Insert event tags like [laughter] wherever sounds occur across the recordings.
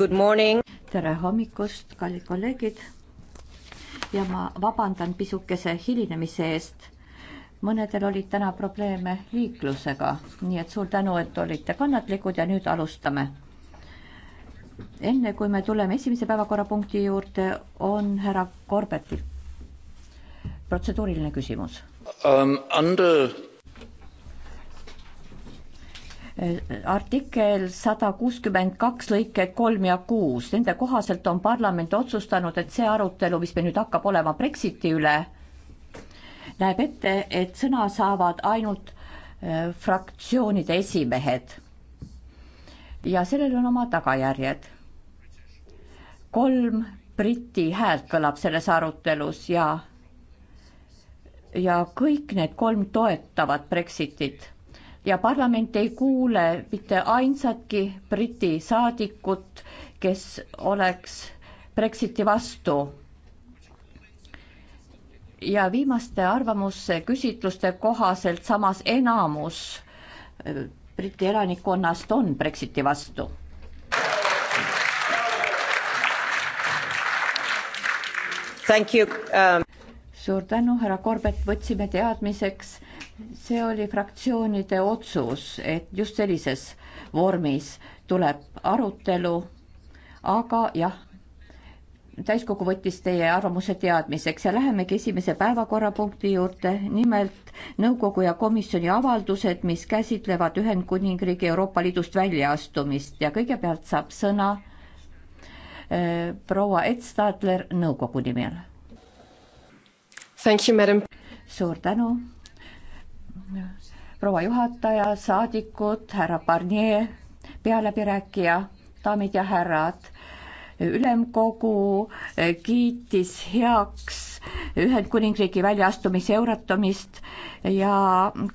Good morning. tere hommikust, kallid kolleegid. ja ma vabandan pisukese hilinemise eest. mõnedel olid täna probleeme liiklusega, nii et suur tänu, et olite kannatlikud ja nüüd alustame. enne kui me tuleme esimese päevakorrapunkti juurde, on härra Korbetil protseduuriline küsimus um,. Under artikkel sada kuuskümmend kaks lõiked kolm ja kuus, nende kohaselt on parlament otsustanud, et see arutelu, mis meil nüüd hakkab olema Brexiti üle, näeb ette, et sõna saavad ainult äh, fraktsioonide esimehed. ja sellel on oma tagajärjed. kolm Briti häält kõlab selles arutelus ja ja kõik need kolm toetavad Brexitit ja parlament ei kuule mitte ainsatki Briti saadikut, kes oleks Brexiti vastu. ja viimaste arvamusküsitluste kohaselt samas enamus äh, Briti elanikkonnast on Brexiti vastu. Um... suur tänu, härra Korbet, võtsime teadmiseks see oli fraktsioonide otsus, et just sellises vormis tuleb arutelu, aga jah, täiskogu võttis teie arvamuse teadmiseks ja lähemegi esimese päevakorrapunkti juurde, nimelt nõukogu ja komisjoni avaldused, mis käsitlevad Ühendkuningriigi Euroopa Liidust väljaastumist ja kõigepealt saab sõna äh, proua Ed Stadler nõukogu nimel. suur tänu proua juhataja, saadikud, härra Barnier, pealeläbirääkija, daamid ja härrad. ülemkogu eh, kiitis heaks Ühendkuningriigi väljaastumise euratomist ja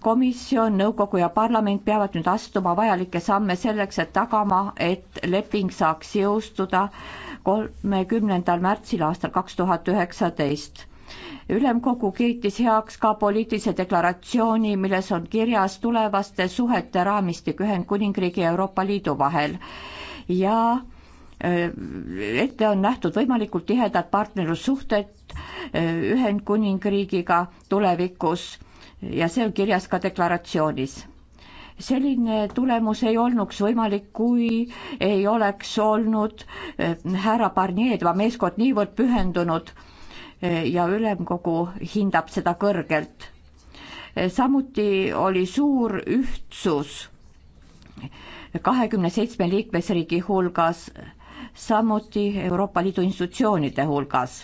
komisjon, nõukogu ja parlament peavad nüüd astuma vajalikke samme selleks, et tagama, et leping saaks jõustuda kolmekümnendal märtsil aastal kaks tuhat üheksateist ülemkogu kiitis heaks ka poliitilise deklaratsiooni, milles on kirjas tulevaste suhete raamistik Ühendkuningriigi ja Euroopa Liidu vahel ja ette on nähtud võimalikult tihedad partnerlussuhted Ühendkuningriigiga tulevikus ja see on kirjas ka deklaratsioonis selline tulemus ei olnuks võimalik, kui ei oleks olnud härra Barnier, tema meeskond niivõrd pühendunud äh, ja ülemkogu hindab seda kõrgelt. samuti oli suur ühtsus kahekümne seitsme liikmesriigi hulgas, samuti Euroopa Liidu institutsioonide hulgas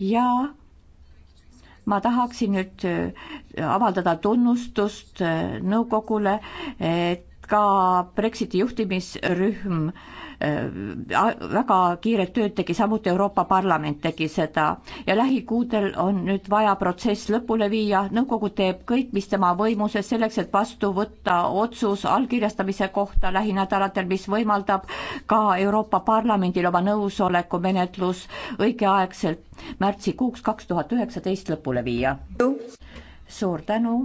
ja ma tahaksin nüüd avaldada tunnustust nõukogule, et ka Brexiti juhtimisrühm äh, väga kiiret tööd tegi, samuti Euroopa Parlament tegi seda ja lähikuudel on nüüd vaja protsess lõpule viia, nõukogu teeb kõik, mis tema võimuses, selleks et vastu võtta otsus allkirjastamise kohta lähinädalatel, mis võimaldab ka Euroopa Parlamendil oma nõusoleku menetlus õigeaegselt märtsikuuks kaks tuhat üheksateist lõpule viia. suur tänu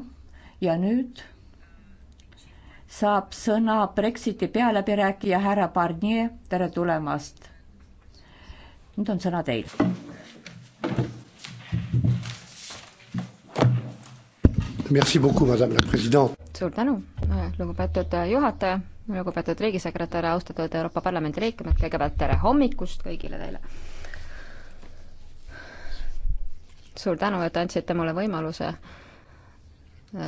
ja nüüd saab sõna Brexiti pealäbirääkija härra Barnier, tere tulemast. nüüd on sõna teil. suur tänu, lugupeetud juhataja, lugupeetud riigisekretär, austatud Euroopa Parlamendi liikmed, kõigepealt tere hommikust kõigile teile suur tänu, et andsite mulle võimaluse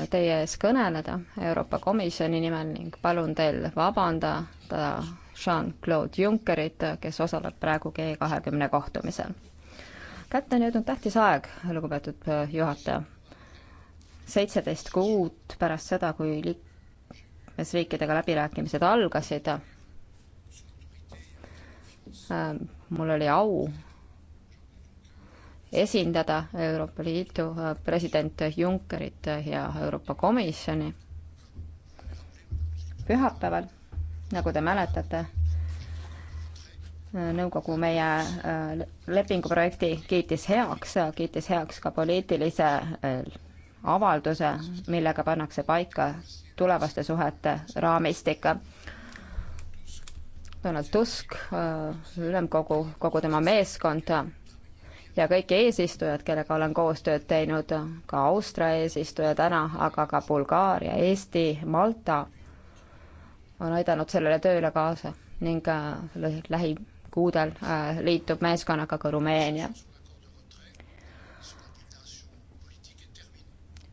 teie ees kõneleda Euroopa Komisjoni nimel ning palun teil vabandada Jean-Claude Junckerit, kes osaleb praegu G kahekümne kohtumisel. kätte on jõudnud tähtis aeg, lugupeetud juhataja. seitseteist kuud pärast seda, kui liikmesriikidega läbirääkimised algasid, äh, mul oli au esindada Euroopa Liidu äh, president Junckerit ja Euroopa Komisjoni. pühapäeval, nagu te mäletate, äh, nõukogu meie äh, lepinguprojekti kiitis heaks, kiitis heaks ka poliitilise avalduse, millega pannakse paika tulevaste suhete raamistik. Donald Tusk, ülemkogu, kogu tema meeskond ja kõik eesistujad, kellega olen koostööd teinud, ka Austria eesistuja täna, aga ka Bulgaaria, Eesti, Malta on aidanud sellele tööle kaasa ning äh, lähikuudel äh, liitub meeskonnaga ka Rumeenia.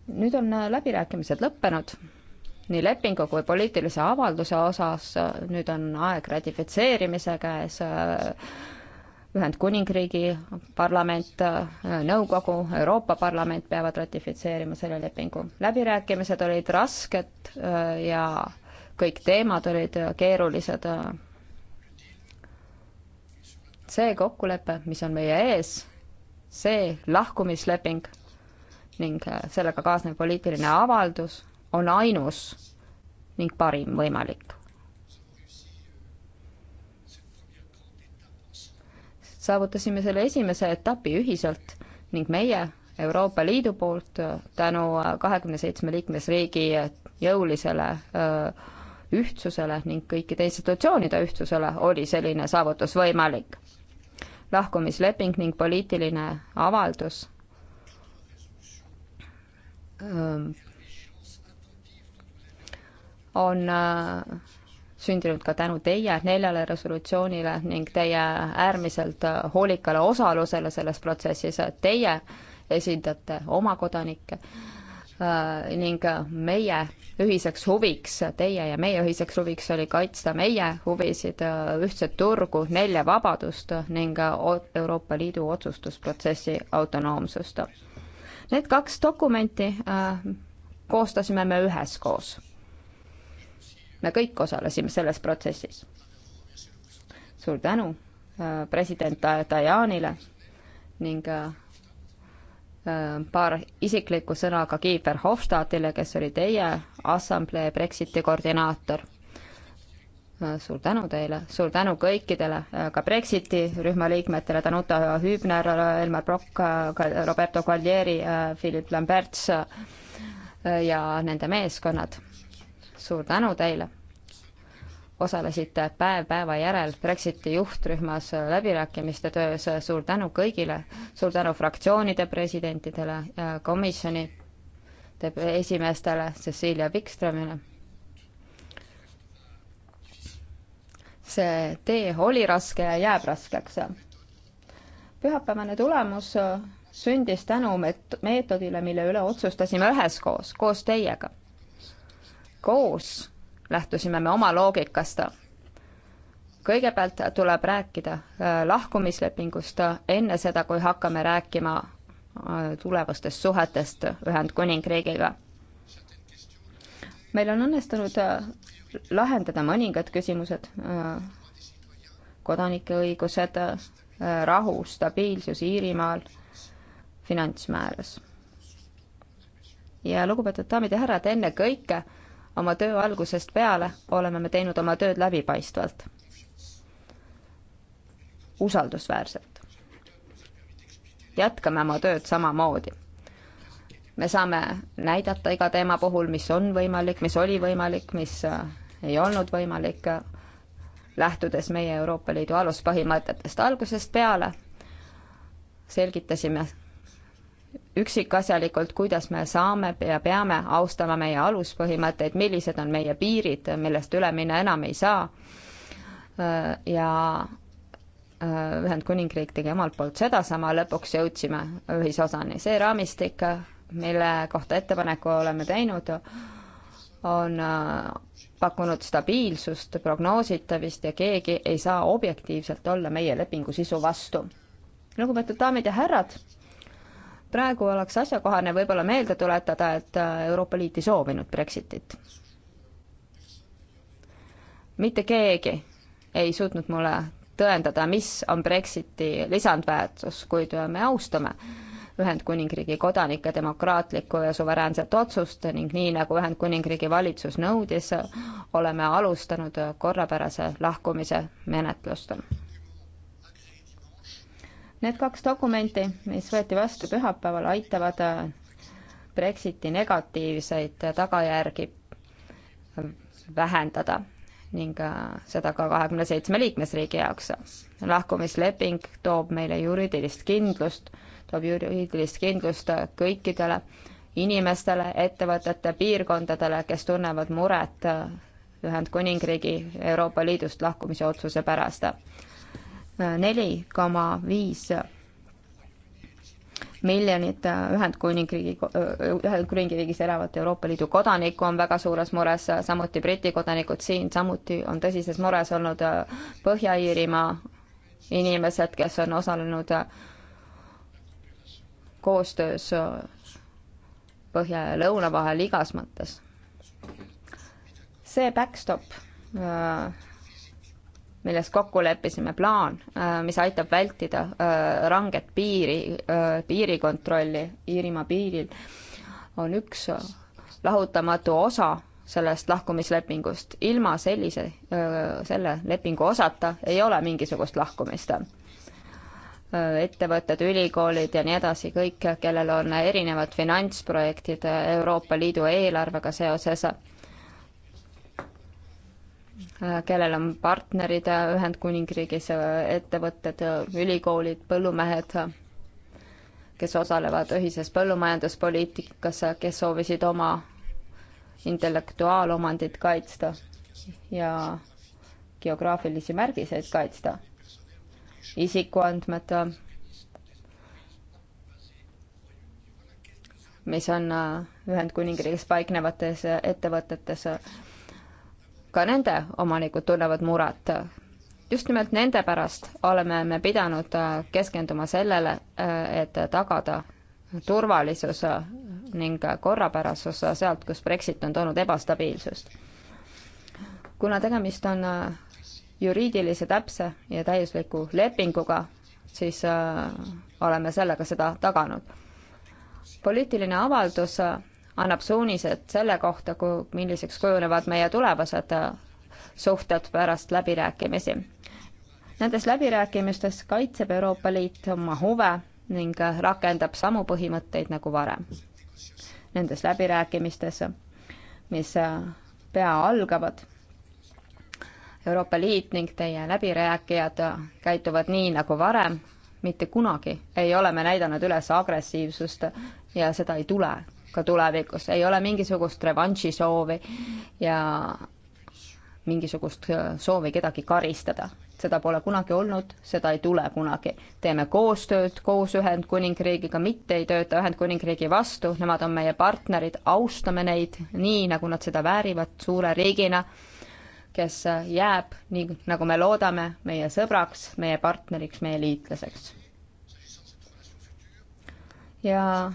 nüüd on äh, läbirääkimised lõppenud nii lepingu kui poliitilise avalduse osas, nüüd on aeg ratifitseerimise käes äh, Ühendkuningriigi parlament, nõukogu, Euroopa Parlament peavad ratifitseerima selle lepingu. läbirääkimised olid rasked äh, ja kõik teemad olid äh, keerulised. Äh. see kokkulepe, mis on meie ees, see lahkumisleping ning sellega kaasnev poliitiline avaldus on ainus ning parim võimalik saavutasime selle esimese etapi ühiselt ning meie Euroopa Liidu poolt tänu kahekümne seitsme liikmesriigi jõulisele ühtsusele ning kõikide institutsioonide ühtsusele oli selline saavutus võimalik. lahkumisleping ning poliitiline avaldus on sündinud ka tänu teie neljale resolutsioonile ning teie äärmiselt hoolikale osalusele selles protsessis. Teie esindate oma kodanikke äh, ning meie ühiseks huviks, teie ja meie ühiseks huviks oli kaitsta meie huvisid, äh, ühtset turgu, nelja vabadust ning äh, Euroopa Liidu otsustusprotsessi autonoomsust. Need kaks dokumenti koostasime me üheskoos me kõik osalesime selles protsessis. suur tänu äh, president Tajanile ning äh, äh, paar isiklikku sõna ka Kiiver Hofstadile, kes oli teie assamblee Brexiti koordinaator. suur tänu teile, suur tänu kõikidele, ka Brexiti rühma liikmetele, Danuta Hübner, Elmar Brokk, Roberto Gualieri, Philip Lamberts ja nende meeskonnad suur tänu teile! osalesite päev päeva järel Brexiti juhtrühmas läbirääkimiste töös, suur tänu kõigile, suur tänu fraktsioonide presidentidele ja komisjoni esimeestele, Cecilia Wikströmile. see tee oli raske ja jääb raskeks. pühapäevane tulemus sündis tänu meetodile, mille üle otsustasime üheskoos, koos teiega koos lähtusime me oma loogikast. kõigepealt tuleb rääkida äh, lahkumislepingust enne seda, kui hakkame rääkima äh, tulevastest suhetest Ühendkuningriigiga. meil on õnnestunud äh, lahendada mõningad küsimused, kodanike õigused, rahu, stabiilsus Iirimaal, finantsmäärus. ja lugupeetud daamid ja härrad, ennekõike oma töö algusest peale oleme me teinud oma tööd läbipaistvalt, usaldusväärselt. jätkame oma tööd samamoodi. me saame näidata iga teema puhul, mis on võimalik, mis oli võimalik, mis äh, ei olnud võimalik, lähtudes meie Euroopa Liidu aluspõhimõtetest algusest peale, selgitasime üksikasjalikult, kuidas me saame ja peame austama meie aluspõhimõtteid, millised on meie piirid, millest üle minna enam ei saa. Äh, ja äh, Ühendkuningriik tegi omalt poolt sedasama, lõpuks jõudsime ühisosani. see raamistik, mille kohta ettepaneku oleme teinud, on äh, pakkunud stabiilsust, prognoositavist ja keegi ei saa objektiivselt olla meie lepingu sisu vastu. lugupeetud daamid ja härrad praegu oleks asjakohane võib-olla meelde tuletada, et äh, Euroopa Liit ei soovinud Brexitit. mitte keegi ei suutnud mulle tõendada, mis on Brexiti lisandväärtus, kuid me austame Ühendkuningriigi kodanike demokraatlikku ja suveräänset otsust ning nii, nagu Ühendkuningriigi valitsus nõudis, oleme alustanud korrapärase lahkumise menetlust Need kaks dokumenti, mis võeti vastu pühapäeval, aitavad äh, Brexiti negatiivseid tagajärgi vähendada ning äh, seda ka kahekümne seitsme liikmesriigi jaoks. lahkumisleping toob meile juriidilist kindlust, toob juriidilist kindlust äh, kõikidele inimestele, ettevõtete, piirkondadele, kes tunnevad muret Ühendkuningriigi Euroopa Liidust lahkumise otsuse pärast neli koma viis miljonit Ühendkuningriigi, Ühendkuningriigis elavat Euroopa Liidu kodanikku on väga suures mures, samuti Briti kodanikud siin, samuti on tõsises mures olnud Põhja-Iirimaa inimesed, kes on osalenud koostöös põhja ja lõuna vahel igas mõttes. see backstop milles kokku leppisime, plaan, äh, mis aitab vältida äh, ranget piiri, äh, piirikontrolli Iirimaa piiril, on üks lahutamatu osa sellest lahkumislepingust. ilma sellise, selle lepingu osata ei ole mingisugust lahkumist. ettevõtted, ülikoolid ja nii edasi, kõik, kellel on erinevad finantsprojektid Euroopa Liidu eelarvega seoses kellel on partnerid Ühendkuningriigis, ettevõtted, ülikoolid, põllumehed, kes osalevad ühises põllumajanduspoliitikas, kes soovisid oma intellektuaalomandit kaitsta ja geograafilisi märgiseid kaitsta, isikuandmed, mis on Ühendkuningriigis paiknevates ettevõtetes ka nende omanikud tunnevad muret. just nimelt nende pärast oleme me pidanud äh, keskenduma sellele, äh, et tagada turvalisus ning korrapärasus sealt, kus Brexit on toonud ebastabiilsust. kuna tegemist on äh, juriidilise täpse ja täiusliku lepinguga, siis oleme sellega seda taganud. poliitiline avaldus annab suunised selle kohta, milliseks kujunevad meie tulevased äh, suhted pärast läbirääkimisi. Nendes läbirääkimistes kaitseb Euroopa Liit oma huve ning äh, rakendab samu põhimõtteid nagu varem. Nendes läbirääkimistes, mis äh, pea algavad, Euroopa Liit ning teie läbirääkijad käituvad nii nagu varem, mitte kunagi ei ole me näidanud üles agressiivsust ja seda ei tule ka tulevikus, ei ole mingisugust revanši soovi ja mingisugust äh, soovi kedagi karistada. seda pole kunagi olnud, seda ei tule kunagi. teeme koostööd koos Ühendkuningriigiga, mitte ei tööta Ühendkuningriigi vastu, nemad on meie partnerid, austame neid nii, nagu nad seda väärivad suure riigina, kes äh, jääb, nii nagu me loodame, meie sõbraks, meie partneriks, meie liitlaseks. ja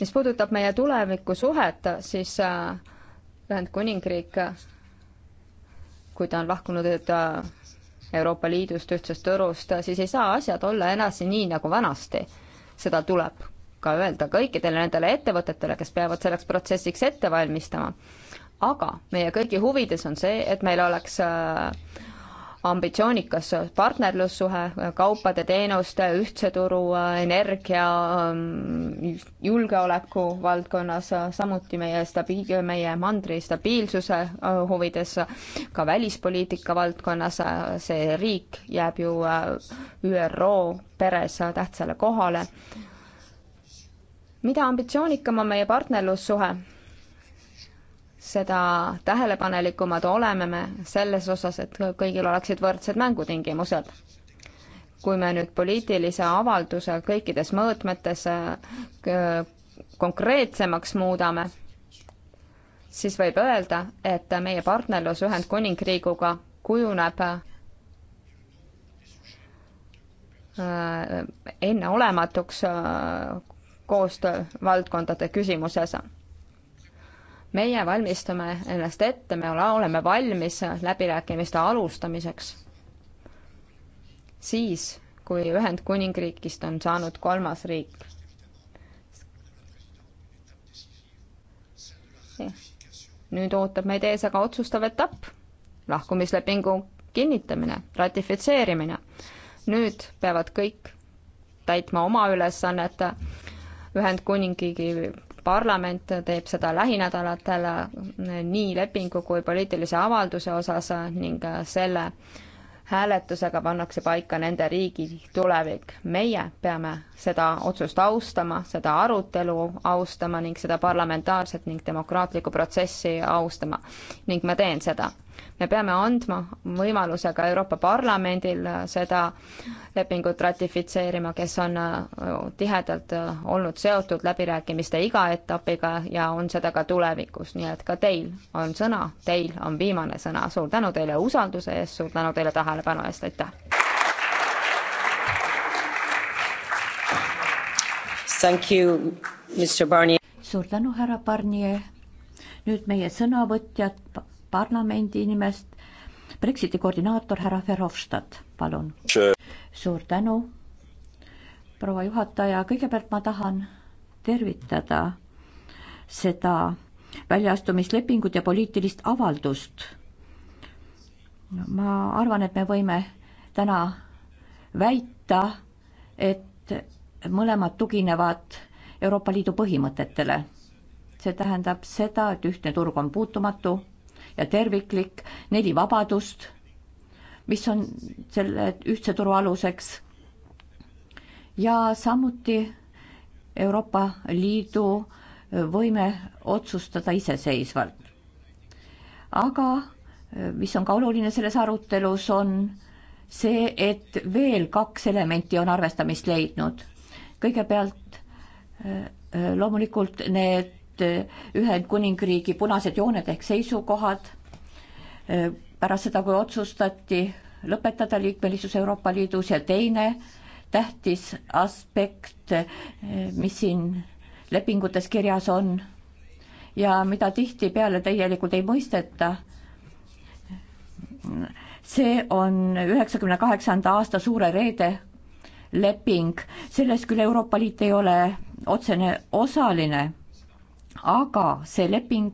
mis puudutab meie tulevikusuhet, siis äh, Ühendkuningriik, kui ta on lahkunud äh, Euroopa Liidust, ühtsest turust, siis ei saa asjad olla edasi nii, nagu vanasti. seda tuleb ka öelda kõikidele nendele ettevõtetele, kes peavad selleks protsessiks ette valmistama. aga meie kõigi huvides on see, et meil oleks äh, ambitsioonikas partnerlussuhe kaupade, teenuste, ühtse turu, energia, ähm, julgeoleku valdkonnas, samuti meie stabiil-, meie mandri stabiilsuse äh, huvides, ka välispoliitika valdkonnas, see riik jääb ju äh, ÜRO peres tähtsale kohale. mida ambitsioonikam on meie partnerlussuhe, seda tähelepanelikumad oleme me selles osas, et kõigil oleksid võrdsed mängutingimused. kui me nüüd poliitilise avalduse kõikides mõõtmetes konkreetsemaks muudame, siis võib öelda, et meie partnerlus Ühendkuningriiguga kujuneb äh, enneolematuks äh, koostöövaldkondade küsimuses meie valmistume ennast ette, me oleme valmis läbirääkimiste alustamiseks. siis, kui Ühendkuningriigist on saanud kolmas riik. nüüd ootab meid ees aga otsustav etapp, lahkumislepingu kinnitamine, ratifitseerimine. nüüd peavad kõik täitma oma ülesannet Ühendkuningriigi parlament teeb seda lähinädalatel nii lepingu kui poliitilise avalduse osas ning selle hääletusega pannakse paika nende riigi tulevik. meie peame seda otsust austama, seda arutelu austama ning seda parlamentaarset ning demokraatlikku protsessi austama. ning ma teen seda me peame andma võimaluse ka Euroopa Parlamendil seda lepingut ratifitseerima, kes on äh, tihedalt äh, olnud seotud läbirääkimiste iga etapiga ja on seda ka tulevikus, nii et ka teil on sõna, teil on viimane sõna. suur tänu teile usalduse eest, suur tänu teile tähelepanu eest, aitäh! Thank you, Mr Barnier. suur tänu, härra Barnier. nüüd meie sõnavõtjad parlamendi inimest. Brexiti koordinaator härra Verhofstadt, palun. suur tänu, proua juhataja, kõigepealt ma tahan tervitada seda väljaastumislepingut ja poliitilist avaldust. ma arvan, et me võime täna väita, et mõlemad tuginevad Euroopa Liidu põhimõtetele. see tähendab seda, et ühtne turg on puutumatu, ja terviklik, neli vabadust, mis on selle ühtse turu aluseks ja samuti Euroopa Liidu võime otsustada iseseisvalt. aga eh, mis on ka oluline selles arutelus, on see, et veel kaks elementi on arvestamist leidnud. kõigepealt eh, eh, loomulikult need Äh, Ühendkuningriigi punased jooned ehk seisukohad äh, pärast seda, kui otsustati lõpetada liikmelisus Euroopa Liidus ja teine tähtis aspekt, äh, mis siin lepingutes kirjas on ja mida tihtipeale täielikult ei mõisteta, see on üheksakümne kaheksanda aasta Suure Reede leping, selles küll Euroopa Liit ei ole otsene osaline aga see leping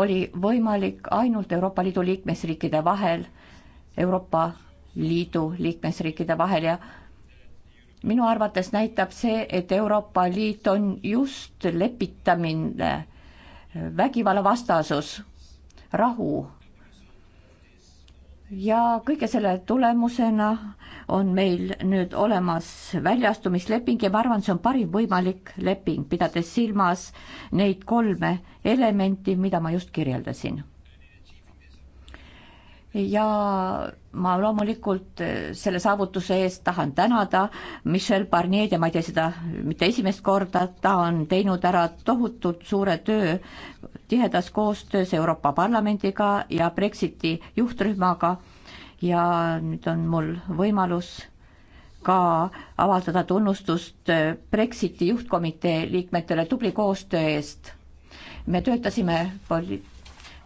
oli võimalik ainult Euroopa Liidu liikmesriikide vahel, Euroopa Liidu liikmesriikide vahel ja minu arvates näitab see, et Euroopa Liit on just lepitamine, vägivallavastasus, rahu ja kõige selle tulemusena on meil nüüd olemas väljastumisleping ja ma arvan, see on parim võimalik leping, pidades silmas neid kolme elementi, mida ma just kirjeldasin. ja ma loomulikult selle saavutuse eest tahan tänada Michel Barnier'd ja ma ei tee seda mitte esimest korda, ta on teinud ära tohutult suure töö tihedas koostöös Euroopa Parlamendiga ja Brexiti juhtrühmaga ja nüüd on mul võimalus ka avaldada tunnustust Brexiti juhtkomitee liikmetele tubli koostöö eest. me töötasime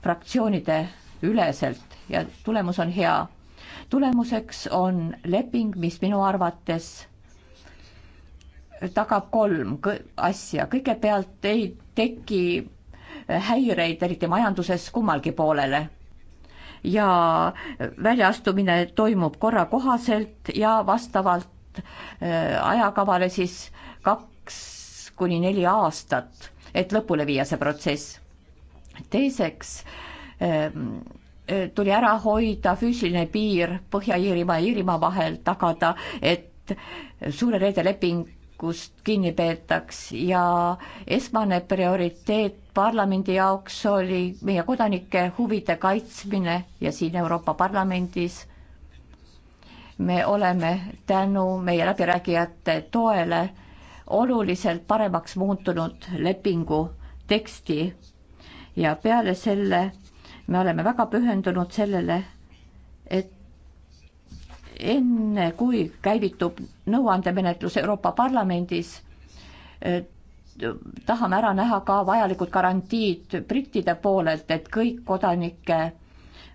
fraktsioonide üleselt ja tulemus on hea. tulemuseks on leping, mis minu arvates tagab kolm asja, kõigepealt ei teki häireid, eriti majanduses, kummalgi poolele ja väljaastumine toimub korra kohaselt ja vastavalt äh, ajakavale siis kaks kuni neli aastat, et lõpule viia see protsess. teiseks ähm, äh, tuli ära hoida füüsiline piir Põhja-Iirimaa ja Iirimaa vahel, tagada, et suure reede lepingust kinni peetaks ja esmane prioriteet Parlamendi jaoks oli meie kodanike huvide kaitsmine ja siin Euroopa Parlamendis me oleme tänu meie läbirääkijate toele oluliselt paremaks muutunud lepingu teksti ja peale selle me oleme väga pühendunud sellele, et enne kui käivitub nõuandemenetlus Euroopa Parlamendis, tahame ära näha ka vajalikud garantiid brittide poolelt, et kõik kodanike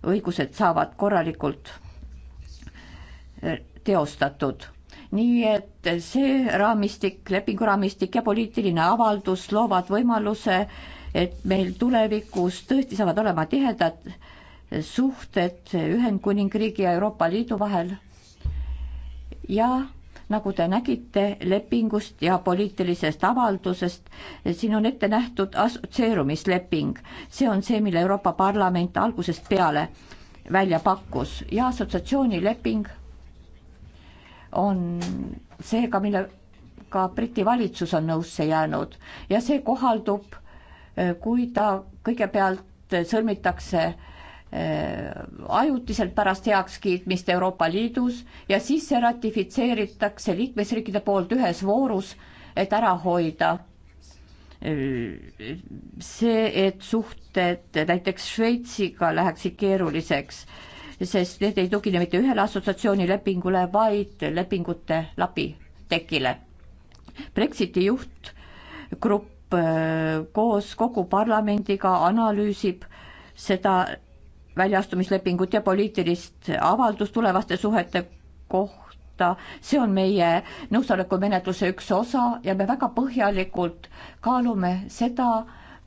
õigused saavad korralikult eh, teostatud. nii et see raamistik, lepinguraamistik ja poliitiline avaldus loovad võimaluse, et meil tulevikus tõesti saavad olema tihedad eh, suhted Ühendkuningriigi ja Euroopa Liidu vahel ja nagu te nägite lepingust ja poliitilisest avaldusest, siin on ette nähtud assotsieerumisleping, see on see, mille Euroopa Parlament algusest peale välja pakkus ja assotsiatsioonileping on seega, millega Briti valitsus on nõusse jäänud ja see kohaldub, kui ta kõigepealt sõlmitakse Äh, ajutiselt pärast heakskiitmist Euroopa Liidus ja siis see ratifitseeritakse liikmesriikide poolt ühes voorus, et ära hoida see, et suhted näiteks Šveitsiga läheksid keeruliseks, sest need ei tugine mitte ühele assotsiatsioonilepingule, vaid lepingute lapitekile. Brexiti juhtgrupp äh, koos kogu parlamendiga analüüsib seda väljaastumislepingut ja poliitilist avaldust tulevaste suhete kohta, see on meie nõusolekumenetluse üks osa ja me väga põhjalikult kaalume seda,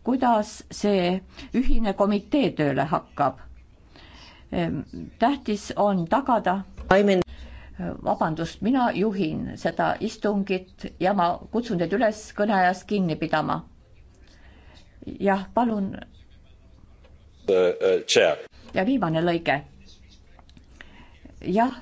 kuidas see ühine komitee tööle hakkab. Ehm, tähtis on tagada vabandust, mina juhin seda istungit ja ma kutsun teid üles kõneajast kinni pidama. jah, palun. Uh, uh, chair ja viimane lõige. jah,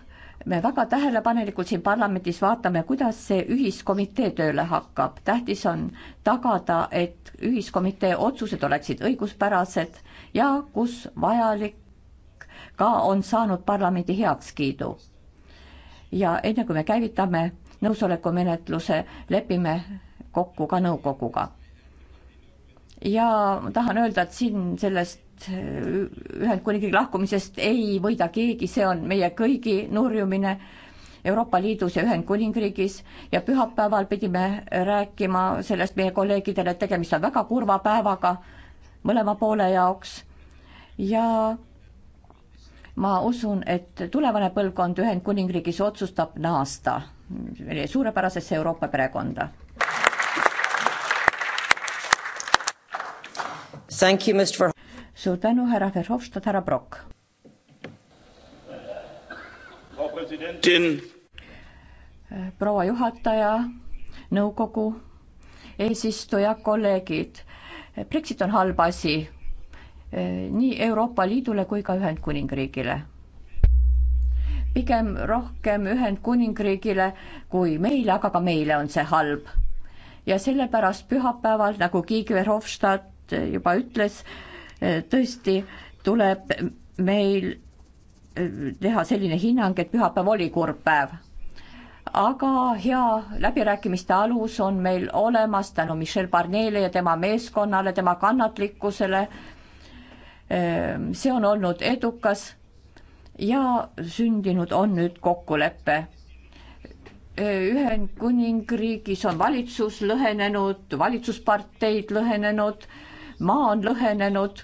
me väga tähelepanelikult siin parlamendis vaatame, kuidas see ühiskomitee tööle hakkab. tähtis on tagada, et ühiskomitee otsused oleksid õiguspärased ja kus vajalik, ka on saanud parlamendi heakskiidu. ja enne kui me käivitame nõusolekumenetluse, lepime kokku ka nõukoguga. ja ma tahan öelda, et siin selles Äh, Ühendkuningriigi lahkumisest ei võida keegi, see on meie kõigi nurjumine Euroopa Liidus ja Ühendkuningriigis ja pühapäeval pidime rääkima sellest meie kolleegidele, et tegemist on väga kurva päevaga mõlema poole jaoks ja ma usun, et tulevane põlvkond Ühendkuningriigis otsustab naasta meie suurepärasesse Euroopa perekonda. Thank you, Mr suur tänu, härra Verhofstadt, härra Brock. proua juhataja, nõukogu, eesistuja, kolleegid. Brexit on halb asi eh, nii Euroopa Liidule kui ka Ühendkuningriigile. pigem rohkem Ühendkuningriigile kui meile, aga ka meile on see halb. ja sellepärast pühapäeval, nagu Kiiger Hofstad juba ütles, tõesti tuleb meil äh, teha selline hinnang, et pühapäev oli kurb päev. aga hea läbirääkimiste alus on meil olemas tänu Michel Barnele ja tema meeskonnale, tema kannatlikkusele. Äh, see on olnud edukas ja sündinud on nüüd kokkulepe. Äh, Ühendkuningriigis on valitsus lõhenenud, valitsusparteid lõhenenud, maa on lõhenenud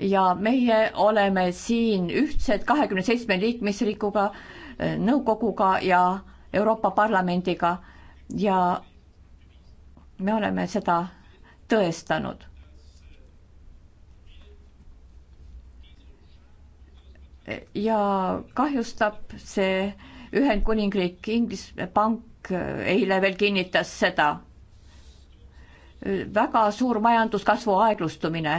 ja meie oleme siin ühtsed kahekümne seitsme liikmesriikuga, nõukoguga ja Euroopa Parlamendiga ja me oleme seda tõestanud. ja kahjustab see Ühendkuningriik, Inglismaa pank eile veel kinnitas seda. väga suur majanduskasvu aeglustumine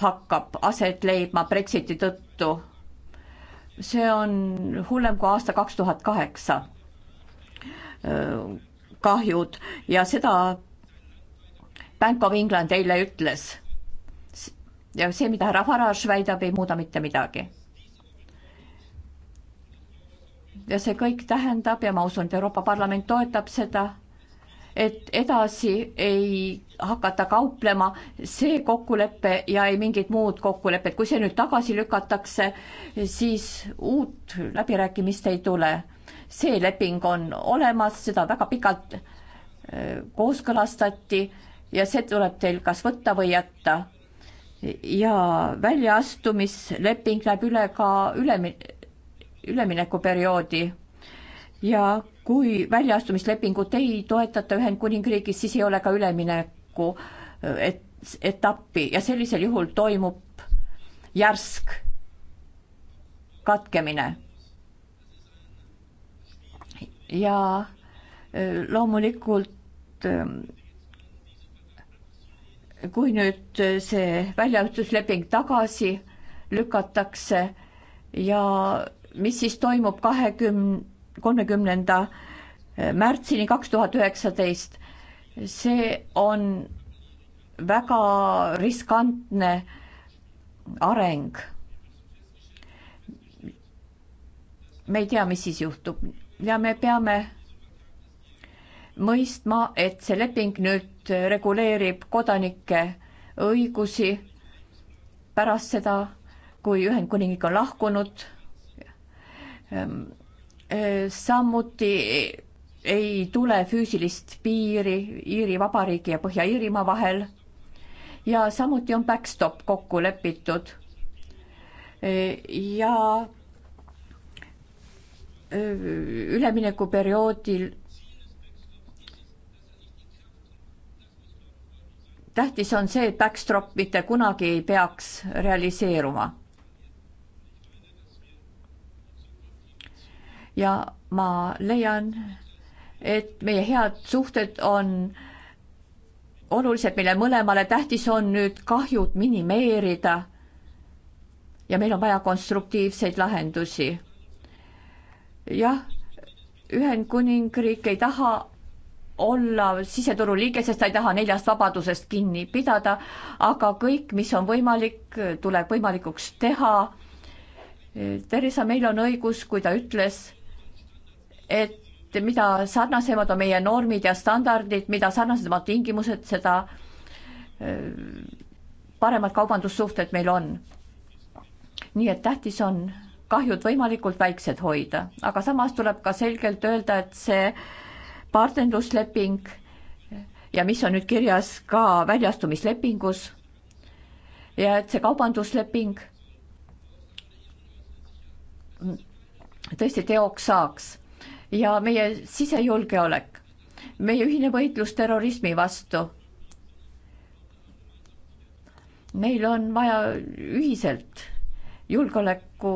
hakkab aset leidma Brexiti tõttu. see on hullem kui aasta kaks tuhat kaheksa äh, kahjud ja seda Bank of England eile ütles. ja see, mida härra Farage väidab, ei muuda mitte midagi. ja see kõik tähendab ja ma usun, et Euroopa Parlament toetab seda et edasi ei hakata kauplema see kokkulepe ja ei mingit muud kokkulepet. kui see nüüd tagasi lükatakse, siis uut läbirääkimist ei tule. see leping on olemas, seda väga pikalt äh, kooskõlastati ja see tuleb teil kas võtta või jätta. ja väljaastumisleping näeb üle ka ülemi-, üleminekuperioodi ja kui väljaastumislepingut ei toetata Ühendkuningriigis, siis ei ole ka ülemineku äh, et, etappi ja sellisel juhul toimub järsk katkemine. ja äh, loomulikult äh, kui nüüd see väljaütlusleping tagasi lükatakse ja mis siis toimub kahekümne kolmekümnenda eh, märtsini kaks tuhat üheksateist. see on väga riskantne areng. me ei tea, mis siis juhtub ja me peame mõistma, et see leping nüüd reguleerib kodanike õigusi pärast seda, kui Ühendkuningriik on lahkunud ehm, samuti ei tule füüsilist piiri Iiri Vabariigi ja Põhja-Iirimaa vahel. ja samuti on backstop kokku lepitud. ja üleminekuperioodil tähtis on see, et backstop mitte kunagi ei peaks realiseeruma ja ma leian, et meie head suhted on olulised meile mõlemale, tähtis on nüüd kahjud minimeerida. ja meil on vaja konstruktiivseid lahendusi. jah, Ühendkuningriik ei taha olla siseturu liige, sest ta ei taha neljast vabadusest kinni pidada, aga kõik, mis on võimalik, tuleb võimalikuks teha. Theresa, meil on õigus, kui ta ütles et mida sarnasemad on meie normid ja standardid, mida sarnasemad tingimused, seda äh, paremad kaubandussuhted meil on. nii et tähtis on kahjud võimalikult väiksed hoida, aga samas tuleb ka selgelt öelda, et see partnerlusleping ja mis on nüüd kirjas ka väljastumislepingus ja et see kaubandusleping tõesti teoks saaks ja meie sisejulgeolek, meie ühine võitlus terrorismi vastu. meil on vaja ühiselt julgeoleku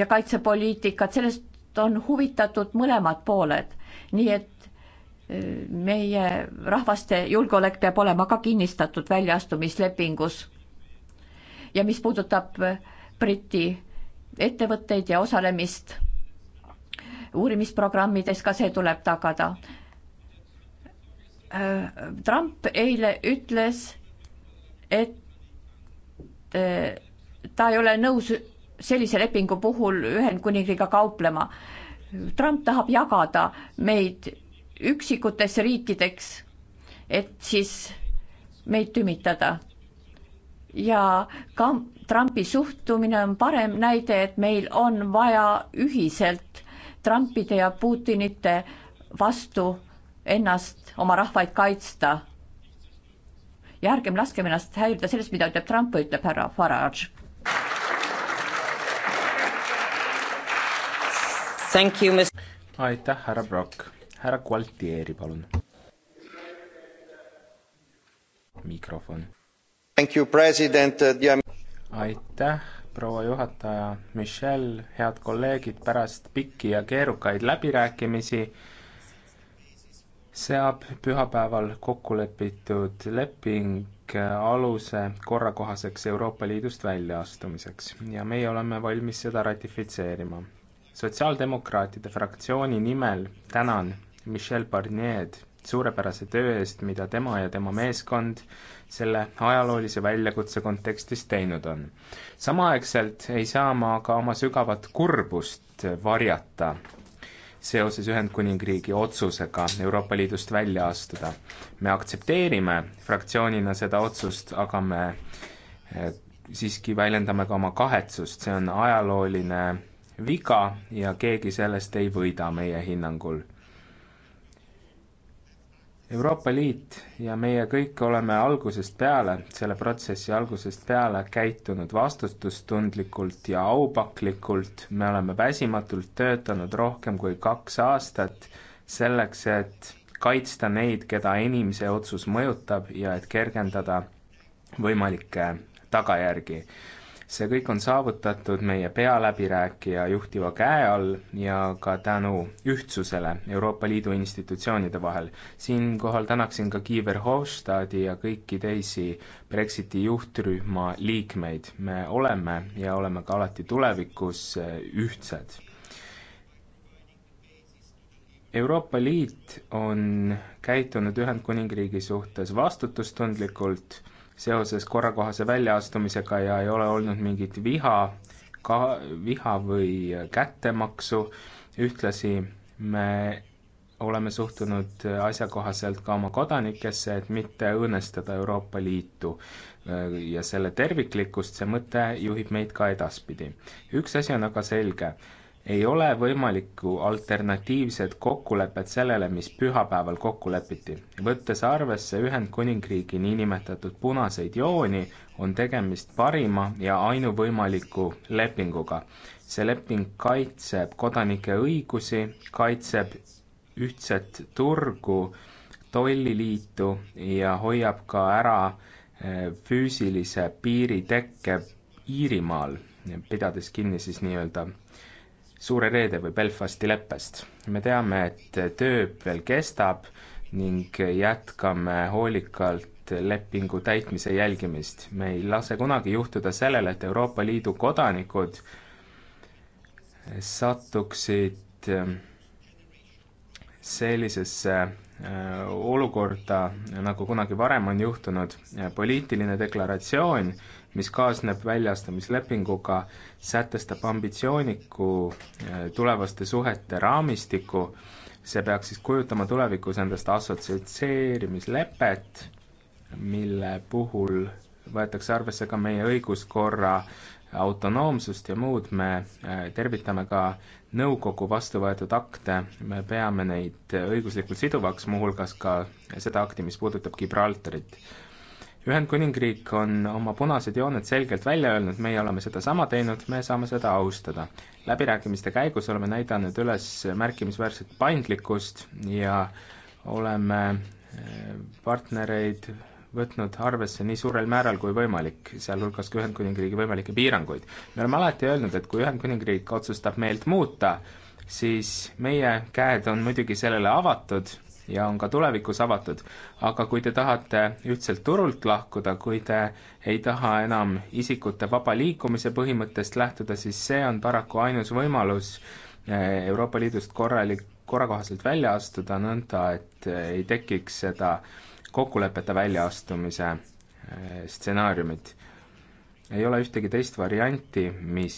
ja kaitsepoliitikat, sellest on huvitatud mõlemad pooled, nii et e, meie rahvaste julgeolek peab olema ka kinnistatud väljaastumislepingus. ja mis puudutab Briti ettevõtteid ja osalemist uurimisprogrammides, ka see tuleb tagada. Äh, Trump eile ütles, et äh, ta ei ole nõus sellise lepingu puhul Ühendkuningriigiga kauplema. Trump tahab jagada meid üksikuteks riikideks, et siis meid tümitada. ja ka Trumpi suhtumine on parem näide, et meil on vaja ühiselt Trumpide ja Putinite vastu ennast, oma rahvaid kaitsta. ja ärgem laskem ennast häirida sellest, mida ütleb Trump või ütleb härra Farage. aitäh, härra Brock. härra Gualtieri, palun. mikrofon. Uh, aitäh, proua juhataja Michelle, head kolleegid, pärast pikki ja keerukaid läbirääkimisi seab pühapäeval kokku lepitud leping aluse korrakohaseks Euroopa Liidust väljaastumiseks ja meie oleme valmis seda ratifitseerima. sotsiaaldemokraatide fraktsiooni nimel tänan Michel Barnier'd suurepärase töö eest, mida tema ja tema meeskond selle ajaloolise väljakutse kontekstis teinud on. samaaegselt ei saa ma ka oma sügavat kurbust varjata seoses Ühendkuningriigi otsusega Euroopa Liidust välja astuda. me aktsepteerime fraktsioonina seda otsust, aga me eh, siiski väljendame ka oma kahetsust, see on ajalooline viga ja keegi sellest ei võida meie hinnangul Euroopa Liit ja meie kõik oleme algusest peale, selle protsessi algusest peale käitunud vastutustundlikult ja aupaklikult, me oleme väsimatult töötanud rohkem kui kaks aastat selleks, et kaitsta neid, keda enim see otsus mõjutab ja et kergendada võimalikke tagajärgi see kõik on saavutatud meie pealäbirääkija juhtiva käe all ja ka tänu ühtsusele Euroopa Liidu institutsioonide vahel. siinkohal tänaksin ka Guy Verhofstadti ja kõiki teisi Brexiti juhtrühma liikmeid. me oleme ja oleme ka alati tulevikus eh, ühtsed. Euroopa Liit on käitunud Ühendkuningriigi suhtes vastutustundlikult seoses korrakohase väljaastumisega ja ei ole olnud mingit viha, ka viha või kättemaksu, ühtlasi me oleme suhtunud asjakohaselt ka oma kodanikesse, et mitte õõnestada Euroopa Liitu äh, ja selle terviklikkust, see mõte juhib meid ka edaspidi. üks asi on aga selge, ei ole võimalikku alternatiivset kokkulepet sellele, mis pühapäeval kokku lepiti. võttes arvesse Ühendkuningriigi niinimetatud punaseid jooni, on tegemist parima ja ainuvõimaliku lepinguga. see leping kaitseb kodanike õigusi, kaitseb ühtset turgu, tolliliitu ja hoiab ka ära eh, füüsilise piiri tekke Iirimaal, pidades kinni siis nii-öelda Suure Reede või Belfasti leppest. me teame, et töö veel kestab ning jätkame hoolikalt lepingu täitmise jälgimist. me ei lase kunagi juhtuda sellele, et Euroopa Liidu kodanikud satuksid äh, sellisesse äh, olukorda, nagu kunagi varem on juhtunud. poliitiline deklaratsioon mis kaasneb väljastamislepinguga, sätestab ambitsiooniku eh, tulevaste suhete raamistiku, see peaks siis kujutama tulevikus endast assotsieerimislepet, mille puhul võetakse arvesse ka meie õiguskorra autonoomsust ja muud, me eh, tervitame ka nõukogu vastu võetud akte, me peame neid õiguslikult siduvaks, muuhulgas ka seda akti, mis puudutab Gibraltarit Ühendkuningriik on oma punased jooned selgelt välja öelnud, meie oleme sedasama teinud, me saame seda austada. läbirääkimiste käigus oleme näidanud üles märkimisväärset paindlikkust ja oleme eh, partnereid võtnud arvesse nii suurel määral kui võimalik, sealhulgas ka Ühendkuningriigi võimalikke piiranguid. me oleme alati öelnud, et kui Ühendkuningriik otsustab meelt muuta, siis meie käed on muidugi sellele avatud ja on ka tulevikus avatud. aga kui te tahate ühtselt turult lahkuda, kui te ei taha enam isikute vaba liikumise põhimõttest lähtuda, siis see on paraku ainus võimalus eh, Euroopa Liidust korralik, korrakohaselt välja astuda, nõnda et eh, ei tekiks seda kokkulepete väljaastumise eh, stsenaariumit ei ole ühtegi teist varianti, mis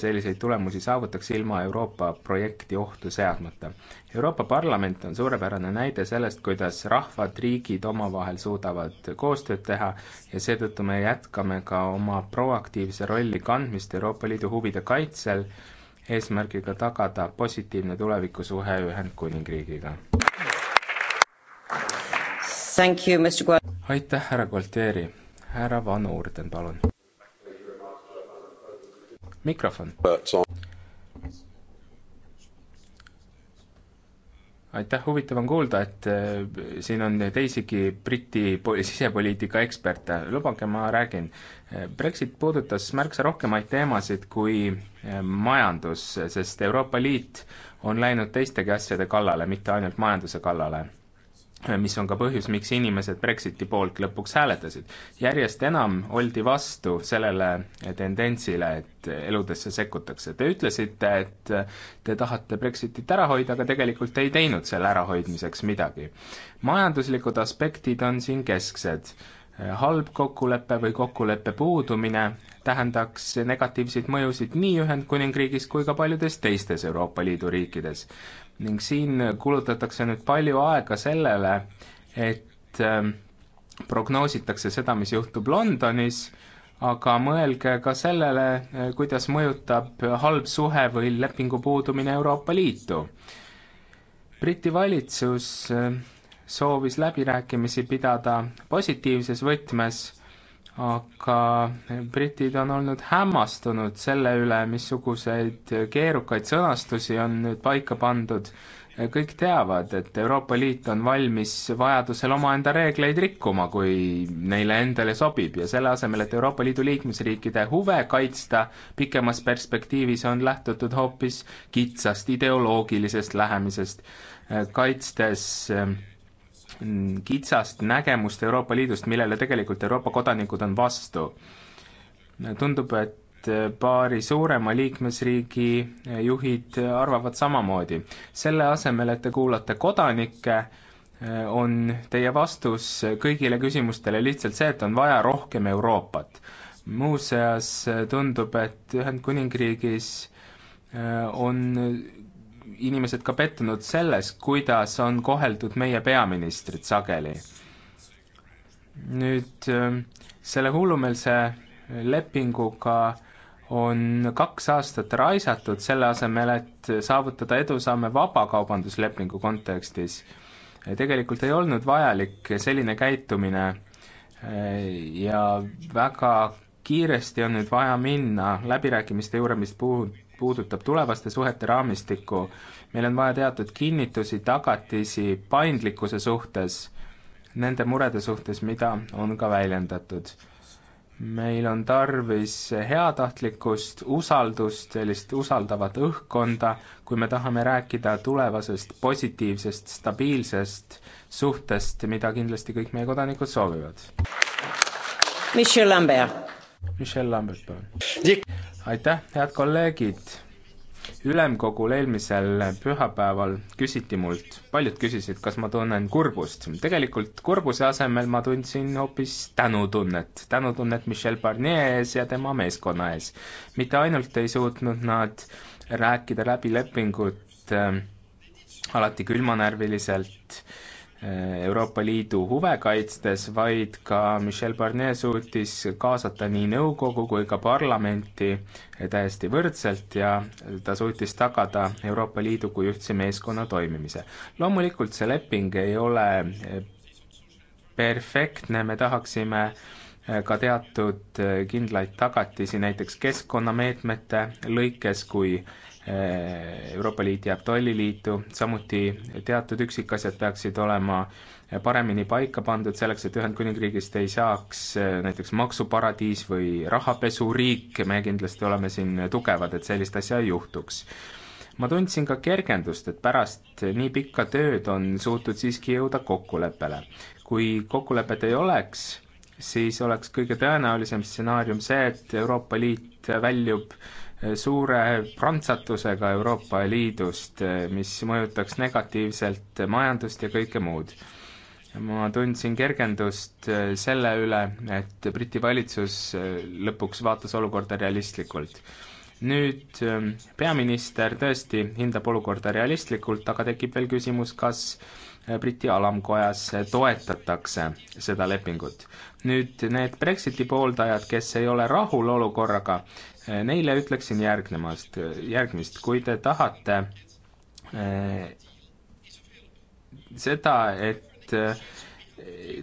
selliseid tulemusi saavutaks ilma Euroopa projekti ohtu seadmata. Euroopa Parlament on suurepärane näide sellest, kuidas rahvad, riigid omavahel suudavad koostööd teha ja seetõttu me jätkame ka oma proaktiivse rolli kandmist Euroopa Liidu huvide kaitsel, eesmärgiga tagada positiivne tulevikusuhe Ühendkuningriigiga. aitäh, härra Gualtieri! härra Van Oorden, palun mikrofon. aitäh, huvitav on kuulda, et äh, siin on teisigi Briti sisepoliitika eksperte, lubage, ma räägin. Äh, Brexit puudutas märksa rohkemaid teemasid kui äh, majandus, sest Euroopa Liit on läinud teistegi asjade kallale, mitte ainult majanduse kallale mis on ka põhjus, miks inimesed Brexiti poolt lõpuks hääletasid. järjest enam oldi vastu sellele tendentsile, et eludesse sekkutakse. Te ütlesite, et te tahate Brexitit ära hoida, aga tegelikult te ei teinud selle ärahoidmiseks midagi. majanduslikud aspektid on siin kesksed. halb kokkulepe või kokkuleppe puudumine tähendaks negatiivseid mõjusid nii Ühendkuningriigis kui ka paljudes teistes Euroopa Liidu riikides ning siin kulutatakse nüüd palju aega sellele, et ähm, prognoositakse seda, mis juhtub Londonis, aga mõelge ka sellele, äh, kuidas mõjutab halb suhe või lepingu puudumine Euroopa Liitu. Briti valitsus äh, soovis läbirääkimisi pidada positiivses võtmes aga britid on olnud hämmastunud selle üle, missuguseid keerukaid sõnastusi on nüüd paika pandud. kõik teavad, et Euroopa Liit on valmis vajadusel omaenda reegleid rikkuma, kui neile endale sobib ja selle asemel, et Euroopa Liidu liikmesriikide huve kaitsta, pikemas perspektiivis on lähtutud hoopis kitsast ideoloogilisest lähemisest, kaitstes äh, kitsast nägemust Euroopa Liidust, millele tegelikult Euroopa kodanikud on vastu. tundub, et paari suurema liikmesriigi juhid arvavad samamoodi. selle asemel, et te kuulate kodanikke, on teie vastus kõigile küsimustele lihtsalt see, et on vaja rohkem Euroopat. muuseas tundub, et Ühendkuningriigis äh, on inimesed ka pettunud selles, kuidas on koheldud meie peaministrit sageli. nüüd äh, selle hullumeelse lepinguga on kaks aastat raisatud selle asemel, et saavutada edusamme vabakaubanduslepingu kontekstis. tegelikult ei olnud vajalik selline käitumine äh, ja väga kiiresti on nüüd vaja minna läbirääkimiste juurde, mis puud-, puudutab tulevaste suhete raamistikku. meil on vaja teatud kinnitusi, tagatisi paindlikkuse suhtes, nende murede suhtes, mida on ka väljendatud. meil on tarvis heatahtlikkust, usaldust, sellist usaldavat õhkkonda, kui me tahame rääkida tulevasest positiivsest, stabiilsest suhtest, mida kindlasti kõik meie kodanikud soovivad. Michel Lambert Michel Lambert, palun. aitäh, head kolleegid. ülemkogul eelmisel pühapäeval küsiti mult, paljud küsisid, kas ma tunnen kurbust. tegelikult kurbuse asemel ma tundsin hoopis tänutunnet, tänutunnet Michel Barnier ees ja tema meeskonna ees. mitte ainult ei suutnud nad rääkida läbi lepingut äh, alati külmanärviliselt äh, Euroopa Liidu huve kaitstes, vaid ka Michel Barnier suutis kaasata nii nõukogu kui ka parlamenti täiesti võrdselt ja ta suutis tagada Euroopa Liidu kui ühtse meeskonna toimimise. loomulikult see leping ei ole perfektne, me tahaksime ka teatud kindlaid tagatisi näiteks keskkonnameetmete lõikes, kui Eh, Euroopa Liit jääb tolliliitu, samuti teatud üksikasjad peaksid olema paremini paika pandud selleks, et Ühendkuningriigist ei saaks eh, näiteks maksuparadiis või rahapesuriik, me kindlasti oleme siin tugevad, et sellist asja ei juhtuks ma tundsin ka kergendust, et pärast nii pikka tööd on suutud siiski jõuda kokkuleppele. kui kokkulepet ei oleks, siis oleks kõige tõenäolisem stsenaarium see, et Euroopa Liit väljub suure prantsatusega Euroopa Liidust, mis mõjutaks negatiivselt majandust ja kõike muud. ma tundsin kergendust äh, selle üle, et Briti valitsus äh, lõpuks vaatas olukorda realistlikult nüüd ähm, peaminister tõesti hindab olukorda realistlikult, aga tekib veel küsimus, kas Briti alamkojas toetatakse seda lepingut. nüüd need Brexiti pooldajad, kes ei ole rahul olukorraga, neile ütleksin järgnevast, järgmist, kui te tahate eh, seda, et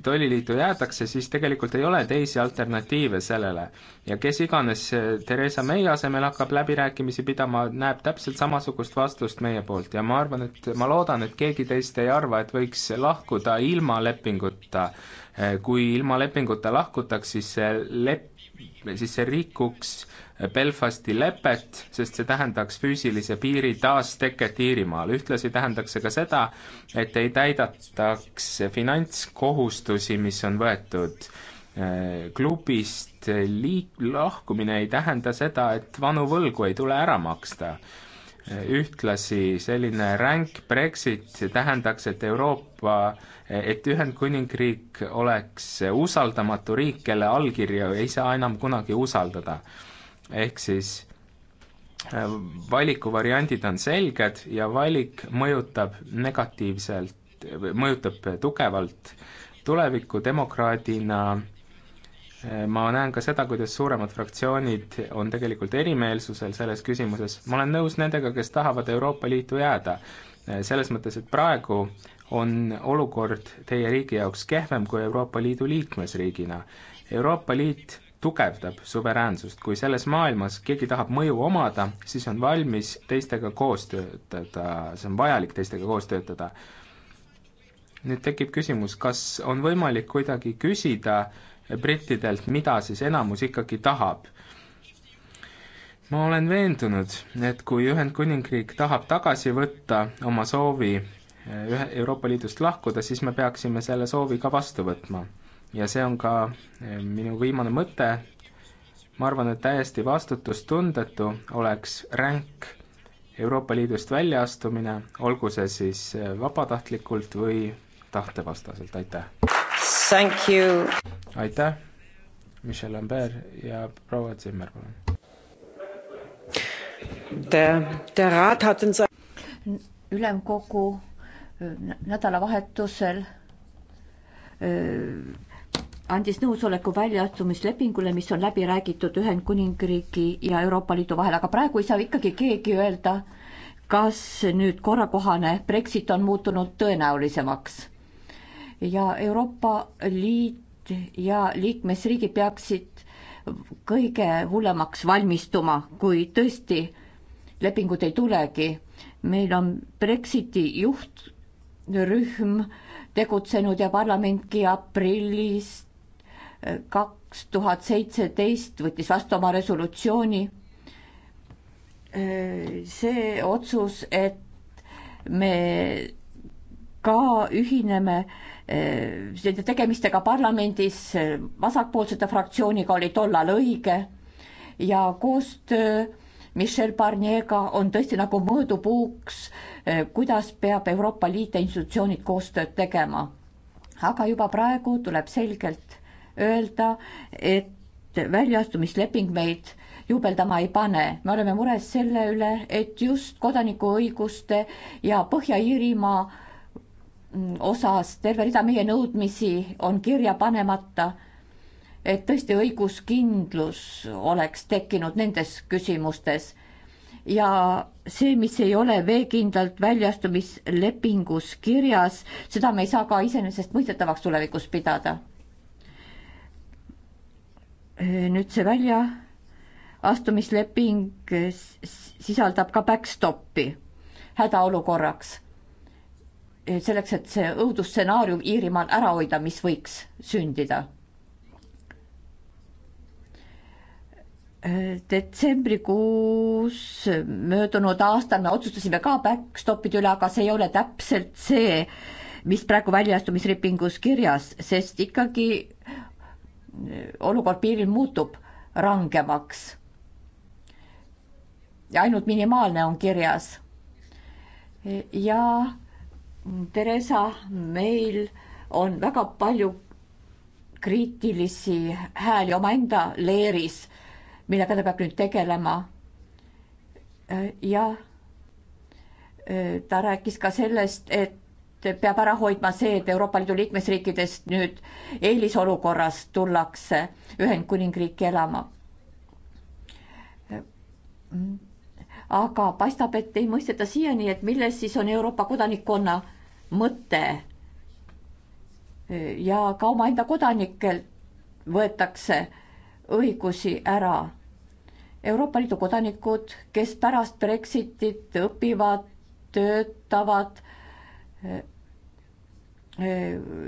tolliliitu jäetakse, siis tegelikult ei ole teisi alternatiive sellele. ja kes iganes eh, Theresa May asemel hakkab läbirääkimisi pidama, näeb täpselt samasugust vastust meie poolt ja ma arvan, et ma loodan, et keegi teist ei arva, et võiks lahkuda ilma lepinguta. Eh, kui ilma lepinguta lahkutaks, siis see lep-, siis see rikuks Belfasti lepet, sest see tähendaks füüsilise piiri taasteket Iirimaal. ühtlasi tähendaks see ka seda, et ei täidataks finantskohustusi, mis on võetud äh, klubist liik-, lahkumine ei tähenda seda, et vanu võlgu ei tule ära maksta äh, ühtlasi selline ränk Brexit tähendaks, et Euroopa, et Ühendkuningriik oleks usaldamatu riik, kelle allkirju ei saa enam kunagi usaldada ehk siis äh, valikuvariandid on selged ja valik mõjutab negatiivselt, mõjutab tugevalt tulevikku demokraadina äh, ma näen ka seda, kuidas suuremad fraktsioonid on tegelikult erimeelsusel selles küsimuses, ma olen nõus nendega, kes tahavad Euroopa Liitu jääda. Äh, selles mõttes, et praegu on olukord teie riigi jaoks kehvem kui Euroopa Liidu liikmesriigina. Euroopa Liit tugevdab suveräänsust. kui selles maailmas keegi tahab mõju omada, siis on valmis teistega koos töötada, see on vajalik teistega koos töötada. nüüd tekib küsimus, kas on võimalik kuidagi küsida brittidelt, mida siis enamus ikkagi tahab? ma olen veendunud, et kui Ühendkuningriik tahab tagasi võtta oma soovi ühe Euroopa Liidust lahkuda, siis me peaksime selle soovi ka vastu võtma ja see on ka eh, minu viimane mõte, ma arvan, et täiesti vastutustundetu oleks ränk Euroopa Liidust väljaastumine, olgu see siis eh, vabatahtlikult või tahtevastaselt, aitäh! aitäh, Michel Lambert ja proua Zimmer, palun! ülemkogu äh, nädalavahetusel äh, andis nõusoleku väljaastumislepingule, mis on läbi räägitud Ühendkuningriigi ja Euroopa Liidu vahel, aga praegu ei saa ikkagi keegi öelda, kas nüüd korrakohane Brexit on muutunud tõenäolisemaks. ja Euroopa Liit ja liikmesriigid peaksid kõige hullemaks valmistuma, kui tõesti lepingut ei tulegi. meil on Brexiti juhtrühm tegutsenud ja parlamentki aprillis kaks tuhat seitseteist võttis vastu oma resolutsiooni. see otsus, et me ka ühineme eh, nende tegemistega parlamendis, eh, vasakpoolsete fraktsiooniga oli tollal õige ja koostöö Michel Barnier'ga on tõesti nagu mõõdupuuks, eh, kuidas peab Euroopa Liit ja institutsioonid koostööd tegema. aga juba praegu tuleb selgelt öelda, et väljaastumisleping meid juubeldama ei pane. me oleme mures selle üle, et just kodanikuõiguste ja Põhja-Iirimaa mm, osas terve rida meie nõudmisi on kirja panemata. et tõesti õiguskindlus oleks tekkinud nendes küsimustes ja see, mis ei ole veekindlalt väljastumislepingus kirjas, seda me ei saa ka iseenesestmõistetavaks tulevikus pidada Äh, nüüd see väljaastumisleping äh, sisaldab ka backstopi hädaolukorraks. Äh, selleks, et see õudusstsenaarium Iirimaal ära hoida, mis võiks sündida. detsembrikuus möödunud aastal me otsustasime ka backstopide üle, aga see ei ole täpselt see, mis praegu väljaastumislepingus kirjas, sest ikkagi olukord piiril muutub rangemaks. ja ainult minimaalne on kirjas. ja Theresa, meil on väga palju kriitilisi hääli omaenda leeris, millega ta peab nüüd tegelema. ja ta rääkis ka sellest, et peab ära hoidma see, et Euroopa Liidu liikmesriikidest nüüd eelisolukorras tullakse Ühendkuningriiki elama. aga paistab, et ei mõisteta siiani, et milles siis on Euroopa kodanikkonna mõte. ja ka omaenda kodanikelt võetakse õigusi ära. Euroopa Liidu kodanikud, kes pärast Brexitit õpivad, töötavad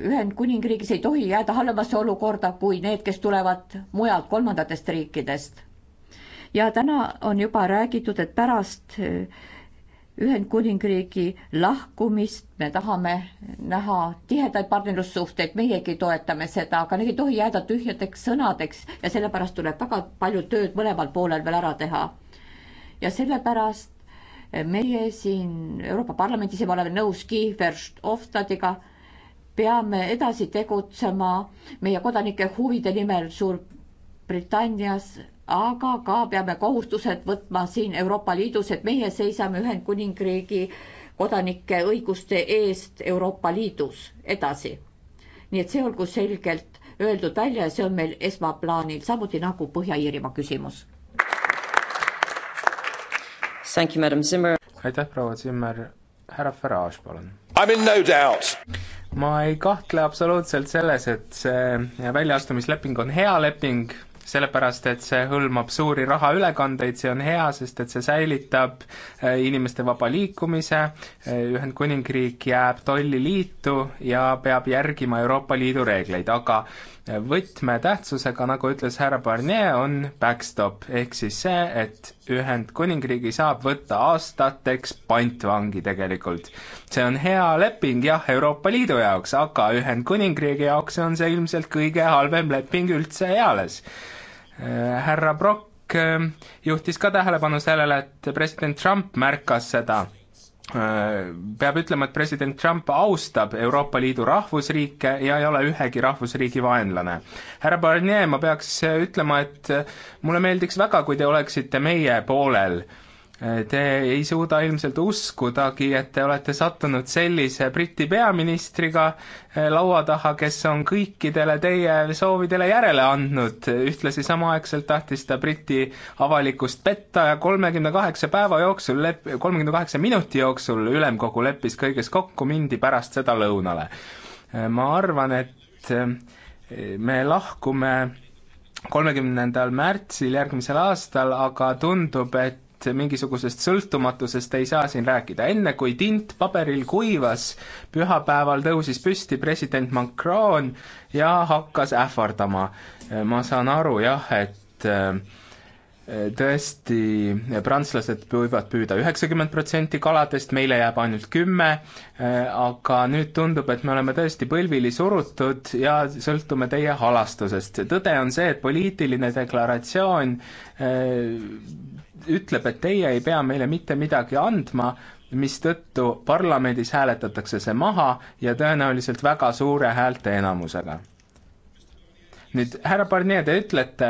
Ühendkuningriigis ei tohi jääda halvemasse olukorda kui need, kes tulevad mujalt kolmandatest riikidest. ja täna on juba räägitud, et pärast eh, Ühendkuningriigi lahkumist me tahame näha tihedaid partnerlussuhteid, meiegi toetame seda, aga need ei tohi jääda tühjadeks sõnadeks ja sellepärast tuleb väga palju tööd mõlemal poolel veel ära teha. ja sellepärast meie siin Euroopa Parlamendis ja ma olen nõus Kiefer Hofstadiga, peame edasi tegutsema meie kodanike huvide nimel Suurbritannias, aga ka peame kohustused võtma siin Euroopa Liidus, et meie seisame Ühendkuningriigi kodanike õiguste eest Euroopa Liidus edasi. nii et see olgu selgelt öeldud välja ja see on meil esmaplaanil, samuti nagu Põhja-Iirimaa küsimus aitäh, proua Zimmer, härra Farage, palun. No ma ei kahtle absoluutselt selles, et see väljaastumisleping on hea leping, sellepärast et see hõlmab suuri rahaülekandeid, see on hea, sest et see säilitab eh, inimeste vaba liikumise, eh, Ühendkuningriik jääb tolliliitu ja peab järgima Euroopa Liidu reegleid, aga võtmetähtsusega, nagu ütles härra Barnier, on backstop ehk siis see, et Ühendkuningriigi saab võtta aastateks pantvangi tegelikult. see on hea leping jah, Euroopa Liidu jaoks, aga Ühendkuningriigi jaoks on see ilmselt kõige halvem leping üldse eales. Äh, härra Brock äh, juhtis ka tähelepanu sellele, et president Trump märkas seda peab ütlema, et president Trump austab Euroopa Liidu rahvusriike ja ei ole ühegi rahvusriigi vaenlane. härra Barnier, ma peaks ütlema, et mulle meeldiks väga, kui te oleksite meie poolel Te ei suuda ilmselt uskudagi, et te olete sattunud sellise Briti peaministriga eh, laua taha, kes on kõikidele teie soovidele järele andnud. ühtlasi samaaegselt tahtis ta Briti avalikkust petta ja kolmekümne kaheksa päeva jooksul, kolmekümne kaheksa minuti jooksul ülemkogu leppis kõiges kokku, mindi pärast seda lõunale. Eh, ma arvan, et eh, me lahkume kolmekümnendal märtsil järgmisel aastal, aga tundub, et et mingisugusest sõltumatusest ei saa siin rääkida. enne kui tint paberil kuivas, pühapäeval tõusis püsti president Macron ja hakkas ähvardama. ma saan aru jah, et äh, tõesti, prantslased võivad püüda üheksakümmend protsenti kaladest, meile jääb ainult kümme, äh, aga nüüd tundub, et me oleme tõesti põlvili surutud ja sõltume teie halastusest. tõde on see, et poliitiline deklaratsioon äh, ütleb, et teie ei pea meile mitte midagi andma, mistõttu parlamendis hääletatakse see maha ja tõenäoliselt väga suure häälteenamusega nüüd härra Barnier, te ütlete,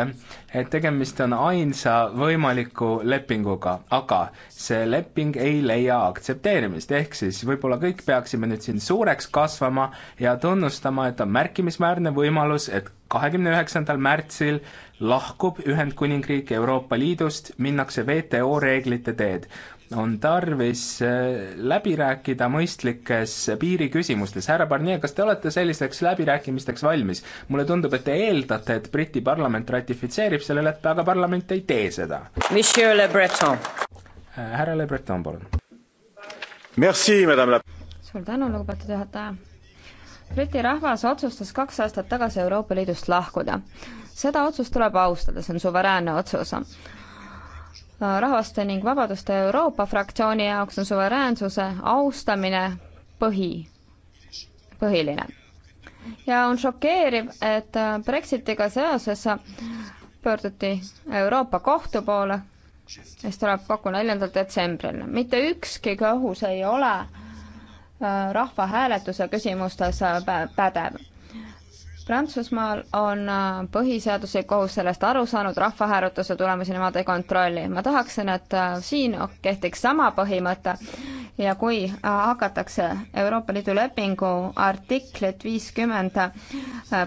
et tegemist on ainsa võimaliku lepinguga, aga see leping ei leia aktsepteerimist, ehk siis võib-olla kõik peaksime nüüd siin suureks kasvama ja tunnustama, et on märkimisväärne võimalus, et kahekümne üheksandal märtsil lahkub Ühendkuningriik Euroopa Liidust, minnakse WTO reeglite teed on tarvis äh, läbi rääkida mõistlikes piiriküsimustes. härra Barnier, kas te olete sellisteks läbirääkimisteks valmis? mulle tundub, et te eeldate, et Briti parlament ratifitseerib selle leppe, aga parlament ei tee seda. Monsieur Le Breton. Äh, härra Le Breton, palun. Merci, madame la. suur tänu, lugupeetud juhataja. Briti rahvas otsustas kaks aastat tagasi Euroopa Liidust lahkuda. seda otsust tuleb austada, see on suveräänne otsus rahvaste ning vabaduste Euroopa fraktsiooni jaoks on suveräänsuse austamine põhi, põhiline. ja on šokeeriv, et äh, Brexitiga seoses pöörduti Euroopa Kohtu poole, kes tuleb kokku neljandal detsembril. mitte ükski kohus ei ole äh, rahvahääletuse küsimustes äh, pädev Prantsusmaal on äh, põhiseaduse kohus sellest aru saanud, rahvahääletuse tulemusi nemad ei kontrolli. ma tahaksin, et äh, siin kehtiks sama põhimõte ja kui äh, hakatakse Euroopa Liidu lepingu artiklit viiskümmend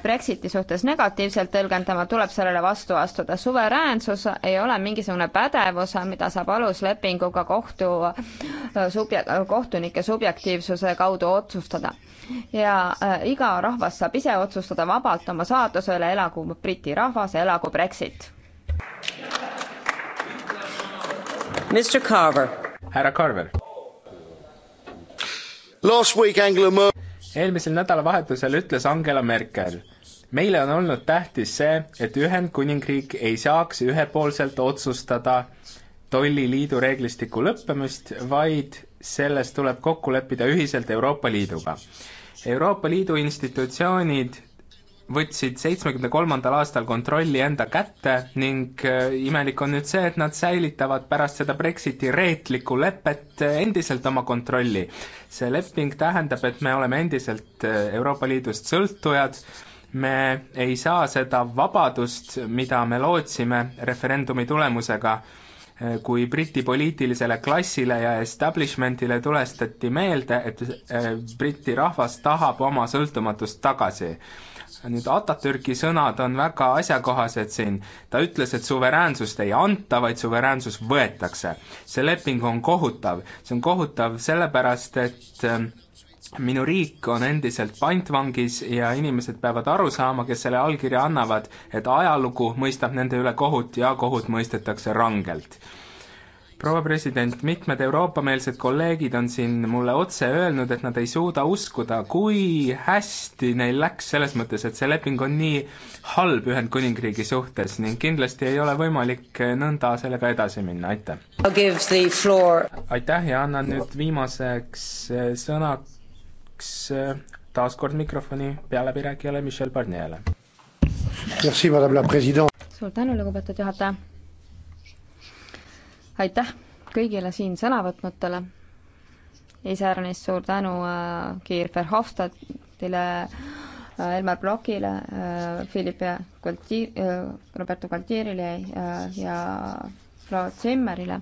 Brexiti suhtes negatiivselt tõlgendama, tuleb sellele vastu astuda. suveräänsus ei ole mingisugune pädevus, mida saab aluslepinguga kohtu subje-, kohtunike subjektiivsuse kaudu otsustada. ja iga rahvas saab ise otsustada, vabalt oma saatuse üle, elagu Briti rahvas, elagu Brexit. härra Carver. eelmisel nädalavahetusel ütles Angela Merkel meile on olnud tähtis see, et Ühendkuningriik ei saaks ühepoolselt otsustada tolliliidu reeglistiku lõppemist, vaid selles tuleb kokku leppida ühiselt Euroopa Liiduga. Euroopa Liidu institutsioonid võtsid seitsmekümne kolmandal aastal kontrolli enda kätte ning äh, imelik on nüüd see, et nad säilitavad pärast seda Brexiti reetlikku lepet äh, endiselt oma kontrolli. see leping tähendab, et me oleme endiselt äh, Euroopa Liidust sõltujad, me ei saa seda vabadust, mida me lootsime referendumi tulemusega, kui Briti poliitilisele klassile ja establishmentile tulestati meelde, et Briti rahvas tahab oma sõltumatust tagasi nüüd Atatürki sõnad on väga asjakohased siin. ta ütles, et suveräänsust ei anta, vaid suveräänsus võetakse. see leping on kohutav, see on kohutav sellepärast, et ähm, minu riik on endiselt pantvangis ja inimesed peavad aru saama, kes selle allkirja annavad, et ajalugu mõistab nende üle kohut ja kohut mõistetakse rangelt proua president, mitmed Euroopa-meelsed kolleegid on siin mulle otse öelnud, et nad ei suuda uskuda, kui hästi neil läks, selles mõttes, et see leping on nii halb Ühendkuningriigi suhtes ning kindlasti ei ole võimalik nõnda sellega edasi minna, aitäh. aitäh ja annan nüüd viimaseks äh, sõnaks äh, taaskord mikrofoni pealeläbirääkijale Michel Barnier'le. suur tänu, lugupeetud juhataja aitäh kõigile siin sõna võtnutele, iseäranis suur tänu äh, Kiir Verhofstadtile äh,, Elmar Blokile äh,, Philippe Galtier äh,, Roberto Galtierile äh, ja Flo Zimmerile.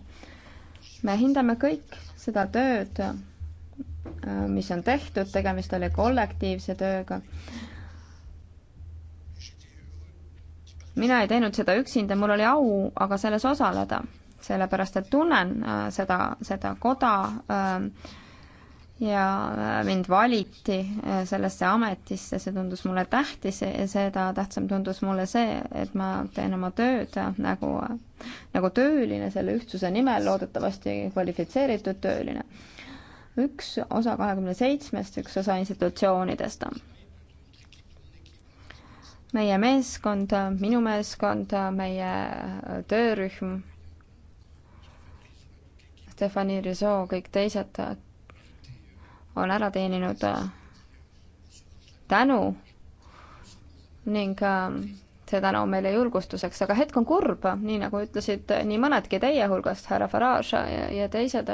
me hindame kõik seda tööd, äh, mis on tehtud, tegemist oli kollektiivse tööga. mina ei teinud seda üksinda, mul oli au aga selles osaleda sellepärast et tunnen äh, seda, seda koda ähm, ja äh, mind valiti äh, sellesse ametisse, see tundus mulle tähtis ja seda tähtsam tundus mulle see, et ma teen oma tööd nagu, nagu tööline selle ühtsuse nimel, loodetavasti kvalifitseeritud tööline. üks osa kahekümne seitsmest, üks osa institutsioonidest meie meeskond, minu meeskond, meie töörühm Stefani Rizzo, kõik teised on ära teeninud äh, tänu ning äh, see tänu on meile julgustuseks, aga hetk on kurb, nii nagu ütlesid nii mõnedki teie hulgast, härra Farage ja, ja teised.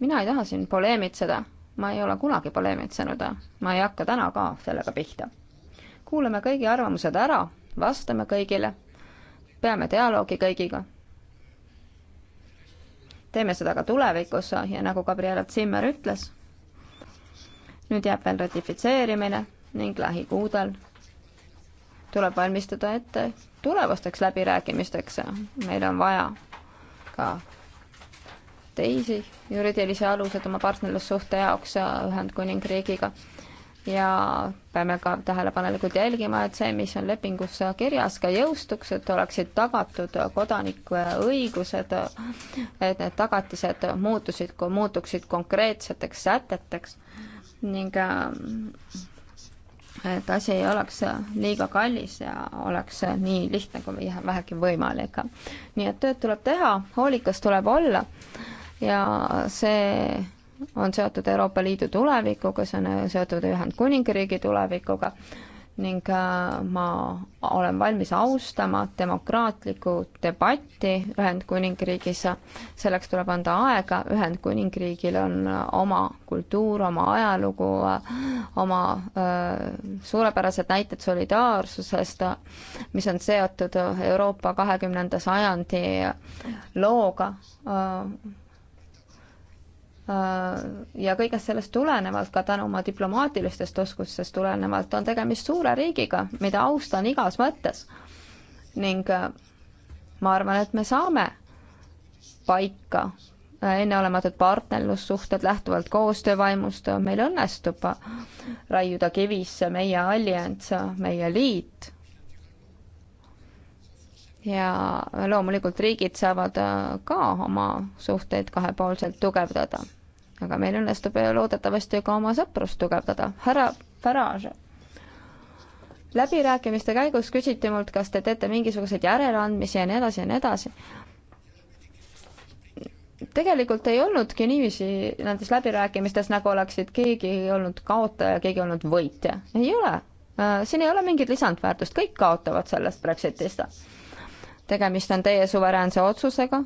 mina ei taha siin poleemitseda, ma ei ole kunagi poleemitsenud, ma ei hakka täna ka sellega pihta. kuulame kõigi arvamused ära, vastame kõigile, peame dialoogi kõigiga teeme seda ka tulevikus ja nagu Gabriela Zimmer ütles, nüüd jääb veel ratifitseerimine ning lähikuudel tuleb valmistuda ette tulevasteks läbirääkimisteks. meil on vaja ka teisi juriidilisi aluseid oma partnerlussuhte jaoks Ühendkuningriigiga ja peame ka tähelepanelikult jälgima, et see, mis on lepingus kirjas, ka jõustuks, et oleksid tagatud kodanike õigused, et need tagatised muutusid, muutuksid konkreetseteks säteteks ning äh, et asi ei oleks liiga kallis ja oleks nii lihtne kui vähegi võimalik. nii et tööd tuleb teha, hoolikas tuleb olla ja see on seotud Euroopa Liidu tulevikuga, see on äh, seotud Ühendkuningriigi tulevikuga ning äh, ma olen valmis austama demokraatlikku debatti Ühendkuningriigis. selleks tuleb anda aega, Ühendkuningriigil on äh, oma kultuur, oma ajalugu, oma öö, suurepärased näited solidaarsusest, mis on seotud Euroopa kahekümnenda sajandi looga öö, ja kõigest sellest tulenevalt, ka tänu oma diplomaatilistest oskustest tulenevalt, on tegemist suure riigiga, mida austan igas mõttes. ning äh, ma arvan, et me saame paika äh, enneolematud partnerlussuhted lähtuvalt koostöövaimust, meil õnnestub raiuda kivisse meie allianss, meie liit. ja loomulikult riigid saavad äh, ka oma suhteid kahepoolselt tugevdada aga meil õnnestub loodetavasti ka oma sõprust tugevdada. härra Farage, läbirääkimiste käigus küsiti mult, kas te teete mingisuguseid järeleandmisi ja nii edasi ja nii edasi. tegelikult ei olnudki niiviisi nendes läbirääkimistes, nagu oleksid keegi olnud kaotaja, keegi olnud võitja. ei ole, äh, siin ei ole mingit lisandväärtust, kõik kaotavad sellest Brexitist. tegemist on teie suveräänse otsusega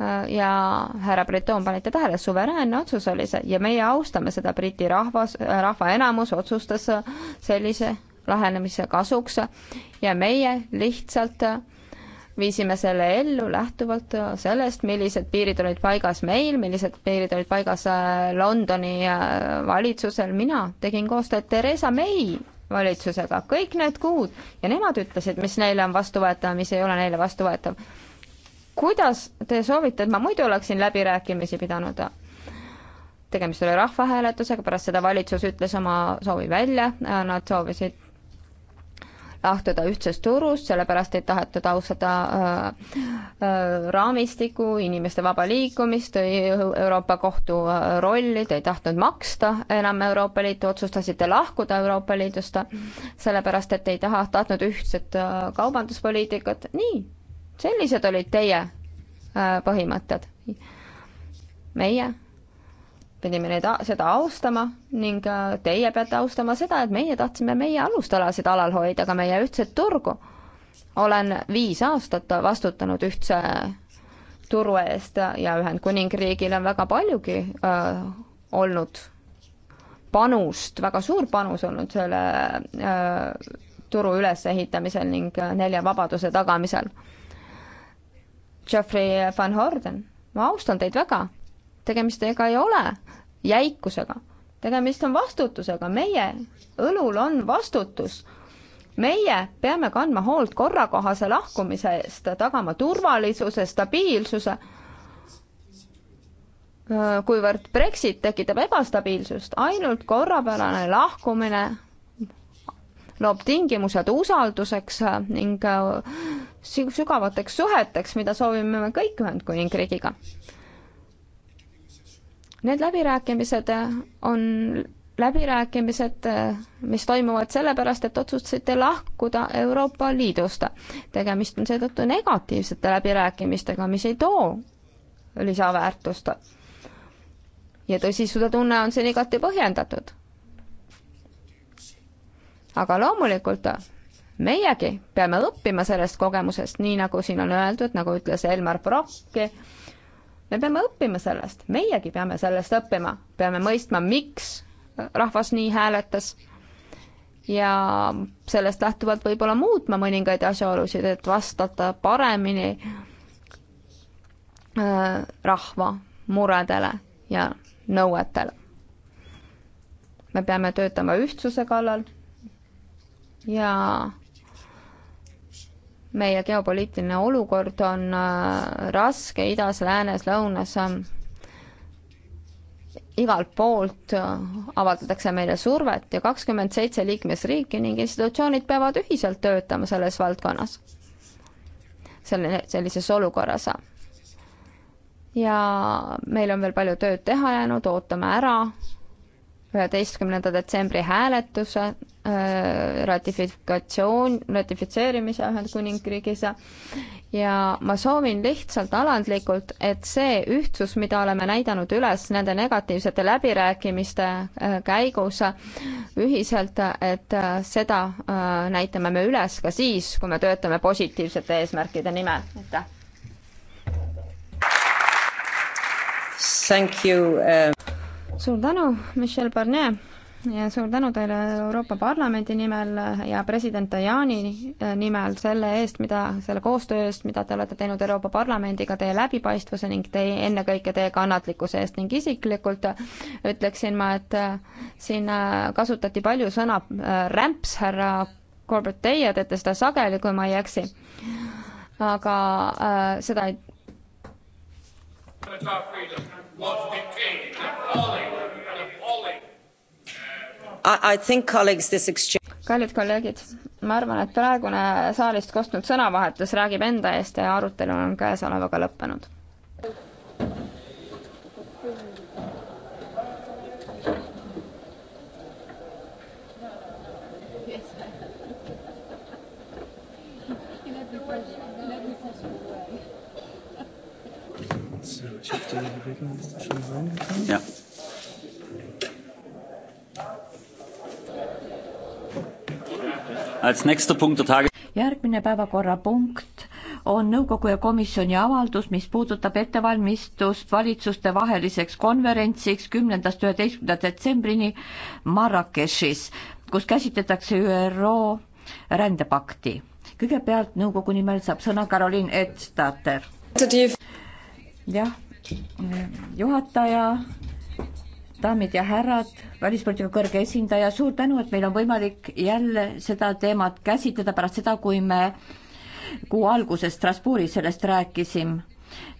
Äh, ja härra Breton, panite tähele, suveräänne otsus oli see ja meie austame seda, Briti rahvas, äh, rahva enamus otsustas äh, sellise lähenemise kasuks ja meie lihtsalt viisime selle ellu lähtuvalt sellest, millised piirid olid paigas meil, millised piirid olid paigas Londoni valitsusel, mina tegin koostööd Theresa May valitsusega kõik need kuud ja nemad ütlesid, mis neile on vastuvõetav, mis ei ole neile vastuvõetav kuidas te soovite, et ma muidu oleksin läbirääkimisi pidanud? tegemist oli rahvahääletusega, pärast seda valitsus ütles oma soovi välja, nad soovisid lahtuda ühtsest turust, sellepärast ei tahetud austada äh, äh, raamistiku, inimeste vaba liikumist, Euroopa Kohtu äh, rolli, te ei tahtnud maksta enam Euroopa Liitu, otsustasite lahkuda Euroopa Liidust, sellepärast et ei taha, tahtnud ühtset äh, kaubanduspoliitikat, nii, sellised olid teie äh, põhimõtted. meie pidime neid, seda austama ning äh, teie peate austama seda, et meie tahtsime meie alustalasid alal hoida, ka meie ühtset turgu. olen viis aastat vastutanud ühtse turu eest ja Ühendkuningriigil on väga paljugi äh, olnud panust, väga suur panus olnud selle äh, turu ülesehitamisel ning äh, nelja vabaduse tagamisel Geoffrey Van Horden, ma austan teid väga. tegemist teiega ei ole jäikusega, tegemist on vastutusega, meie õlul on vastutus. meie peame kandma hoolt korrakohase lahkumise eest, tagama turvalisuse, stabiilsuse. kuivõrd Brexit tekitab ebastabiilsust, ainult korrapärane lahkumine loob tingimused usalduseks ning sügavateks suheteks, mida soovime me kõik Ühendkuningriigiga. Need läbirääkimised eh, on läbirääkimised, eh, mis toimuvad sellepärast, et otsustasite lahkuda Euroopa Liidust. tegemist on seetõttu negatiivsete läbirääkimistega, mis ei too lisaväärtust. ja tõsisuse tunne on siin igati põhjendatud. aga loomulikult meiegi peame õppima sellest kogemusest, nii nagu siin on öeldud, nagu ütles Elmar Brokki, me peame õppima sellest, meiegi peame sellest õppima, peame mõistma, miks rahvas nii hääletas ja sellest lähtuvalt võib-olla muutma mõningaid asjaolusid, et vastata paremini äh, rahva muredele ja nõuetele. me peame töötama ühtsuse kallal ja meie geopoliitiline olukord on äh, raske idas, läänes, lõunas, igalt poolt äh, avaldatakse meile survet ja kakskümmend seitse liikmesriiki ning institutsioonid peavad ühiselt töötama selles valdkonnas, selle, sellises olukorras. ja meil on veel palju tööd teha jäänud, ootame ära üheteistkümnenda detsembri hääletuse äh, ratifikatsioon, ratifitseerimise Ühendkuningriigis ja ma soovin lihtsalt alandlikult, et see ühtsus, mida oleme näidanud üles nende negatiivsete läbirääkimiste äh, käigus ühiselt, et äh, seda näitame me üles ka siis, kui me töötame positiivsete eesmärkide nimel, aitäh! Thank you uh suur tänu, Michel Barnier ja suur tänu teile Euroopa Parlamendi nimel ja president Tajani äh, nimel selle eest, mida, selle koostöö eest, mida te olete teinud Euroopa Parlamendiga, teie läbipaistvuse ning teie, ennekõike teie kannatlikkuse eest ning isiklikult äh, ütleksin ma, et äh, siin kasutati palju sõna rämps, härra Corbett, teie teete seda sageli, kui ma ei eksi. aga äh, seda ei was decaying and falling and falling. I think colleagues this exchange kallid kolleegid, ma arvan, et praegune saalist kostnud sõnavahetus räägib enda eest ja arutelu on käesolevaga lõppenud. Ja. järgmine päevakorrapunkt on nõukogu ja komisjoni avaldus, mis puudutab ettevalmistust valitsuste vaheliseks konverentsiks kümnendast üheteistkümnenda detsembrini Marrakechis, kus käsitletakse ÜRO rändepakti. kõigepealt nõukogu nimel saab sõna Caroline Edstater jah, juhataja, daamid ja härrad, välispoliitika kõrge esindaja, suur tänu, et meil on võimalik jälle seda teemat käsitleda pärast seda, kui me kuu alguses Strasbourgis sellest rääkisime.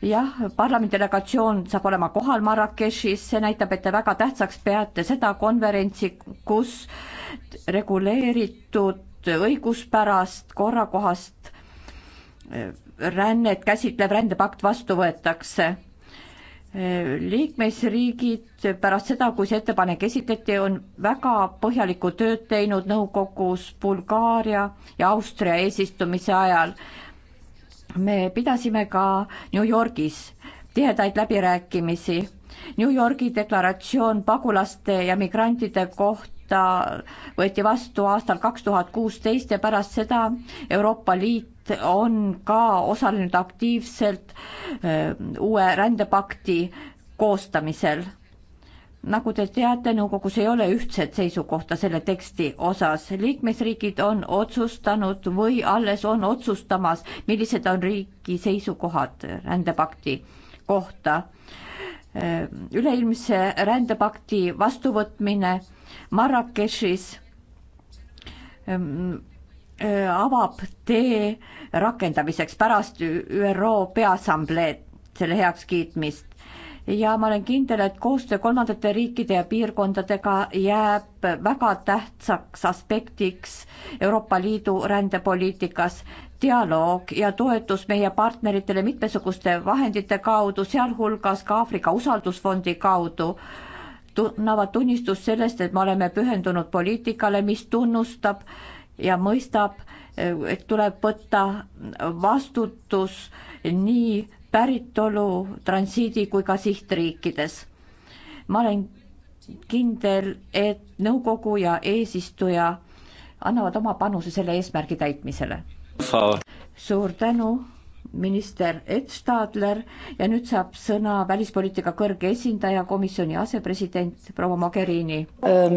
jah, parlamendi delegatsioon saab olema kohal Marrakechis, see näitab, et te väga tähtsaks peate seda konverentsi, kus reguleeritud õiguspärast korrakohast rännet käsitlev rändepakt vastu võetakse. liikmesriigid pärast seda, kui see ettepanek esitleti, on väga põhjalikku tööd teinud nõukogus Bulgaaria ja Austria eesistumise ajal. me pidasime ka New Yorgis tihedaid läbirääkimisi. New Yorgi deklaratsioon pagulaste ja migrantide kohta ta võeti vastu aastal kaks tuhat kuusteist ja pärast seda Euroopa Liit nad on ka osalenud aktiivselt äh, uue rändepakti koostamisel. nagu te teate, nõukogus ei ole ühtset seisukohta selle teksti osas, liikmesriigid on otsustanud või alles on otsustamas, millised on riigi seisukohad rändepakti kohta. Äh, üleilmse rändepakti vastuvõtmine Marrakechis ähm, avab tee rakendamiseks pärast ÜRO Peaassambleed, selle heakskiitmist. ja ma olen kindel, et koostöö kolmandate riikide ja piirkondadega jääb väga tähtsaks aspektiks Euroopa Liidu rändepoliitikas dialoog ja toetus meie partneritele mitmesuguste vahendite kaudu, sealhulgas ka Aafrika usaldusfondi kaudu, annavad tunnistust sellest, et me oleme pühendunud poliitikale, mis tunnustab äh, ja mõistab, et tuleb võtta vastutus nii päritolu, transiidi kui ka sihtriikides. ma olen kindel, et nõukogu ja eesistuja annavad oma panuse selle eesmärgi täitmisele. suur tänu minister Ed Stadler ja nüüd saab sõna välispoliitika kõrge esindaja, komisjoni asepresident proua Mogherini uh,.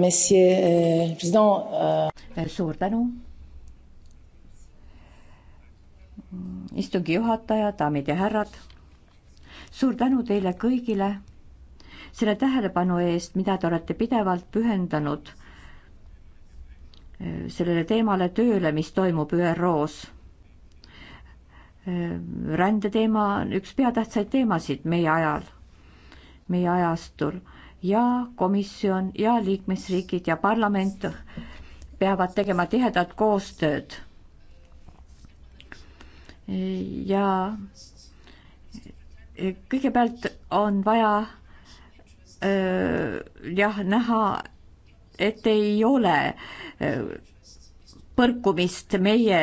Uh... suur tänu. istungi juhataja, daamid ja härrad, suur tänu teile kõigile selle tähelepanu eest, mida te olete pidevalt pühendanud äh, sellele teemale tööle, mis toimub ÜRO-s rändeteema on üks peatähtsaid teemasid meie ajal, meie ajastul ja komisjon ja liikmesriigid ja parlament peavad tegema tihedat koostööd. ja kõigepealt on vaja jah, näha, et ei ole põrkumist meie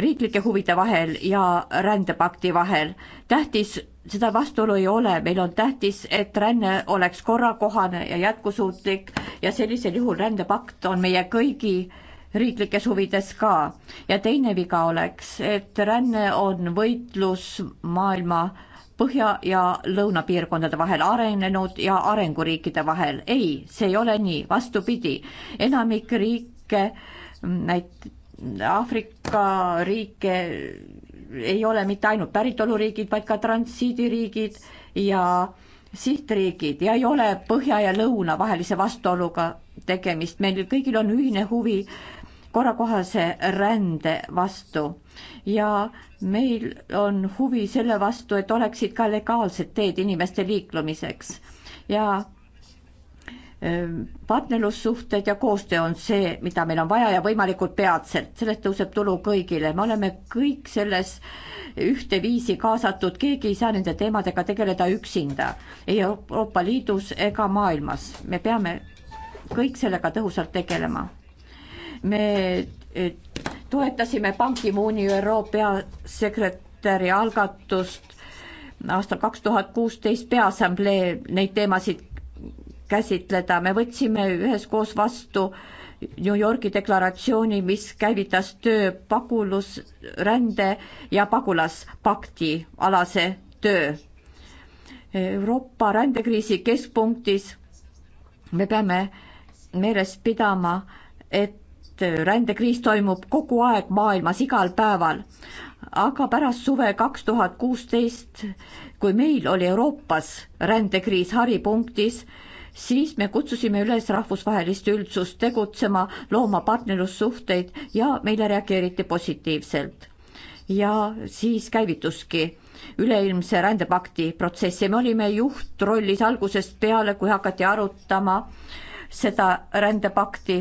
riiklike huvide vahel ja rändepakti vahel. tähtis, seda vastuolu ei ole, meil on tähtis, et ränne oleks korrakohane ja jätkusuutlik ja sellisel juhul rändepakt on meie kõigi riiklikes huvides ka. ja teine viga oleks, et ränne on võitlus maailma põhja- ja lõunapiirkondade vahel, arenenud ja arenguriikide vahel. ei, see ei ole nii, vastupidi, enamik riike näit-, Aafrika riike ei ole mitte ainult päritoluriigid, vaid ka transiidiriigid ja sihtriigid ja ei ole põhja ja lõuna vahelise vastuoluga tegemist, meil kõigil on ühine huvi korrakohase rände vastu ja meil on huvi selle vastu, et oleksid ka legaalsed teed inimeste liiklumiseks ja Ehm, partnerlussuhted ja koostöö on see, mida meil on vaja ja võimalikult peatselt, sellest tõuseb tulu kõigile, me oleme kõik selles ühteviisi kaasatud, keegi ei saa nende teemadega tegeleda üksinda, ei Euroopa Liidus ega maailmas, me peame kõik sellega tõhusalt tegelema. me eh, toetasime Ban Ki-mooni ÜRO peasekretäri algatust aastal kaks tuhat kuusteist Peaassamblee neid teemasid käsitleda, me võtsime üheskoos vastu New Yorgi deklaratsiooni, mis käivitas töö pagulusrände ja pagulaspakti alase töö. Euroopa rändekriisi keskpunktis me peame meeles pidama, et rändekriis toimub kogu aeg maailmas, igal päeval. aga pärast suve kaks tuhat kuusteist, kui meil oli Euroopas rändekriis haripunktis, siis me kutsusime üles rahvusvahelist üldsust tegutsema, looma partnerlussuhteid ja meile reageeriti positiivselt. ja siis käivituski üleilmse rändepakti protsess ja me olime juhtrollis algusest peale, kui hakati arutama seda rändepakti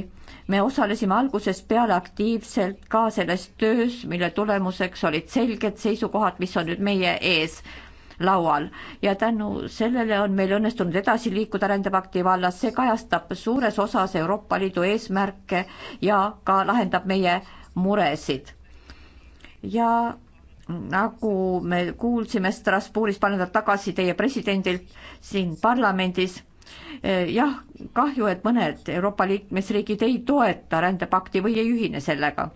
me osalesime algusest peale aktiivselt ka selles töös, mille tulemuseks olid selged seisukohad, mis on nüüd meie ees laual ja tänu sellele on meil õnnestunud edasi liikuda rändepakti vallas, see kajastab suures osas Euroopa Liidu eesmärke ja ka lahendab meie muresid. ja nagu me kuulsime Strasbourgis paar nädalat tagasi teie presidendilt siin parlamendis, eh, jah, kahju, et mõned Euroopa liikmesriigid ei toeta rändepakti või ei ühine sellega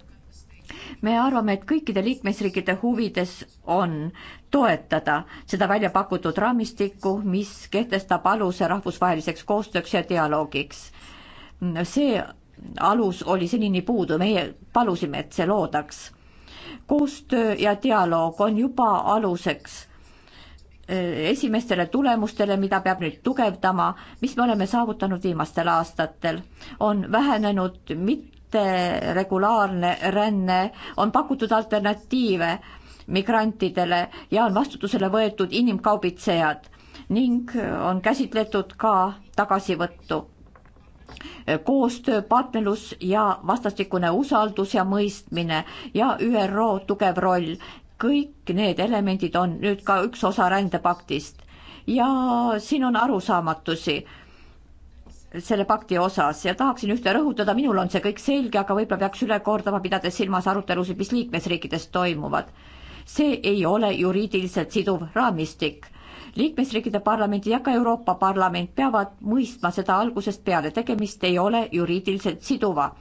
me arvame, et kõikide liikmesriikide huvides on toetada seda välja pakutud raamistikku, mis kehtestab aluse rahvusvaheliseks koostööks ja dialoogiks. see alus oli senini puudu, meie palusime, et see loodaks. koostöö ja dialoog on juba aluseks e, esimestele tulemustele, mida peab nüüd tugevdama, mis me oleme saavutanud viimastel aastatel, on vähenenud mit-, migrante regulaarne ränne, on pakutud alternatiive migrantidele ja on vastutusele võetud inimkaubitsejad ning on käsitletud ka tagasivõttu. koostöö, partnerlus ja vastastikune usaldus ja mõistmine ja ÜRO tugev roll, kõik need elemendid on nüüd ka üks osa rändepaktist ja siin on arusaamatusi selle pakti osas ja tahaksin ühte rõhutada, minul on see kõik selge, aga võib-olla peaks üle kordama, pidades silmas arutelusid, mis liikmesriikides toimuvad. see ei ole juriidiliselt siduv raamistik. liikmesriikide parlamendid ja ka Euroopa Parlament peavad mõistma seda algusest peale, tegemist ei ole juriidiliselt siduva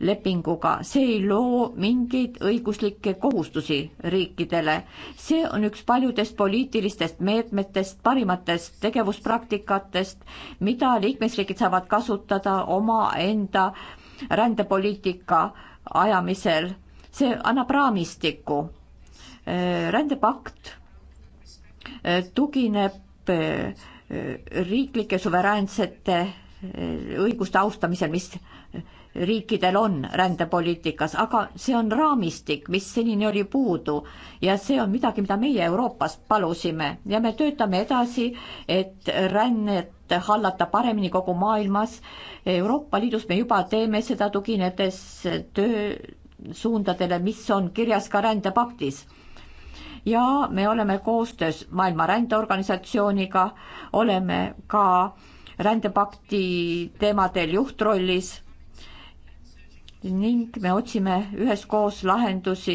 lepinguga, see ei loo mingeid õiguslikke kohustusi riikidele. see on üks paljudest poliitilistest meetmetest, parimatest tegevuspraktikatest, mida liikmesriigid saavad kasutada omaenda rändepoliitika ajamisel. see annab raamistiku. Äh, rändepakt äh, tugineb äh, riiklike suveräänsete õiguste austamisel, mis riikidel on rändepoliitikas, aga see on raamistik, mis senini oli puudu ja see on midagi, mida meie Euroopast palusime ja me töötame edasi, et rännet hallata paremini kogu maailmas. Euroopa Liidus me juba teeme seda, tuginedes töösuundadele, mis on kirjas ka rändepaktis ja me oleme koostöös Maailma Rändeorganisatsiooniga, oleme ka rändepakti teemadel juhtrollis ning me otsime üheskoos lahendusi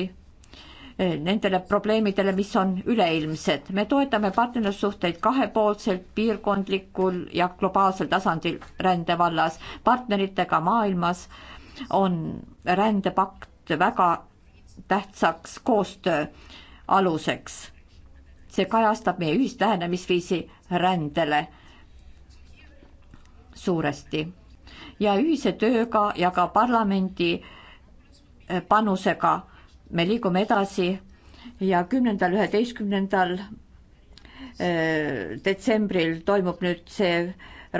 eh, nendele probleemidele, mis on üleilmsed. me toetame partnerlussuhteid kahepoolselt, piirkondlikul ja globaalsel tasandil rände vallas. partneritega maailmas on rändepakt väga tähtsaks koostöö aluseks. see kajastab meie ühist lähenemisviisi rändele suuresti ja ühise tööga ja ka parlamendi eh, panusega me liigume edasi ja kümnendal, üheteistkümnendal eh, detsembril toimub nüüd see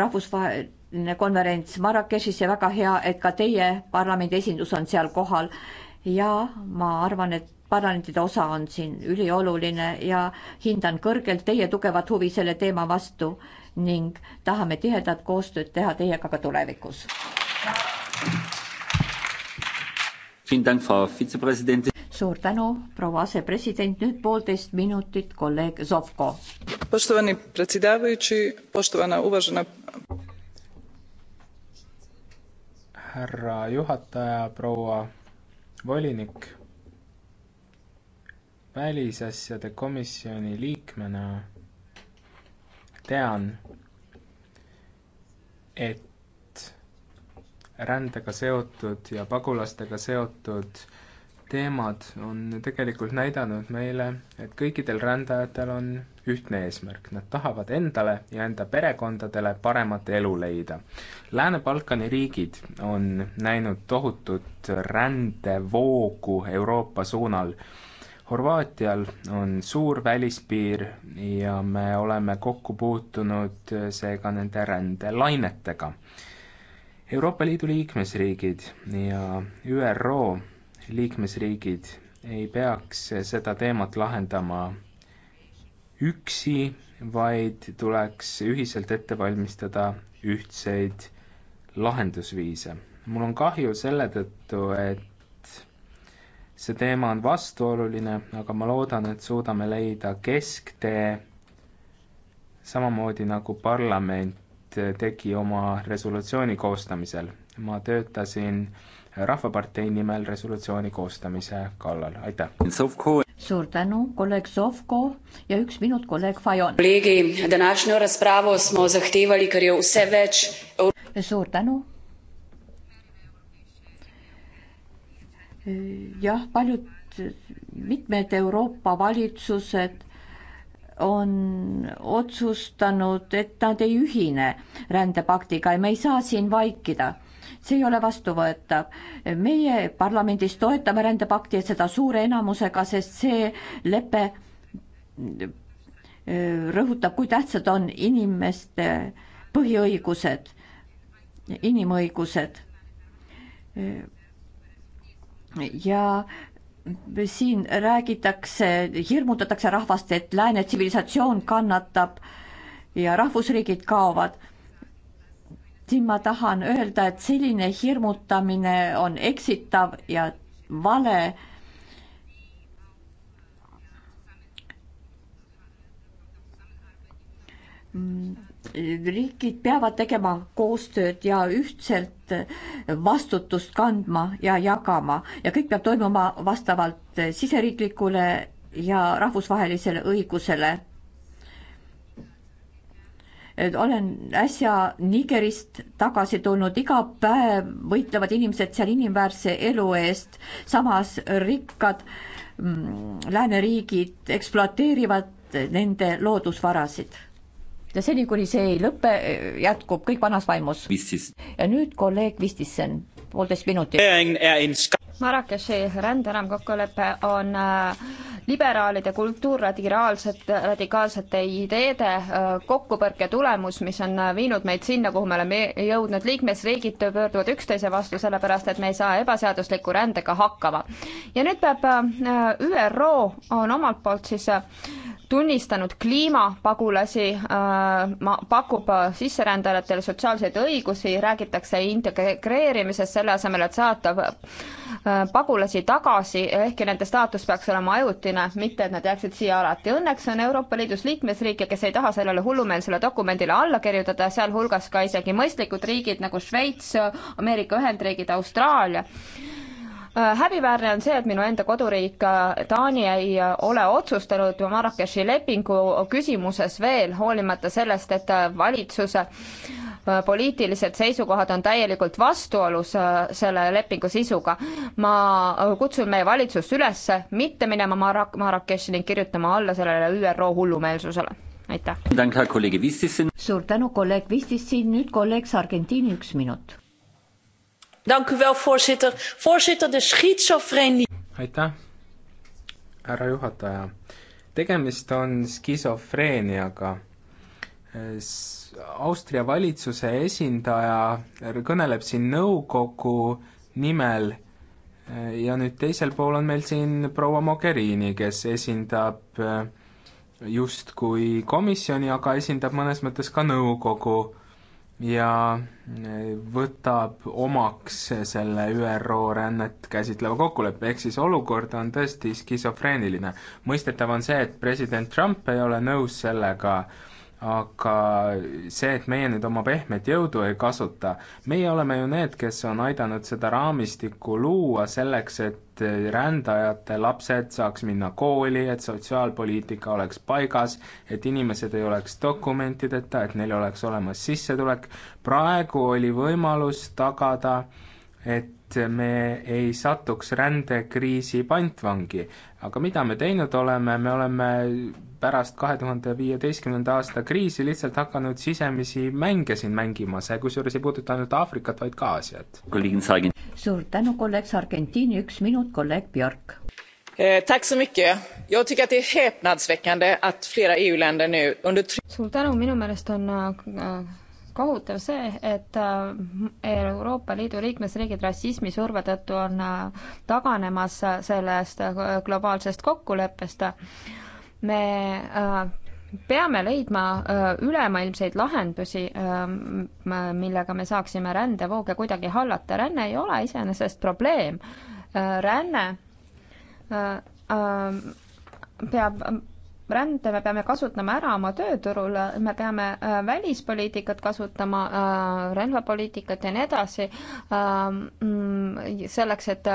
rahvusvaheline konverents Marrakechis ja väga hea, et ka teie parlamendi esindus on seal kohal. ja ma arvan, et parlamentide osa on siin ülioluline ja hindan kõrgelt teie tugevat huvi selle teema vastu ning tahame tihedat koostööd teha teiega ka tulevikus. suur tänu, proua asepresident, nüüd poolteist minutit, kolleeg Zovko. härra juhataja, proua volinik välisasjade komisjoni liikmena tean et rändega seotud ja pagulastega seotud teemad on tegelikult näidanud meile et kõikidel rändajatel on ühtne eesmärk nad tahavad endale ja enda perekondadele paremat elu leida lääne-balkani riigid on näinud tohutut rändevoogu euroopa suunal Horvaatial on suur välispiir ja me oleme kokku puutunud seega nende rändelainetega. Euroopa Liidu liikmesriigid ja ÜRO liikmesriigid ei peaks seda teemat lahendama üksi, vaid tuleks ühiselt ette valmistada ühtseid lahendusviise. mul on kahju selle tõttu, et see teema on vastuoluline, aga ma loodan, et suudame leida kesktee, samamoodi nagu parlament tegi oma resolutsiooni koostamisel. ma töötasin Rahvapartei nimel resolutsiooni koostamise kallal, aitäh! suur tänu, kolleeg Sovko ja üks minut, kolleeg Fajon. suur tänu, jah, paljud, mitmed Euroopa valitsused on otsustanud, et nad ei ühine rändepaktiga ja me ei saa siin vaikida. see ei ole vastuvõetav. meie parlamendis toetame rändepakti ja seda suure enamusega, sest see lepe äh, rõhutab, kui tähtsad on inimeste põhiõigused, inimõigused äh, ja siin räägitakse, hirmutatakse rahvast, et lääne tsivilisatsioon kannatab ja rahvusriigid kaovad. siin ma tahan öelda, et selline hirmutamine on eksitav ja vale. mm riigid peavad tegema koostööd ja ühtselt vastutust kandma ja jagama ja kõik peab toimuma vastavalt siseriiklikule ja rahvusvahelisele õigusele. olen äsja Nigerist tagasi tulnud, iga päev võitlevad inimesed seal inimväärse elu eest, samas rikkad mm, lääneriigid ekspluateerivad nende loodusvarasid ja seni, kuni see ei lõpe, jätkub kõik vanas vaimus. ja nüüd kolleeg Vistisen, poolteist minutit. Er Marrakechi ränderamkokkulepe on äh, liberaalide kultuurradikaalset, radikaalsete ideede äh, kokkupõrke tulemus, mis on äh, viinud meid sinna, kuhu me oleme jõudnud. liikmesriigid pöörduvad üksteise vastu, sellepärast et me ei saa ebaseadusliku rändega hakkama. ja nüüd peab ÜRO on omalt poolt siis tunnistanud kliimapagulasi, äh, ma, pakub äh, sisserändajatele sotsiaalseid õigusi, räägitakse integreerimisest, selle asemel, et saata äh, pagulasi tagasi, ehkki nende staatus peaks olema ajutine, mitte et nad jääksid siia alati. Õnneks on Euroopa Liidus liikmesriike, kes ei taha sellele hullumeelsele dokumendile alla kirjutada, sealhulgas ka isegi mõistlikud riigid nagu Šveits, Ameerika Ühendriigid, Austraalia Äh, häbiväärne on see, et minu enda koduriik äh, Taani ei äh, ole otsustanud Marrakechi lepingu küsimuses veel, hoolimata sellest, et valitsuse poliitilised seisukohad on täielikult vastuolus selle lepingu sisuga. ma kutsun meie valitsust üles mitte minema Marrak-, Marrakechi ning kirjutama alla sellele ÜRO hullumeelsusele. aitäh! suur tänu, kolleeg Vistissin, nüüd kolleeg Sargentini, üks minut aitäh, härra juhataja. tegemist on skisofreeniaga Austria valitsuse esindaja kõneleb siin nõukogu nimel eh, ja nüüd teisel pool on meil siin proua Mogherini, kes esindab eh, justkui komisjoni, aga esindab mõnes mõttes ka nõukogu ja eh, võtab omaks selle ÜRO rännet käsitleva kokkuleppe, ehk siis olukord on tõesti skisofreeniline. mõistetav on see, et president Trump ei ole nõus sellega, aga see, et meie nüüd oma pehmet jõudu ei kasuta, meie oleme ju need, kes on aidanud seda raamistikku luua selleks, et rändajate lapsed saaks minna kooli, et sotsiaalpoliitika oleks paigas, et inimesed ei oleks dokumentideta, et neil oleks olemas sissetulek. praegu oli võimalus tagada, et me ei satuks rändekriisi pantvangi. aga mida me teinud oleme, me oleme pärast kahe tuhande viieteistkümnenda aasta kriisi lihtsalt hakanud sisemisi mänge siin mängima, see kusjuures ei puuduta ainult Aafrikat, vaid ka Aasiat. suur tänu, kolleeg Sargentini, üks minut, kolleeg Björk. Eh, tack så mycket. Jag tycker att det är häpnadsväckande att flera EU-länder nu under... Suur tänu, minu meelest on äh, kohutav see, et äh, Euroopa Liidu liikmesriigid rassismi surve tõttu on äh, taganemas äh, sellest globaalsest kokkuleppest me äh, peame leidma äh, ülemaailmseid lahendusi, äh, millega me saaksime rändevooge kuidagi hallata. ränne ei ole iseenesest probleem. ränne peab rände, me peame kasutama ära oma tööturul, me peame välispoliitikat kasutama, relvapoliitikat ja nii edasi, mm, selleks, et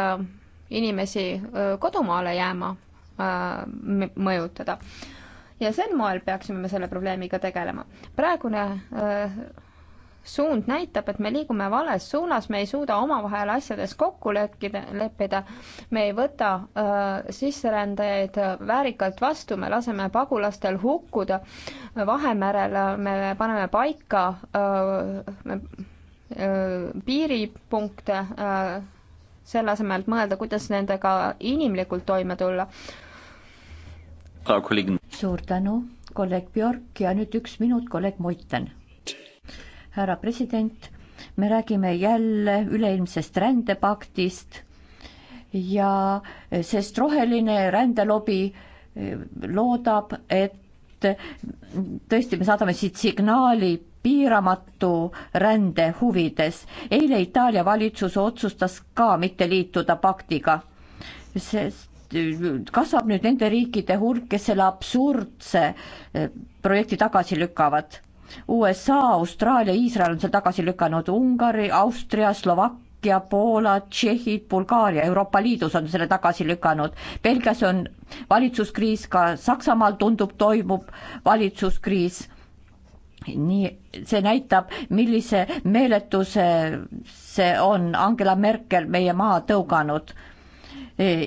inimesi kodumaale jääma Äh, mõjutada. ja sel moel peaksime me selle probleemiga tegelema. praegune äh, suund näitab, et me liigume vales suunas, me ei suuda omavahel asjades kokku lekkida, leppida, me ei võta äh, sisserändajaid väärikalt vastu, me laseme pagulastel hukkuda Vahemerel, me paneme paika äh, me, äh, piiripunkte äh,, selle asemel, et mõelda, kuidas nendega inimlikult toime tulla suur tänu, kolleeg Björk ja nüüd üks minut, kolleeg Muiten. härra president, me räägime jälle üleilmsest rändepaktist ja sest roheline rändelobi eh, loodab, et tõesti, me saadame siit signaali piiramatu rände huvides. eile Itaalia valitsus otsustas ka mitte liituda paktiga, sest kasvab nüüd nende riikide hulk, kes selle absurdse eh, projekti tagasi lükkavad. USA, Austraalia, Iisrael on selle tagasi lükanud, Ungari, Austria, Slovakkia, Poola, Tšehhid, Bulgaaria, Euroopa Liidus on selle tagasi lükanud. Belgias on valitsuskriis, ka Saksamaal tundub, toimub valitsuskriis nii, see näitab, millise meeletuse see on Angela Merkel meie maha tõuganud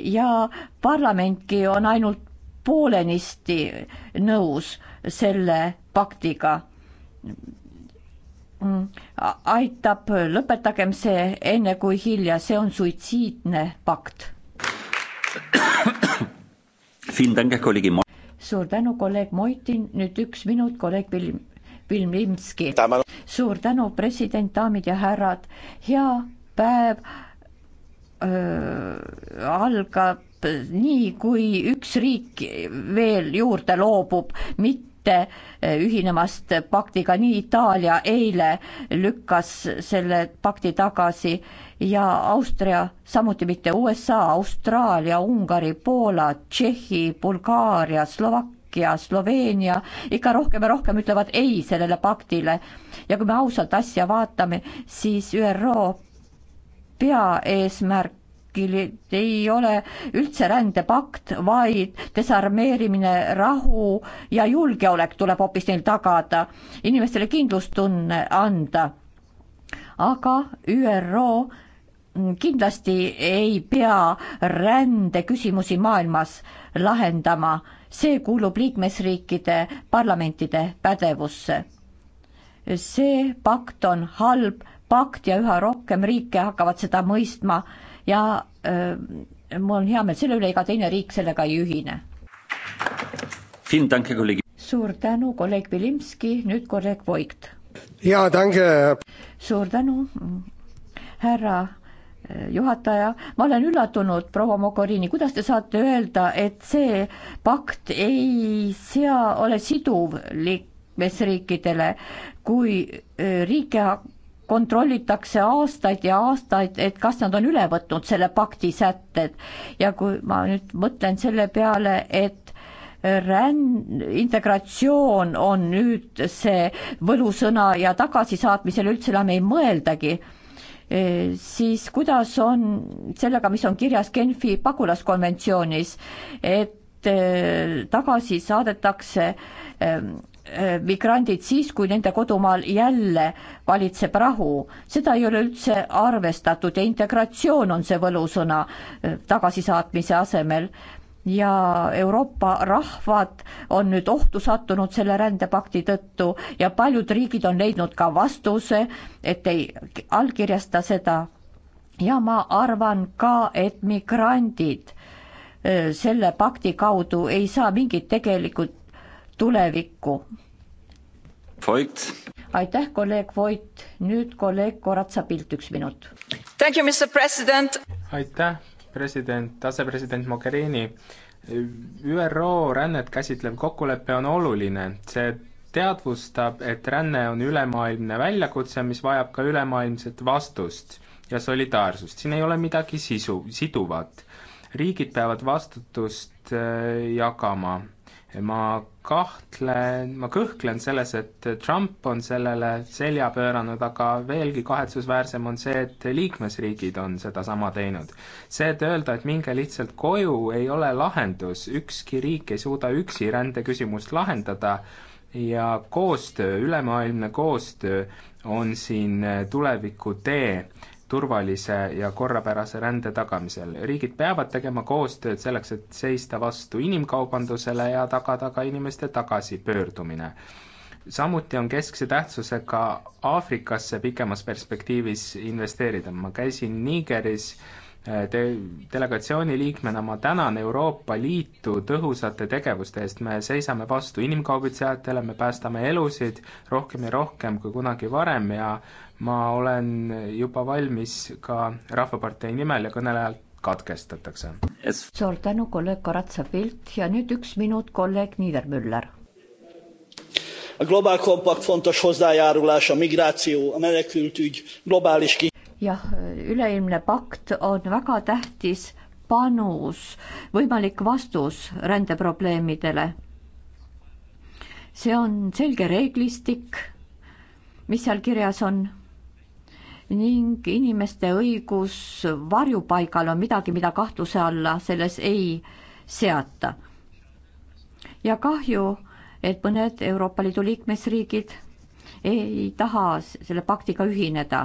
ja parlamentki on ainult poolenisti nõus selle paktiga. Mm, aitab, lõpetagem see enne kui hilja, see on suitsiidne pakt. suur tänu, kolleeg Moitin, nüüd üks minut, kolleeg Vill-, Vilminski. suur tänu, president, daamid ja härrad, hea päev Äh, algab nii, kui üks riik veel juurde loobub, mitte äh, ühinemast paktiga, nii Itaalia eile lükkas selle pakti tagasi ja Austria, samuti mitte USA, Austraalia, Ungari, Poola, Tšehhi, Bulgaaria, Slovakkia, Sloveenia ikka rohkem ja rohkem ütlevad ei sellele paktile. ja kui me ausalt asja vaatame, siis ÜRO peaeesmärgid ei ole üldse rändepakt, vaid desarmeerimine, rahu ja julgeolek tuleb hoopis neil tagada, inimestele kindlustunne anda. aga ÜRO kindlasti ei pea rändeküsimusi maailmas lahendama, see kuulub liikmesriikide parlamentide pädevusse. see pakt on halb pakt ja üha rohkem riike hakkavad seda mõistma ja öö, mul on hea meel selle üle, ega teine riik sellega ei ühine. suur tänu, kolleeg Vilimski, nüüd kolleeg Voigt. jaa, tänke. Äh, suur tänu, härra äh, juhataja, ma olen üllatunud, proua Mokorini, kuidas te saate öelda, et see pakt ei sea, ole siduv liikmesriikidele, kui äh, riike kontrollitakse aastaid ja aastaid, et kas nad on üle võtnud selle pakti sätted ja kui ma nüüd mõtlen selle peale, et ränn-, integratsioon on nüüd see võlusõna ja tagasisaatmisele üldse enam ei mõeldagi, eh, siis kuidas on sellega, mis on kirjas Genfi pagulaskonventsioonis, et eh, tagasi saadetakse eh, Äh, migrandid siis, kui nende kodumaal jälle valitseb rahu. seda ei ole üldse arvestatud ja integratsioon on see võlusõna äh, tagasisaatmise asemel. ja Euroopa rahvad on nüüd ohtu sattunud selle rändepakti tõttu ja paljud riigid on leidnud ka vastuse, et ei allkirjasta seda. ja ma arvan ka, et migrandid äh, selle pakti kaudu ei saa mingit tegelikult tulevikku. aitäh, kolleeg Voit, nüüd kolleeg Koratsa Pilt, üks minut. aitäh, president, asepresident Mogherini. ÜRO rännet käsitlev kokkulepe on oluline, see teadvustab, et ränne on ülemaailmne väljakutse, mis vajab ka ülemaailmset vastust ja solidaarsust, siin ei ole midagi sisu, siduvat. riigid peavad vastutust äh, jagama. ma kahtlen, ma kõhklen selles, et Trump on sellele selja pööranud, aga veelgi kahetsusväärsem on see, et liikmesriigid on sedasama teinud. see, et öelda, et minge lihtsalt koju, ei ole lahendus, ükski riik ei suuda üksi rändeküsimust lahendada ja koostöö, ülemaailmne koostöö on siin tuleviku tee turvalise ja korrapärase rände tagamisel. riigid peavad tegema koostööd selleks, et seista vastu inimkaubandusele ja tagada ka inimeste tagasipöördumine. samuti on keskse tähtsusega Aafrikasse pikemas perspektiivis investeerida, ma käisin Nigeris eh, Te-, delegatsiooni liikmena ma tänan Euroopa Liitu tõhusate tegevuste eest, me seisame vastu inimkaubitsejatele, me päästame elusid rohkem ja rohkem kui kunagi varem ja ma olen juba valmis ka Rahvapartei nimel ja kõnelejalt katkestatakse yes.. suur tänu, kolleeg Karatsa Pilt ja nüüd üks minut, kolleeg Niedermüller. A globál kompakt fontos hozzájárulás a migráció, a menekültügy, globális ki-. jah, üleilmne pakt on väga tähtis panus, võimalik vastus rändeprobleemidele. see on selge reeglistik, mis seal kirjas on ning inimeste õigus varjupaigal on midagi, mida kahtluse alla selles ei seata. ja kahju, et mõned Euroopa Liidu liikmesriigid ei taha selle paktiga ühineda.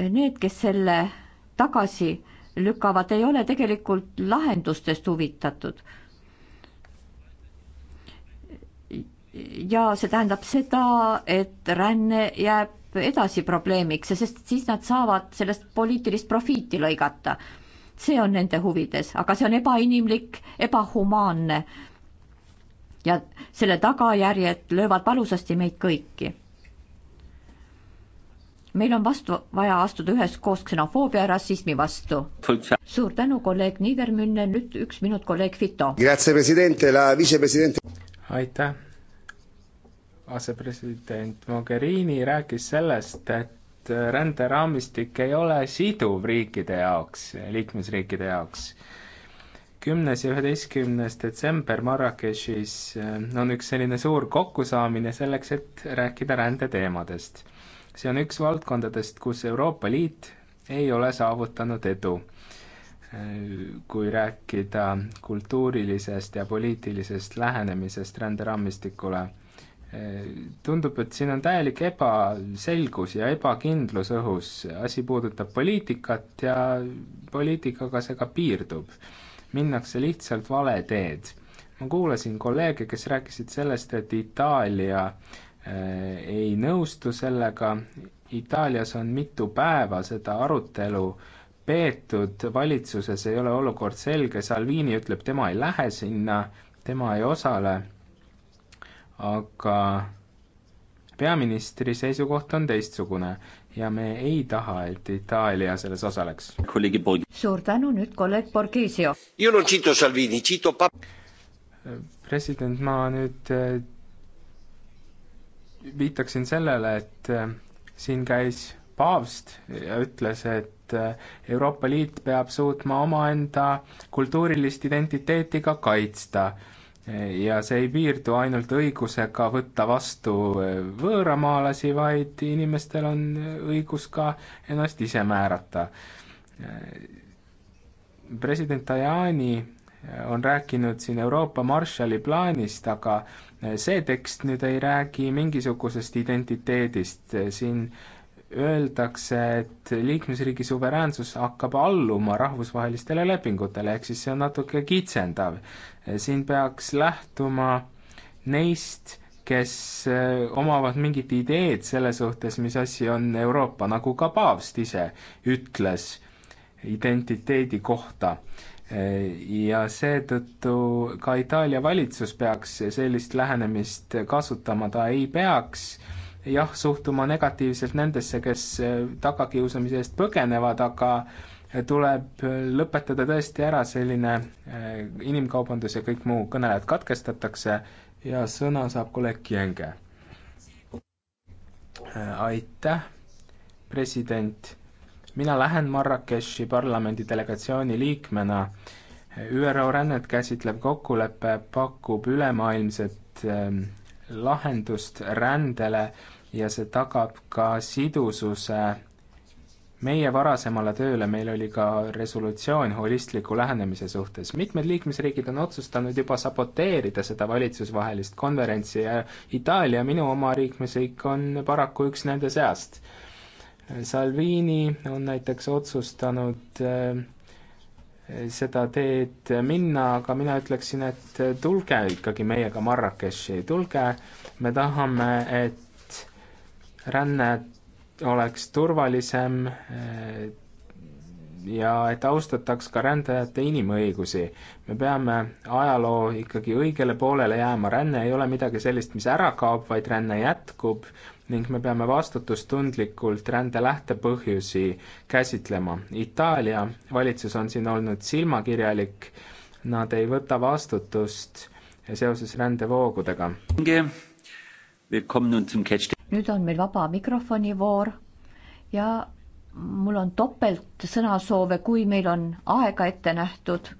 Need, kes selle tagasi lükkavad, ei ole tegelikult lahendustest huvitatud ja see tähendab seda, et ränne jääb edasi probleemiks ja sest siis nad saavad sellest poliitilist profiiti lõigata. see on nende huvides, aga see on ebainimlik, ebahumaanne. ja selle tagajärjed löövad valusasti meid kõiki. meil on vastu vaja astuda üheskoos ksenofoobia ja rassismi vastu. suur tänu, kolleeg Niidermünne, nüüd üks minut, kolleeg Fito. aitäh asepresident Mogherini rääkis sellest, et ränderaamistik ei ole siduv riikide jaoks, liikmesriikide jaoks. kümnes ja üheteistkümnes detsember Marrakechis eh, on üks selline suur kokkusaamine selleks, et rääkida rändeteemadest. see on üks valdkondadest, kus Euroopa Liit ei ole saavutanud edu. kui rääkida kultuurilisest ja poliitilisest lähenemisest ränderaamistikule tundub, et siin on täielik ebaselgus ja ebakindlus õhus, asi puudutab poliitikat ja poliitikaga see ka piirdub. minnakse lihtsalt vale teed. ma kuulasin kolleege, kes rääkisid sellest, et Itaalia äh, ei nõustu sellega, Itaalias on mitu päeva seda arutelu peetud, valitsuses ei ole olukord selge, Salvini ütleb, tema ei lähe sinna, tema ei osale aga peaministri seisukoht on teistsugune ja me ei taha, et Itaalia selles osaleks. suur tänu, nüüd kolleeg Borghesio. president, ma nüüd eh, viitaksin sellele, et eh, siin käis paavst ja ütles, et eh, Euroopa Liit peab suutma omaenda kultuurilist identiteeti ka kaitsta ja see ei piirdu ainult õigusega võtta vastu äh, võõramaalasi, vaid inimestel on äh, õigus ka ennast ise määrata. Äh, president Tajani on rääkinud siin Euroopa Marshalli plaanist, aga see tekst nüüd ei räägi mingisugusest identiteedist, siin öeldakse, et liikmesriigi suveräänsus hakkab alluma rahvusvahelistele lepingutele, ehk siis see on natuke kitsendav Eh, siin peaks lähtuma neist, kes eh, omavad mingit ideed selle suhtes, mis asi on Euroopa, nagu ka paavst ise ütles identiteedi kohta. Eh, ja seetõttu ka Itaalia valitsus peaks sellist lähenemist kasutama, ta ei peaks jah, suhtuma negatiivselt nendesse, kes tagakiusamise eest põgenevad, aga tuleb lõpetada tõesti ära selline äh, inimkaubandus ja kõik muu, kõnelejad katkestatakse ja sõna saab kolleeg Kienge. Äh, aitäh, president. mina lähen Marrakechi parlamendi delegatsiooni liikmena. ÜRO rännet käsitlev kokkulepe pakub ülemaailmset ähm, lahendust rändele ja see tagab ka sidususe meie varasemale tööle meil oli ka resolutsioon holistliku lähenemise suhtes. mitmed liikmesriigid on otsustanud juba saboteerida seda valitsusvahelist konverentsi ja Itaalia, minu oma liikmesriik, on paraku üks nende seast. Salvini on näiteks otsustanud eh, seda teed minna, aga mina ütleksin, et tulge ikkagi meiega Marrakechi, tulge, me tahame, et rännet oleks turvalisem eh, ja et austataks ka rändajate inimõigusi. me peame ajaloo ikkagi õigele poolele jääma, ränne ei ole midagi sellist, mis ära kaob, vaid ränne jätkub ning me peame vastutustundlikult rände lähtepõhjusi käsitlema. Itaalia valitsus on siin olnud silmakirjalik, nad ei võta vastutust seoses rändevoogudega nüüd on meil vaba mikrofoni voor ja mul on topelt sõnasoove, kui meil on aega ette nähtud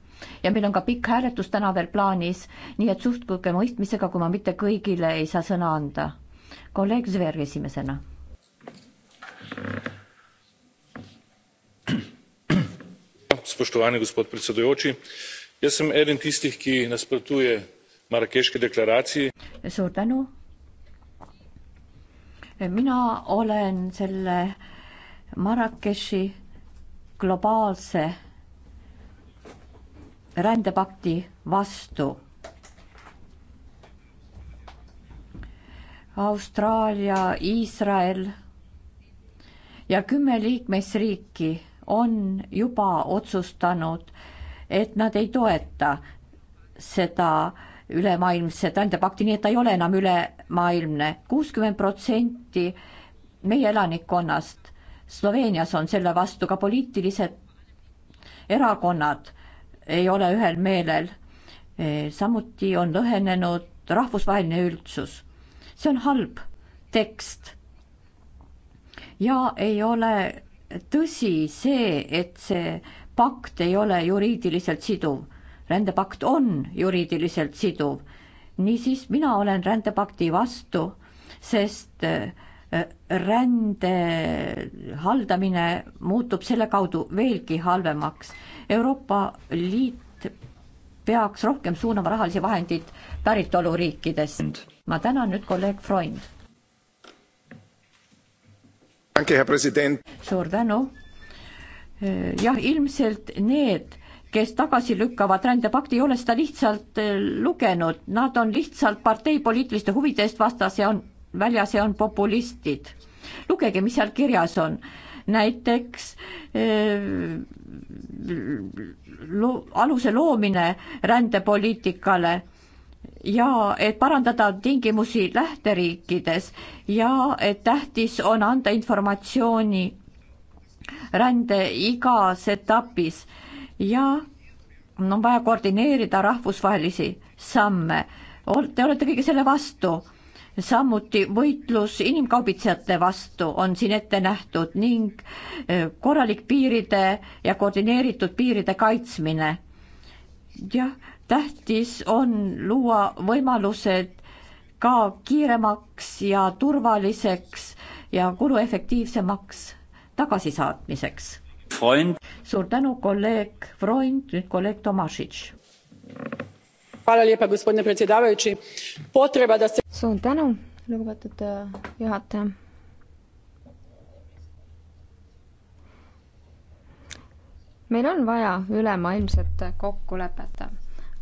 ja meil on ka pikk hääletus täna veel plaanis, nii et suhtuge mõistmisega, kui ma mitte kõigile ei saa sõna anda. kolleeg Zver esimesena. spoštovani gospod predsedujoči jaz sem eden tistih ki nasprotuje marakeški deklaraciji. suur tänu mina olen selle Marrakechi globaalse rändepakti vastu. Austraalia, Iisrael ja kümme liikmesriiki on juba otsustanud, et nad ei toeta seda ülemaailmset rändepakti, nii et ta ei ole enam üle ülemaailmne, kuuskümmend protsenti meie elanikkonnast. Sloveenias on selle vastu ka poliitilised erakonnad ei ole ühel meelel. samuti on lõhenenud rahvusvaheline üldsus. see on halb tekst. ja ei ole tõsi see, et see pakt ei ole juriidiliselt siduv. rändepakt on juriidiliselt siduv niisiis, mina olen rändepakti vastu, sest äh, rände haldamine muutub selle kaudu veelgi halvemaks. Euroopa Liit peaks rohkem suunama rahalisi vahendeid päritoluriikides. ma tänan nüüd kolleeg Freund. suur tänu. Äh, jah, ilmselt need kes tagasi lükkavad rändepakti, ei ole seda lihtsalt eh, lugenud, nad on lihtsalt parteipoliitiliste huvide eest vastas ja on väljas ja on populistid. lugege, mis seal kirjas on näiteks eh, lo-, aluse loomine rändepoliitikale ja et parandada tingimusi lähteriikides ja et tähtis on anda informatsiooni rände igas etapis ja on no, vaja koordineerida rahvusvahelisi samme. Te olete kõige selle vastu samuti võitlus inimkaubitsejate vastu on siin ette nähtud ning e, korralik piiride ja koordineeritud piiride kaitsmine. jah, tähtis on luua võimalused ka kiiremaks ja turvaliseks ja kuluefektiivsemaks tagasisaatmiseks Freund. suur tänu, kolleeg Freund, nüüd kolleeg Tomašitš. suur tänu, lugupeetud äh, juhataja. meil on vaja ülemaailmset kokkulepet,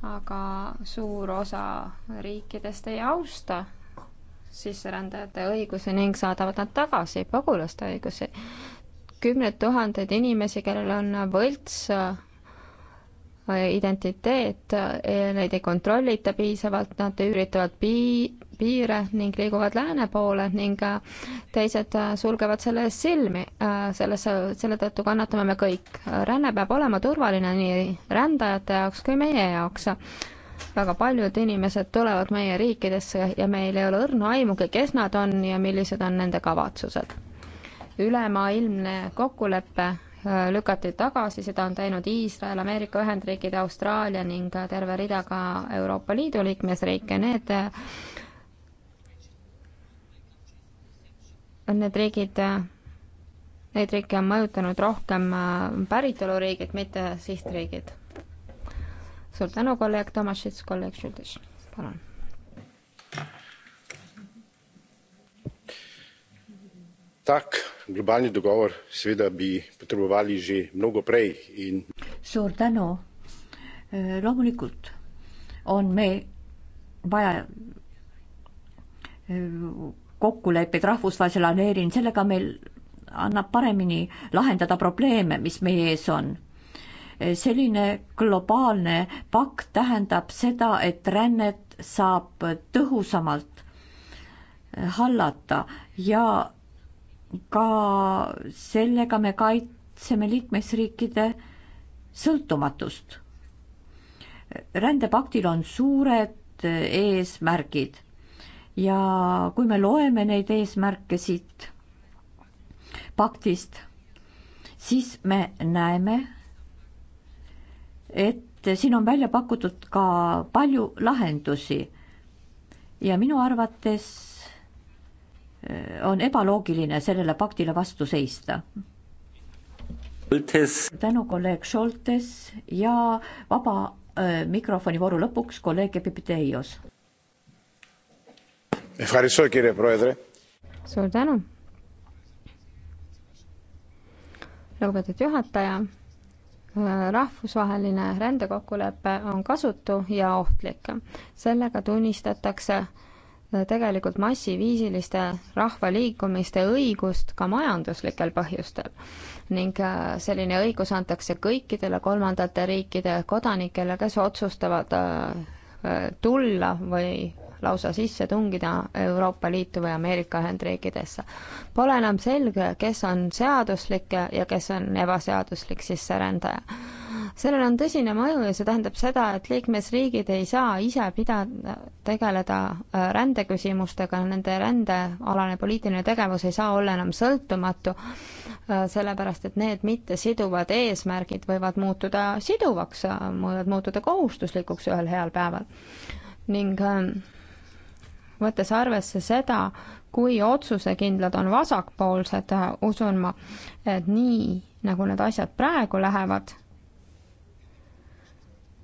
aga suur osa riikidest ei austa sisserändajate õigusi ning saadavad nad tagasi pagulaste õigusi kümned tuhanded inimesi, kellel on võlts äh, identiteet, neid ei kontrollita piisavalt, nad üüritavad pii-, piire ning liiguvad lääne poole ning äh, teised äh, sulgevad selle eest silmi. selles, selle tõttu kannatame me kõik. ränne peab olema turvaline nii rändajate jaoks kui meie jaoks. väga paljud inimesed tulevad meie riikidesse ja meil ei ole õrna aimugi, kes nad on ja millised on nende kavatsused ülemaailmne kokkulepe äh, lükati tagasi, seda on teinud Iisrael, Ameerika Ühendriigid, Austraalia ning terve rida ka Euroopa Liidu liikmesriike, need äh, need riigid, äh, neid riike on mõjutanud rohkem päritoluriigid, mitte sihtriigid. suur tänu, kolleeg Tomašits, kolleeg Šuldis, palun tak globalni dogovor seveda bi potrebovali že mnogo prej in. suur tänu. Eh, loomulikult on meil vaja eh, kokkuleppeid rahvusvahelisel aneerin, sellega meil annab paremini lahendada probleeme, mis meie ees on. Eh, selline globaalne pakt tähendab seda, et rännet saab tõhusamalt hallata ja ka sellega me kaitseme liikmesriikide sõltumatust. rändepaktil on suured eesmärgid ja kui me loeme neid eesmärke siit paktist, siis me näeme, et siin on välja pakutud ka palju lahendusi. ja minu arvates on ebaloogiline sellele paktile vastu seista. tänu kolleeg Šoltes ja vaba äh, mikrofoni vooru lõpuks kolleeg Epipiteios. suur tänu. lugupeetud juhataja, äh, rahvusvaheline rändekokkulepe on kasutu ja ohtlik. sellega tunnistatakse tegelikult massiviisiliste rahvaliikumiste õigust ka majanduslikel põhjustel. ning äh, selline õigus antakse kõikidele kolmandate riikide kodanikele, kes otsustavad äh, tulla või lausa sisse tungida Euroopa Liitu või Ameerika Ühendriikidesse. Pole enam selge, kes on seaduslik ja kes on ebaseaduslik sisserändaja sellel on tõsine mõju ja see tähendab seda, et liikmesriigid ei saa ise pidada, tegeleda äh, rändeküsimustega, nende rändealane poliitiline tegevus ei saa olla enam sõltumatu, äh, sellepärast et need mittesiduvad eesmärgid võivad muutuda siduvaks, äh, võivad muutuda kohustuslikuks ühel heal päeval. ning ähm, võttes arvesse seda, kui otsusekindlad on vasakpoolsed, usun ma, et nii, nagu need asjad praegu lähevad,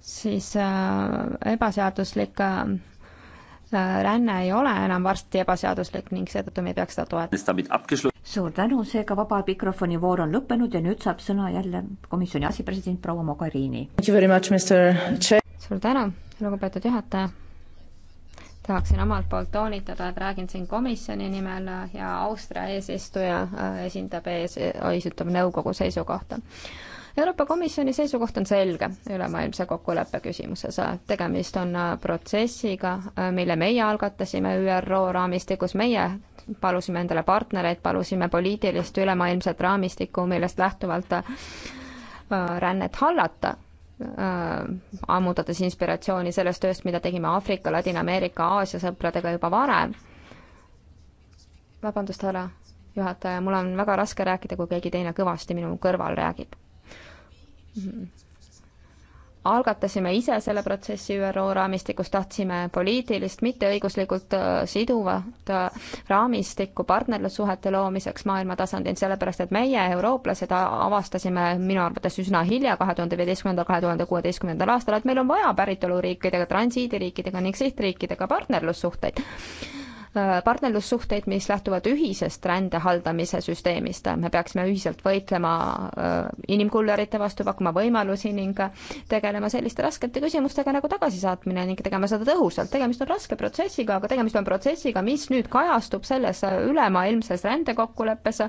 siis äh, ebaseaduslik äh, äh, ränne ei ole enam varsti ebaseaduslik ning seetõttu me ei peaks seda toetama. suur tänu, seega vaba mikrofoni voor on lõppenud ja nüüd saab sõna jälle komisjoni asepresident proua Mogherini. suur tänu, lugupeetud juhataja. tahaksin omalt poolt toonitada, et räägin siin komisjoni nimel ja Austria eesistuja esindab ees, esitab nõukogu seisukohta Euroopa Komisjoni seisukoht on selge ülemaailmse kokkuleppe küsimuses. tegemist on äh, protsessiga, äh, mille meie algatasime ÜRO raamistikus, meie palusime endale partnereid, palusime poliitilist ülemaailmset raamistikku, millest lähtuvalt äh, rännet hallata äh, ammutades inspiratsiooni sellest tööst, mida tegime Aafrika, Ladina-Ameerika, Aasia sõpradega juba varem. vabandust, härra juhataja, mul on väga raske rääkida, kui keegi teine kõvasti minu kõrval räägib. Mhm. algatasime ise selle protsessi ÜRO raamistikus, tahtsime poliitilist, mitteõiguslikult äh, siduvat äh, raamistikku partnerlussuhete loomiseks maailma tasandil, sellepärast et meie, eurooplased, avastasime minu arvates üsna hilja, kahe tuhande viieteistkümnendal, kahe tuhande kuueteistkümnendal aastal, et meil on vaja päritoluriikidega, transiidiriikidega ning sihtriikidega partnerlussuhteid Äh, partnerlussuhteid, mis lähtuvad ühisest rände haldamise süsteemist. me peaksime ühiselt võitlema äh, inimkullerite vastu, pakkuma võimalusi ning tegelema selliste raskete küsimustega nagu tagasisaatmine ning tegema seda tõhusalt. tegemist on raske protsessiga, aga tegemist on protsessiga, mis nüüd kajastub selles ülemaailmses rändekokkuleppes,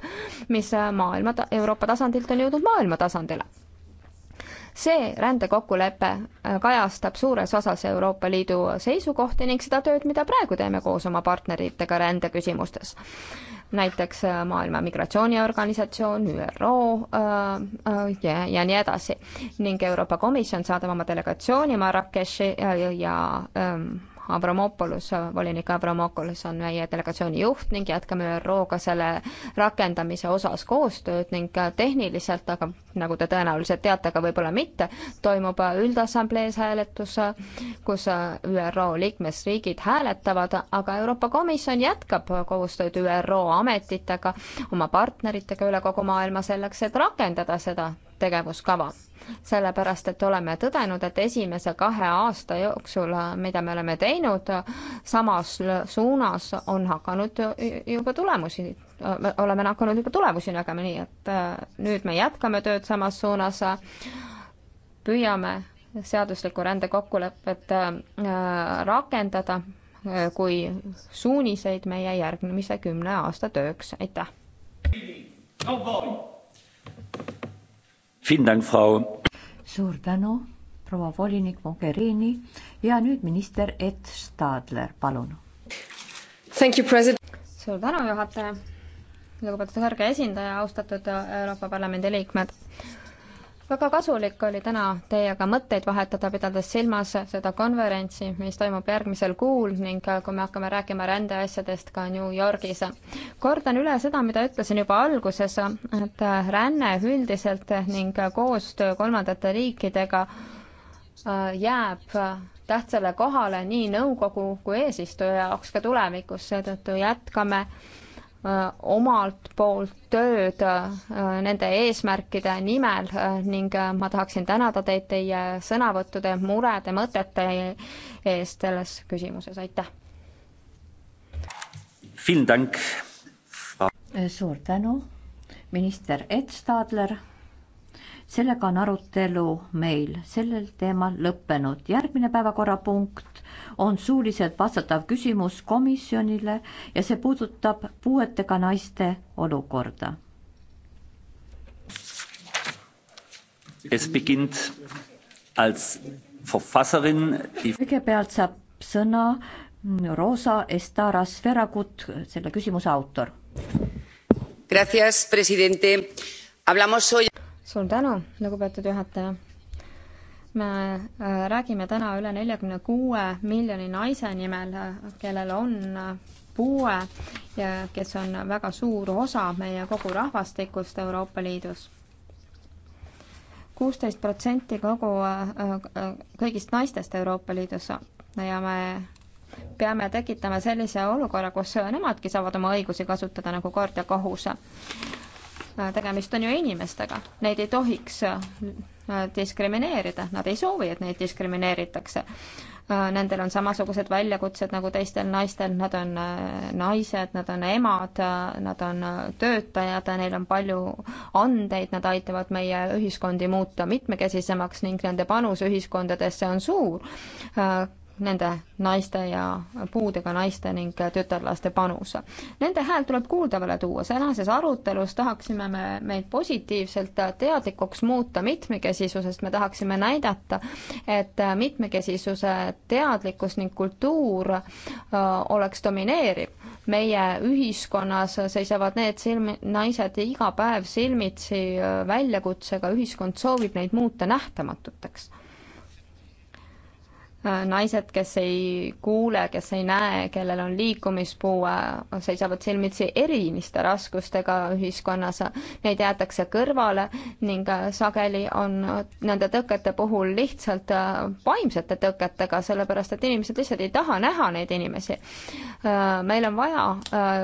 mis maailma, Euroopa tasandilt on jõudnud maailma tasandile see rändekokkulepe äh, kajastab suures osas Euroopa Liidu seisukohti ning seda tööd, mida praegu teeme koos oma partneritega rändeküsimustes. näiteks äh, Maailma Migratsiooniorganisatsioon, ÜRO äh, äh, ja, ja nii edasi. ning Euroopa Komisjon saadab oma delegatsiooni Marrakechi ja, ja ähm, Avramopoulos, volinik Avramopoulos on meie delegatsiooni juht ning jätkame ÜRO-ga selle rakendamise osas koostööd ning äh, tehniliselt, aga nagu te tõenäoliselt teate, aga võib-olla mitte, toimub äh, üldassamblees hääletus, äh, kus ÜRO liikmesriigid hääletavad, aga Euroopa Komisjon jätkab koostööd ÜRO ametitega, oma partneritega üle kogu maailma selleks, et rakendada seda tegevuskava. sellepärast, et oleme tõdenud, et esimese kahe aasta jooksul, mida me oleme teinud samas suunas, on hakanud juba tulemusi, oleme hakanud juba tulemusi nägema, nii et äh, nüüd me jätkame tööd samas suunas, püüame seadusliku rände kokkulepet äh, rakendada äh, kui suuniseid meie järgmise kümne aasta tööks, aitäh! suur tänu, proua volinik Mogherini ja nüüd minister Ed Stadler, palun. suur tänu, juhataja. lugupeetud kõrge esindaja, austatud Euroopa Parlamendi liikmed väga kasulik oli täna teiega mõtteid vahetada, pidades silmas seda konverentsi, mis toimub järgmisel kuul ning kui me hakkame rääkima rändeasjadest ka New Yorgis. kordan üle seda, mida ütlesin juba alguses, et ränne üldiselt ning koostöö kolmandate riikidega äh, jääb tähtsale kohale nii nõukogu kui eesistuja jaoks ka tulevikus, seetõttu jätkame äh, Äh, omalt poolt tööd äh, nende eesmärkide nimel äh, ning ma tahaksin tänada teid teie sõnavõttude, murede, mõtete eest selles küsimuses, aitäh! suur tänu, minister Ed Stadler sellega on arutelu meil sellel teemal lõppenud. järgmine päevakorrapunkt on suuliselt vastatav küsimus komisjonile ja see puudutab puuetega naiste olukorda. kõigepealt saab sõna Rosa Estaras Ferragut, selle küsimuse autor. Gracias, presidente. Hablamos hoy suur tänu, lugupeetud juhataja. me äh, räägime täna üle neljakümne kuue miljoni naise nimel, äh, kellel on äh, puue ja kes on väga suur osa meie kogu rahvastikust Euroopa Liidus kuusteist protsenti kogu, kõigist naistest Euroopa Liidus ja me peame tekitama sellise olukorra, kus nemadki saavad oma õigusi kasutada nagu kord ja kohus. Äh, tegemist on ju inimestega, neid ei tohiks äh, diskrimineerida, nad ei soovi, et neid diskrimineeritakse. Äh, nendel on samasugused väljakutsed nagu teistel naistel, nad on naised, nad on emad, nad on töötajad, neil on palju andeid, nad aitavad meie ühiskondi muuta mitmekesisemaks ning nende panus ühiskondadesse on suur nende naiste ja puudega naiste ning tütarlaste panus. Nende hääl tuleb kuuldavale tuua, tänases arutelus tahaksime me meid positiivselt teadlikuks muuta mitmekesisusest, me tahaksime näidata, et mitmekesisuse teadlikkus ning kultuur äh, oleks domineeriv. meie ühiskonnas seisavad need silmi, naised iga päev silmitsi äh, väljakutsega, ühiskond soovib neid muuta nähtamatuteks Äh, naised, kes ei kuule, kes ei näe, kellel on liikumispuue, äh, seisavad silmitsi eriliste raskustega ühiskonnas, neid jäetakse kõrvale ning äh, sageli on nende tõkete puhul lihtsalt vaimsete tõketega, sellepärast et inimesed lihtsalt ei taha näha neid inimesi. meil on vaja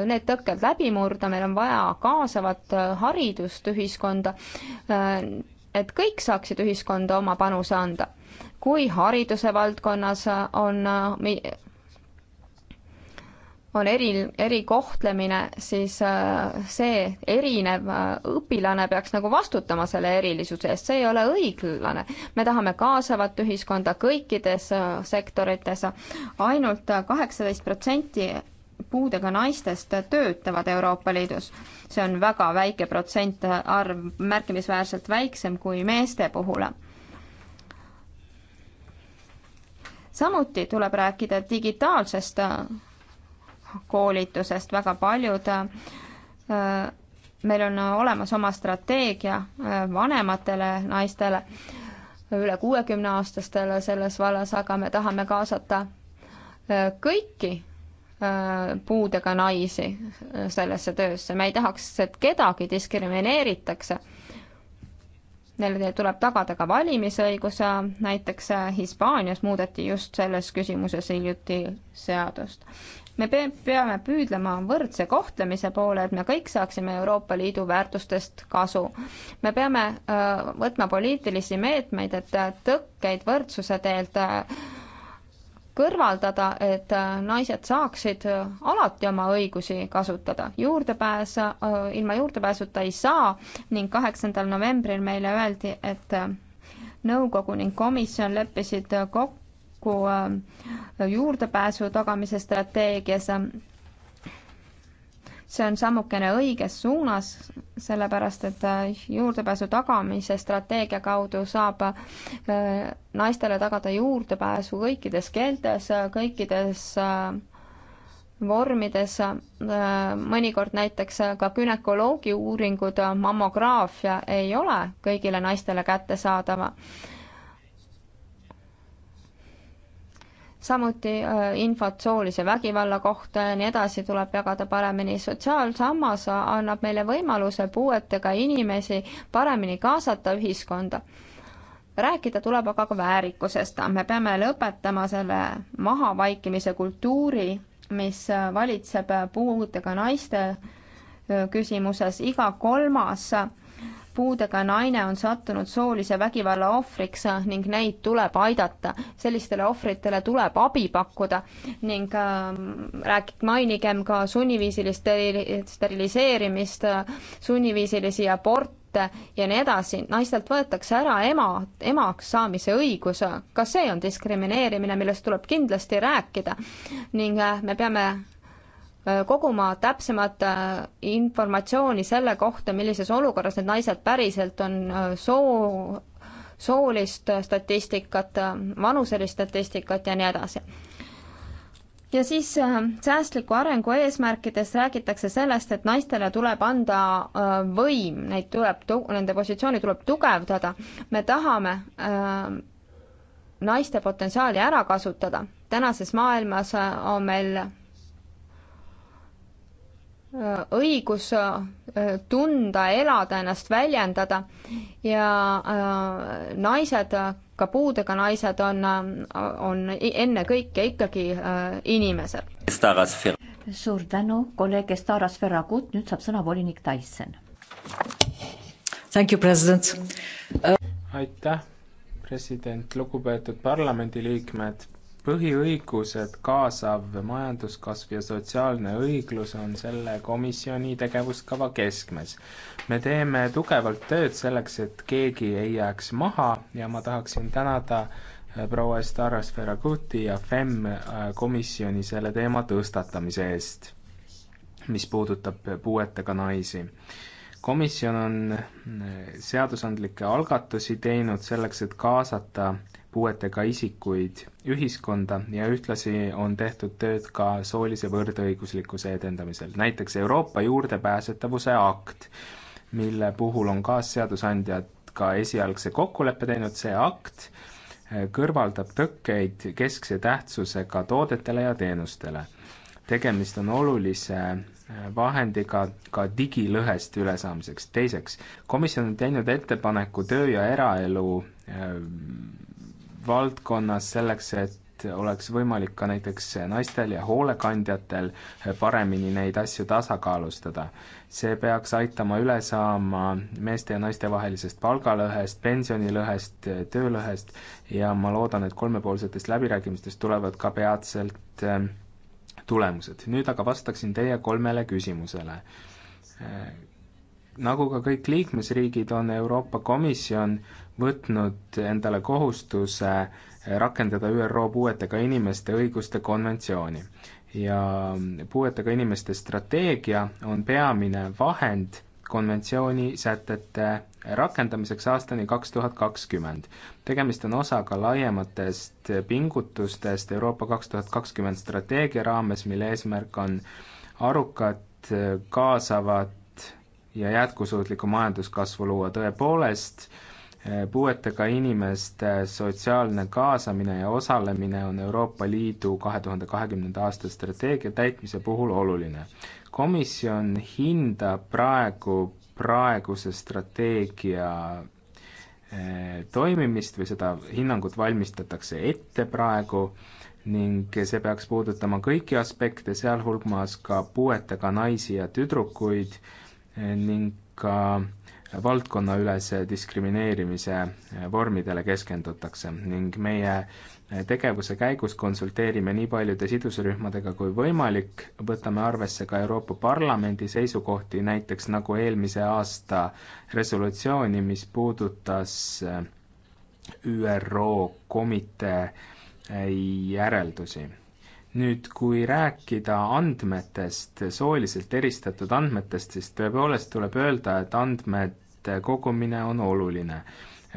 need tõkked läbi murda, meil on vaja kaasavat haridust ühiskonda, et kõik saaksid ühiskonda oma panuse anda kui hariduse valdkonnas on on eri, erikohtlemine, siis äh, see erinev äh, õpilane peaks nagu vastutama selle erilisuse eest, see ei ole õiglane. me tahame kaasavat ühiskonda kõikides äh, sektorites ainult, ainult kaheksateist protsenti puudega naistest töötavad Euroopa Liidus. see on väga väike protsentarv, märkimisväärselt väiksem kui meeste puhul samuti tuleb rääkida digitaalsest äh, koolitusest, väga paljud äh, meil on olemas oma strateegia äh, vanematele naistele, üle kuuekümneaastastele selles vallas, aga me tahame kaasata kõiki puudega naisi sellesse töösse, me ei tahaks, et kedagi diskrimineeritakse neil tuleb tagada ka valimisõigus, äh, näiteks äh, Hispaanias muudeti just selles küsimuses hiljuti seadust. me peame püüdlema võrdse kohtlemise poole, et me kõik saaksime Euroopa Liidu väärtustest kasu. me peame äh, võtma poliitilisi meetmeid, et tõkkeid võrdsuse teelt kõrvaldada, et äh, naised saaksid äh, alati oma õigusi kasutada. juurdepääs, äh, ilma juurdepääsuta ei saa ning kaheksandal novembril meile öeldi, et nõukogu ning komisjon leppisid kokku juurdepääsu tagamise strateegias see on sammukene õiges suunas, sellepärast et äh, juurdepääsu tagamise strateegia kaudu saab äh, naistele tagada juurdepääsu kõikides keeltes, kõikides äh, vormides, mõnikord näiteks ka günekoloogi uuringud, mammograafia ei ole kõigile naistele kättesaadava samuti äh, infot soolise vägivalla kohta ja nii edasi tuleb jagada paremini. sotsiaalsammas annab meile võimaluse puuetega inimesi paremini kaasata ühiskonda. rääkida tuleb aga ka väärikusest, me peame lõpetama selle mahavaikimise kultuuri, mis valitseb puuetega naiste äh, küsimuses iga kolmas puudega naine on sattunud soolise vägivalla ohvriks ning neid tuleb aidata. sellistele ohvritele tuleb abi pakkuda ning äh, rääk-, mainigem ka sunniviisilist steril-, steriliseerimist, sunniviisilisi aborte ja nii edasi, naistelt võetakse ära ema, emaks saamise õigus, ka see on diskrimineerimine, millest tuleb kindlasti rääkida ning äh, me peame Äh, koguma täpsemat äh, informatsiooni selle kohta, millises olukorras need naised päriselt on, äh, soo, soolist statistikat, vanuselist statistikat ja nii edasi ja siis säästliku arengu eesmärkides räägitakse sellest, et naistele tuleb anda võim, neid tuleb, nende positsiooni tuleb tugevdada. me tahame äh, naiste potentsiaali ära kasutada. tänases maailmas on meil õigus äh, tunda, elada, ennast väljendada ja äh, naised, ka puudega naised on, äh, on ennekõike ikkagi inimesed. suur tänu, kolleeg Estaras Ferragut, nüüd saab sõna volinik Tyson. Thank you, president. aitäh, president, lugupeetud parlamendiliikmed põhiõigused kaasav majanduskasv ja sotsiaalne õiglus on selle komisjoni tegevuskava keskmes me teeme tugevalt tööd selleks et keegi ei jääks maha ja ma tahaksin tänada äh, proua Estaras Ferraguti ja FEM äh, komisjoni selle teema tõstatamise eest, mis puudutab puuetega naisi. komisjon on äh, seadusandlikke algatusi teinud selleks, et kaasata puuetega isikuid ühiskonda ja ühtlasi on tehtud tööd ka soolise võrdõiguslikkuse edendamisel, näiteks Euroopa juurdepääsetavuse akt, mille puhul on kaasseadusandjad ka esialgse kokkuleppe teinud, see akt eh, kõrvaldab tõkkeid keskse tähtsusega toodetele ja teenustele. tegemist on olulise eh, vahendiga ka digilõhest ülesaamiseks. teiseks, komisjon on teinud ettepaneku töö ja eraelu eh, valdkonnas selleks, et oleks võimalik ka näiteks naistel ja hoolekandjatel paremini neid asju tasakaalustada. see peaks aitama üle saama meeste ja naiste vahelisest palgalõhest, pensionilõhest, töölõhest ja ma loodan, et kolmepoolsetest läbirääkimistest tulevad ka peatselt eh, tulemused. nüüd aga vastaksin teie kolmele küsimusele eh, nagu ka kõik liikmesriigid, on Euroopa Komisjon võtnud endale kohustuse rakendada ÜRO puuetega inimeste õiguste konventsiooni. ja puuetega inimeste strateegia on peamine vahend konventsiooni sätete rakendamiseks aastani kaks tuhat kakskümmend. tegemist on osaga laiematest pingutustest Euroopa kaks tuhat kakskümmend strateegia raames, mille eesmärk on arukat, kaasavat ja jätkusuutliku majanduskasvu luua, tõepoolest äh, Eh, puuetega inimeste eh, sotsiaalne kaasamine ja osalemine on Euroopa Liidu kahe tuhande kahekümnenda aasta strateegia täitmise puhul oluline. komisjon hindab praegu praeguse strateegia eh, toimimist või seda hinnangut valmistatakse ette praegu ning see peaks puudutama kõiki aspekte, sealhulgas ka puuetega naisi ja tüdrukuid ning ka äh, valdkonnaülese diskrimineerimise vormidele keskendutakse ning meie tegevuse käigus konsulteerime nii paljude sidusrühmadega kui võimalik, võtame arvesse ka Euroopa Parlamendi seisukohti, näiteks nagu eelmise aasta resolutsiooni, mis puudutas ÜRO komitee järeldusi nüüd, kui rääkida andmetest, sooliselt eristatud andmetest, siis tõepoolest tuleb öelda, et andmed andmete kogumine on oluline.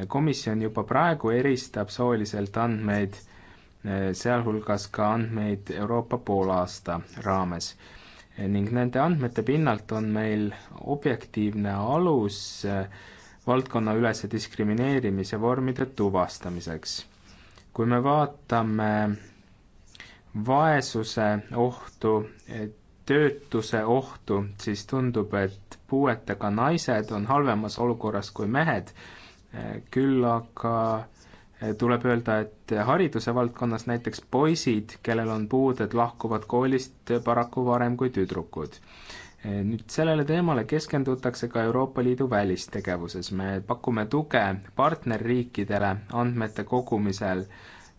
komisjon juba praegu eristab sooliselt andmeid, sealhulgas ka andmeid Euroopa poolaasta raames. ning nende andmete pinnalt on meil objektiivne alus valdkonnaülese diskrimineerimise vormide tuvastamiseks. kui me vaatame vaesuse ohtu, et töötuse ohtu, siis tundub, et puuetega naised on halvemas olukorras kui mehed, küll aga eh, tuleb öelda, et hariduse valdkonnas näiteks poisid, kellel on puuded, lahkuvad koolist paraku varem kui tüdrukud. Eh, nüüd sellele teemale keskendutakse ka Euroopa Liidu välistegevuses, me pakume tuge partnerriikidele andmete kogumisel äh,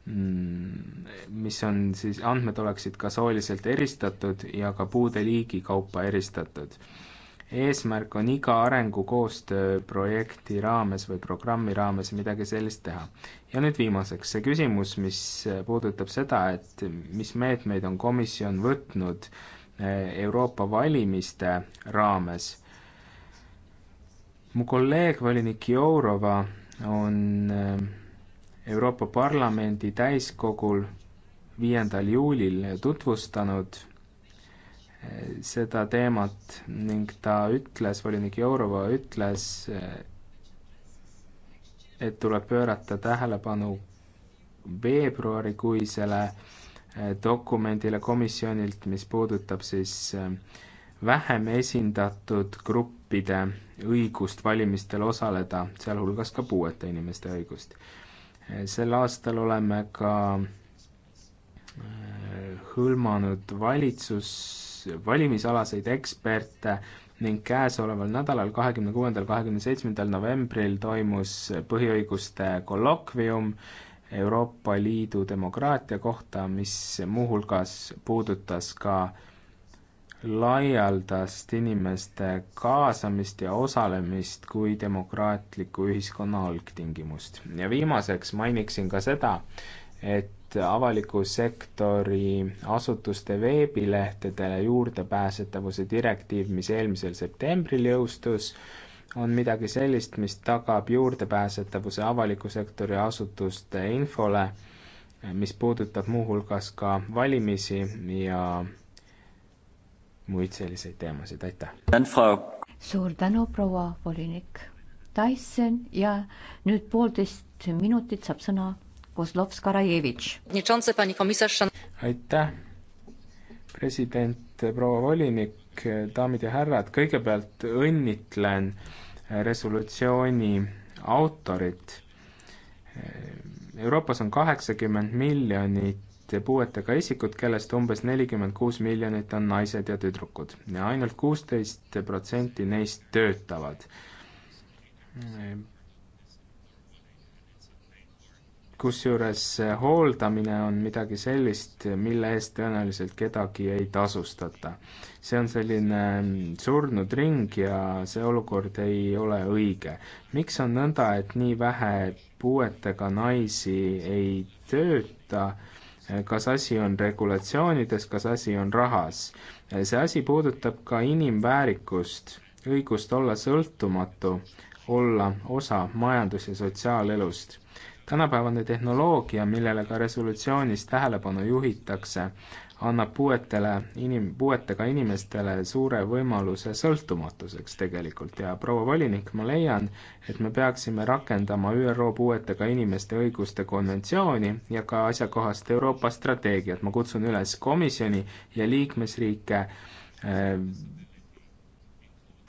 Mm, mis on siis, andmed oleksid ka sooliselt eristatud ja ka puude liigi kaupa eristatud. eesmärk on iga arengukoostööprojekti raames või programmi raames midagi sellist teha. ja nüüd viimaseks see küsimus, mis puudutab seda, et mis meetmeid on komisjon võtnud eh, Euroopa valimiste raames. mu kolleeg, volinik Jourova on eh, Euroopa Parlamendi täiskogul viiendal juulil tutvustanud eh, seda teemat ning ta ütles, volinik Jourova ütles, eh, et tuleb pöörata tähelepanu veebruarikuisele eh, dokumendile komisjonilt, mis puudutab siis vähem esindatud gruppide õigust valimistel osaleda, sealhulgas ka puuete inimeste õigust sel aastal oleme ka äh, hõlmanud valitsus, valimisalaseid eksperte ning käesoleval nädalal, kahekümne kuuendal, kahekümne seitsmendal novembril toimus põhiõiguste kollokvium Euroopa Liidu demokraatia kohta, mis muuhulgas puudutas ka äh, laialdast inimeste kaasamist ja osalemist kui demokraatliku ühiskonna algtingimust. ja viimaseks mainiksin ka seda, et avaliku sektori asutuste veebilehtedele juurdepääsetavuse direktiiv, mis eelmisel septembril jõustus, on midagi sellist, mis tagab juurdepääsetavuse avaliku sektori asutuste infole, mis puudutab muuhulgas ka valimisi ja muid selliseid teemasid, aitäh! suur tänu, proua volinik Tyson ja nüüd poolteist minutit saab sõna Kozlovskarajevitš. aitäh, president, proua volinik, daamid ja härrad, kõigepealt õnnitlen resolutsiooni autorit. Euroopas on kaheksakümmend miljonit puuetega isikud, kellest umbes nelikümmend kuus miljonit on naised ja tüdrukud ja ainult kuusteist protsenti neist töötavad. kusjuures hooldamine on midagi sellist, mille eest tõenäoliselt kedagi ei tasustata. see on selline surnud ring ja see olukord ei ole õige. miks on nõnda, et nii vähe puuetega naisi ei tööta? kas asi on regulatsioonides, kas asi on rahas. see asi puudutab ka inimväärikust, õigust olla sõltumatu, olla osa majandus- ja sotsiaalelust. tänapäevane tehnoloogia, millele ka resolutsioonis tähelepanu juhitakse, annab puuetele inim-, puuetega inimestele suure võimaluse sõltumatuseks tegelikult ja proua volinik, ma leian, et me peaksime rakendama ÜRO puuetega inimeste õiguste konventsiooni ja ka asjakohast Euroopa strateegiat, ma kutsun üles komisjoni ja liikmesriike äh,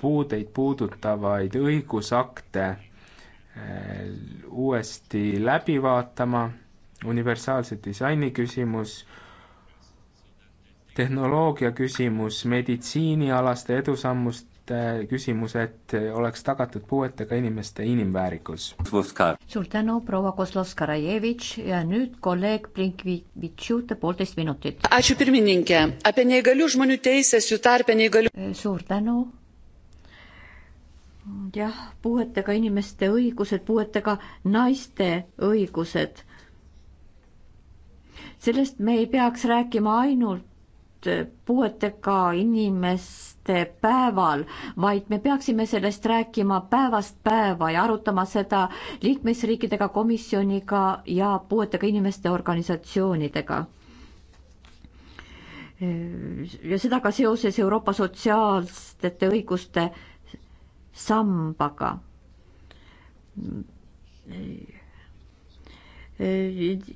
puudeid puudutavaid õigusakte äh, uuesti läbi vaatama, universaalse disaini küsimus äh,, tehnoloogia küsimus, meditsiinialaste edusammuste küsimus, et oleks tagatud puuetega inimeste inimväärikus. suur tänu, proua Kozlovskarajevitš ja nüüd kolleeg Blinkvitšute poolteist minutit. E, suur tänu jah, puuetega inimeste õigused, puuetega naiste õigused. sellest me ei peaks rääkima ainult puuetega inimeste päeval, vaid me peaksime sellest rääkima päevast päeva ja arutama seda liikmesriikidega, komisjoniga ja puuetega inimeste organisatsioonidega ja seda ka seoses Euroopa sotsiaalsete õiguste sambaga.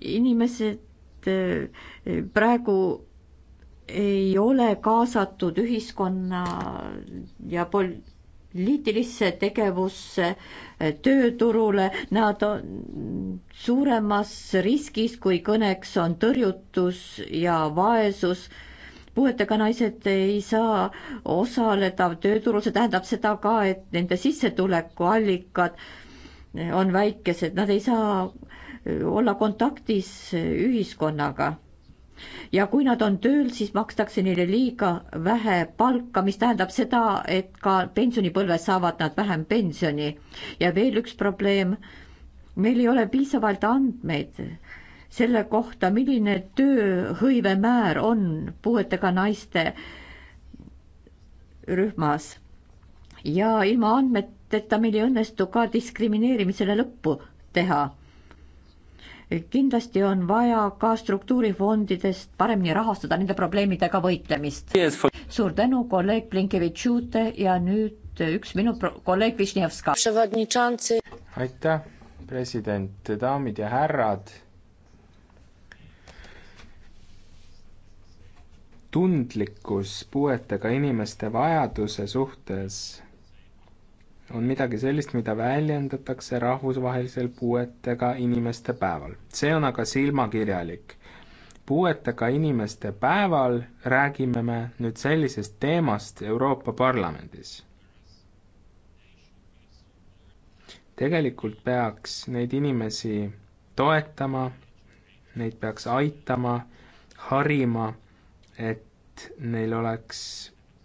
inimesed eh, praegu ei ole kaasatud ühiskonna ja poliitilisse tegevusse, eh, tööturule, nad on suuremas riskis, kui kõneks on tõrjutus ja vaesus. puuetega naised ei saa osaleda tööturul, see tähendab seda ka, et nende sissetulekuallikad on väikesed, nad ei saa olla kontaktis ühiskonnaga ja kui nad on tööl, siis makstakse neile liiga vähe palka, mis tähendab seda, et ka pensionipõlves saavad nad vähem pensioni. ja veel üks probleem, meil ei ole piisavalt andmeid selle kohta, milline tööhõive määr on puuetega naiste rühmas ja ilma andmeteta meil ei õnnestu ka diskrimineerimisele lõppu teha kindlasti on vaja ka struktuurifondidest paremini rahastada nende probleemidega võitlemist yes,. For... suur tänu, kolleeg Blinkevitšute ja nüüd üks minut kolleeg Višnjevska. aitäh, president, daamid ja härrad. tundlikkus puuetega inimeste vajaduse suhtes on midagi sellist, mida väljendatakse rahvusvahelisel puuetega inimeste päeval. see on aga silmakirjalik. puuetega inimeste päeval räägime me nüüd sellisest teemast Euroopa Parlamendis. tegelikult peaks neid inimesi toetama, neid peaks aitama, harima, et neil oleks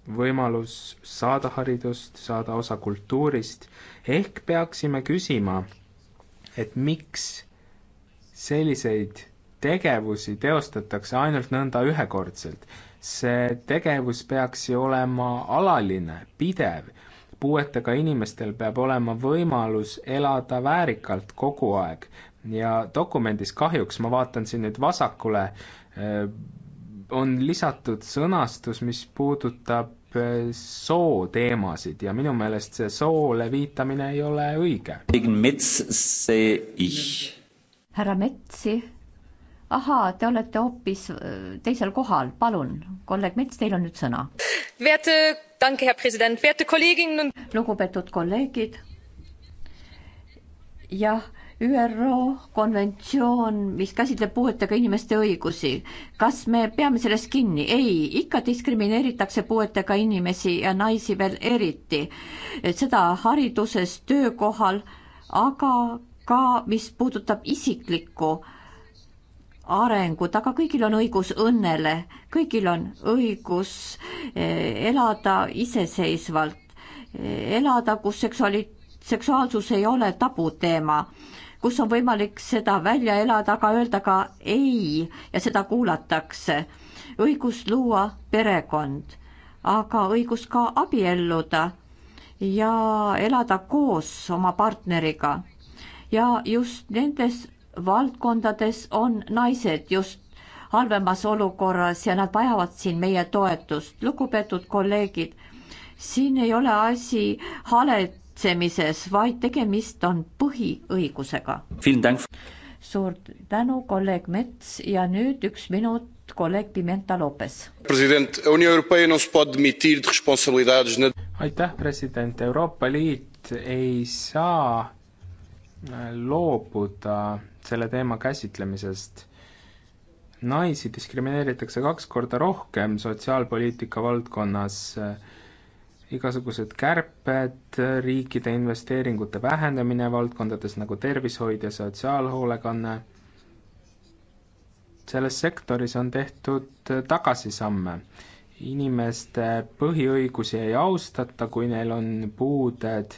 võimalus saada haridust, saada osa kultuurist, ehk peaksime küsima, et miks selliseid tegevusi teostatakse ainult nõnda ühekordselt. see tegevus peaks ju olema alaline, pidev, puuetega inimestel peab olema võimalus elada väärikalt kogu aeg ja dokumendis kahjuks, ma vaatan siin nüüd vasakule, äh, on lisatud sõnastus, mis puudutab eh, sooteemasid ja minu meelest see soole viitamine ei ole õige. härra Metsi, ahaa, te olete hoopis eh, teisel kohal, palun, kolleeg Mets, teil on nüüd sõna. lugupeetud kolleegid, jah ÜRO konventsioon, mis käsitleb puuetega inimeste õigusi. kas me peame sellest kinni? ei, ikka diskrimineeritakse puuetega inimesi ja naisi veel eriti. seda hariduses, töökohal, aga ka mis puudutab isiklikku arengut, aga kõigil on õigus õnnele, kõigil on õigus eh, elada iseseisvalt, eh, elada, kus seksuaali-, seksuaalsus ei ole tabuteema kus on võimalik seda välja elada, aga öelda ka ei ja seda kuulatakse. õigus luua perekond, aga õigus ka abielluda ja elada koos oma partneriga. ja just nendes valdkondades on naised just halvemas olukorras ja nad vajavad siin meie toetust. lugupeetud kolleegid, siin ei ole asi haled kaitsemises, vaid tegemist on põhiõigusega. suur tänu, kolleeg Mets ja nüüd üks minut kolleeg Pimenta Lopes. aitäh, president, Euroopa Liit ei saa äh, loobuda selle teema käsitlemisest. naisi diskrimineeritakse kaks korda rohkem sotsiaalpoliitika valdkonnas äh, igasugused kärped, riikide investeeringute vähenemine valdkondades nagu tervishoid ja sotsiaalhoolekanne, selles sektoris on tehtud tagasisamme. inimeste põhiõigusi ei austata, kui neil on puuded,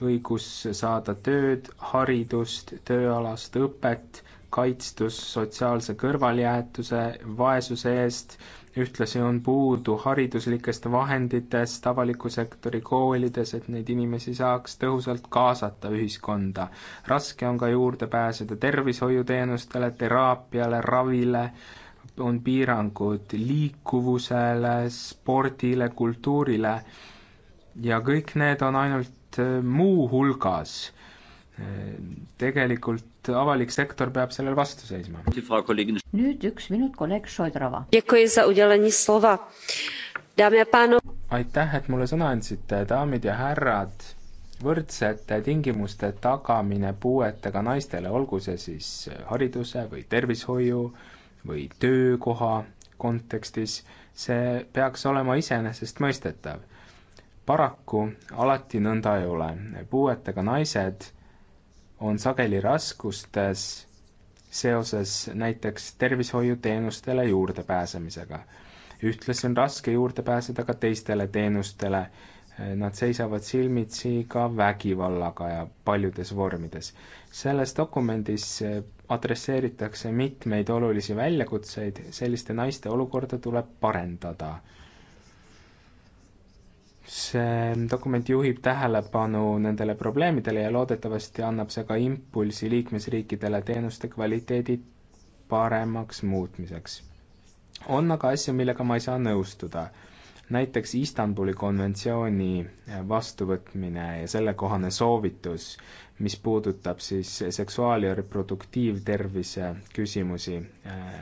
õigus saada tööd, haridust, tööalast õpet kaitstus sotsiaalse kõrvaljäetuse, vaesuse eest, ühtlasi on puudu hariduslikest vahenditest avaliku sektori koolides, et neid inimesi saaks tõhusalt kaasata ühiskonda. raske on ka juurde pääseda tervishoiuteenustele, teraapiale, ravile, on piirangud liikuvusele, spordile, kultuurile ja kõik need on ainult muu hulgas tegelikult et avalik sektor peab sellele vastu seisma. nüüd üks minut, kolleeg Šoidrova. aitäh, et mulle sõna andsite, daamid ja härrad. võrdsete tingimuste tagamine puuetega naistele, olgu see siis hariduse või tervishoiu või töökoha kontekstis, see peaks olema iseenesestmõistetav. paraku alati nõnda ei ole, puuetega naised on sageli raskustes seoses näiteks tervishoiuteenustele juurdepääsemisega. ühtlasi on raske juurde pääseda ka teistele teenustele, nad seisavad silmitsi ka vägivallaga ja paljudes vormides. selles dokumendis adresseeritakse mitmeid olulisi väljakutseid, selliste naiste olukorda tuleb parendada see dokument juhib tähelepanu nendele probleemidele ja loodetavasti annab see ka impulsi liikmesriikidele teenuste kvaliteedi paremaks muutmiseks. on aga asju, millega ma ei saa nõustuda. näiteks Istanbuli konventsiooni vastuvõtmine ja sellekohane soovitus, mis puudutab siis seksuaal- ja reproduktiivtervise küsimusi äh,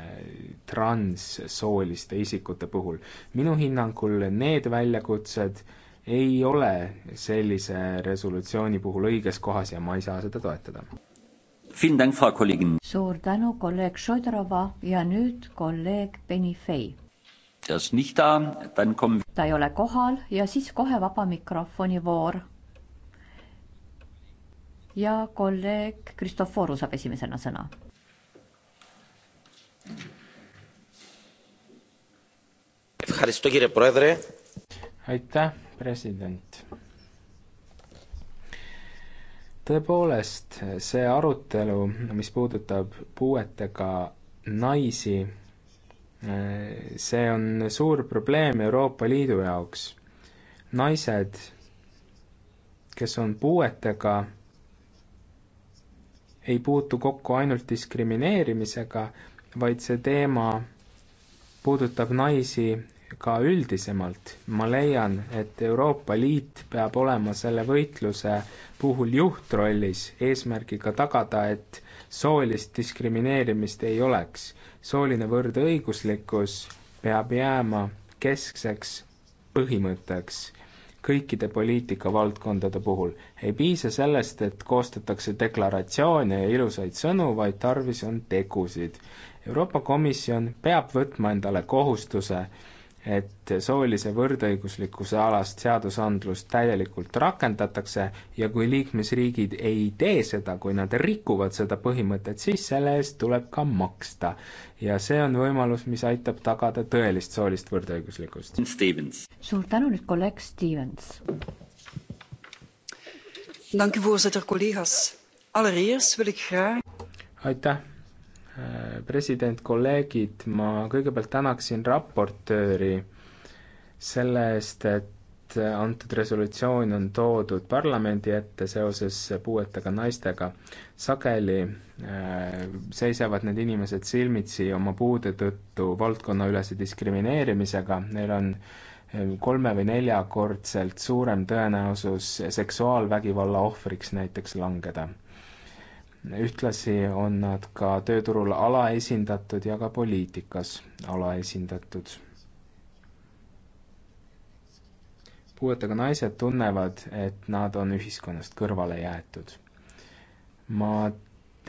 transsooliste isikute puhul. minu hinnangul need väljakutsed äh, ei ole sellise resolutsiooni puhul õiges kohas ja ma ei saa seda toetada. suur tänu, kolleeg Šodorova ja nüüd kolleeg Benifei. ta ei ole kohal ja siis kohe vaba mikrofoni voor. ja kolleeg Kristoforu saab esimesena sõna aitäh, president. tõepoolest, see arutelu, mis puudutab puuetega naisi, see on suur probleem Euroopa Liidu jaoks. naised, kes on puuetega, ei puutu kokku ainult diskrimineerimisega, vaid see teema puudutab naisi ka üldisemalt, ma leian, et Euroopa Liit peab olema selle võitluse puhul juhtrollis, eesmärgiga tagada, et soolist diskrimineerimist ei oleks. sooline võrdõiguslikkus peab jääma keskseks põhimõtteks kõikide poliitikavaldkondade puhul. ei piisa sellest, et koostatakse deklaratsioone ja ilusaid sõnu, vaid tarvis on tegusid. Euroopa Komisjon peab võtma endale kohustuse et soolise võrdõiguslikkuse alast seadusandlust täielikult rakendatakse ja kui liikmesriigid ei tee seda, kui nad rikuvad seda põhimõtet, siis selle eest tuleb ka maksta. ja see on võimalus, mis aitab tagada tõelist soolist võrdõiguslikkust. suur tänu nüüd kolleeg Stevens. aitäh president, kolleegid, ma kõigepealt tänaksin raportööri selle eest, et antud resolutsioon on toodud parlamendi ette seoses puuetega naistega. sageli äh, seisavad need inimesed silmitsi oma puude tõttu valdkonnaülese diskrimineerimisega, neil on äh, kolme- või neljakordselt suurem tõenäosus seksuaalvägivalla ohvriks näiteks langeda ühtlasi on nad ka tööturul alaesindatud ja ka poliitikas alaesindatud. puuetega naised tunnevad, et nad on ühiskonnast kõrvale jäetud. ma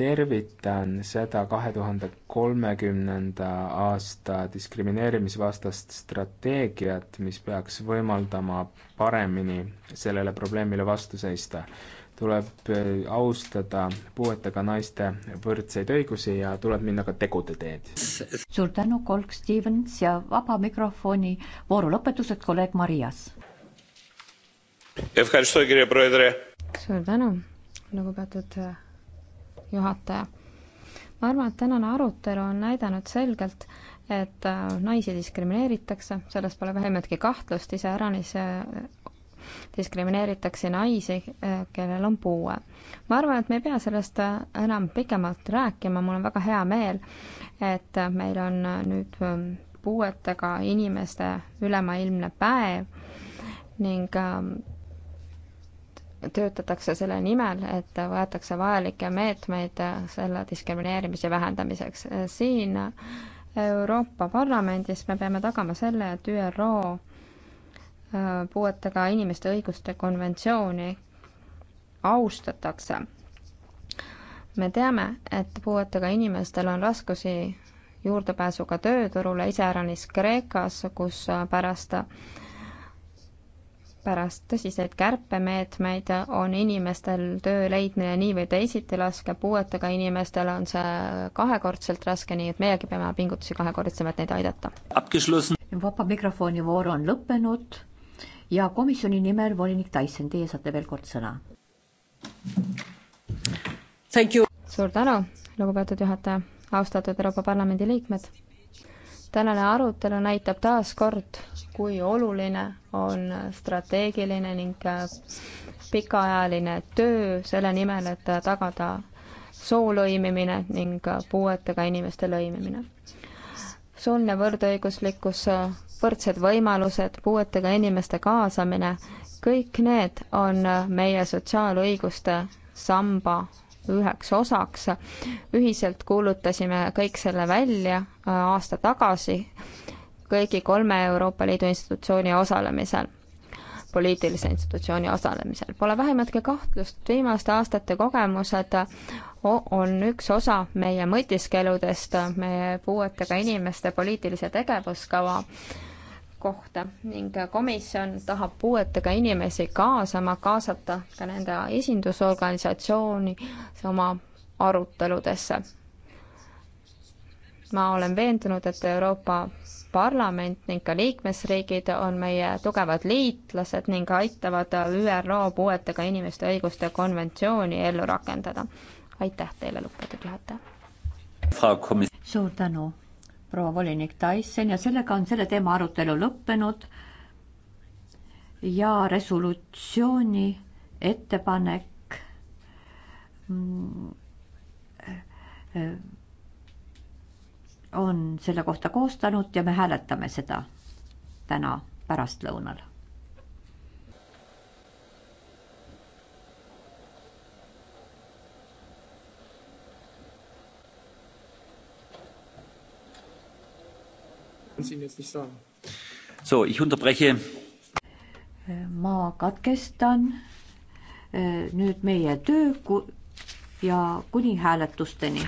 tervitan seda kahe tuhande kolmekümnenda aasta diskrimineerimisvastast strateegiat, mis peaks võimaldama paremini sellele probleemile vastu seista tuleb äh, austada puuetega naiste võrdseid õigusi ja tuleb minna ka tegude teed. suur tänu, kolleeg Stevens ja vaba mikrofoni vooru lõpetuseks kolleeg Marias. suur tänu, lugupeetud äh, juhataja. ma arvan, et tänane arutelu on näidanud selgelt, et äh, naisi diskrimineeritakse, selles pole vähimatki kahtlust, iseäranis diskrimineeritakse naisi, kellel on puue. ma arvan, et me ei pea sellest enam pikemalt rääkima, mul on väga hea meel, et meil on nüüd puuetega inimeste ülemaailmne päev ning ähm, töötatakse selle nimel, et võetakse vajalikke meetmeid selle diskrimineerimise vähendamiseks. siin Euroopa Parlamendis me peame tagama selle, et ÜRO Äh, puuetega inimeste õiguste konventsiooni austatakse. me teame, et puuetega inimestel on raskusi juurdepääsuga tööturule, iseäranis Kreekas, kus äh, pärast, pärast tõsiseid kärpemeetmeid on inimestel töö leidmine nii või teisiti raske, puuetega inimestel on see kahekordselt raske, nii et meiegi peame pingutusi kahekordistama, et neid aidata. vaba mikrofoni voor on lõppenud ja komisjoni nimel volinik Tyson, teie saate veel kord sõna. suur tänu, lugupeetud juhataja, austatud Euroopa Parlamendi liikmed. tänane arutelu näitab taas kord, kui oluline on strateegiline ning äh, pikaajaline töö selle nimel, et äh, tagada soo lõimimine ning äh, puuetega inimeste lõimimine. sooline võrdõiguslikkus võrdsed võimalused, puuetega inimeste kaasamine, kõik need on meie sotsiaalõiguste samba üheks osaks. ühiselt kuulutasime kõik selle välja äh, aasta tagasi kõigi kolme Euroopa Liidu institutsiooni osalemisel poliitilise institutsiooni osalemisel. Pole vähimatki kahtlust, viimaste aastate kogemused on üks osa meie mõtiskeludest, meie puuetega inimeste poliitilise tegevuskava äh, kohta ning komisjon tahab puuetega inimesi kaasama, kaasata ka nende esindusorganisatsiooni oma aruteludesse. ma olen veendunud, et Euroopa Parlament ning ka liikmesriigid on meie tugevad liitlased ning aitavad ÜRO puuetega inimeste õiguste konventsiooni ellu rakendada. aitäh teile, lugupeetud juhataja! suur tänu! proua volinik Tyson ja sellega on selle teema arutelu lõppenud ja resolutsiooni ettepanek mm, on selle kohta koostanud ja me hääletame seda täna pärastlõunal. So, ich unterbreche. ma katkestan eh, nüüd meie töö ja kuni hääletusteni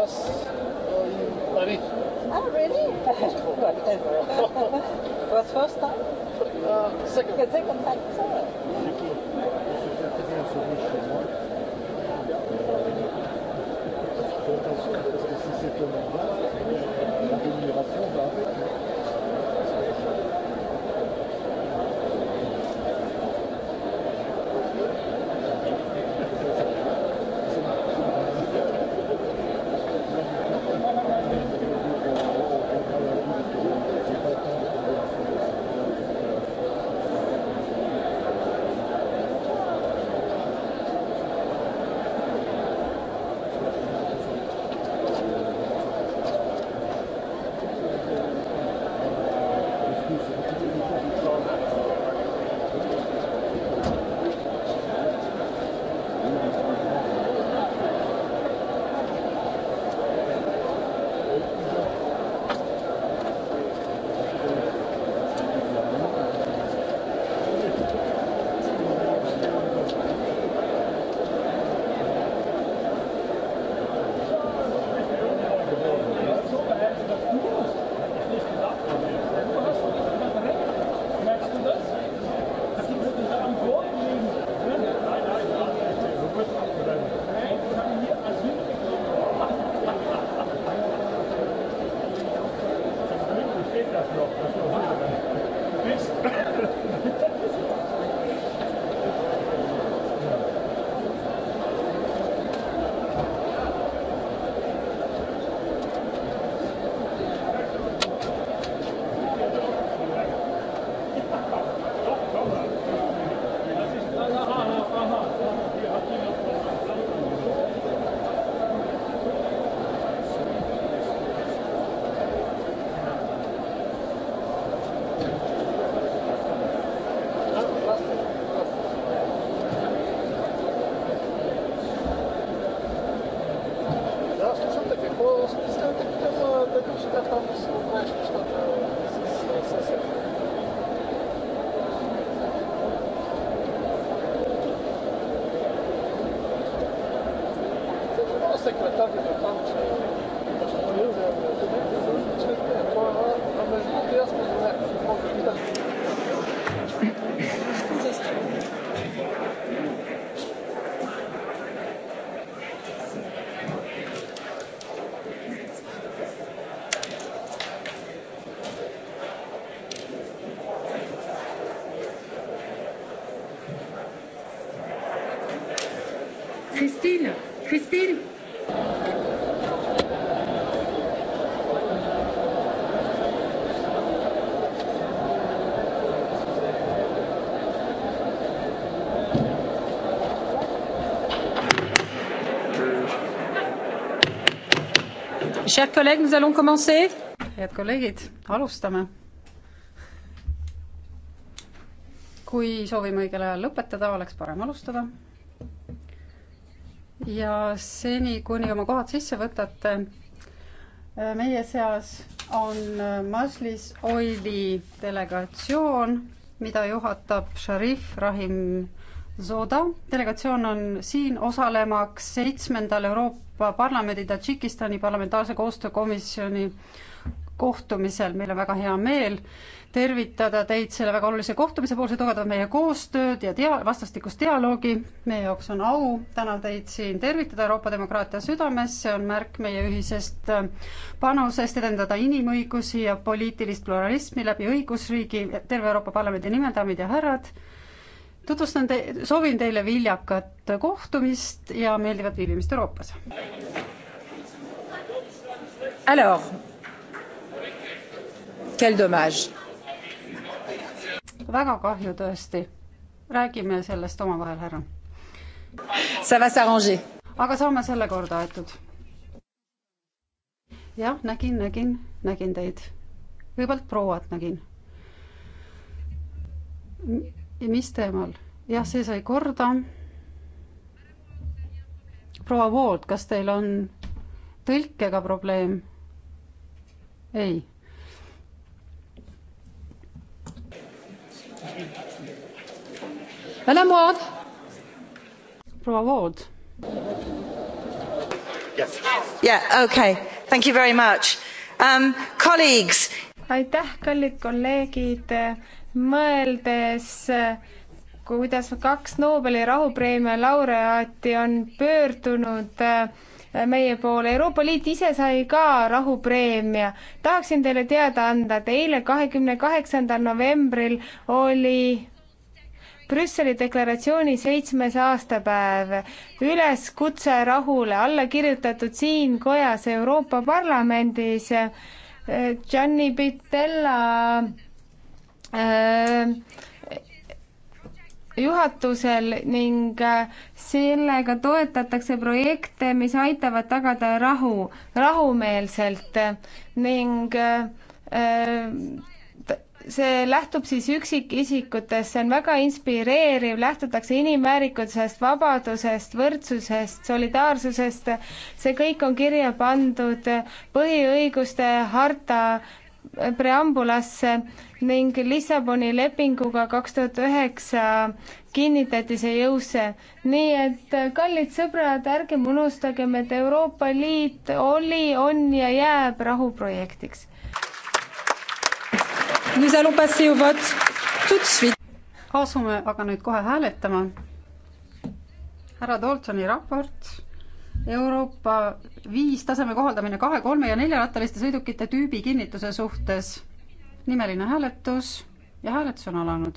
us. head kolleegid, alustame. kui soovime õigel ajal lõpetada, oleks parem alustada. ja seni, kuni oma kohad sisse võtate, meie seas on Maslis Oili delegatsioon, mida juhatab Sharif Rahim Zoda. delegatsioon on siin osalemaks seitsmendal Euroopa parlamendi Tadžikistani parlamentaarse koostöökomisjoni kohtumisel, meil on väga hea meel tervitada teid selle väga olulise kohtumise puhul, see tugevdab meie koostööd ja dia-, vastastikust dialoogi. meie jaoks on au täna teid siin tervitada Euroopa demokraatia südames, see on märk meie ühisest äh, panusest edendada inimõigusi ja poliitilist pluralismi läbi õigusriigi. terve Euroopa Parlamendi nimel, daamid ja härrad tutvustan te, soovin teile viljakat kohtumist ja meeldivat viibimist Euroopas. Alors, quel dommage. väga kahju tõesti. räägime sellest omavahel, härra. Ça va s'arranger. aga saame selle korda aetud. jah, nägin, nägin, nägin teid. kõigepealt prouat nägin ja mis teemal? jah, see sai korda. proua Vood, kas teil on tõlkega probleem? ei. Madame Ward. proua Ward. Yeah, okay. Thank you very much. Um, colleagues. aitäh, kallid kolleegid mõeldes kuidas kaks Nobeli rahupreemia laureaati on pöördunud äh, meie poole. Euroopa Liit ise sai ka rahupreemia. tahaksin teile teada anda, et eile, kahekümne kaheksandal novembril oli Brüsseli deklaratsiooni seitsmes aastapäev, üleskutse rahule, alla kirjutatud siin kojas Euroopa Parlamendis. Äh, Gianni Pitella Äh, juhatusel ning äh, sellega toetatakse projekte, mis aitavad tagada rahu, rahumeelselt ning äh, see lähtub siis üksikisikutest, see on väga inspireeriv, lähtutakse inimväärikusest, vabadusest, võrdsusest, solidaarsusest, see kõik on kirja pandud põhiõiguste harta preambulasse ning Lissaboni lepinguga kaks tuhat üheksa kinnitati see jõusse. nii et kallid sõbrad, ärgem unustagem, et Euroopa Liit oli, on ja jääb rahuprojektiks. asume aga nüüd kohe hääletama. härra Daltoni raport Euroopa viis taseme kohaldamine kahe, kolme ja neljarattaliste sõidukite tüübi kinnituse suhtes nimeline hääletus ja hääletus on alanud.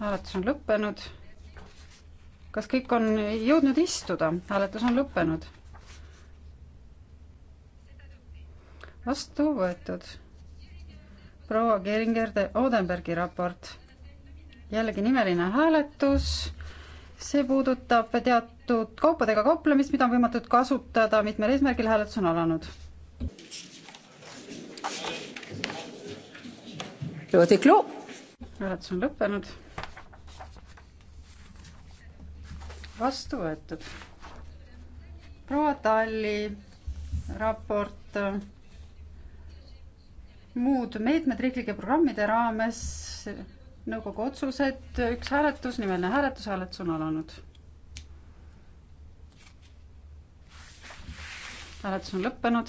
hääletus on lõppenud. kas kõik on jõudnud istuda? hääletus on lõppenud. vastu võetud. proua Geringer de Odenbergi raport. jällegi nimeline hääletus. see puudutab teatud teatud kaupadega kauplemist, mida on võimatud kasutada mitmel eesmärgil, hääletus on alanud hääletus on lõppenud. vastu võetud. proua Talli raport muud meetmed riiklike programmide raames, nõukogu otsused, üks hääletus, nimeline hääletus, hääletus on alanud. hääletus on lõppenud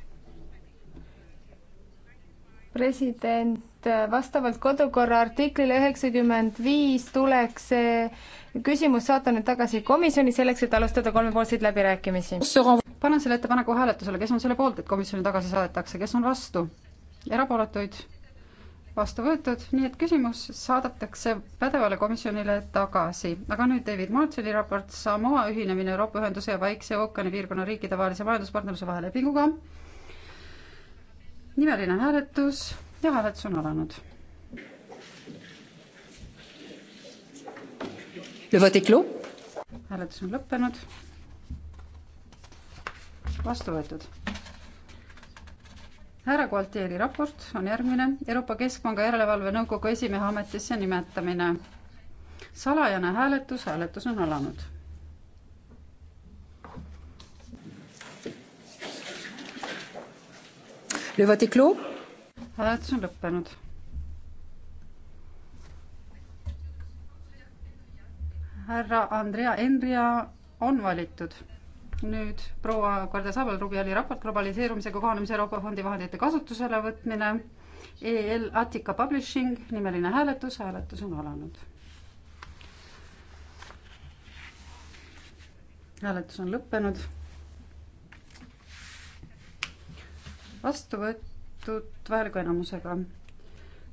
president, vastavalt kodukorra artiklile üheksakümmend viis tuleks see küsimus saata nüüd tagasi komisjoni selleks, et alustada kolmepoolseid läbirääkimisi. panen selle ettepaneku hääletusele, kes on selle poolt, et komisjoni tagasi saadetakse, kes on vastu? erapooletuid? vastu võetud, nii et küsimus saadetakse pädevale komisjonile tagasi. aga nüüd David Martseli raport Samoa ühinemine Euroopa Ühenduse ja Vaikse ookeani piirkonna riikide vahelise majanduspartnerluse vahelepinguga nimeline hääletus ja hääletus on alanud. hääletus on lõppenud. vastu võetud. härra Gualtieri raport on järgmine Euroopa Keskpanga järelevalve nõukogu esimehe ametisse nimetamine. salajane hääletus, hääletus on alanud hääletus on lõppenud. härra Andrea Enria on valitud nüüd proua Kardasabel Rubiali raport globaliseerumisega kohanemise Euroopa Fondi vahendite kasutusele võtmine. EL Attica Publishing, nimeline hääletus, hääletus on alanud. hääletus on lõppenud vastu võetud vajaliku enamusega.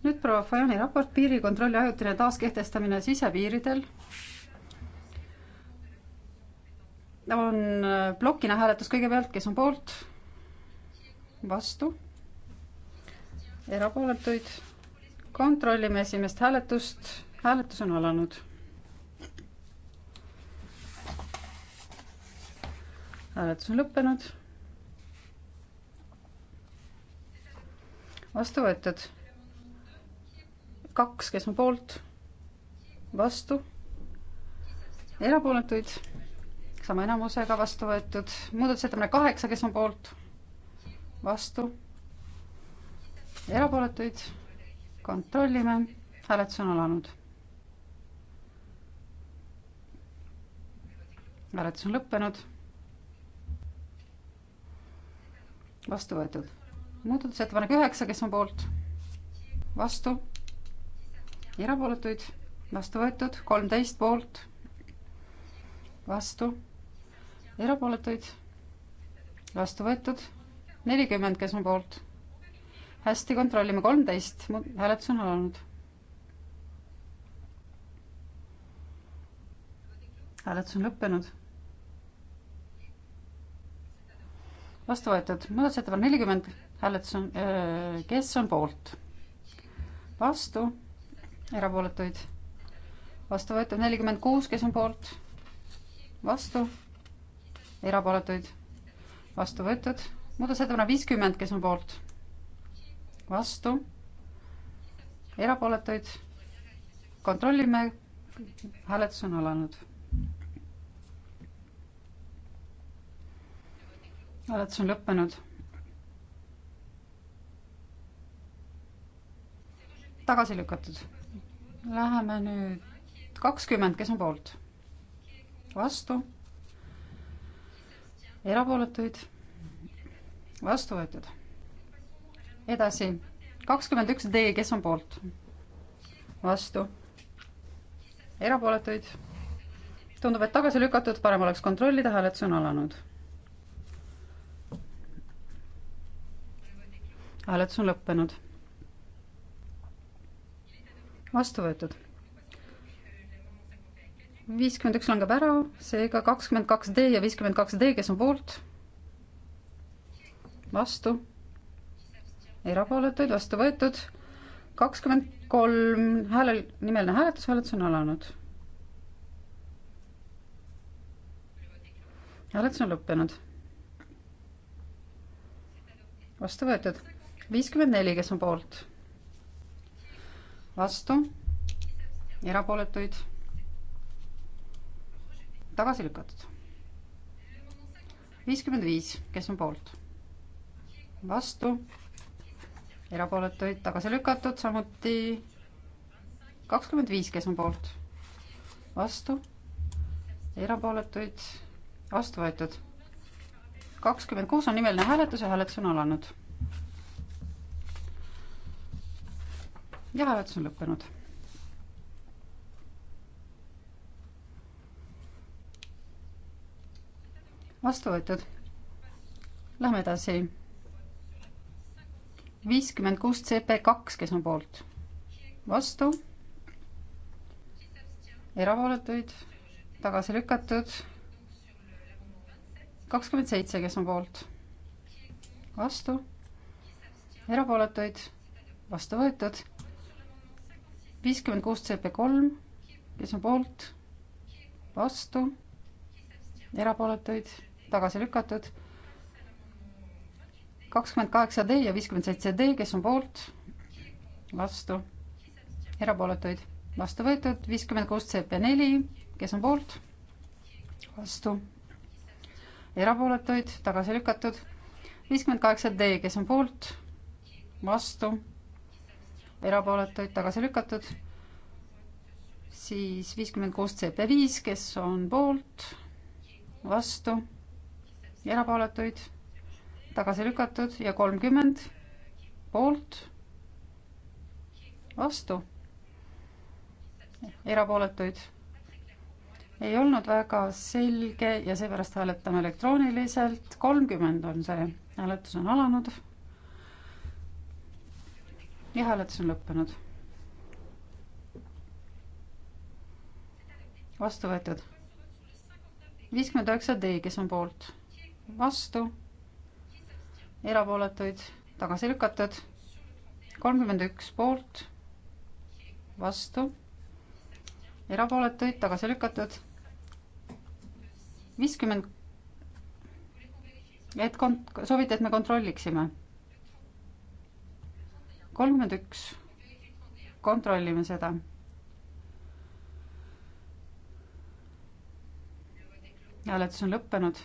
nüüd proua Fajani raport piirikontrolli ajutine taaskehtestamine sisepiiridel. on plokina hääletus kõigepealt, kes on poolt, vastu, erapooletuid. kontrollime esimest hääletust, hääletus on alanud hääletus on lõppenud vastu võetud. kaks, kes on poolt, vastu, erapooletuid, sama enamusega vastu võetud, muudatusettepanek kaheksa, kes on poolt, vastu, erapooletuid, kontrollime, hääletus on alanud. hääletus on lõppenud. vastu võetud muudatusettepanek üheksa, kes on poolt? vastu? erapooletuid? vastu võetud, kolmteist poolt? vastu? erapooletuid? vastu võetud, nelikümmend, kes on poolt? hästi, kontrollime kolmteist, hääletus on alanud. hääletus on lõppenud. vastu võetud, muudatusettepanek nelikümmend hääletus on, kes on poolt? vastu, erapooletuid, vastu võetud nelikümmend kuus, kes on poolt? vastu, erapooletuid, vastu võetud, muudatusettepanek viiskümmend, kes on poolt? vastu, erapooletuid, kontrollime, hääletus on alanud hääletus on lõppenud. tagasi lükatud. Läheme nüüd kakskümmend, kes on poolt? vastu? erapooletuid? vastu võetud. edasi, kakskümmend üks D, kes on poolt? vastu? erapooletuid? tundub, et tagasi lükatud, parem oleks kontrollida, hääletus on alanud hääletus on lõppenud vastu võetud. viiskümmend üks langeb ära, seega kakskümmend kaks D ja viiskümmend kaks D, kes on poolt? vastu? erapooletuid, vastu võetud. kakskümmend kolm häälel, nimeline hääletus, hääletus on alanud. hääletus on lõppenud. vastu võetud. viiskümmend neli, kes on poolt? vastu, erapooletuid, tagasi lükatud. viiskümmend viis, kes on poolt, vastu, erapooletuid tagasi lükatud, samuti kakskümmend viis, kes on poolt, vastu, erapooletuid vastu võetud. kakskümmend kuus on nimeline hääletus ja hääletus on alanud ja hääletus on lõppenud. vastu võetud. Lähme edasi. viiskümmend kuus CP kaks, kes on poolt, vastu, erapooletuid, tagasi lükatud, kakskümmend seitse, kes on poolt, vastu, erapooletuid, vastu võetud viiskümmend kuus CP kolm, kes on poolt, vastu, erapooletuid, tagasi lükatud. kakskümmend kaheksa D ja viiskümmend seitse D, kes on poolt, vastu, erapooletuid, vastu võetud, viiskümmend kuus CP neli, kes on poolt, vastu, erapooletuid, tagasi lükatud, viiskümmend kaheksa D, kes on poolt, vastu erapooletuid tagasi lükatud. siis viiskümmend kuus CP5, kes on poolt, vastu, erapooletuid tagasi lükatud ja kolmkümmend poolt, vastu, erapooletuid ei olnud väga selge ja seepärast hääletame elektrooniliselt. kolmkümmend on see, hääletus on alanud ja hääletus on lõppenud. vastu võetud. viiskümmend üheksa D, kes on poolt? vastu. erapooletuid tagasi lükatud. kolmkümmend üks poolt. vastu. erapooletuid tagasi lükatud. viiskümmend et kont-, soovite, et me kontrolliksime? kolmkümmend üks, kontrollime seda. hääletus on lõppenud.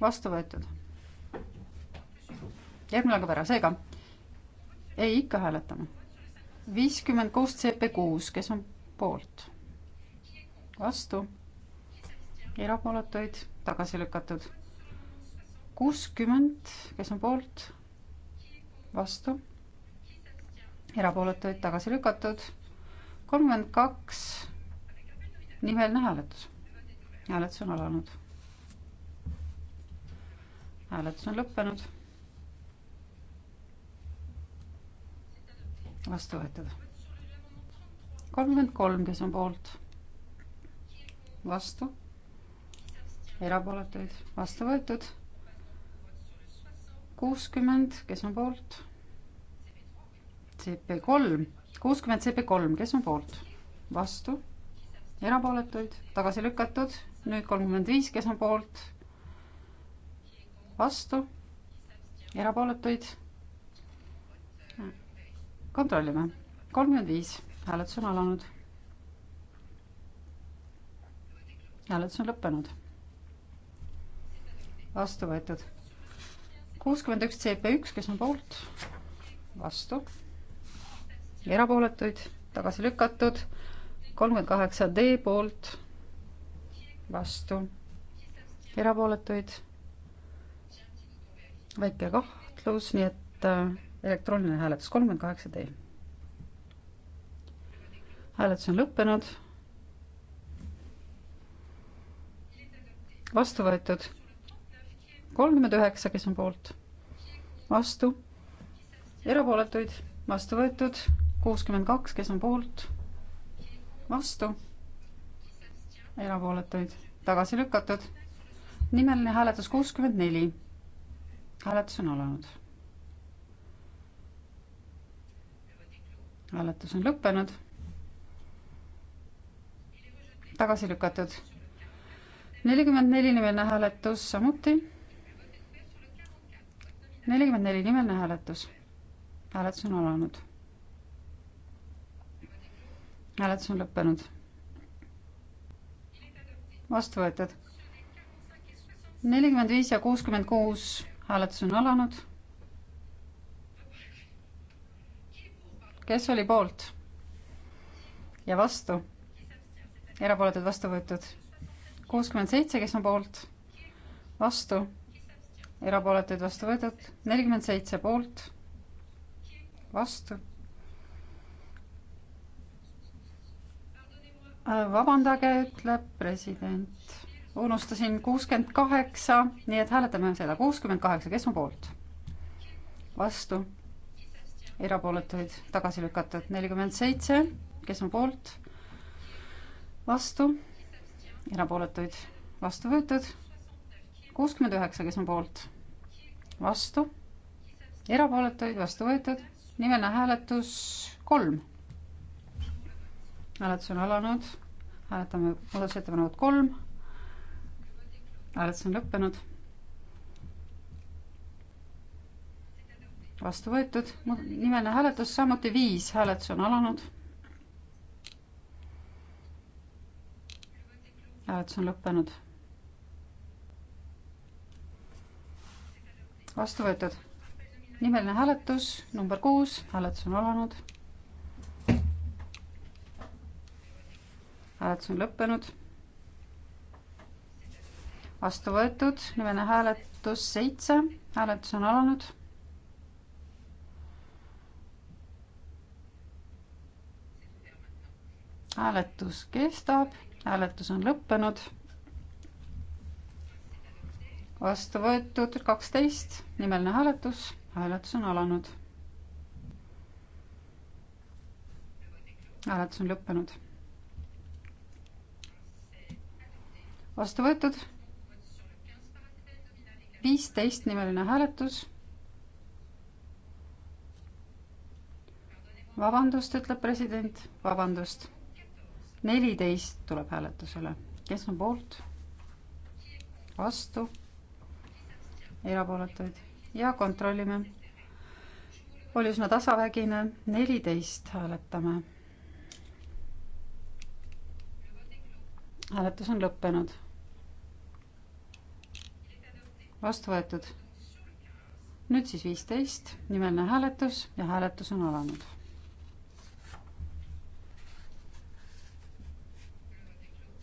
vastu võetud. järgmine langeb ära, seega ei, ikka hääletame. viiskümmend kuus CP kuus, kes on poolt? vastu? erapooletuid tagasi lükatud kuuskümmend, kes on poolt, vastu, erapooletuid tagasi lükatud, kolmkümmend kaks, nimeline hääletus. hääletus on alanud. hääletus on lõppenud. vastu võetud. kolmkümmend kolm, kes on poolt, vastu, erapooletuid, vastu võetud kuuskümmend, kes on poolt, CP kolm, kuuskümmend CP kolm, kes on poolt? vastu, erapooletuid, tagasi lükatud, nüüd kolmkümmend viis, kes on poolt? vastu, erapooletuid. kontrollime, kolmkümmend viis, hääletus on alanud. hääletus on lõppenud. vastu võetud kuuskümmend üks CP üks, kes on poolt? vastu erapooletuid, tagasi lükatud, kolmkümmend kaheksa D poolt, vastu, erapooletuid, väike kahtlus, nii et äh, elektrooniline hääletus kolmkümmend kaheksa D. hääletus on lõppenud. vastu võetud kolmkümmend üheksa, kes on poolt, vastu, erapooletuid, vastu võetud kuuskümmend kaks, kes on poolt, vastu, erapooletuid tagasi lükatud. nimeline hääletus kuuskümmend neli. hääletus on alanud. hääletus on lõppenud. tagasi lükatud. nelikümmend neli nimeline hääletus samuti. nelikümmend neli nimeline hääletus. hääletus on alanud hääletus on lõppenud. vastu võetud. nelikümmend viis ja kuuskümmend kuus hääletus on alanud. kes oli poolt? ja vastu? erapooletud vastu võetud. kuuskümmend seitse, kes on poolt? vastu? erapooletuid vastu võetud. nelikümmend seitse poolt? vastu vabandage, ütleb president. unustasin kuuskümmend kaheksa, nii et hääletame seda, kuuskümmend kaheksa, kes on poolt? vastu? erapooletuid tagasi lükatud nelikümmend seitse, kes on poolt? vastu? erapooletuid vastu võetud? kuuskümmend üheksa, kes on poolt? vastu? erapooletuid vastu võetud? nimeline hääletus kolm hääletus on alanud, hääletame muudatusettepanekut kolm. hääletus on lõppenud. vastu võetud, nimeline hääletus samuti viis, hääletus on alanud. hääletus on lõppenud. vastu võetud, nimeline hääletus number kuus, hääletus on alanud hääletus on lõppenud. vastu võetud, nimeline hääletus seitse, hääletus on alanud. hääletus kestab, hääletus on lõppenud. vastu võetud kaksteist, nimeline hääletus, hääletus on alanud. hääletus on lõppenud vastu võetud. viisteist nimeline hääletus. vabandust, ütleb president, vabandust. neliteist tuleb hääletusele, kes on poolt? vastu? erapooletuid ja kontrollime. oli üsna tasavägine, neliteist hääletame. hääletus on lõppenud vastu võetud. nüüd siis viisteist, nimeline hääletus ja hääletus on alanud.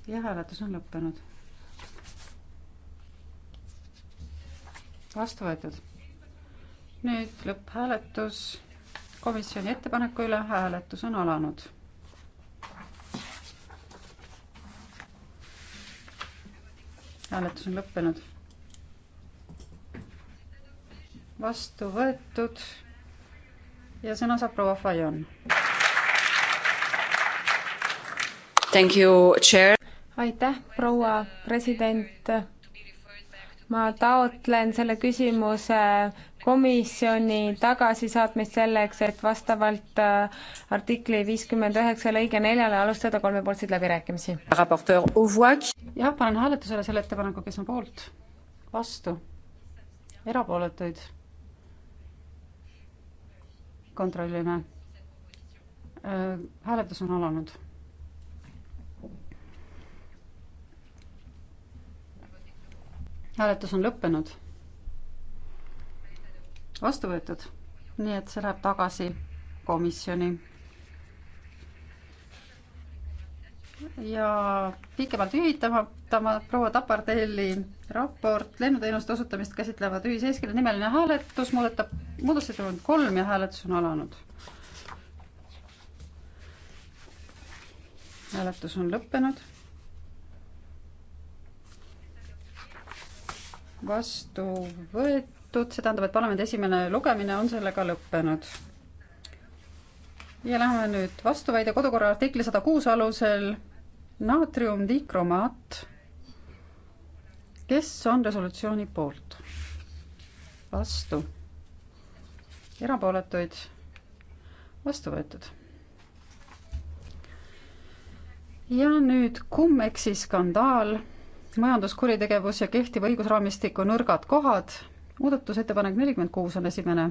ja hääletus on lõppenud. vastu võetud. nüüd lõpphääletus komisjoni ettepaneku üle, hääletus on alanud hääletus on lõppenud. vastu võetud ja sõna saab proua Fajon. aitäh, proua president. ma taotlen selle küsimuse komisjoni tagasisaatmist selleks, et vastavalt äh, artikli viiskümmend üheksa lõige neljale alustada kolmepoolseid läbirääkimisi. jah, panen hääletusele selle ettepaneku, kes on poolt, vastu, erapooletuid kontrollime. Äh, hääletus on alanud. hääletus on lõppenud. vastu võetud, nii et see läheb tagasi komisjoni ja pikemalt hüvitama proua Tapardelli raport lennuteenuste osutamist käsitlevad ühiseeskirja nimeline hääletus muudetab, muudatusettepanek kolm ja hääletus on alanud. hääletus on lõppenud. vastu võetud, see tähendab, et parlamendi esimene lugemine on sellega lõppenud ja läheme nüüd vastuväide kodukorra artikli sada kuus alusel naatriumdikromaat, kes on resolutsiooni poolt? vastu. erapooletuid? vastu võetud. ja nüüd kummeksi skandaal, majanduskuritegevus ja kehtiva õigusraamistiku nõrgad kohad. muudatusettepanek nelikümmend kuus on esimene.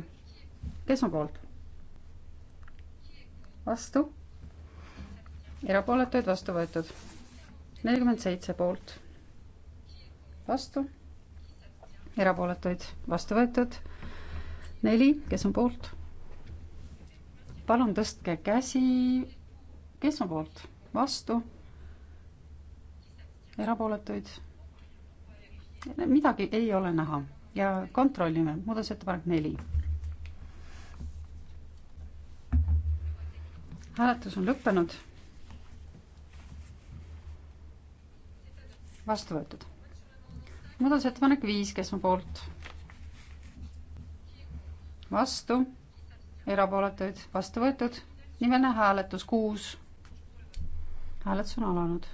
kes on poolt? vastu erapooletuid vastu võetud. nelikümmend seitse poolt, vastu, erapooletuid vastu võetud. neli, kes on poolt? palun tõstke käsi, kes on poolt, vastu, erapooletuid? midagi ei ole näha ja kontrollime, muudatusettepanek neli hääletus on lõppenud vastu võetud. muudatusettepanek viis, kes on poolt? vastu, erapooletuid vastu võetud, nimeline hääletus kuus. hääletus on alanud.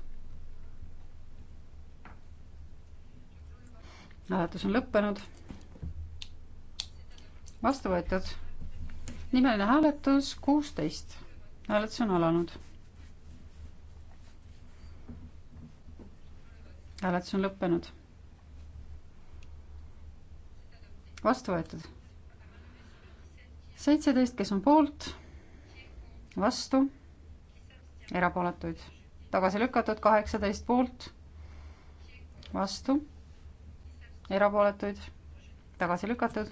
hääletus on lõppenud. vastu võetud, nimeline hääletus kuusteist. hääletus on alanud hääletus on lõppenud. vastu võetud. seitseteist, kes on poolt, vastu, erapooletuid, tagasi lükatud, kaheksateist poolt, vastu, erapooletuid, tagasi lükatud,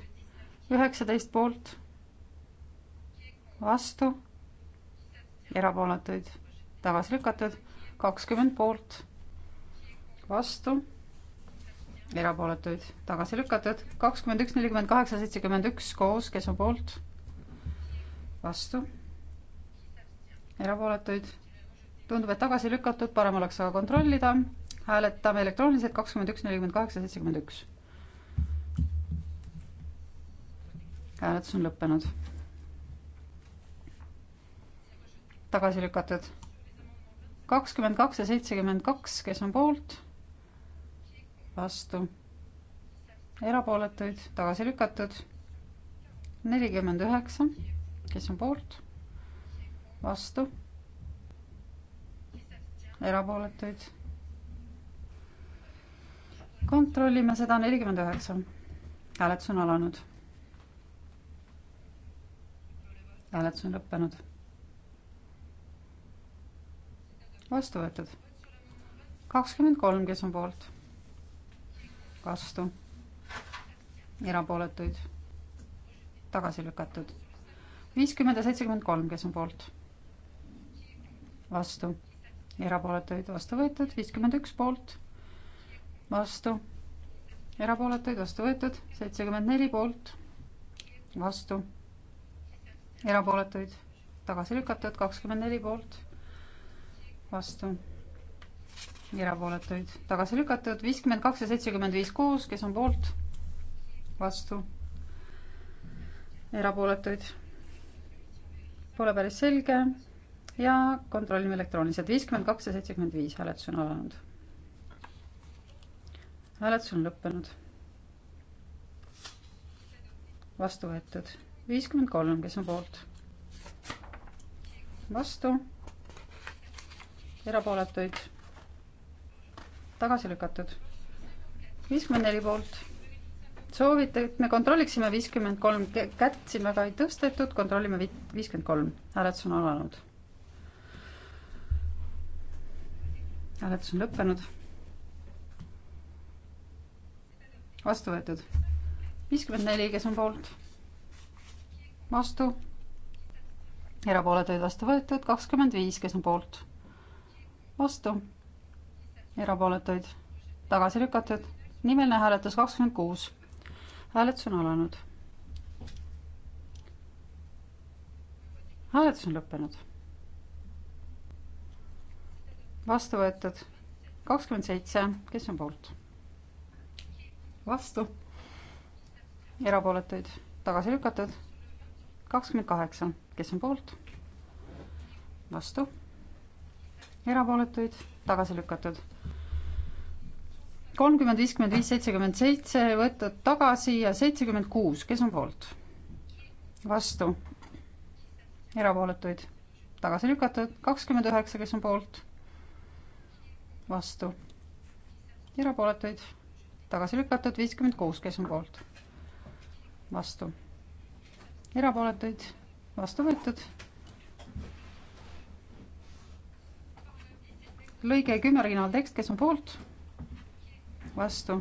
üheksateist poolt, vastu, erapooletuid, tagasi lükatud, kakskümmend poolt vastu, erapooletuid tagasi lükatud, kakskümmend üks, nelikümmend kaheksa, seitsekümmend üks koos, kes on poolt, vastu, erapooletuid, tundub, et tagasi lükatud, parem oleks aga kontrollida, hääletame elektrooniliselt kakskümmend üks, nelikümmend kaheksa, seitsekümmend üks. hääletus on lõppenud. tagasi lükatud kakskümmend kaks ja seitsekümmend kaks, kes on poolt vastu, erapooletuid tagasi lükatud, nelikümmend üheksa, kes on poolt, vastu, erapooletuid. kontrollime seda nelikümmend üheksa, hääletus on alanud. hääletus on lõppenud vastu võetud. kakskümmend kolm, kes on poolt, vastu, erapooletuid, tagasi lükatud. viiskümmend ja seitsekümmend kolm, kes on poolt, vastu, erapooletuid, vastu võetud, viiskümmend üks poolt, vastu, erapooletuid, vastu võetud, seitsekümmend neli poolt, vastu, erapooletuid, tagasi lükatud, kakskümmend neli poolt, vastu erapooletuid tagasi lükatud, viiskümmend kaks ja seitsekümmend viis koos, kes on poolt, vastu, erapooletuid. Pole päris selge ja kontrollime elektrooniliselt, viiskümmend kaks ja seitsekümmend viis, hääletus on alanud. hääletus on lõppenud. vastu võetud, viiskümmend kolm, kes on poolt, vastu, erapooletuid tagasi lükatud. viiskümmend neli poolt. soovite, et me kontrolliksime viiskümmend kolm, kätt siin väga ei tõstetud, kontrollime viiskümmend kolm, hääletus on alanud. hääletus on lõppenud. vastu võetud. viiskümmend neli, kes on poolt? vastu. erapooletuid vastu võetud, kakskümmend viis, kes on poolt? vastu erapooletuid tagasi lükatud. nimeline hääletus kakskümmend kuus. hääletus on alanud. hääletus on lõppenud. vastu võetud kakskümmend seitse, kes on poolt? vastu. erapooletuid tagasi lükatud. kakskümmend kaheksa, kes on poolt? vastu. erapooletuid tagasi lükatud kolmkümmend, viiskümmend viis, seitsekümmend seitse, võtad tagasi ja seitsekümmend kuus, kes on poolt? vastu? erapooletuid? tagasi lükatud, kakskümmend üheksa, kes on poolt? vastu? erapooletuid? tagasi lükatud, viiskümmend kuus, kes on poolt? vastu? erapooletuid? vastu võetud? lõige kümme originaaltekst, kes on poolt? vastu,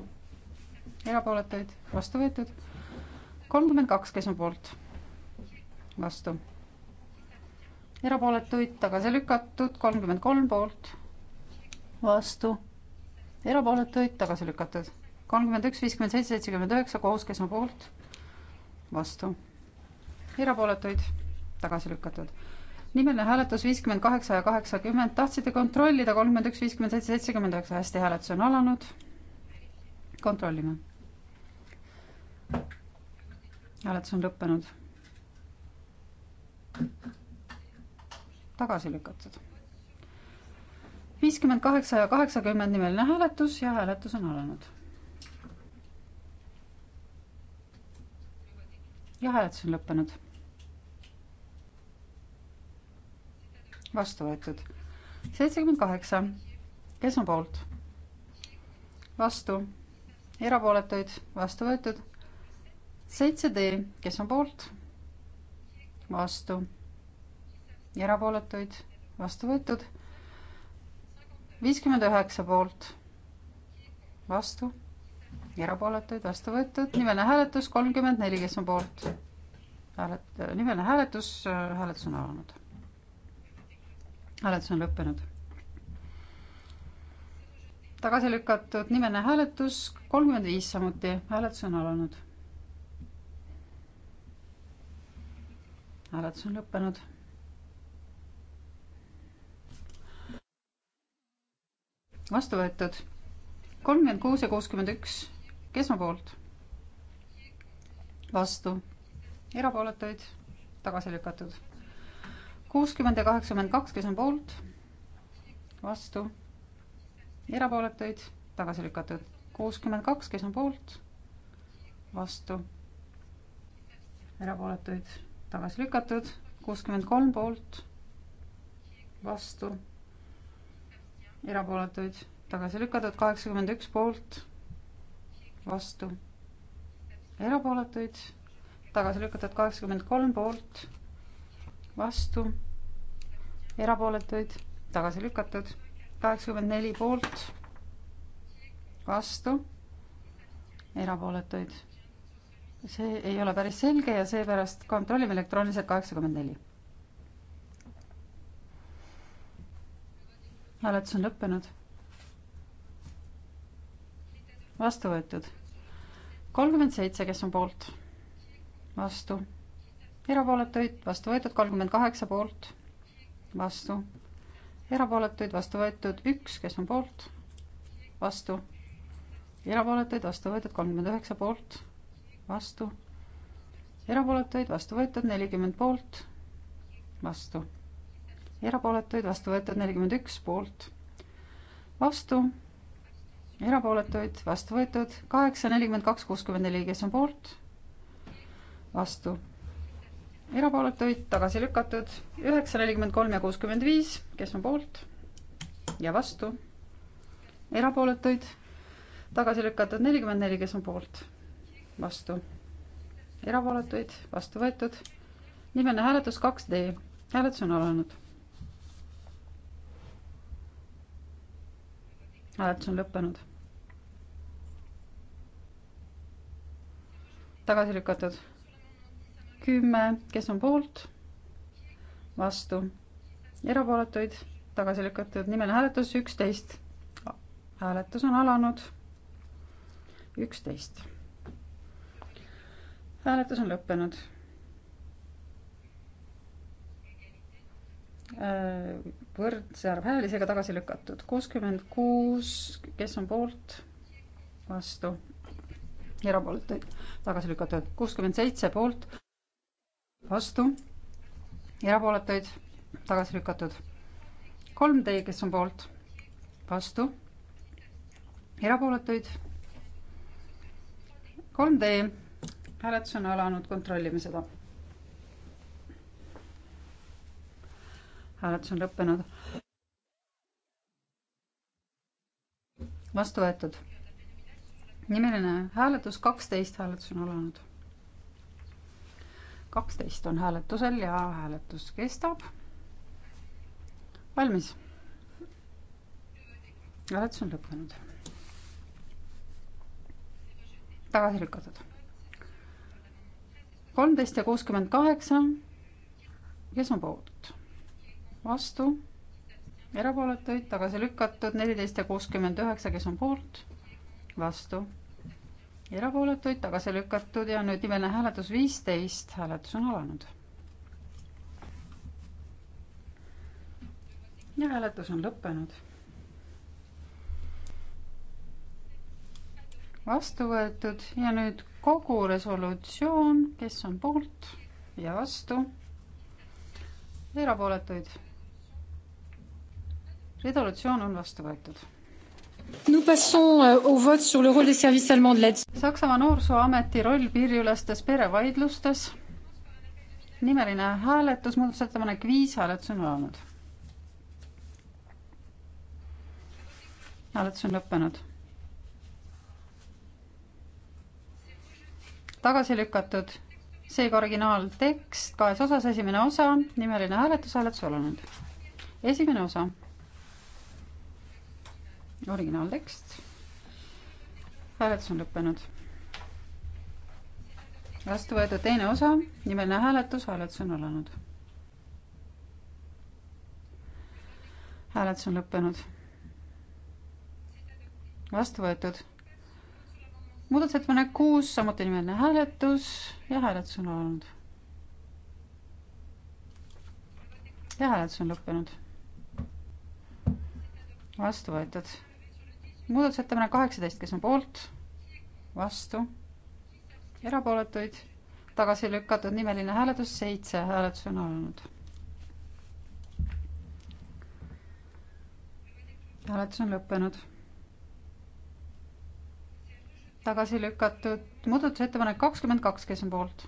erapooletuid, vastu võetud. kolmkümmend kaks, kes on poolt, vastu, erapooletuid tagasi lükatud, kolmkümmend kolm poolt, vastu, erapooletuid tagasi lükatud, kolmkümmend üks, viiskümmend seitse, seitsekümmend üheksa koos, kes on poolt, vastu, erapooletuid tagasi lükatud nimeline hääletus viiskümmend kaheksa ja kaheksakümmend, tahtsite kontrollida kolmkümmend üks, viiskümmend seitse, seitsekümmend üheksa, hästi, hääletus on alanud kontrollime. hääletus on lõppenud. tagasi lükatud. viiskümmend kaheksa ja kaheksakümmend nimeline hääletus ja hääletus on alanud. ja hääletus on lõppenud. vastu võetud seitsekümmend kaheksa, kes on poolt? vastu erapooletuid, vastu võetud. seitse D, kes on poolt? vastu. erapooletuid, vastu võetud. viiskümmend üheksa poolt, vastu. erapooletuid, vastu võetud. nimeline hääletus kolmkümmend neli, kes on poolt? häälet-, nimeline hääletus, hääletus on alanud. hääletus on lõppenud tagasi lükatud, nimeline hääletus kolmkümmend viis samuti, hääletus on alanud. hääletus on lõppenud. vastu võetud kolmkümmend kuus ja kuuskümmend üks, kes on poolt? vastu, erapooletuid, tagasi lükatud. kuuskümmend ja kaheksakümmend kaks, kes on poolt? vastu erapooletuid, tagasi lükatud. kuuskümmend kaks, kes on poolt, vastu, erapooletuid, tagasi lükatud. kuuskümmend kolm poolt, vastu, erapooletuid, tagasi lükatud. kaheksakümmend üks poolt, vastu, erapooletuid, tagasi lükatud. kaheksakümmend kolm poolt, vastu erapooletuid tagasi lükatud, kaheksakümmend neli poolt, vastu, erapooletuid. see ei ole päris selge ja seepärast kontrollime elektrooniliselt kaheksakümmend neli. hääletus on lõppenud. vastu võetud. kolmkümmend seitse, kes on poolt, vastu, erapooletuid, vastu võetud, kolmkümmend kaheksa poolt, vastu erapooletuid vastu võetud üks, kes on poolt, vastu, erapooletuid vastu võetud kolmkümmend üheksa poolt, vastu, erapooletuid vastu võetud nelikümmend poolt, vastu, erapooletuid vastu võetud nelikümmend üks poolt, vastu, erapooletuid vastu võetud kaheksa, nelikümmend kaks, kuuskümmend neli, kes on poolt, vastu erapooletuid tagasi lükatud, üheksa, nelikümmend kolm ja kuuskümmend viis, kes on poolt ja vastu, erapooletuid tagasi lükatud, nelikümmend neli, kes on poolt, vastu, erapooletuid vastu võetud, nimeline hääletus kaks D, hääletus on alanud. hääletus on lõppenud. tagasi lükatud kümme, kes on poolt, vastu, erapooletuid, tagasi lükatud, nimeline hääletus üksteist. hääletus on alanud. üksteist. hääletus on lõppenud. Äh, võrdse arv hääli, seega tagasi lükatud, kuuskümmend kuus, kes on poolt, vastu erapooletuid tagasi lükatud, kuuskümmend seitse poolt, vastu, erapooletuid tagasi lükatud. kolm D, kes on poolt, vastu, erapooletuid. kolm D, hääletus on alanud, kontrollime seda. hääletus on lõppenud. vastu võetud. nimeline hääletus kaksteist, hääletus on alanud kaksteist on hääletusel ja hääletus kestab. valmis. hääletus on lõppenud. tagasi lükatud. kolmteist ja kuuskümmend kaheksa. kes on poolt? vastu? erapooletuid tagasi lükatud, neliteist ja kuuskümmend üheksa, kes on poolt? vastu erapooletuid tagasi lükatud ja nüüd nimeline hääletus viisteist, hääletus on alanud. ja hääletus on lõppenud. vastu võetud ja nüüd kogu resolutsioon, kes on poolt ja vastu, erapooletuid. resolutsioon on vastu võetud Euh, Saksamaa Noorsooameti roll piiriülestes perevaidlustes. nimeline hääletus, muudatusettepanek viis, hääletus on alanud. hääletus on lõppenud. tagasi lükatud, seega originaaltekst kahes osas, esimene osa, nimeline hääletus, hääletus alanud. esimene osa originaaltekst. hääletus on lõppenud. vastu võetud teine osa, nimeline hääletus, hääletus on alanud. hääletus on lõppenud. vastu võetud muudatusettepanek kuus, samuti nimeline hääletus ja hääletus on olnud. ja hääletus on lõppenud. vastu võetud muudatusettepanek kaheksateist, kes on poolt, vastu, erapooletuid, tagasi lükatud nimeline hääletus, seitse hääletus on alanud. hääletus on lõppenud. tagasi lükatud muudatusettepanek kakskümmend kaks, kes on poolt,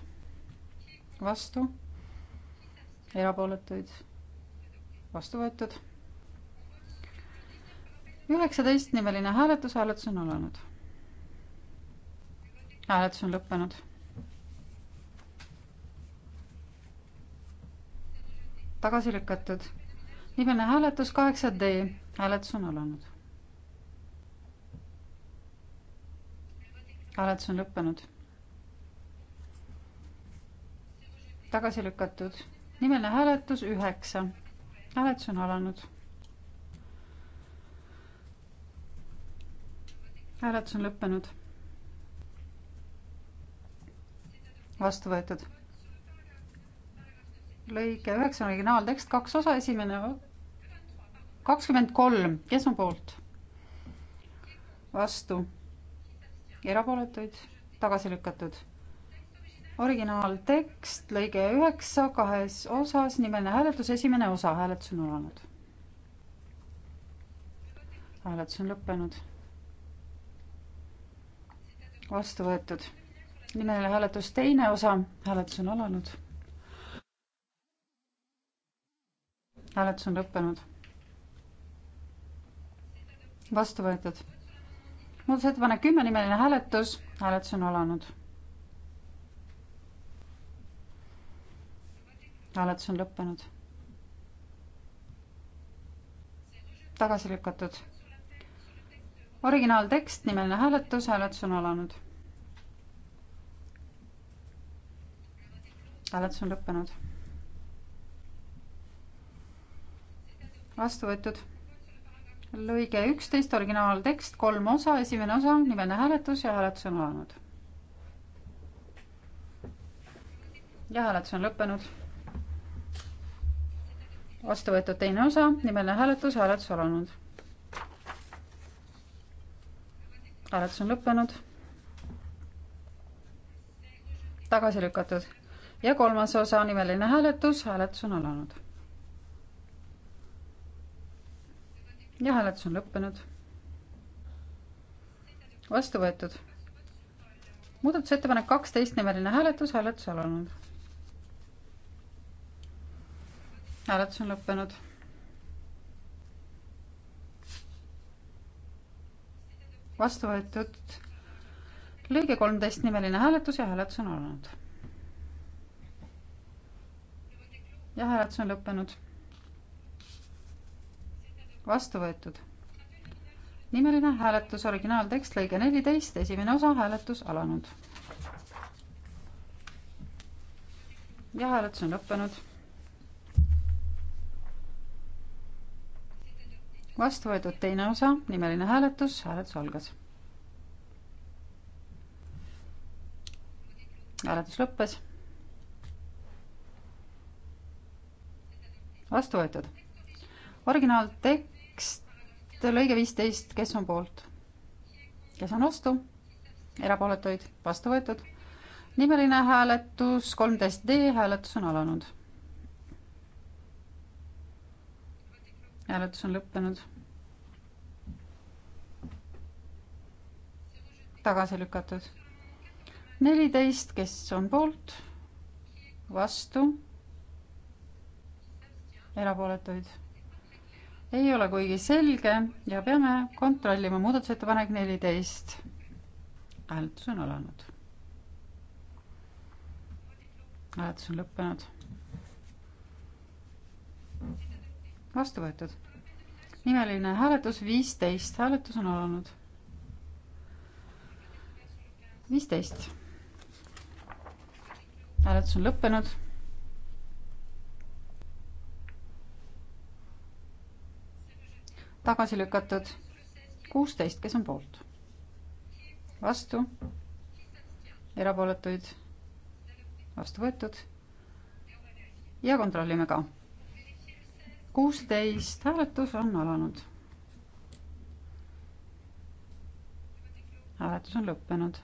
vastu, erapooletuid, vastu võetud üheksateist nimeline hääletus, hääletus on alanud. hääletus on lõppenud. tagasi lükatud. nimeline hääletus kaheksa D, hääletus on alanud. hääletus on lõppenud. tagasi lükatud. nimeline hääletus üheksa, hääletus on alanud hääletus on lõppenud. vastu võetud. lõige üheksa on originaaltekst, kaks osa, esimene kakskümmend kolm, kes on poolt? vastu, erapooletuid, tagasi lükatud. originaaltekst, lõige üheksa, kahes osas, nimeline hääletus, esimene osa, hääletus on alanud. hääletus on lõppenud vastu võetud. nimeline hääletus, teine osa, hääletus on alanud. hääletus on lõppenud. vastu võetud. muudatusettepanek kümme, nimeline hääletus, hääletus on alanud. hääletus on lõppenud. tagasi lükatud originaaltekst, nimeline hääletus, hääletus on alanud. hääletus on lõppenud. vastu võetud. lõige üksteist, originaaltekst, kolm osa, esimene osa, nimeline hääletus ja hääletus on alanud. ja hääletus on lõppenud. vastu võetud teine osa, nimeline hääletus, hääletus alanud hääletus on lõppenud. tagasi lükatud ja kolmas osa nimeline hääletus, hääletus on alanud. ja hääletus on lõppenud. vastu võetud. muudatusettepanek kaksteist nimeline hääletus, hääletus alanud. hääletus on lõppenud vastu võetud lõige kolmteist nimeline hääletus ja hääletus on alanud. ja hääletus on lõppenud. vastu võetud. nimeline hääletus, originaaltekst, lõige neliteist, esimene osa, hääletus alanud. ja hääletus on lõppenud vastu võetud teine osa, nimeline hääletus, hääletus algas. hääletus lõppes. vastu võetud. originaaltekst, lõige viisteist, kes on poolt? kes on vastu? erapooletuid, vastu võetud. nimeline hääletus, kolmteist D, hääletus on alanud hääletus on lõppenud. tagasi lükatud. neliteist, kes on poolt, vastu, erapooletuid ei ole kuigi selge ja peame kontrollima muudatusettepanek neliteist. hääletus on alanud. hääletus on lõppenud vastu võetud. nimeline hääletus viisteist, hääletus on alanud. viisteist. hääletus on lõppenud. tagasi lükatud kuusteist, kes on poolt? vastu? erapooletuid? vastu võetud? ja kontrollime ka kuusteist, hääletus on alanud. hääletus on lõppenud.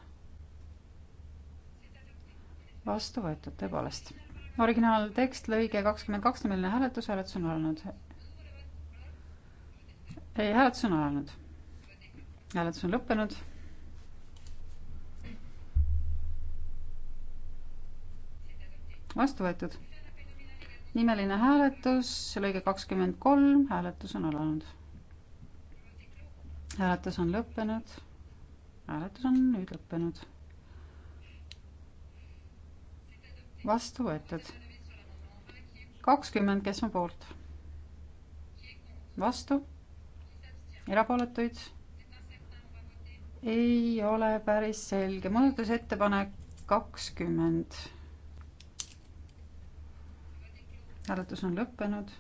vastu võetud tõepoolest. originaaltekst, lõige kakskümmend kaks, nimeline hääletus, hääletus on alanud. ei, hääletus on alanud. hääletus on lõppenud vastu võetud nimeline hääletus, lõige kakskümmend kolm, hääletus on alanud. hääletus on lõppenud. hääletus on nüüd lõppenud. vastu võetud. kakskümmend, kes on poolt? vastu? erapooletuid? ei ole päris selge. muudatusettepanek kakskümmend hääletus on lõppenud.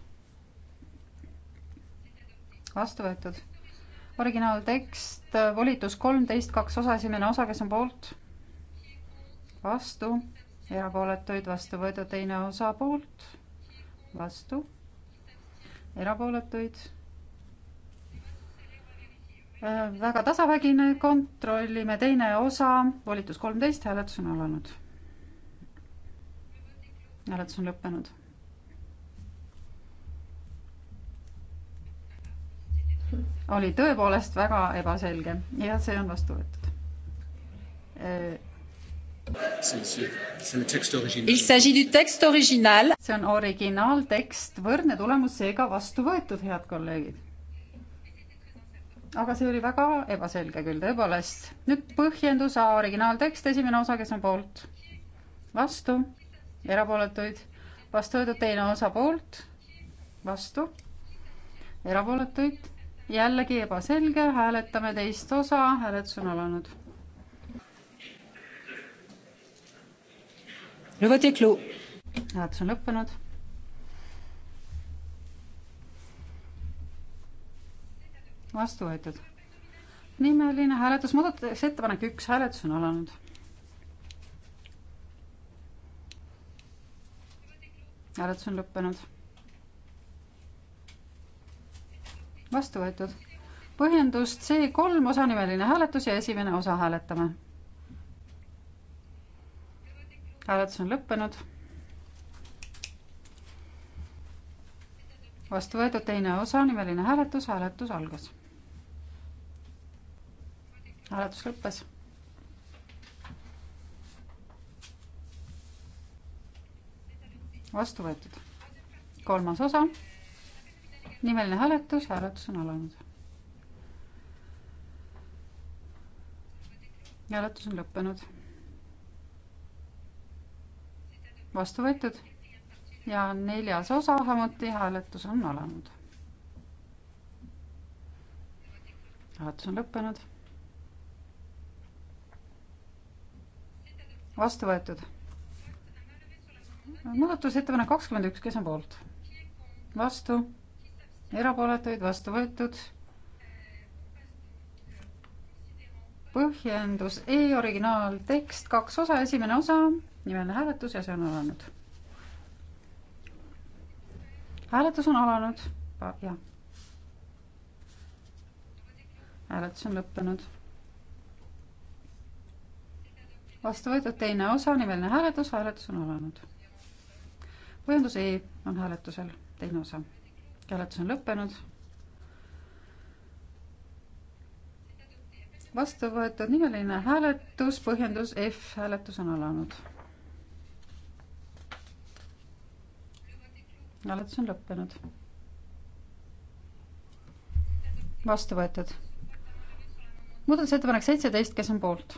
vastu võetud. originaaltekst, volitus kolmteist, kaks osa, esimene osa, kes on poolt? vastu, erapooletuid vastu võetud, teine osa poolt, vastu, erapooletuid. väga tasavägine, kontrollime teine osa, volitus kolmteist, hääletus on alanud. hääletus on lõppenud oli tõepoolest väga ebaselge ja see on vastu võetud. Äh, see on originaaltekst, võrdne tulemus seega vastu võetud, head kolleegid. aga see oli väga ebaselge küll, tõepoolest. nüüd põhjendus A originaaltekst, esimene osa, kes on poolt, vastu, erapooletuid, vastu võetud teine osa poolt, vastu, erapooletuid jällegi ebaselge, hääletame teist osa, hääletus on alanud. hääletus on lõppenud. vastu võetud. nimeline hääletus, muudatusettepanek üks, hääletus on alanud. hääletus on lõppenud vastu võetud. põhjendus C kolm osanimeline hääletus ja esimene osa hääletame. hääletus on lõppenud. vastu võetud teine osanimeline hääletus, hääletus algas. hääletus lõppes. vastu võetud. kolmas osa nimeline hääletus, hääletus on alanud. hääletus on lõppenud. vastu võetud ja neljas osa samuti hääletus on alanud. hääletus on lõppenud. vastu võetud. muudatusettepanek kakskümmend üks, kes on poolt? vastu erapooletuid, vastu võetud. põhjendus E originaaltekst, kaks osa, esimene osa, nimeline hääletus ja see on alanud. hääletus on alanud, jah. hääletus on lõppenud vastu võetud teine osa, nimeline hääletus, hääletus on alanud. põhjendus E on hääletusel, teine osa hääletus on lõppenud. vastu võetud nimeline hääletus, põhjendus F, hääletus on alanud. hääletus on lõppenud. vastu võetud. muudatusettepanek seitseteist, kes on poolt?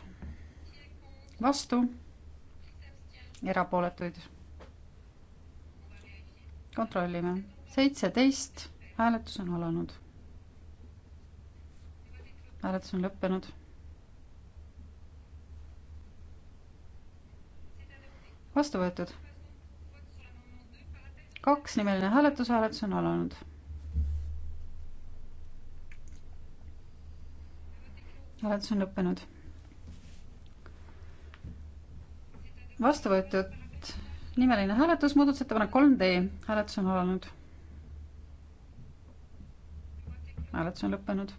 vastu, erapooletuid. kontrollime seitseteist, hääletus on alanud. hääletus on lõppenud. vastu võetud. kaks nimeline hääletus, hääletus on alanud. hääletus on lõppenud. vastu võetud nimeline hääletus, muudatusettepanek kolm D, hääletus on alanud hääletus on lõppenud.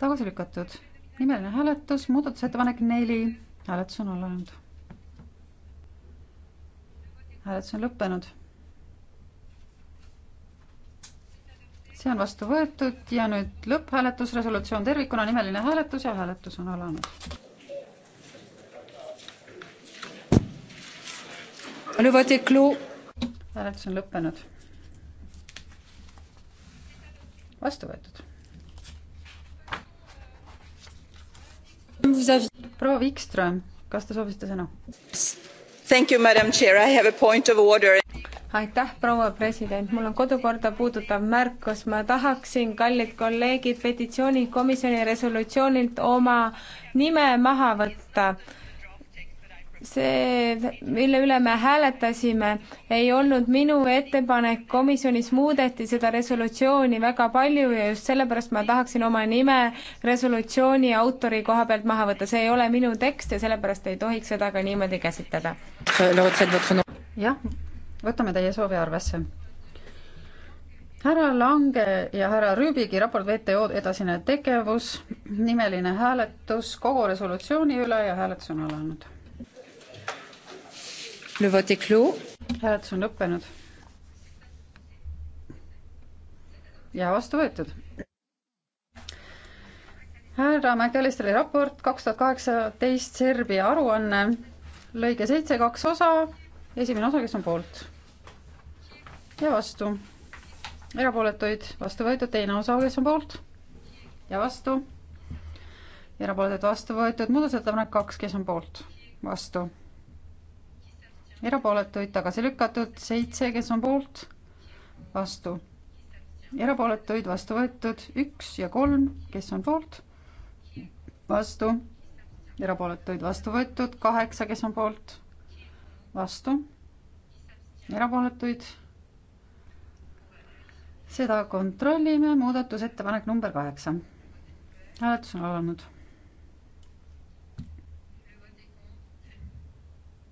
tagasi lükatud, nimeline hääletus, muudatusettepanek neli, hääletus on alanud. hääletus on lõppenud. see on vastu võetud ja nüüd lõpphääletus, resolutsioon tervikuna, nimeline hääletus ja hääletus on alanud. Le vote est clos hääletus on lõppenud. vastu võetud. proua Wikström, kas te soovisite sõna? Thank you, madam chair, I have a point of order aitäh, proua president, mul on kodukorda puudutav märkus, ma tahaksin, kallid kolleegid, petitsioonikomisjoni resolutsioonilt oma nime maha võtta see, mille üle me hääletasime, ei olnud minu ettepanek, komisjonis muudeti seda resolutsiooni väga palju ja just sellepärast ma tahaksin oma nime resolutsiooni autori koha pealt maha võtta, see ei ole minu tekst ja sellepärast ei tohiks seda ka niimoodi käsitleda. jah, võtame teie soovi arvesse härra Lange ja härra Rüübigi raport WTO edasine tegevus, nimeline hääletus kogu resolutsiooni üle ja hääletus on alanud hääletus on lõppenud. ja vastu võetud. härra McAllisteri raport kaks tuhat kaheksateist Serbia aruanne, lõige seitse, kaks osa, esimene osa, kes on poolt ja vastu erapooletuid vastu võetud, teine osa, kes on poolt ja vastu. erapooletuid vastu võetud, muudatusettepanek kaks, kes on poolt, vastu, erapooletuid tagasi lükatud, seitse, kes on poolt, vastu, erapooletuid vastu võetud, üks ja kolm, kes on poolt, vastu, erapooletuid vastu võetud, kaheksa, kes on poolt, vastu, erapooletuid. seda kontrollime, muudatusettepanek number kaheksa. hääletus on alanud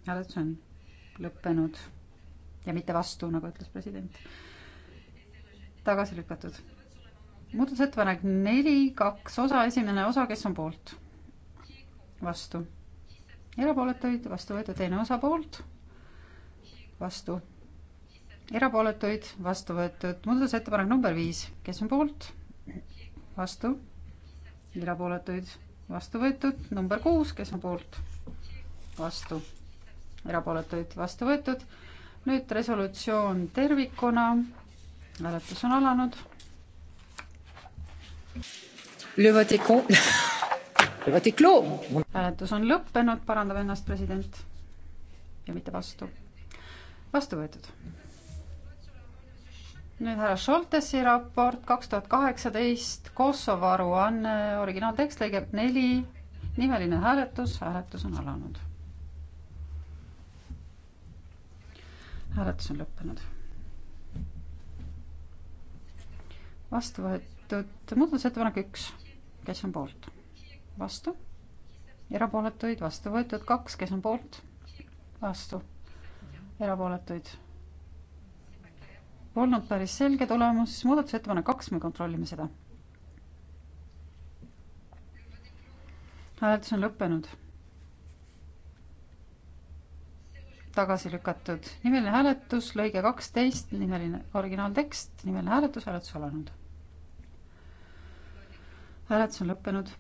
hääletus on lõppenud ja mitte vastu, nagu ütles president. tagasi lükatud. muudatusettepanek neli, kaks osa, esimene osa, kes on poolt? vastu. erapooletuid, vastu võetud, teine osa poolt, vastu. erapooletuid, vastu võetud, muudatusettepanek number viis, kes on poolt? vastu. erapooletuid, vastu võetud, number kuus, kes on poolt? vastu erapooletuid vastu võetud. nüüd resolutsioon tervikuna. hääletus on alanud. [laughs] hääletus on lõppenud, parandab ennast president ja mitte vastu. vastu võetud. nüüd härra Šoltesi raport kaks tuhat kaheksateist Kosovo aruanne, originaaltekst lõige neli, nimeline hääletus, hääletus on alanud hääletus on lõppenud. vastu võetud muudatusettepanek üks, kes on poolt? vastu. erapooletuid vastu võetud kaks, kes on poolt? vastu. erapooletuid. Polnud päris selge tulemus, muudatusettepanek kaks, me kontrollime seda hääletus on lõppenud tagasi lükatud. nimeline hääletus, lõige kaksteist, nimeline originaaltekst, nimeline hääletus, hääletus alanud. hääletus on lõppenud.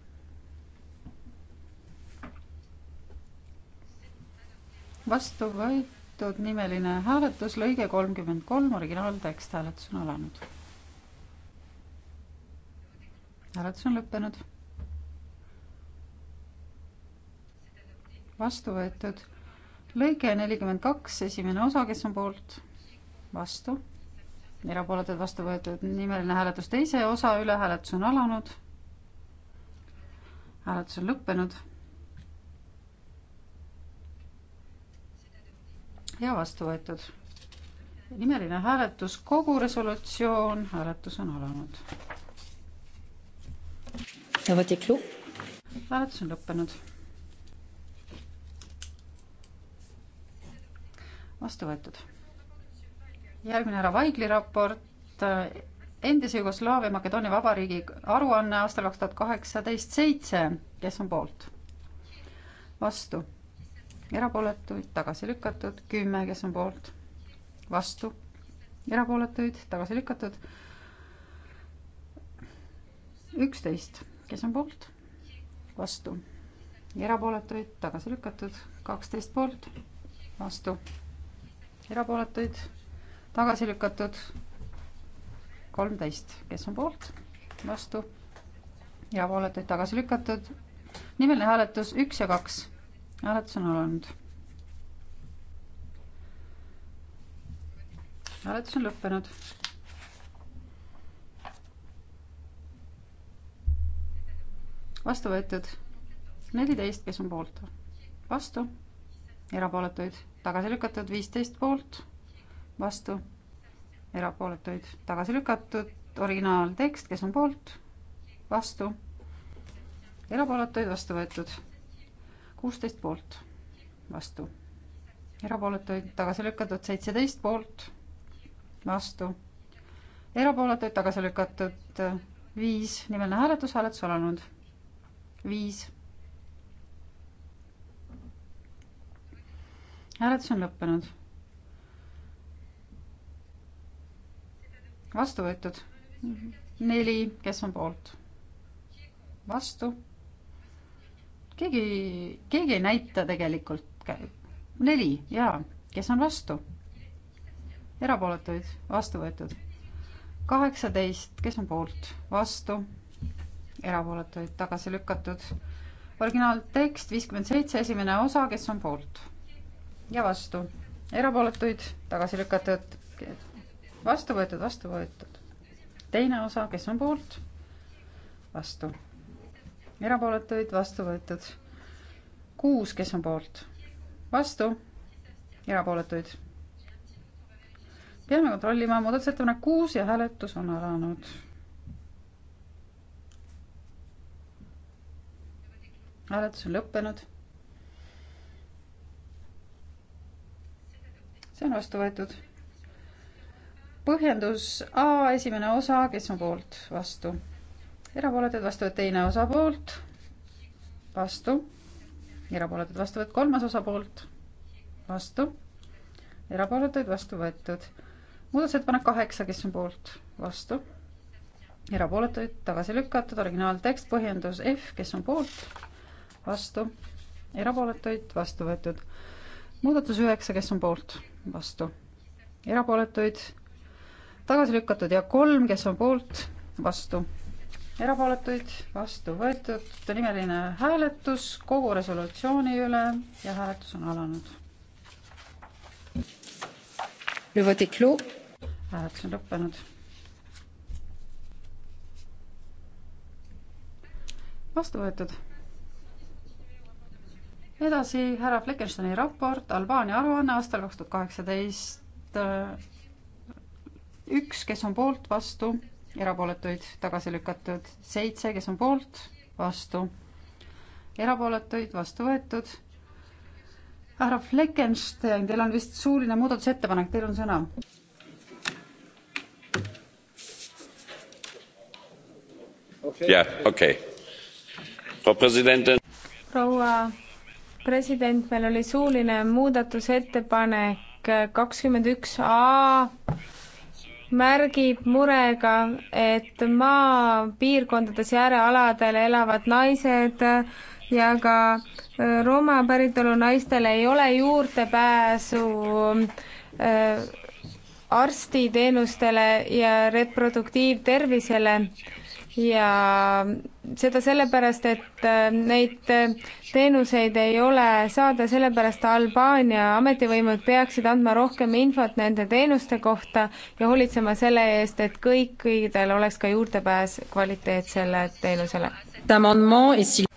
vastu võetud nimeline hääletus, lõige kolmkümmend kolm, originaaltekst, hääletus on alanud. hääletus on lõppenud. vastu võetud lõige nelikümmend kaks, esimene osa, kes on poolt, vastu, erapooletud vastu võetud, nimeline hääletus teise osa üle, hääletus on alanud. hääletus on lõppenud. ja vastu võetud. nimeline hääletus, kogu resolutsioon, hääletus on alanud. hääletus on lõppenud vastu võetud. järgmine härra Vaigli raport, endise Jugoslaavia Makedoonia Vabariigi aruanne aastal kaks tuhat kaheksateist seitse, kes on poolt? vastu, erapooletuid tagasi lükatud, kümme, kes on poolt? vastu, erapooletuid tagasi lükatud, üksteist, kes on poolt? vastu, erapooletuid tagasi lükatud, kaksteist poolt, vastu erapooletuid, tagasi lükatud kolmteist, kes on poolt, vastu, erapooletuid tagasi lükatud. nimeline hääletus üks ja kaks. hääletus on alanud. hääletus on lõppenud. vastu võetud neliteist, kes on poolt, vastu, erapooletuid tagasi lükatud, viisteist poolt, vastu, erapooletuid tagasi lükatud, originaaltekst, kes on poolt, vastu, erapooletuid vastu võetud, kuusteist poolt, vastu, erapooletuid tagasi lükatud, seitseteist poolt, vastu, erapooletuid tagasi lükatud, viis nimeline hääletus, hääletus alanud, viis hääletus on lõppenud. vastu võetud. neli, kes on poolt? vastu. keegi, keegi ei näita tegelikult. neli, jaa. kes on vastu? erapooletuid, vastu võetud. kaheksateist, kes on poolt? vastu. erapooletuid tagasi lükatud. originaaltekst viiskümmend seitse, esimene osa, kes on poolt? ja vastu, erapooletuid tagasi lükatud, vastu võetud, vastu võetud. teine osa, kes on poolt, vastu, erapooletuid vastu võetud, kuus, kes on poolt, vastu, erapooletuid. peame kontrollima muudatusettepanek kuus ja hääletus on alanud. hääletus on lõppenud see on vastu võetud. põhjendus A, esimene osa, kes on poolt, vastu. erapooletud, vastu võetud teine osa poolt, vastu. erapooletud, vastu võetud kolmas osa poolt, vastu. erapooletuid, vastu võetud. muudatusettepanek kaheksa, kes on poolt, vastu. erapooletuid tagasi lükatud, originaaltekst, põhjendus F, kes on poolt, vastu. erapooletuid, vastu võetud. muudatus üheksa, kes on poolt vastu, erapooletuid tagasi lükatud ja kolm, kes on poolt, vastu, erapooletuid vastu võetud, nimeline hääletus kogu resolutsiooni üle ja hääletus on alanud. hääletus on lõppenud. vastu võetud edasi härra Fleckensteini raport Albaania aruanne aastal kaks tuhat kaheksateist. üks, kes on poolt, vastu, erapooletuid tagasi lükatud, seitse, kes on poolt, vastu, erapooletuid vastu võetud. härra Fleckenstein, teil on vist suuline muudatusettepanek, teil on sõna. jah, okei okay. okay.. proua presidentin. proua president, meil oli suuline muudatusettepanek kakskümmend üks A märgib murega, et maapiirkondades ja äärealadel elavad naised ja ka Rooma päritolu naistel ei ole juurdepääsu äh, arstiteenustele ja reproduktiivtervisele ja seda sellepärast, et äh, neid äh, teenuseid ei ole saada, sellepärast Albaania ametivõimud peaksid andma rohkem infot nende teenuste kohta ja hoolitsema selle eest, et kõikidel oleks ka juurdepääs kvaliteetsele teenusele.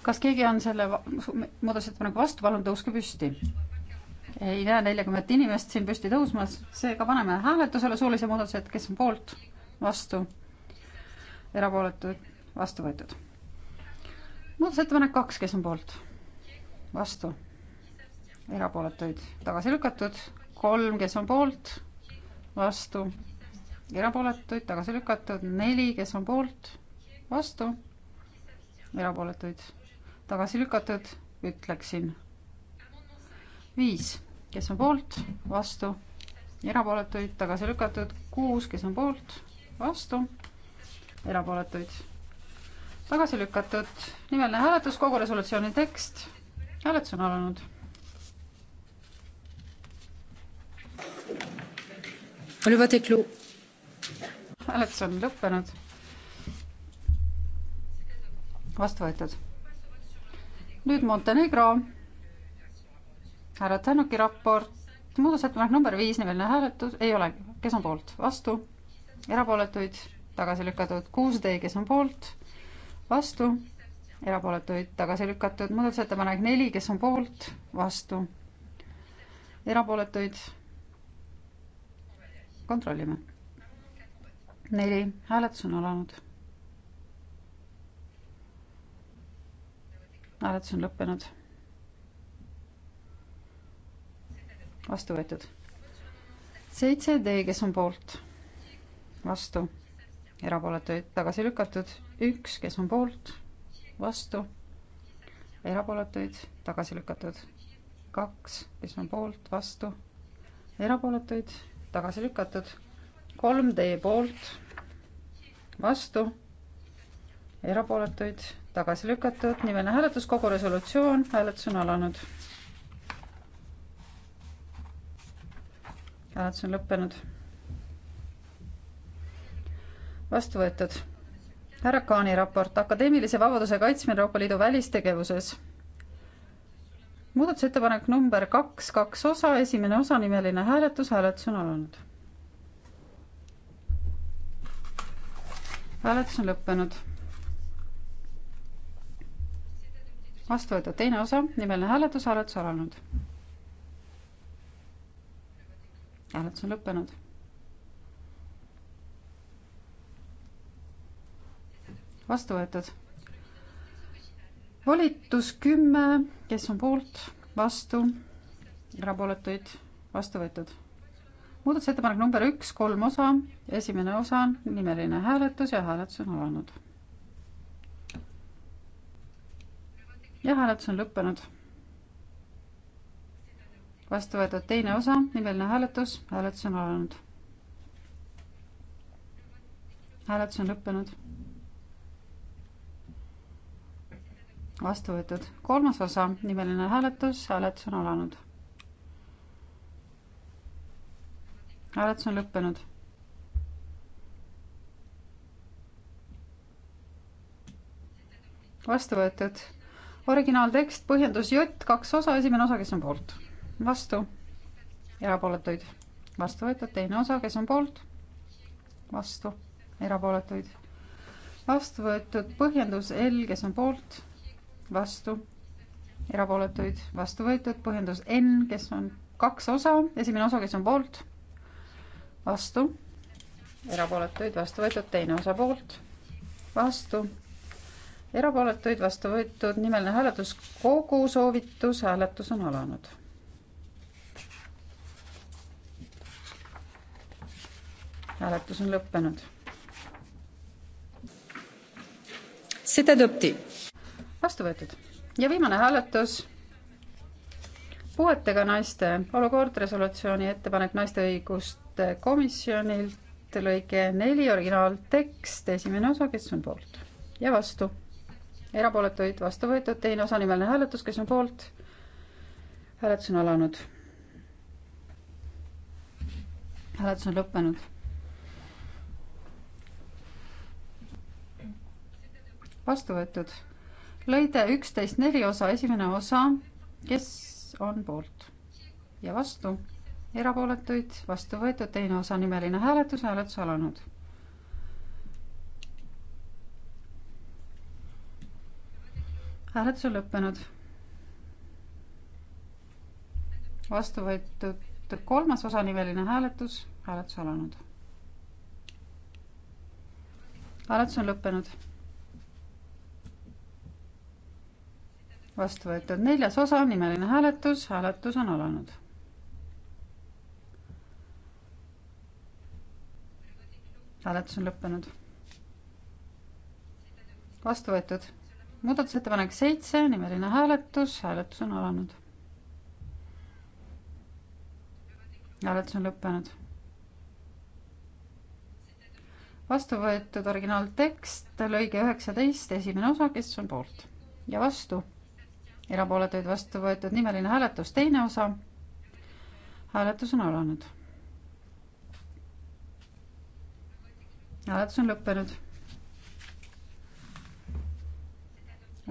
kas keegi on selle muudatusettepaneku vastu, palun tõuske püsti ei näe neljakümmet inimest siin püsti tõusmas, seega paneme hääletusele suulise muudatused, kes on poolt, vastu erapooletud, vastu võetud. muudatusettepanek kaks, kes on poolt? vastu. erapooletuid tagasi lükatud, kolm, kes on poolt? vastu. erapooletuid tagasi lükatud, neli, kes on poolt? vastu. erapooletuid tagasi lükatud, ütleksin. viis, kes on poolt? vastu erapooletuid tagasi lükatud kuus, kes on poolt, vastu, erapooletuid. tagasi lükatud nimeline hääletus, kogu resolutsiooni tekst. hääletus on alanud. hääletus on lõppenud. vastu võetud. nüüd Montenegro. härra Tänuki raport, muudatusettepanek number viis, nimeline hääletus, ei ole, kes on poolt, vastu, erapooletuid tagasi lükatud kuussada, kes on poolt, vastu, erapooletuid tagasi lükatud, muudatusettepanek neli, kes on poolt, vastu, erapooletuid kontrollime. neli, hääletus on alanud. hääletus on lõppenud. vastu võetud. seitse D, kes on poolt, vastu erapooletuid tagasi lükatud, üks, kes on poolt, vastu, erapooletuid tagasi lükatud, kaks, kes on poolt, vastu, erapooletuid tagasi lükatud, kolm teie poolt, vastu, erapooletuid tagasi lükatud, nimeline hääletus, kogu resolutsioon, hääletus on alanud. hääletus on lõppenud vastu võetud. härra Kaani raport, akadeemilise vabaduse kaitsmine Euroopa Liidu välistegevuses. muudatusettepanek number kaks, kaks osa, esimene osa, nimeline hääletus, hääletus on alanud. hääletus on lõppenud. vastu võetud teine osa, nimeline hääletus, hääletus alanud. hääletus on lõppenud vastu võetud. volitus kümme, kes on poolt, vastu, erapooletuid, vastu võetud. muudatusettepanek number üks, kolm osa, esimene osa, nimeline hääletus ja hääletus on alanud. ja hääletus on lõppenud vastu võetud teine osa, nimeline hääletus, hääletus on alanud. hääletus on lõppenud. vastu võetud. kolmas osa, nimeline hääletus, hääletus on alanud. hääletus on lõppenud. vastu võetud. originaaltekst, põhjendus J, kaks osa, esimene osa, kes on poolt, vastu, erapooletuid, vastu võetud, teine osa, kes on poolt, vastu, erapooletuid, vastu võetud, põhjendus L, kes on poolt vastu, erapooletuid vastu võetud, põhjendus N, kes on kaks osa, esimene osa, kes on poolt, vastu, erapooletuid vastu võetud, teine osa poolt, vastu, erapooletuid vastu võetud, nimeline hääletus, kogu soovitus, hääletus on alanud. hääletus on lõppenud. C'est adopté vastu võetud. ja viimane hääletus. puuetega naiste olukord, resolutsiooni ettepanek naiste õiguste komisjonilt, lõige neli, originaaltekst, esimene osa, kes on poolt ja vastu. erapooletuid vastu võetud, teine osa nimeline hääletus, kes on poolt. hääletus on alanud. hääletus on lõppenud. vastu võetud lõide üksteist neli osa, esimene osa, kes on poolt ja vastu, erapooletuid vastu võetud, teine osa nimeline hääletus, hääletus alanud. hääletus on lõppenud. vastu võetud kolmas osa nimeline hääletus, hääletus alanud. hääletus on lõppenud vastu võetud neljas osa, nimeline hääletus, hääletus on alanud. hääletus on lõppenud. vastu võetud muudatusettepanek seitse, nimeline hääletus, hääletus on alanud. hääletus on lõppenud. vastu võetud originaaltekst, lõige üheksateist, esimene osa, kes on poolt ja vastu erapooletuid vastu võetud, nimeline hääletus, teine osa. hääletus on alanud. hääletus on lõppenud.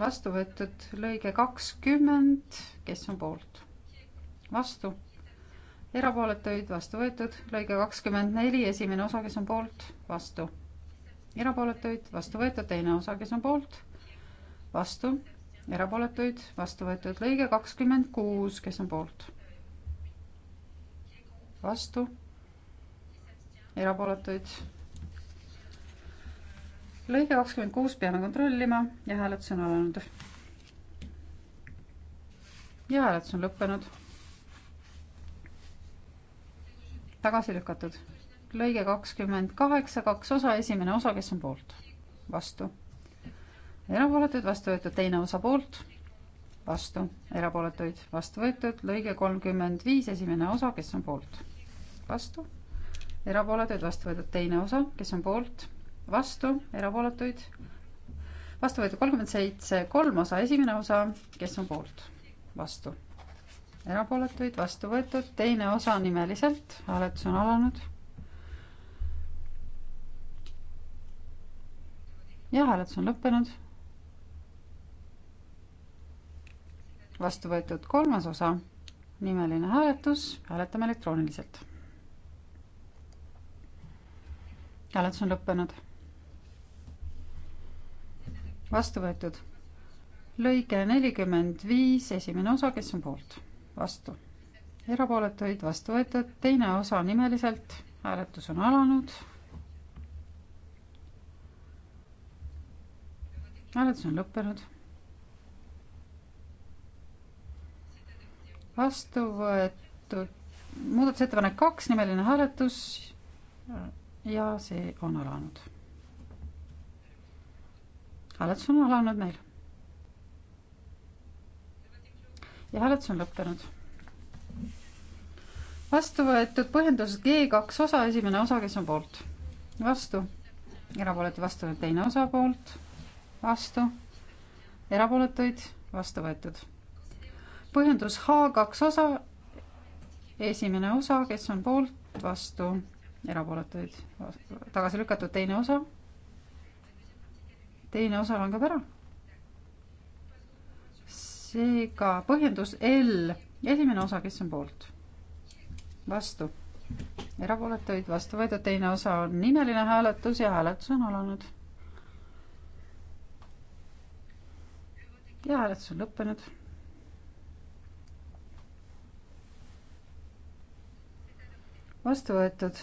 vastu võetud lõige kakskümmend, kes on poolt? vastu. erapooletuid vastu võetud, lõige kakskümmend neli, esimene osa, kes on poolt? vastu. erapooletuid vastu võetud, teine osa, kes on poolt? vastu erapooletuid, vastu võetud lõige kakskümmend kuus, kes on poolt? vastu, erapooletuid. lõige kakskümmend kuus peame kontrollima ja hääletus on alanud. ja hääletus on lõppenud. tagasi lükatud lõige kakskümmend kaheksa, kaks osa, esimene osa, kes on poolt? vastu erapooletuid, vastu võetud, teine osa poolt, vastu, erapooletuid, vastu võetud, lõige kolmkümmend viis, esimene osa, kes on poolt, vastu, erapooletuid, vastu võetud, teine osa, kes on poolt, vastu, erapooletuid, vastu võetud kolmkümmend seitse, kolm osa, esimene osa, kes on poolt, vastu, erapooletuid, vastu võetud, teine osa nimeliselt, hääletus on alanud ja hääletus on lõppenud. vastu võetud kolmas osa, nimeline hääletus, hääletame elektrooniliselt. hääletus on lõppenud. vastu võetud lõige nelikümmend viis, esimene osa, kes on poolt, vastu, erapooletuid vastu võetud, teine osa nimeliselt, hääletus on alanud. hääletus on lõppenud vastu võetud muudatusettepanek kaks, nimeline hääletus ja see on alanud. hääletus on alanud meil. ja hääletus on lõppenud. vastu võetud põhjendus G kaks osa, esimene osa, kes on poolt, vastu, erapooletu vastu, teine osa poolt, vastu, erapooletuid, vastu võetud põhjendus H kaks osa, esimene osa, kes on poolt, vastu, erapooletuid, tagasi lükatud, teine osa. teine osa langeb ära. seega põhjendus L, esimene osa, kes on poolt, vastu, erapooletuid, vastu võetud, teine osa on nimeline hääletus ja hääletus on alanud ja hääletus on lõppenud vastu võetud.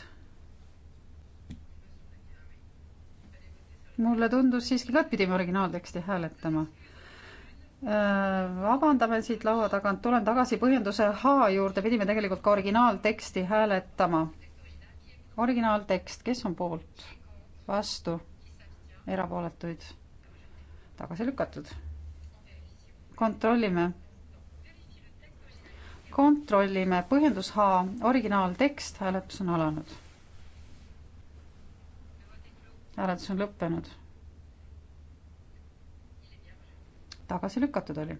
mulle tundus siiski ka, et pidime originaalteksti hääletama. Äh, vabandame siit laua tagant, tulen tagasi põhjenduse H juurde, pidime tegelikult ka originaalteksti hääletama. originaaltekst, kes on poolt, vastu, erapooletuid, tagasi lükatud. kontrollime kontrollime põhjendus H originaaltekst, hääletus on alanud. hääletus on lõppenud. tagasi lükatud oli.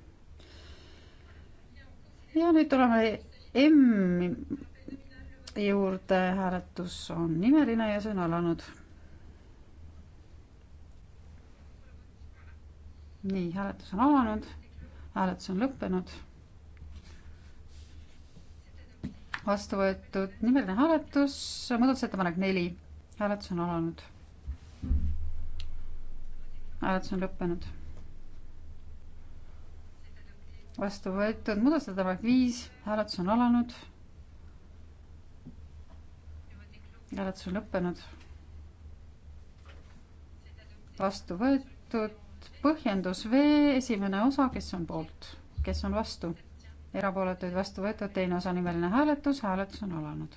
ja nüüd tuleme M juurde, hääletus on nimeline ja see on alanud. nii, hääletus on alanud, hääletus on lõppenud vastu võetud nimeline hääletus, muudatusettepanek neli, hääletus on alanud. hääletus on lõppenud. vastu võetud muudatusettepanek viis, hääletus on alanud. hääletus on lõppenud. vastu võetud põhjendus V, esimene osa, kes on poolt, kes on vastu erapooletuid vastu võetud, teine osa nimeline hääletus, hääletus on alanud.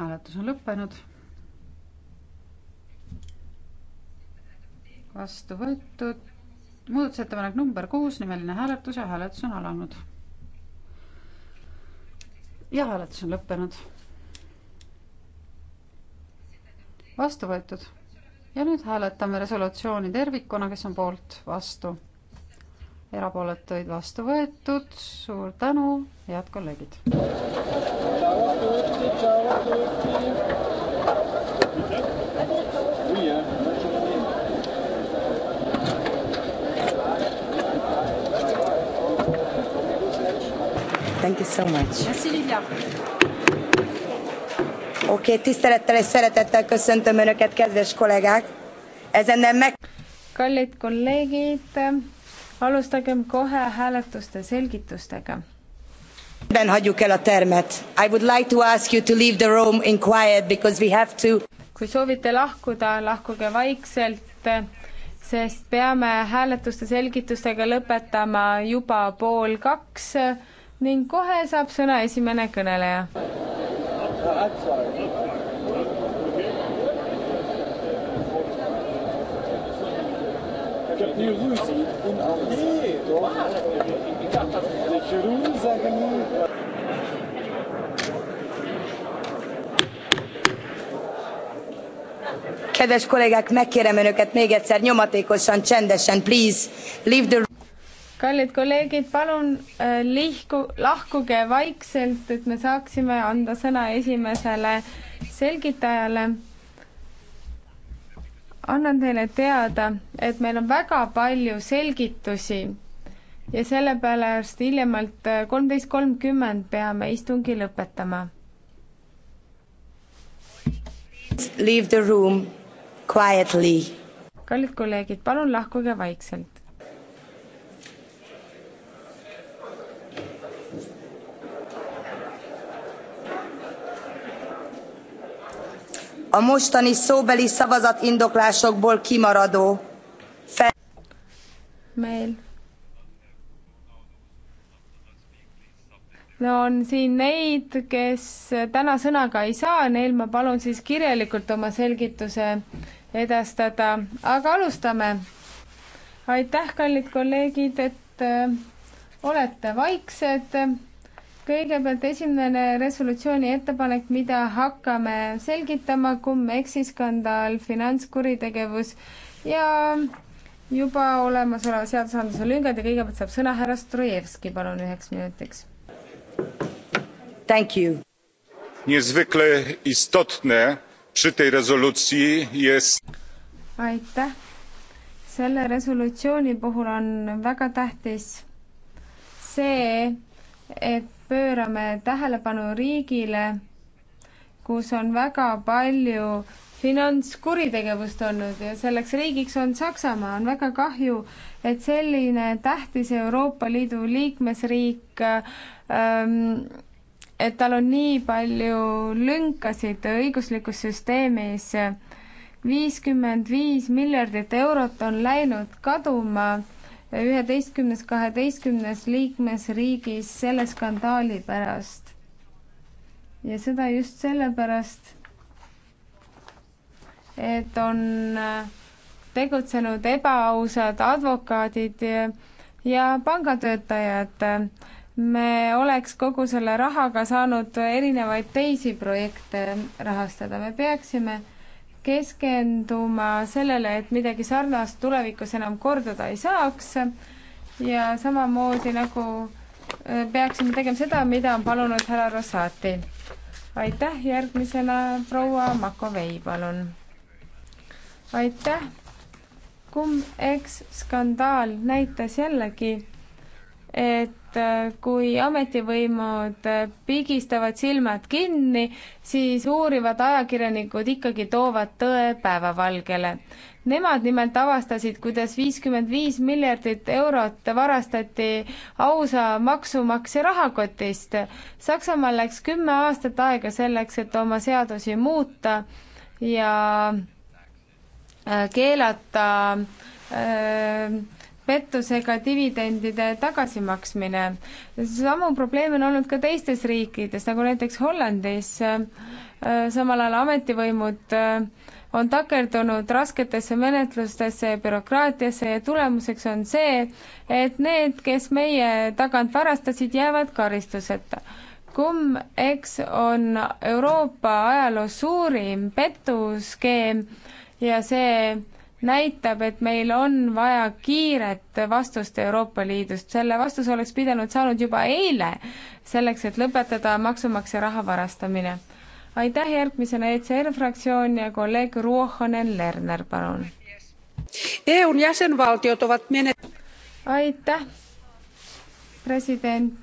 hääletus on lõppenud. vastu võetud, muudatusettepanek number kuus, nimeline hääletus ja hääletus on alanud. ja hääletus on lõppenud. vastu võetud ja nüüd hääletame resolutsiooni tervikuna, kes on poolt, vastu erapooletuid vastu võetud, suur tänu, head kolleegid. Thank you so much. Merci Livia. Oké, okay, tisztelettel és szeretettel köszöntöm Önöket, kedves kollégák. Ezennel meg... Kallid kolleegid, alustagem kohe hääletuste selgitustega. Then hagyjuk el a termet. I would like to ask you to leave the room in quiet because we have to. kui soovite lahkuda, lahkuge vaikselt, sest peame hääletuste selgitustega lõpetama juba pool kaks ning kohe saab sõna esimene kõneleja. Capnir Lucy und auch nee, doch, ich dachte, der Chirurgen sagen nur. Kedves kollégák, megkérem önöket még egyszer nyomatékosan, csendesen, please, leave the kallid kolleegid, palun äh, lihku, lahkuge vaikselt, et me saaksime anda sõna esimesele selgitajale annan teile teada, et meil on väga palju selgitusi ja sellepärast hiljemalt kolmteist kolmkümmend peame istungi lõpetama. Leave the room quietly. kallid kolleegid, palun lahkuge vaikselt. a mostani szóbeli szavazatindoklásokból kimaradó fel... Meil no on siin neid, kes täna sõnaga ei saa, neil ma palun siis kirjalikult oma selgituse edastada, aga alustame. aitäh, kallid kolleegid, et äh, olete vaiksed kõigepealt esimene resolutsiooni ettepanek, mida hakkame selgitama, kummeksi skandaal, finantskuritegevus ja juba olemasoleva seadusandluse lüngad ja kõigepealt saab sõna härra Strojevski, palun üheks minutiks. Thank you. Niezwykle istotne przy tej rezolucji jest aitäh. selle resolutsiooni puhul on väga tähtis see, et pöörame tähelepanu riigile, kus on väga palju finantskuritegevust olnud ja selleks riigiks on Saksamaa. on väga kahju, et selline tähtis Euroopa Liidu liikmesriik ähm, et tal on nii palju lünkasid õiguslikus süsteemis. viiskümmend viis miljardit eurot on läinud kaduma üheteistkümnes, kaheteistkümnes liikmesriigis selle skandaali pärast. ja seda just sellepärast, et on äh, tegutsenud ebaausad advokaadid ja pangatöötajad. me oleks kogu selle rahaga saanud erinevaid teisi projekte rahastada, me peaksime keskenduma sellele, et midagi sarnast tulevikus enam korduda ei saaks ja samamoodi nagu äh, peaksime tegema seda, mida on palunud härra Rosati. aitäh, järgmisena proua Makovei, palun. aitäh. kumb eks skandaal näitas jällegi, et äh, kui ametivõimud pigistavad silmad kinni, siis uurivad ajakirjanikud ikkagi toovad tõe päevavalgele. Nemad nimelt avastasid, kuidas viiskümmend viis miljardit eurot varastati ausa maksumaksja rahakotist. Saksamaal läks kümme aastat aega selleks, et oma seadusi muuta ja äh, keelata äh, pettusega dividendide tagasimaksmine. samu probleeme on olnud ka teistes riikides, nagu näiteks Hollandis. samal ajal ametivõimud on takerdunud rasketesse menetlustesse ja bürokraatiasse ja tulemuseks on see, et need, kes meie tagant varastasid, jäävad karistuseta. Cum Ex on Euroopa ajaloo suurim petuskeem ja see näitab, et meil on vaja kiiret vastust Euroopa Liidust. selle vastuse oleks pidanud saanud juba eile, selleks et lõpetada maksumaksja raha varastamine. aitäh, järgmisena ECR fraktsioon ja kolleeg Ruohonen Lerner, palun. EUn jäsenvaltiot ovat menet-. aitäh, president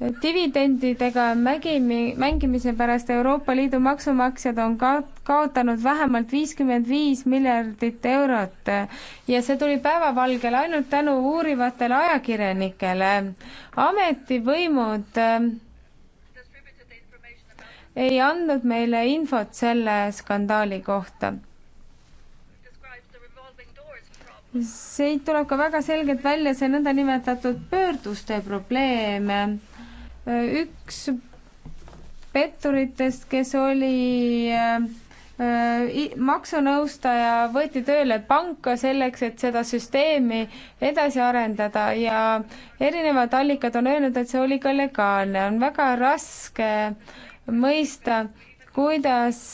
dividendidega mängimi-, mängimise pärast Euroopa Liidu maksumaksjad on ka-, kaotanud vähemalt viiskümmend viis miljardit eurot ja see tuli päevavalgele ainult tänu uurivatele ajakirjanikele. ametivõimud ähm, ei andnud meile infot selle skandaali kohta siit tuleb ka väga selgelt välja see nõndanimetatud pöörduste probleem Äh, üks petturitest, kes oli äh, äh, maksunõustaja võeti tööle panka selleks, et seda süsteemi edasi arendada ja erinevad allikad on öelnud, et see oli ka legaalne. on väga raske mõista, kuidas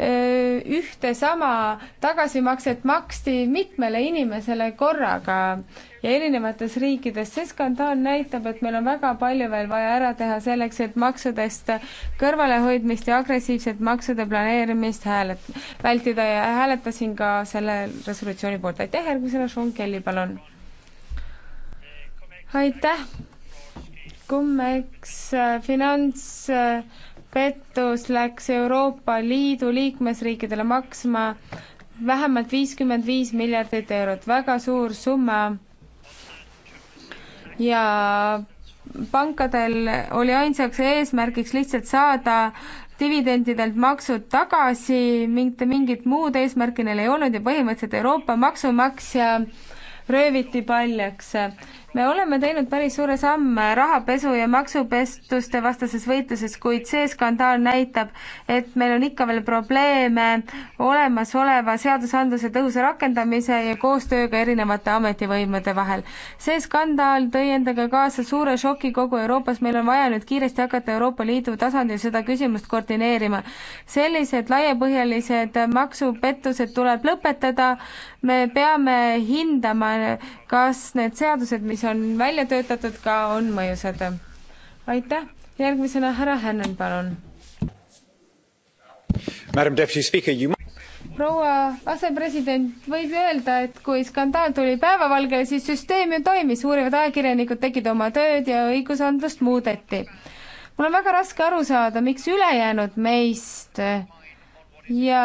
ühte sama tagasimakset maksti mitmele inimesele korraga ja erinevates riikides. see skandaal näitab, et meil on väga palju veel vaja ära teha selleks, et maksudest kõrvalehoidmist ja agressiivset maksude planeerimist häälet-, vältida ja hääletasin ka selle resolutsiooni poolt. aitäh, järgmisena Sean Kelly, palun. aitäh. Cumex äh, finants äh, pettus läks Euroopa Liidu liikmesriikidele maksma vähemalt viiskümmend viis miljardit eurot, väga suur summa. ja pankadel oli ainsaks eesmärgiks lihtsalt saada dividendidelt maksud tagasi, mitte mingit muud eesmärki neil ei olnud ja põhimõtteliselt Euroopa maksumaksja rööviti paljaks me oleme teinud päris suure samme rahapesu ja maksupestuste vastases võitluses, kuid see skandaal näitab, et meil on ikka veel probleeme olemasoleva seadusandluse tõhusa rakendamise ja koostööga erinevate ametivõimude vahel. see skandaal tõi endaga kaasa suure šoki kogu Euroopas, meil on vaja nüüd kiiresti hakata Euroopa Liidu tasandil seda küsimust koordineerima. sellised laiapõhjalised maksupettused tuleb lõpetada, me peame hindama, kas need seadused, mis mis on välja töötatud, ka on mõjusad. aitäh, järgmisena härra Hännen, palun. proua asepresident, võib öelda, et kui skandaal tuli päevavalgele, siis süsteem ju toimis, uurivad ajakirjanikud tegid oma tööd ja õigusandlust muudeti. mul on väga raske aru saada, miks ülejäänud meist ja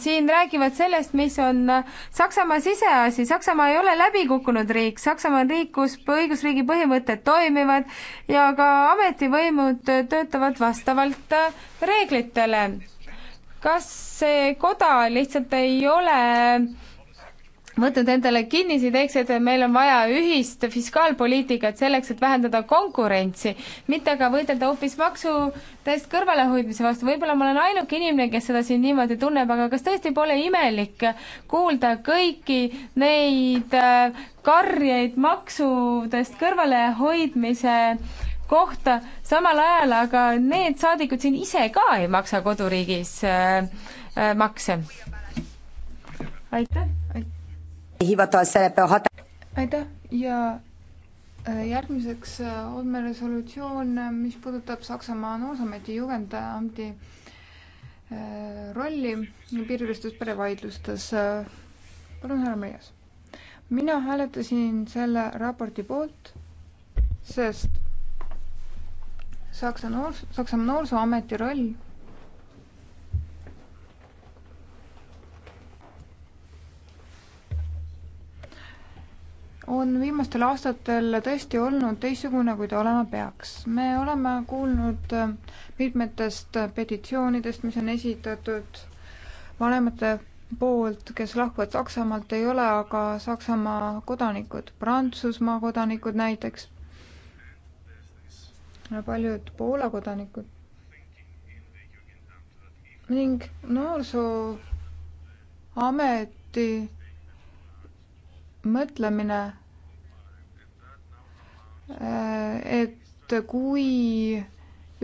siin räägivad sellest, mis on äh, Saksamaa siseasi. Saksamaa ei ole läbikukkunud riik, Saksamaa on riik, kus õigusriigi põhimõtted toimivad ja ka ametivõimud äh, töötavad vastavalt äh, reeglitele. kas see koda lihtsalt ei ole võtnud endale kinnisideeks, et meil on vaja ühist fiskaalpoliitikat selleks, et vähendada konkurentsi, mitte aga võidelda hoopis maksudest kõrvalehoidmise vastu. võib-olla ma olen ainuke inimene, kes seda siin niimoodi tunneb, aga kas tõesti pole imelik kuulda kõiki neid äh, karjeid maksudest kõrvalehoidmise kohta, samal ajal aga need saadikud siin ise ka ei maksa koduriigis äh, äh, makse. aitäh! aitäh ja äh, järgmiseks äh, on meil resolutsioon, äh, mis puudutab Saksamaa Noorsooameti Jugendamti rolli piirilistes perevaidlustes. palun, härra Meias. mina hääletasin selle raporti poolt, sest Saksa noors-, Saksamaa Noorsooameti roll on viimastel aastatel tõesti olnud teistsugune, kui ta olema peaks. me oleme kuulnud äh, mitmetest petitsioonidest, mis on esitatud vanemate poolt, kes lahkuvad Saksamaalt, ei ole aga Saksamaa kodanikud, Prantsusmaa kodanikud näiteks, paljud Poola kodanikud ning noorsooameti mõtlemine, äh, et kui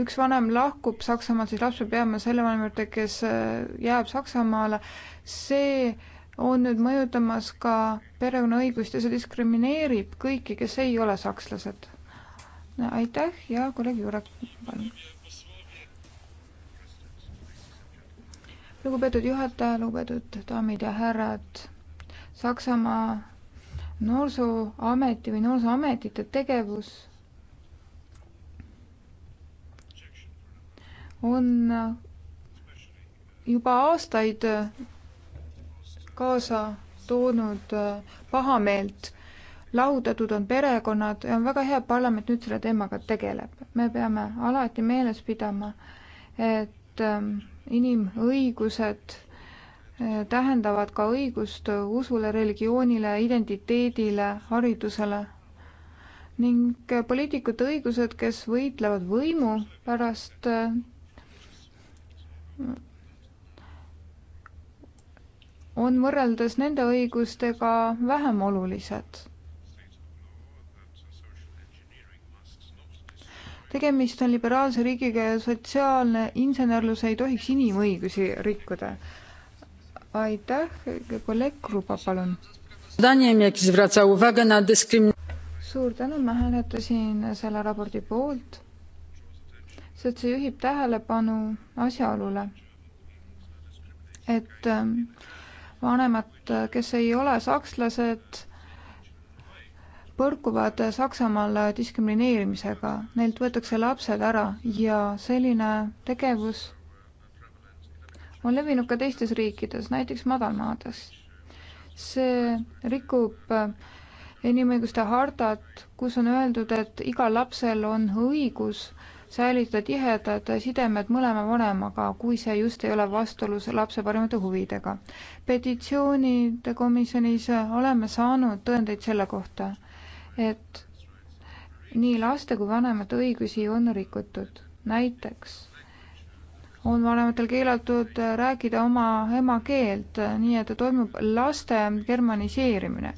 üks vanem lahkub Saksamaalt, siis laps peab jääma selle vanema juurde, kes äh, jääb Saksamaale. see on nüüd mõjutamas ka perekonnaõigust ja see diskrimineerib kõiki, kes ei ole sakslased no,. aitäh ja kolleeg Jurek, palun. lugupeetud juhataja, lugupeetud daamid ja härrad, Saksamaa noorsooameti või noorsooametite tegevus on juba aastaid kaasa toonud pahameelt, lahutatud on perekonnad ja on väga hea, et parlament nüüd selle teemaga tegeleb. me peame alati meeles pidama, et ähm, inimõigused tähendavad ka õigust usule, religioonile, identiteedile, haridusele ning poliitikute õigused, kes võitlevad võimu pärast on võrreldes nende õigustega vähem olulised. tegemist on liberaalse riigiga ja sotsiaalne insenerlus ei tohiks inimõigusi rikkuda aitäh, kolleeg Krupa, palun. suur tänu, ma hääletasin selle raporti poolt, sest see juhib tähelepanu asjaolule, et ähm, vanemad, kes ei ole sakslased, põrkuvad Saksamaal diskrimineerimisega, neilt võetakse lapsed ära ja selline tegevus on levinud ka teistes riikides, näiteks madalmaades. see rikub äh, inimõiguste hardat, kus on öeldud, et igal lapsel on õigus säilitada tihedad sidemed mõlema vanemaga, kui see just ei ole vastuolus lapse parimate huvidega. petitsioonide komisjonis oleme saanud tõendeid selle kohta, et nii laste kui vanemate õigusi on rikutud. näiteks on vanematel keelatud äh, rääkida oma emakeelt, äh, nii et toimub laste germaniseerimine.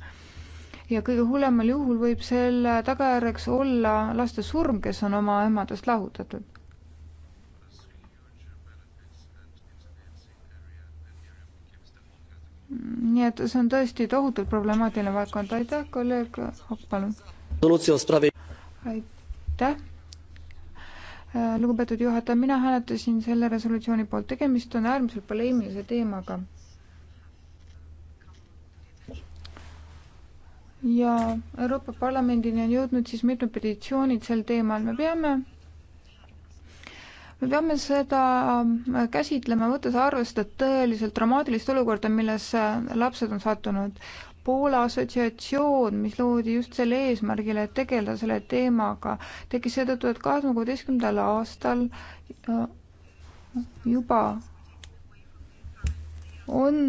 ja kõige hullemal juhul võib selle tagajärjeks olla laste surm, kes on oma emadest lahutatud. nii et see on tõesti tohutult problemaatiline valdkond, aitäh, kolleeg Hopp, palun. aitäh Äh, lugupeetud juhataja, mina hääletasin selle resolutsiooni poolt, tegemist on äärmiselt poleemilise teemaga. ja Euroopa Parlamendini on jõudnud siis mitmed petitsioonid sel teemal, me peame, me peame seda äh, käsitlema, võttes arvesse tõeliselt dramaatilist olukorda, millesse äh, lapsed on sattunud. Poola assotsiatsioon, mis loodi just selle eesmärgil, et tegeleda selle teemaga, tekkis seetõttu, et kahe tuhande kuueteistkümnendal aastal äh, juba on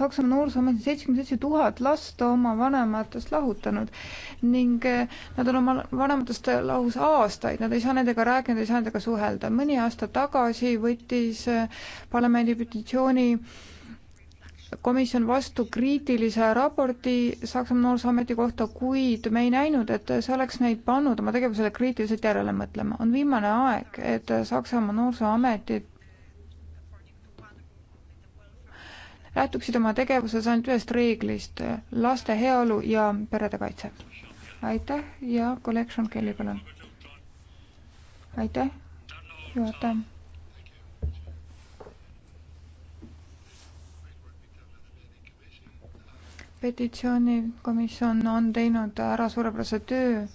Saksamaa Noorsooametis seitsekümmend seitse tuhat last oma vanematest lahutanud ning äh, nad on oma vanematest lahus aastaid, nad ei saa nendega rääkida, ei saa nendega suhelda. mõni aasta tagasi võttis äh, parlamendi petitsiooni komisjon vastu kriitilise raporti Saksamaa Noorsooameti kohta, kuid me ei näinud, et see oleks meid pannud oma tegevusele kriitiliselt järele mõtlema. on viimane aeg, et Saksamaa Noorsooametit lähtuksid oma tegevuses ainult ühest reeglist, laste heaolu ja perede kaitse. aitäh ja kolleeg Sean Kelly, palun. aitäh, juhataja petitsioonikomisjon on teinud ära suurepärase töö.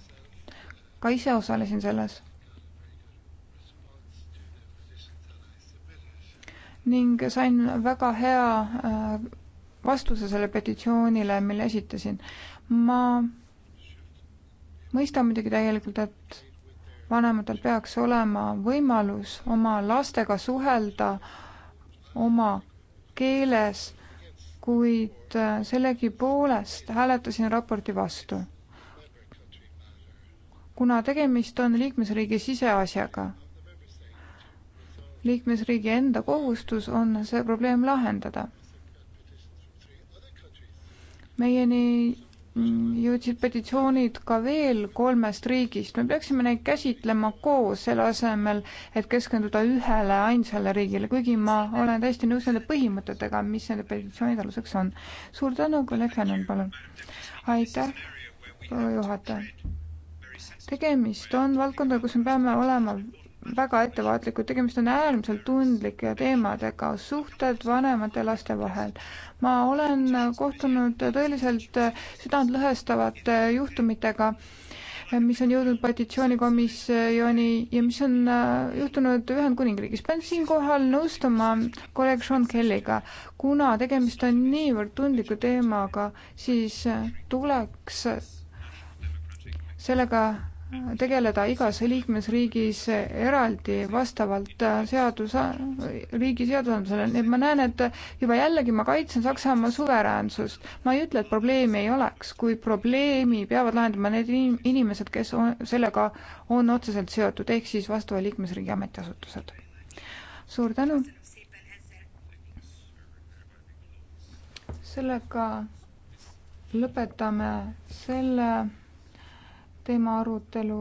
ka ise osalesin selles. ning sain väga hea äh, vastuse sellele petitsioonile, mille esitasin. ma mõistan muidugi täielikult, et vanematel peaks olema võimalus oma lastega suhelda oma keeles kuid äh, sellegipoolest hääletasin raporti vastu. kuna tegemist on liikmesriigi siseasjaga, liikmesriigi enda kohustus on see probleem lahendada. meieni jõudsid petitsioonid ka veel kolmest riigist. me peaksime neid käsitlema koos, selle asemel, et keskenduda ühele ainsale riigile, kuigi ma olen täiesti nõus nende põhimõtetega, mis nende petitsioonide aluseks on. suur tänu, kolleeg Fännan, palun. aitäh, proua juhataja. tegemist on valdkondaga, kus me peame olema väga ettevaatlikud, tegemist on äärmiselt tundlike teemadega, suhted vanemate ja laste vahel. ma olen kohtunud tõeliselt südantlõhestavate juhtumitega, mis on jõudnud petitsioonikomisjoni ja mis on juhtunud Ühendkuningriigis. pean siinkohal nõustuma kolleeg Sean Kellyga, kuna tegemist on niivõrd tundliku teemaga, siis tuleks sellega tegeleda igas liikmesriigis eraldi vastavalt seaduse, riigi seadusandlusele, nii et ma näen, et juba jällegi ma kaitsen Saksamaa suveräänsust. ma ei ütle, et probleemi ei oleks, kui probleemi peavad lahendama need inimesed, kes on, sellega on otseselt seotud, ehk siis vastava liikmesriigi ametiasutused. suur tänu. sellega lõpetame selle teema arutelu.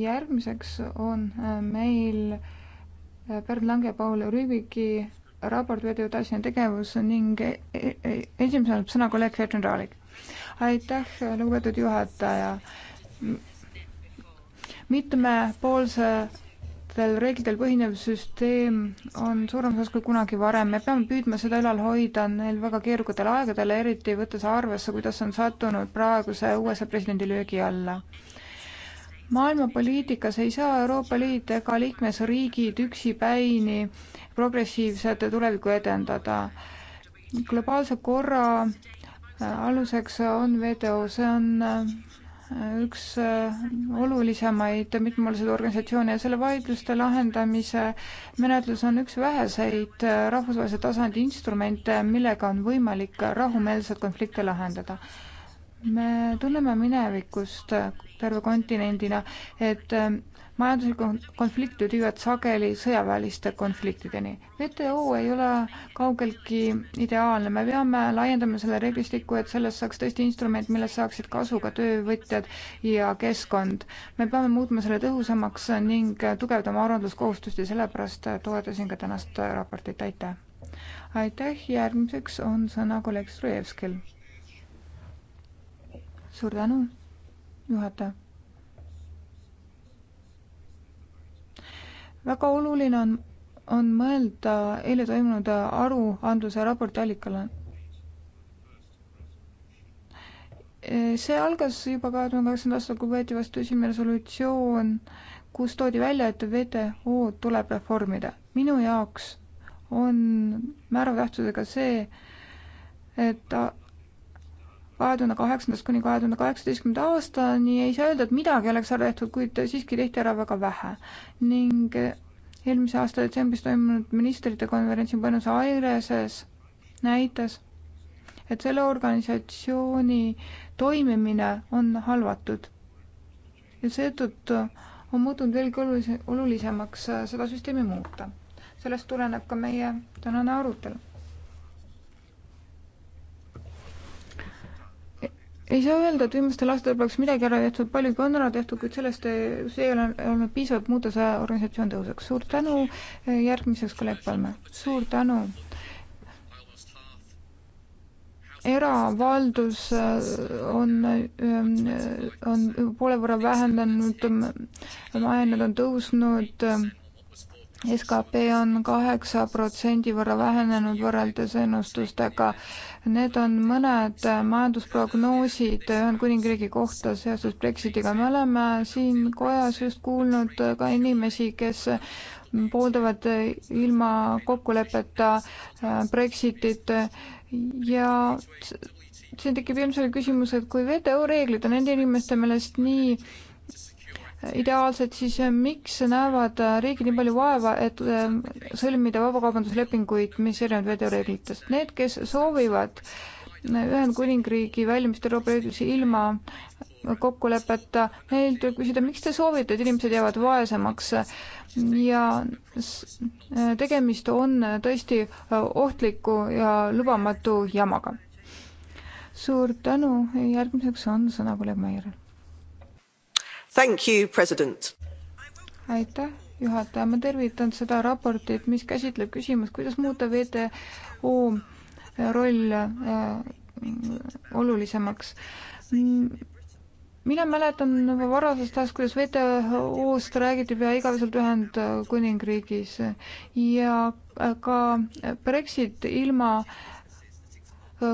järgmiseks on äh, meil äh, Bernd Lange, Paul Rüübiki raport vedu edasine tegevus ning e, e, e, esimesena saab sõna kolleeg Fertun Raalik. aitäh, lugupeetud juhataja mitmepoolse kindlatel reeglitel põhinev süsteem on suuremas osas kui kunagi varem. me peame püüdma seda ülal hoida neil väga keerukatel aegadel, eriti võttes arvesse, kuidas on sattunud praeguse USA presidendi löögi alla. maailmapoliitikas ei saa Euroopa Liit ega liikmesriigid üksipäini progressiivset tulevikku edendada. globaalse korra aluseks on WTO, see on üks äh, olulisemaid mitmemuliseid organisatsioone ja selle vaidluste lahendamise menetlus on üks väheseid äh, rahvusvahelise tasandi instrumente, millega on võimalik rahumeelselt konflikte lahendada. me tunneme minevikust terve kontinendina, et äh, majanduslikud konfliktid viivad sageli sõjaväeliste konfliktideni. WTO ei ole kaugeltki ideaalne, me peame laiendama selle reeglistikku, et sellest saaks tõesti instrument, millest saaksid kasu ka töövõtjad ja keskkond. me peame muutma selle tõhusamaks ning tugevdama aruandluskohustust ja sellepärast toetasin ka tänast raportit, aitäh! aitäh, järgmiseks on sõna kolleeg Strujevskil. suur tänu, juhataja väga oluline on, on mõelda eile toimunud aruandluse raporti allikale. see algas juba kahe tuhande kaheksanda aastal, kui võeti vastu esimene resolutsioon, kus toodi välja, et WTO tuleb reformida. minu jaoks on määrava tähtsusega see, et kahe tuhande kaheksandast kuni kahe tuhande kaheksateistkümnenda aastani ei saa öelda, et midagi oleks ära tehtud, kuid siiski tehti ära väga vähe. ning eelmise aasta detsembris toimunud ministrite konverentsi Buenos Aireses näitas, et selle organisatsiooni toimimine on halvatud ja seetõttu on muutunud veelgi olulise, olulisemaks seda süsteemi muuta. sellest tuleneb ka meie tänane arutelu ei saa öelda, et viimastel aastatel poleks midagi ära tehtud, paljugi on ära tehtud, kuid sellest ei, see ei ole olnud piisav, et muuta see organisatsioon tõuseks. suur tänu, eh, järgmiseks kolleeg Palme, suur tänu. eravaldus eh, on, eh, on poole võrra vähendanud, laenud on tõusnud skp on kaheksa protsendi võrra vähenenud võrreldes ennustustega. Need on mõned majandusprognoosid Ühendkuningriigi kohta seoses Brexitiga. me oleme siin kojas just kuulnud ka inimesi, kes pooldavad ilma kokkuleppeta äh, Brexitit ja siin tekib ilmselt küsimus, et kui WTO reeglid on nende inimeste meelest nii ideaalsed, siis eh, miks näevad eh, riigid nii palju vaeva, et eh, sõlmida vabakaubanduslepinguid, mis erinevad vedureeglitest? Need, kes soovivad Ühendkuningriigi väljumist Euroopa Liidus ilma kokkulepeta, neilt tuleb küsida, miks te soovite, et inimesed jäävad vaesemaks ja tegemist on tõesti ohtliku ja lubamatu jamaga. suur tänu, järgmiseks on sõna kolleeg Maieril aitäh, juhataja, ma tervitan seda raportit, mis käsitleb küsimust, kuidas muuta WTO äh, roll äh, olulisemaks. mina mäletan varasest ajast, kuidas WTO-st räägiti pea igaveselt Ühendkuningriigis ja ka Brexit ilma äh,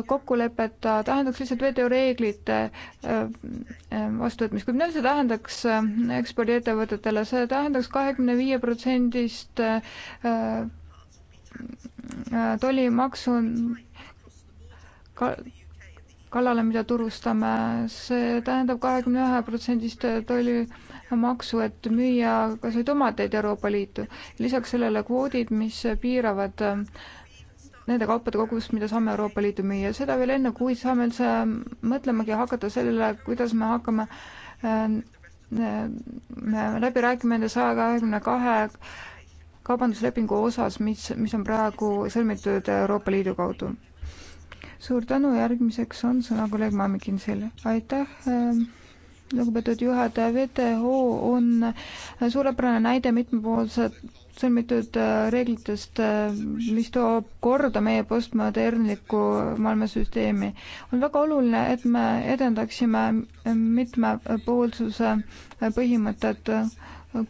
kokkulepet, ta tähendaks lihtsalt WTO reeglite vastuvõtmist. kui mida see tähendaks äh, ekspordiettevõtetele, see tähendaks kahekümne viie protsendist äh, äh, tollimaksu kallale, mida turustame, see tähendab kahekümne ühe protsendist tollimaksu, et müüa kas või tomateid Euroopa Liitu. lisaks sellele kvoodid, mis piiravad äh, nende kaupade kogust, mida saame Euroopa Liidu müüa, seda veel enne, kui saame üldse mõtlemagi hakata sellele, kuidas me hakkame ähm, äh, me läbi rääkima nende saja kahekümne kahe kaubanduslepingu osas, mis, mis on praegu sõlmitud Euroopa Liidu kaudu. suur tänu, järgmiseks on sõna kolleeg Mamikinsel, aitäh ähm, lugupeetud juhataja, WTO on suurepärane näide mitmepoolset sõlmitud äh, reeglitest, äh, mis toob korda meie postmodernliku maailmasüsteemi. on väga oluline, et me edendaksime mitmepoolsuse põhimõtet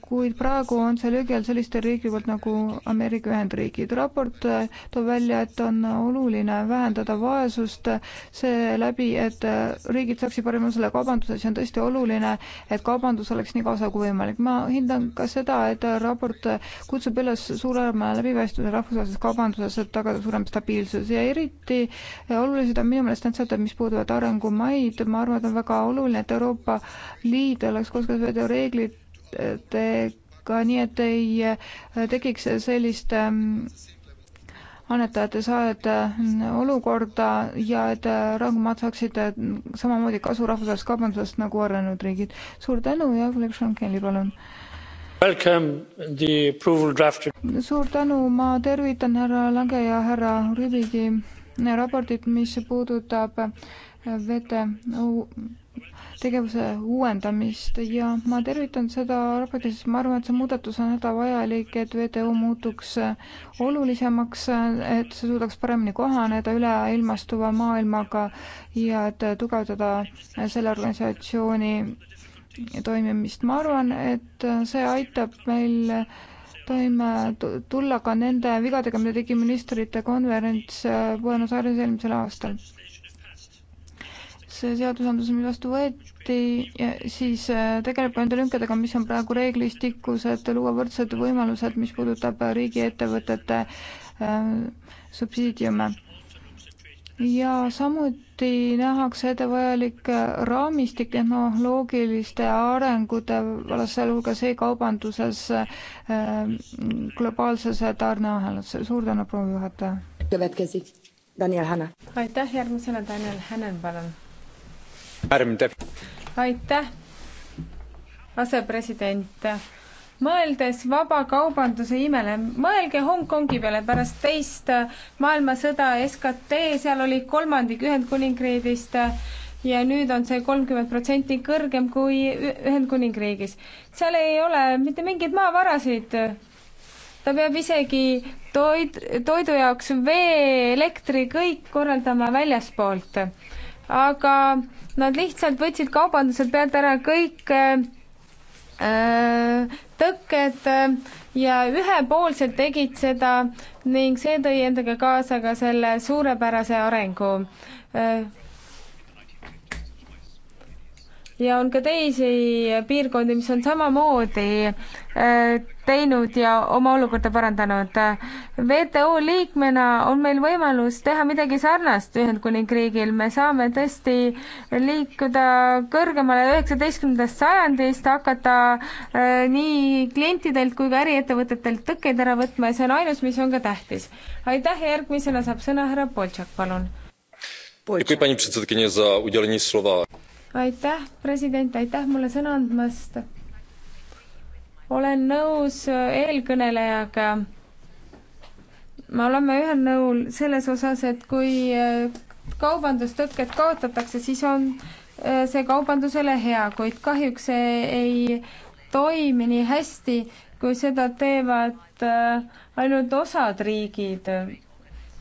kuid praegu on see löögi all selliste riigi poolt nagu Ameerika Ühendriigid. raport äh, toob välja, et on oluline vähendada vaesust äh, seeläbi, et äh, riigid saaksid parema selle kaubanduse, see on tõesti oluline, et kaubandus oleks nii kaasa kui võimalik. ma hindan ka seda, et raport kutsub üles suurema läbipaistvuse rahvusvahelises kaubanduses, et tagada suurem stabiilsus ja eriti olulised on minu meelest need sätted, mis puuduvad arengumaid, ma arvan, et on väga oluline, et Euroopa Liit oleks kooskõlas reeglid meetmetega, nii et ei äh, tekiks sellist ähm, annetajate saajate äh, olukorda ja et äh, rangemad saaksid samamoodi kasu rahvusvahelisest kaubandusest nagu arenenud riigid. suur tänu ja kolleeg Sean Kelly, palun suur tänu, ma tervitan härra Lange ja härra Rübigi raportit, mis puudutab WTO tegevuse uuendamist ja ma tervitan seda raportit, sest ma arvan, et see muudatus on hädavajalik, et WTO muutuks olulisemaks, et see suudaks paremini kohaneda üleilmastuva maailmaga ja et tugevdada selle organisatsiooni toimimist. ma arvan, et see aitab meil toime tulla ka nende vigadega, mida tegi ministrite konverents Buenos Aires eelmisel aastal seadusandlus, mis vastu võeti, siis äh, tegeleb nende lünkadega, mis on praegu reeglistikus, et luua võrdsed võimalused, mis puudutab äh, riigiettevõtete äh, subsiidiume. ja samuti nähakse ette vajalik raamistik tehnoloogiliste arengute vallas, sealhulgas e-kaubanduses globaalses tarneahelas. suur tänu, proua juhataja! Daniel Hanna. aitäh, järgmisena Daniel Hänen, palun aitäh, asepresident. mõeldes vabakaubanduse imele, mõelge Hongkongi peale pärast teist maailmasõda SKT, seal oli kolmandik Ühendkuningriigist ja nüüd on see kolmkümmend protsenti kõrgem kui Ühendkuningriigis. seal ei ole mitte mingeid maavarasid. ta peab isegi toid, toidu jaoks vee, elektri, kõik korraldama väljaspoolt aga nad lihtsalt võtsid kaubanduselt pealt ära kõik äh, äh tõkked äh, ja ühepoolselt tegid seda ning see tõi endaga kaasa ka selle suurepärase arengu äh, ja on ka teisi piirkondi, mis on samamoodi äh, teinud ja oma olukorda parandanud. WTO liikmena on meil võimalus teha midagi sarnast Ühendkuningriigil, me saame tõesti liikuda kõrgemale üheksateistkümnendast sajandist, hakata äh, nii klientidelt kui ka äriettevõtetelt tõkkeid ära võtma ja see on ainus, mis on ka tähtis. aitäh ja järgmisena saab sõna härra Boltšak, palun. Děkuji paní předsedkyně za udělení slova aitäh, president, aitäh mulle sõna andmast. olen nõus eelkõnelejaga. me oleme ühel nõul selles osas, et kui eh, kaubandustõkked kaotatakse, siis on eh, see kaubandusele hea, kuid kahjuks see ei toimi nii hästi, kui seda teevad eh, ainult osad riigid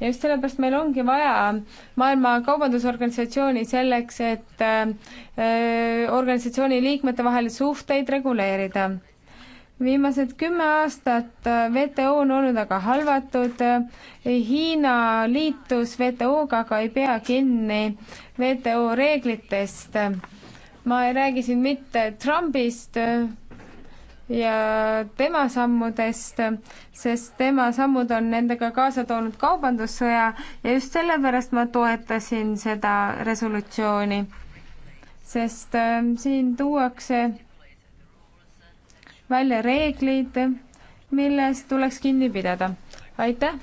ja just sellepärast meil ongi vaja Maailma Kaubandusorganisatsiooni selleks, et äh, organisatsiooni liikmete vahel suhteid reguleerida. viimased kümme aastat äh, WTO on olnud aga halvatud, Hiina liitus WTO-ga, aga ei pea kinni WTO reeglitest. ma ei räägi siin mitte Trumpist, ja tema sammudest, sest tema sammud on nendega kaasa toonud kaubandussõja ja just sellepärast ma toetasin seda resolutsiooni. sest ähm, siin tuuakse välja reeglid, millest tuleks kinni pidada. aitäh!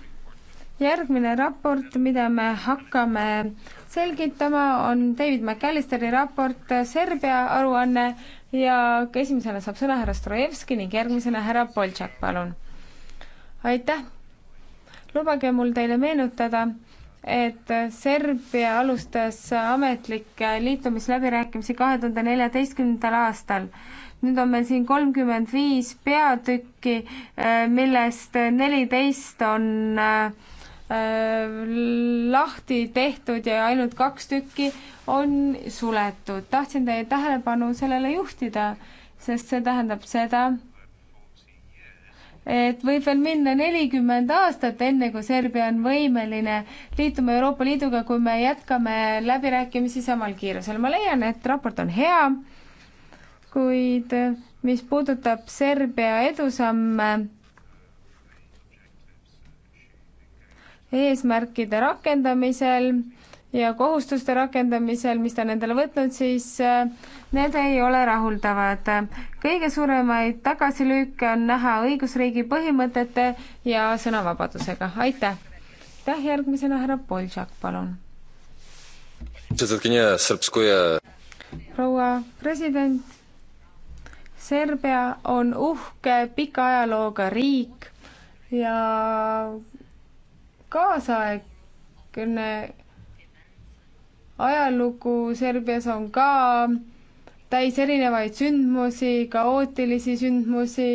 järgmine raport, mida me hakkame selgitama, on David McAllisteri raport Serbia aruanne ja esimesena saab sõna härra Strojevski ning järgmisena härra Boltšak, palun. aitäh! lubage mul teile meenutada, et Serbia alustas ametlikke liitumisläbirääkimisi kahe tuhande neljateistkümnendal aastal. nüüd on meil siin kolmkümmend viis peatükki, eh, millest neliteist on äh, Äh, lahti tehtud ja ainult kaks tükki on suletud. tahtsin teie tähelepanu sellele juhtida, sest see tähendab seda, et võib veel minna nelikümmend aastat, enne kui Serbia on võimeline liituma Euroopa Liiduga, kui me jätkame läbirääkimisi samal kiirusel. ma leian, et raport on hea, kuid mis puudutab Serbia edusamme, eesmärkide rakendamisel ja kohustuste rakendamisel, mis ta on endale võtnud, siis äh, need ei ole rahuldavad. kõige suuremaid tagasilüüke on näha õigusriigi põhimõtete ja sõnavabadusega. aitäh! aitäh, järgmisena härra Boltšak, palun. proua president, Serbia on uhke pika ajalooga riik ja kaasaegne ajalugu Serbias on ka täis erinevaid sündmusi, kaootilisi sündmusi,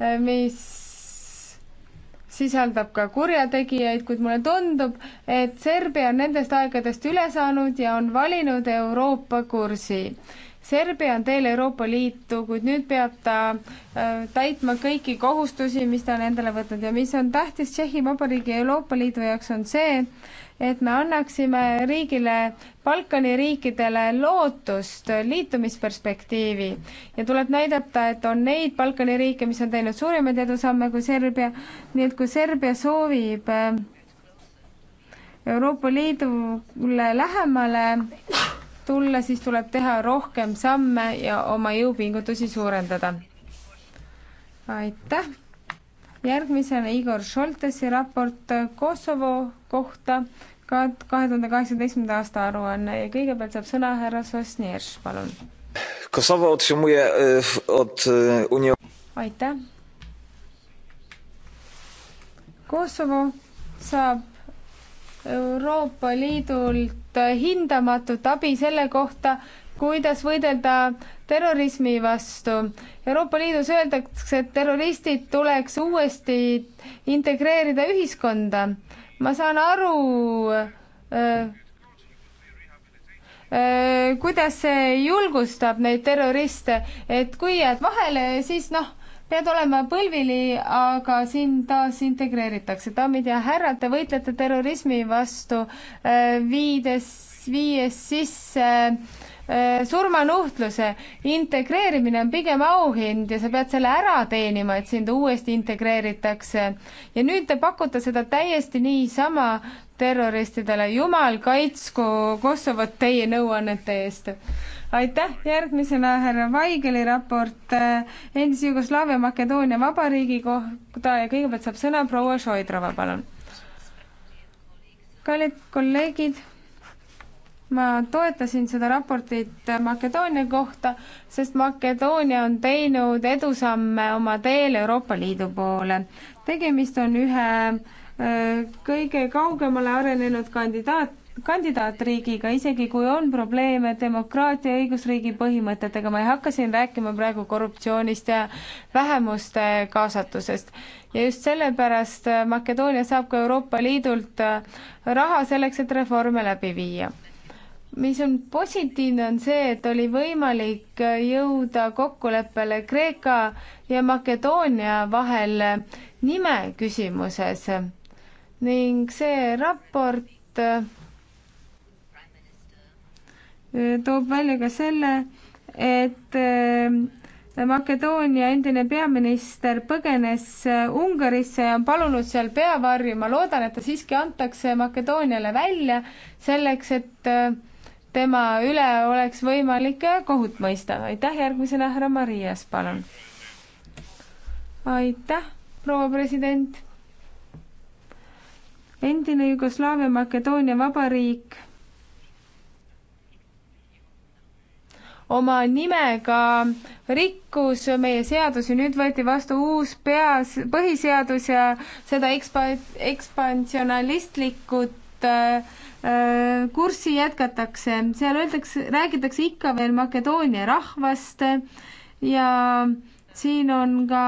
eh, mis sisaldab ka kurjategijaid, kuid mulle tundub, et Serbia on nendest aegadest üle saanud ja on valinud Euroopa kursi. Serbia on teel Euroopa Liitu, kuid nüüd peab ta äh, täitma kõiki kohustusi, mis ta on endale võtnud ja mis on tähtis Tšehhi Vabariigi ja Euroopa Liidu jaoks, on see, et me annaksime riigile, Balkani riikidele lootust, äh, liitumisperspektiivi ja tuleb näidata, et on neid Balkani riike, mis on teinud suurimaid edusamme kui Serbia, nii et kui Serbia soovib äh, Euroopa Liidule lähemale tulla, siis tuleb teha rohkem samme ja oma jõupingutusi suurendada. aitäh! järgmisena Igor Šoltesi raport Kosovo kohta, ka kahe tuhande kaheksateistkümnenda aasta aruanne ja kõigepealt saab sõna härra Sosnjerš, palun. Kosovo otrzymuje eh, od eh, Unii aitäh! Kosovo saab Euroopa Liidult hindamatut abi selle kohta, kuidas võidelda terrorismi vastu. Euroopa Liidus öeldakse, et terroristid tuleks uuesti integreerida ühiskonda. ma saan aru äh, äh kuidas see julgustab neid terroriste, et kui jääd vahele, siis noh, pead olema põlvili, aga sind taas integreeritakse. daamid ja härrad, te võitlete terrorismi vastu, äh, viides, viies sisse äh, surmanuhtluse. integreerimine on pigem auhind ja sa pead selle ära teenima, et sind uuesti integreeritakse. ja nüüd te pakute seda täiesti niisama terroristidele. jumal kaitsku Kosovot teie nõuannete eest aitäh, järgmisena härra Vaigeli raport äh, endise Jugoslaavia Makedoonia Vabariigi kohta ja kõigepealt saab sõna proua Šoidrova, palun. kallid kolleegid ma toetasin seda raportit Makedoonia kohta, sest Makedoonia on teinud edusamme oma teel Euroopa Liidu poole. tegemist on ühe äh, kõige kaugemale arenenud kandidaat kandidaatriigiga, isegi kui on probleeme demokraatia ja õigusriigi põhimõtetega, ma ei hakka siin rääkima praegu korruptsioonist ja vähemuste kaasatusest. ja just sellepärast äh, Makedoonia saab ka Euroopa Liidult äh, raha selleks, et reforme läbi viia. mis on positiivne, on see, et oli võimalik äh, jõuda kokkuleppele Kreeka ja Makedoonia vahel nime küsimuses ning see raport Äh, toob välja ka selle, et äh, Makedoonia endine peaminister põgenes äh, Ungarisse ja on palunud seal peavarju, ma loodan, et ta siiski antakse Makedooniale välja selleks, et tema üle oleks võimalik kohut mõista. aitäh, järgmisena härra Marias, palun. aitäh, proua president. endine Jugoslaavia Makedoonia Vabariik oma nimega rikkus meie seadusi, nüüd võeti vastu uus peas, põhiseadus ja seda ekspa-, ekspansionalistlikud äh, äh, kurssi jätkatakse, seal öeldakse, räägitakse ikka veel Makedoonia rahvast ja siin on ka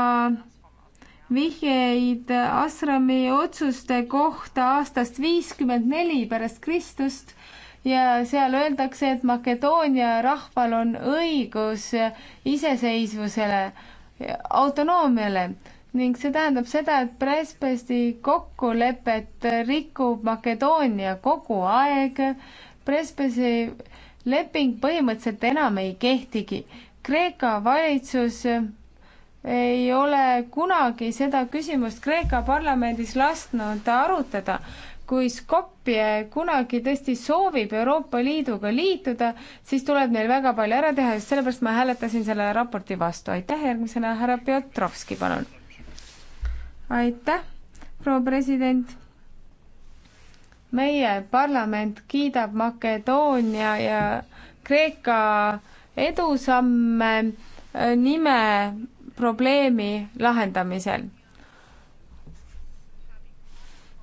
vihjeid Asrami otsuste kohta aastast viiskümmend neli pärast Kristust ja seal öeldakse, et Makedoonia rahval on õigus iseseisvusele, autonoomiale ning see tähendab seda, et Prespesti kokkulepet rikub Makedoonia kogu aeg. Prespesi leping põhimõtteliselt enam ei kehtigi. Kreeka valitsus ei ole kunagi seda küsimust Kreeka parlamendis lasknud arutada kui Skopje kunagi tõesti soovib Euroopa Liiduga liituda, siis tuleb neil väga palju ära teha, just sellepärast ma hääletasin selle raporti vastu. aitäh, järgmisena härra Pjotrovski, palun. aitäh, proua president. meie parlament kiidab Makedoonia ja Kreeka edusamme nime probleemi lahendamisel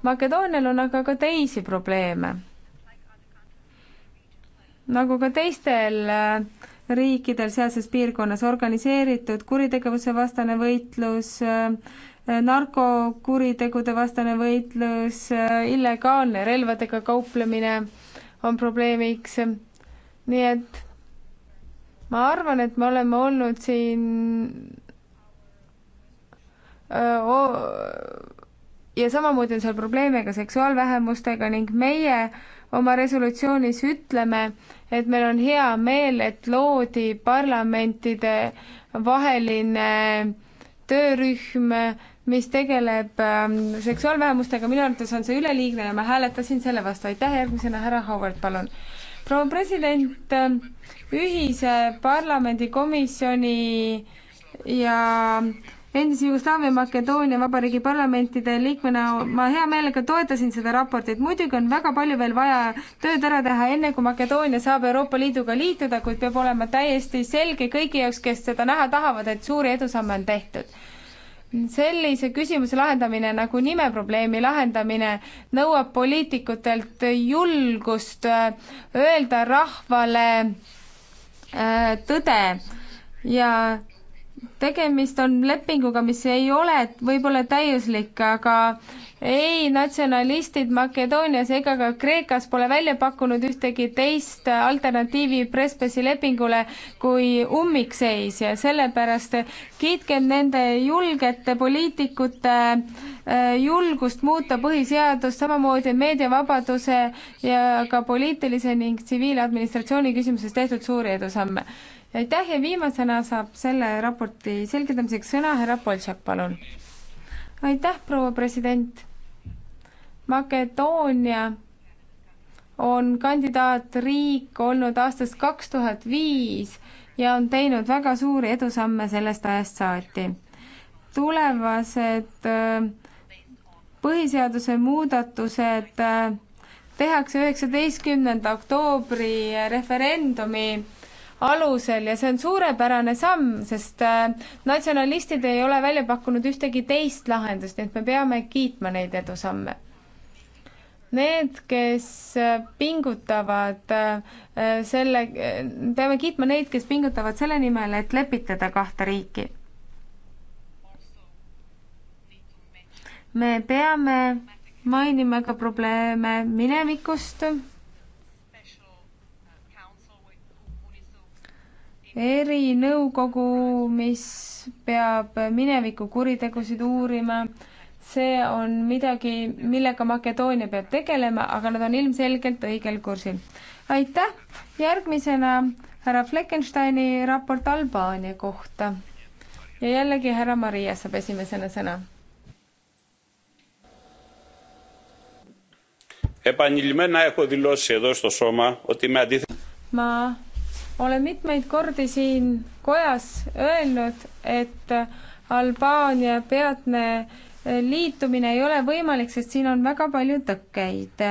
Makedoonial on aga ka teisi probleeme. nagu ka teistel äh, riikidel sealses piirkonnas organiseeritud kuritegevuse vastane võitlus, äh, narkokuritegude vastane võitlus, äh, illegaalne relvadega kauplemine on probleemiks. nii et ma arvan, et me oleme olnud siin öö, ja samamoodi on seal probleeme ka seksuaalvähemustega ning meie oma resolutsioonis ütleme, et meil on hea meel, et loodi parlamentide vaheline töörühm, mis tegeleb ähm, seksuaalvähemustega, minu arvates on see üleliigne ja ma hääletasin selle vastu, aitäh, järgmisena härra Howard, palun. proua president, ähm, ühise parlamendikomisjoni ja äh, endise Jugoslaavia Makedoonia Vabariigi parlamentide liikmena ma hea meelega toetasin seda raportit. muidugi on väga palju veel vaja tööd ära teha, enne kui Makedoonia saab Euroopa Liiduga liituda, kuid peab olema täiesti selge kõigi jaoks, kes seda näha tahavad, et suuri edusamme on tehtud sellise küsimuse lahendamine nagu nimeprobleemi lahendamine nõuab poliitikutelt julgust äh, öelda rahvale äh, tõde ja tegemist on lepinguga, mis ei ole võib-olla täiuslik, aga ei natsionalistid Makedoonias ega ka Kreekas pole välja pakkunud ühtegi teist alternatiivi Prespesi lepingule kui ummikseis ja sellepärast kiitkem nende julgete poliitikute äh, julgust muuta põhiseadust, samamoodi meediavabaduse ja ka poliitilise ning tsiviiladministratsiooni küsimuses tehtud suuri edusamme aitäh ja viimasena saab selle raporti selgitamiseks sõna härra Poltsak, palun. aitäh, proua president. Makedoonia on kandidaatriik olnud aastast kaks tuhat viis ja on teinud väga suuri edusamme sellest ajast saati. tulevased äh, põhiseaduse muudatused äh, tehakse üheksateistkümnenda oktoobri referendumi alusel ja see on suurepärane samm, sest äh, natsionalistid ei ole välja pakkunud ühtegi teist lahendust, nii et me peame kiitma neid edusamme. Need, kes äh, pingutavad äh, selle, peame kiitma neid, kes pingutavad selle nimel, et lepitada kahte riiki. me peame mainime ka probleeme minevikust erinõukogu, mis peab mineviku kuritegusid uurima, see on midagi, millega Makedoonia peab tegelema, aga nad on ilmselgelt õigel kursil. aitäh, järgmisena härra Fleckensteini raport Albaania kohta. ja jällegi härra Maria saab esimesena sõna επανειλημμένα έχω δηλώσει εδώ στο σώμα ότι είμαι αντίθετη. Μα olen mitmeid kordi siin kojas öelnud, et Albaania peatne liitumine ei ole võimalik, sest siin on väga palju tõkkeid.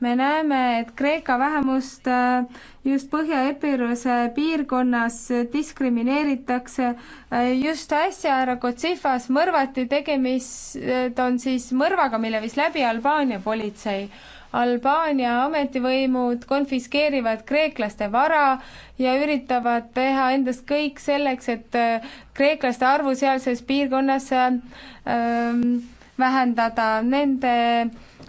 me näeme, et Kreeka vähemust äh, just Põhja-Epiruse piirkonnas diskrimineeritakse. Äh, just äsja härra Kotsifas mõrvati, tegemist äh, on siis mõrvaga, mille viis läbi Albaania politsei Albaania ametivõimud konfiskeerivad kreeklaste vara ja üritavad teha endast kõik selleks, et äh, kreeklaste arvu sealses piirkonnas ähm, vähendada. Nende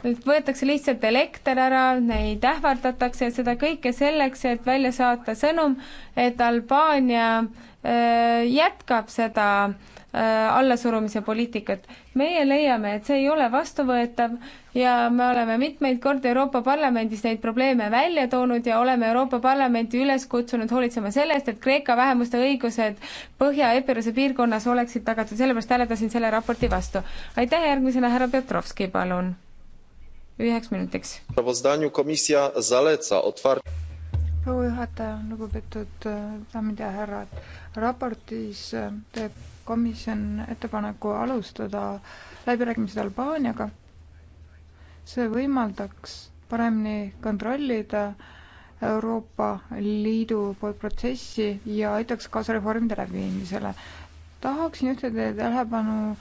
võetakse lihtsalt elekter ära, neid ähvardatakse ja seda kõike selleks, et välja saata sõnum, et Albaania äh, jätkab seda äh, Äh, allasurumise poliitikat. meie leiame, et see ei ole vastuvõetav ja me oleme mitmeid kordi Euroopa Parlamendis neid probleeme välja toonud ja oleme Euroopa Parlamenti üles kutsunud hoolitsema selle eest, et Kreeka vähemuste õigused Põhja-Epiruse piirkonnas oleksid tagatud, sellepärast hääletasin selle raporti vastu. aitäh, järgmisena härra Petrovski, palun. üheks minutiks. proua juhataja, lugupeetud daamid ja härrad, raportis teeb komisjon ettepaneku alustada läbirääkimised Albaaniaga. see võimaldaks paremini kontrollida Euroopa Liidu poolt protsessi ja aitaks kaasa reformide läbiviimisele. tahaksin juhtida teie tähelepanu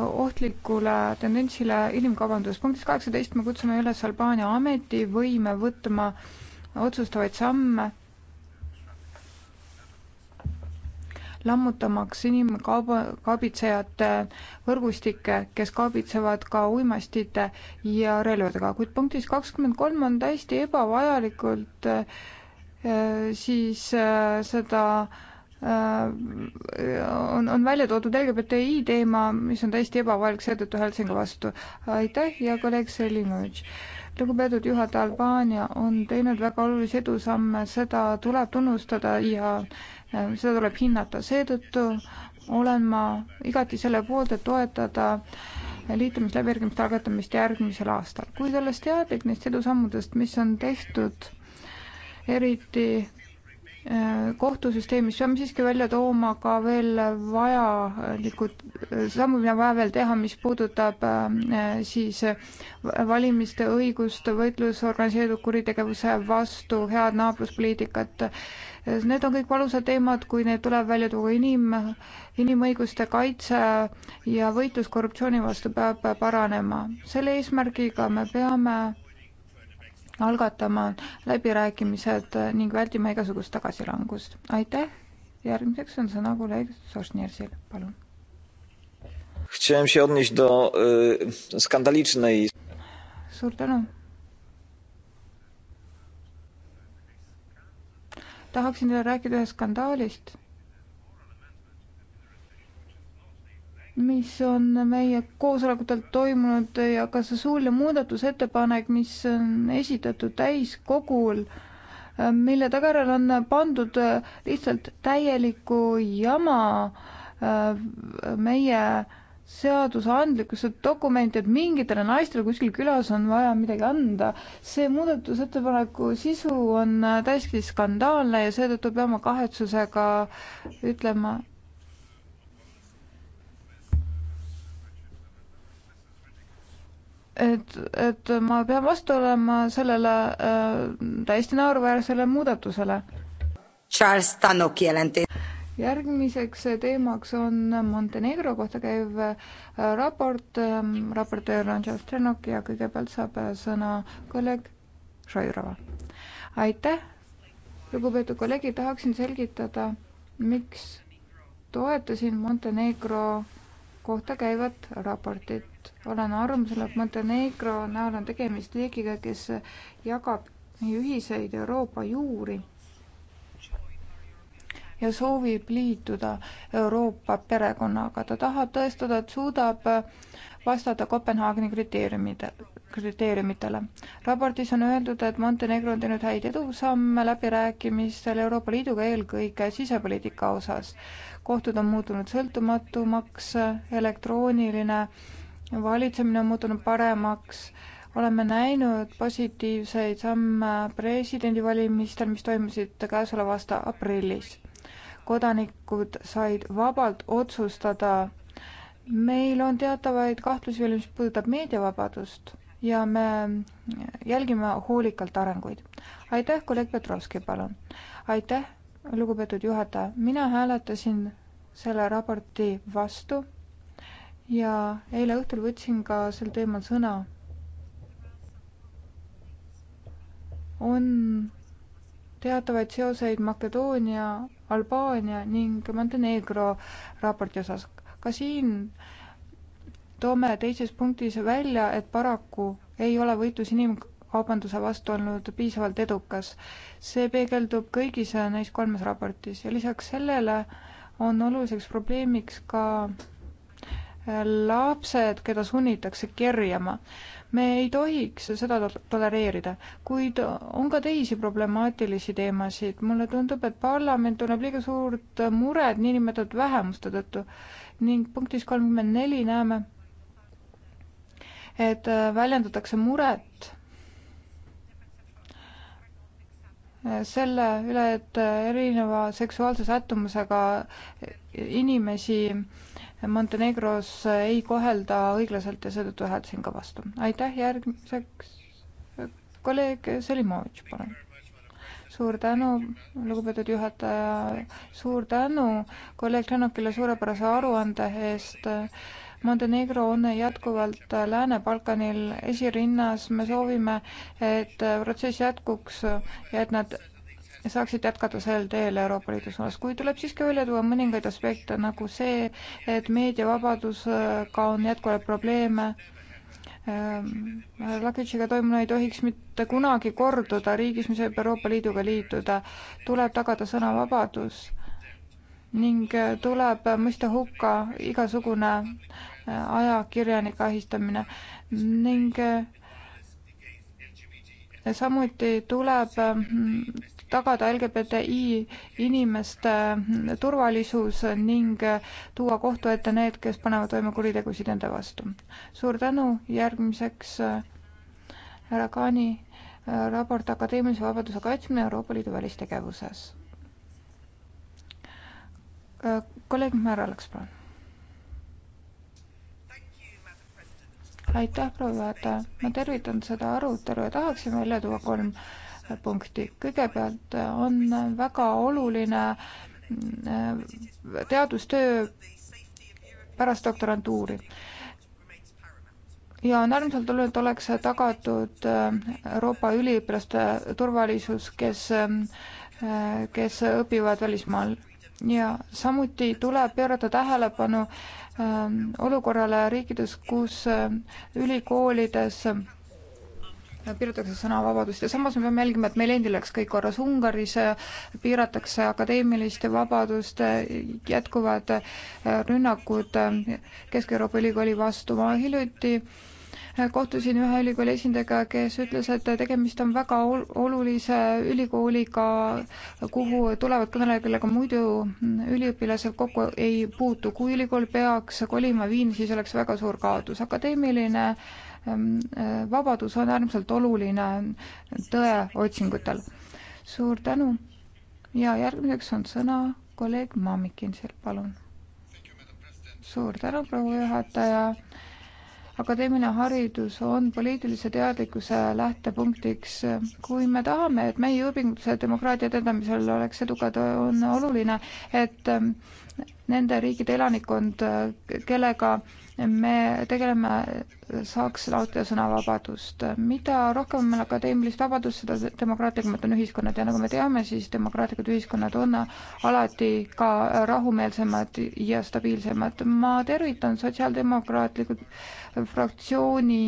ohtlikule tendentsile inimkaubandus. punktis kaheksateist me kutsume üles Albaania ametivõime võtma otsustavaid samme lammutamaks inimkauba, kaabitsejate võrgustikke, kes kaabitsevad ka uimastite ja relvadega, kuid punktis kakskümmend kolm on täiesti ebavajalikult äh, siis äh, seda äh, on, on välja toodud LGBTI teema, mis on täiesti ebavajalik, seetõttu hääldasin ka vastu. aitäh ja kolleeg Selimovitš. lugupeetud juhataja, Albaania on teinud väga olulisi edusamme, seda tuleb tunnustada ja Äh, seda tuleb hinnata, seetõttu olen ma igati selle poolt, et toetada liitumisläbirääkimiste algatamist järgmisel aastal. kui sellest teadlik neist edusammudest, mis on tehtud, eriti äh, kohtusüsteemis peame siiski välja tooma ka veel vajalikud, äh, samu, mida on vaja veel teha, mis puudutab siis valimiste õigust, võitlus organiseeritud kuritegevuse vastu, head naabruspoliitikat, Need on kõik valusad teemad, kui need tuleb välja tuua inim, inimõiguste kaitse ja võitlus korruptsiooni vastu peab paranema. selle eesmärgiga me peame algatama läbirääkimised ning vältima igasugust tagasilangust. aitäh, järgmiseks on sõna kolleeg Sosnjersil, palun. Chciałem się odnieść do y, skandalicznej. Suur tänu. tahaksin teile rääkida ühest skandaalist, mis on meie koosolekutel toimunud ja ka see suuline muudatusettepanek, mis on esitatud täiskogul, mille tagajärjel on pandud lihtsalt täielikku jama äh, meie seadusandlikkuse dokumenti, et mingitele naistele kuskil külas on vaja midagi anda. see muudatusettepaneku sisu on täiesti skandaalne ja seetõttu peame kahetsusega ütlema, et, et ma pean vastu olema sellele äh, täiesti naeruväärsele muudatusele. Charles Tannock jelenteet järgmiseks teemaks on Montenegro kohta käiv äh, raport, ähm, raportöör on Charles Tšernok ja kõigepealt saab äh, sõna kolleeg Šoirova. aitäh, lugupeetud kolleegid, tahaksin selgitada, miks toetasin Montenegro kohta käivat raportit. olen arvamusel, et Montenegro näol on tegemist riigiga, kes jagab meie ühiseid Euroopa juuri ja soovib liituda Euroopa perekonnaga. ta tahab tõestada, et suudab vastata Kopenhaageni kriteeriumidele, kriteeriumitele. raportis on öeldud, et Montenegro on teinud häid edusamme läbirääkimistel Euroopa Liiduga eelkõige sisepoliitika osas. kohtud on muutunud sõltumatumaks, elektrooniline valitsemine on muutunud paremaks, oleme näinud positiivseid samme presidendivalimistel, mis toimusid käesoleva aasta aprillis kodanikud said vabalt otsustada. meil on teatavaid kahtlusi veel, mis puudutab meediavabadust ja me jälgime hoolikalt arenguid. aitäh, kolleeg Petrovski, palun. aitäh, lugupeetud juhataja, mina hääletasin selle raporti vastu ja eile õhtul võtsin ka sel teemal sõna. on teatavaid seoseid Makedoonia Albaania ning Montenegro raporti osas. ka siin toome teises punktis välja, et paraku ei ole võitlus inimkaubanduse vastu olnud piisavalt edukas. see peegeldub kõigis neis kolmes raportis ja lisaks sellele on oluliseks probleemiks ka lapsed, keda sunnitakse kerjama me ei tohiks seda tolereerida, kuid on ka teisi problemaatilisi teemasid. mulle tundub, et parlament tunneb liiga suurt muret niinimetatud vähemuste tõttu ning punktis kolmkümmend neli näeme, et väljendatakse muret selle üle, et erineva seksuaalse sättumusega inimesi Montenegros ei kohelda õiglaselt ja seetõttu hääletasin ka vastu. aitäh, järgmiseks kolleeg Selimovitš, palun. suur tänu, lugupeetud juhataja, suur tänu kolleeg Lennukile suurepärase aruande eest. Montenegro on jätkuvalt Lääne-Balkanil esirinnas, me soovime, et protsess jätkuks ja et nad saaksid jätkata sel teel Euroopa Liidu suunas, kuid tuleb siiski välja tuua mõningaid aspekte, nagu see, et meediavabadusega on jätkuvalt probleeme ähm, Lagitšiga toimunu ei tohiks mitte kunagi korduda riigis, mis võib Euroopa Liiduga liituda. tuleb tagada sõnavabadus ning tuleb mõista hukka igasugune äh, ajakirjanike ahistamine ning äh, samuti tuleb mm, tagada LGBTI inimeste mm, turvalisus ning äh, tuua kohtu ette need, kes panevad toime kuritegusid enda vastu. suur tänu, järgmiseks äh, härra Kaani äh, raport Akadeemilise vabaduse kaitsmine Euroopa Liidu välistegevuses. kolleeg Määr Aleks, palun. aitäh, proua juhataja, ma tervitan seda arutelu ja tahaksin välja tuua kolm punkti. kõigepealt on väga oluline äh, teadustöö pärast doktorantuuri ja on äärmiselt oluline, et oleks tagatud äh, Euroopa üliõpilaste turvalisus, kes, äh, kes õpivad välismaal ja samuti tuleb pöörata tähelepanu olukorrale riikides, kus ülikoolides piiratakse sõnavabadust ja samas me peame jälgima, et meil endil oleks kõik korras. Ungaris äh, piiratakse akadeemilist vabadust, jätkuvad äh, rünnakud äh, Kesk-Euroopa Ülikooli vastu. ma hiljuti kohtusin ühe ülikooli esindajaga, kes ütles, et tegemist on väga olulise ülikooliga, kuhu tulevad kõnelejad, kellega muidu mm, üliõpilased kokku ei puutu. kui ülikool peaks kolima Viini, siis oleks väga suur kaotus. akadeemiline äh, Ehm, eh, vabadus on äärmiselt oluline tõe otsingutel. suur tänu ja järgmiseks on sõna kolleeg Mamikinsil, palun. suur tänu, proua juhataja akadeemiline haridus on poliitilise teadlikkuse lähtepunktiks. kui me tahame, et meie õpingute demokraatia edendamisel oleks edukad, on oluline, et ehm, nende riikide elanikkond, kellega me tegeleme, saaks laotada sõnavabadust. mida rohkem on akadeemilist vabadust, seda demokraatlikumad on ühiskonnad ja nagu me teame, siis demokraatlikud ühiskonnad on alati ka rahumeelsemad ja stabiilsemad. ma tervitan sotsiaaldemokraatliku fraktsiooni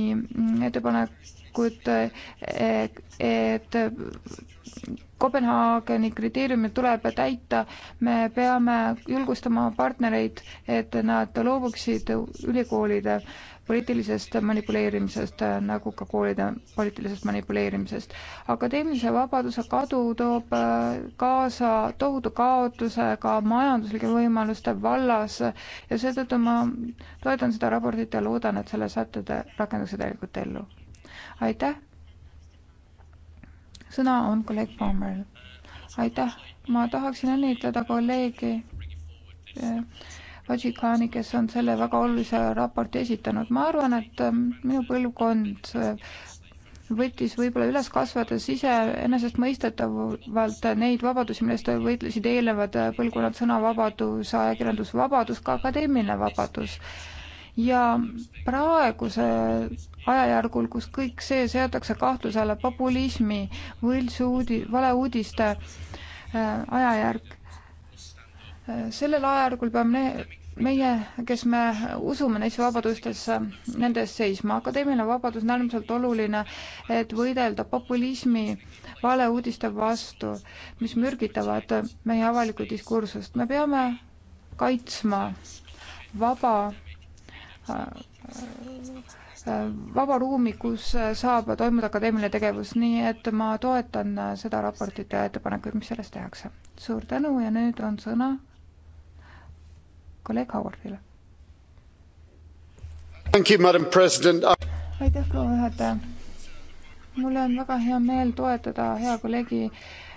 ettepanekut nõunikud, et Kopenhaageni kriteeriumid tuleb täita, me peame julgustama partnereid, et nad loobuksid ülikoolide poliitilisest manipuleerimisest, nagu ka koolide poliitilisest manipuleerimisest. akadeemilise vabaduse kadu toob äh, kaasa tohutu kaotuse ka majanduslike võimaluste vallas ja seetõttu ma toetan seda raportit ja loodan, et selle sätted rakendatakse täielikult ellu aitäh. sõna on kolleeg Palmeril. aitäh, ma tahaksin õnnitleda kolleegi eh, Vajikani, kes on selle väga olulise raporti esitanud. ma arvan, et eh, minu põlvkond eh, võttis võib-olla üles kasvades ise enesestmõistetavalt neid vabadusi, millest võitlesid eelnevad põlvkonnad, sõnavabadus, ajakirjandusvabadus, ka akadeemiline vabadus. ja praeguse ajajärgul, kus kõik see seatakse kahtluse alla, populismi, võltsuudi, valeuudiste äh, ajajärk. Äh, sellel ajajärgul peame meie, kes me usume neisse vabadustesse, nende eest seisma. akadeemiline vabadus on äärmiselt oluline, et võidelda populismi, valeuudiste vastu, mis mürgitavad meie avalikku diskursust. me peame kaitsma vaba äh, vaba ruumi, kus äh, saab toimuda akadeemiline tegevus, nii et ma toetan äh, seda raportit ja ettepanekuid, mis selles tehakse. suur tänu ja nüüd on sõna kolleeg Howardile. aitäh, proua juhataja. mul on väga hea meel toetada hea kolleegi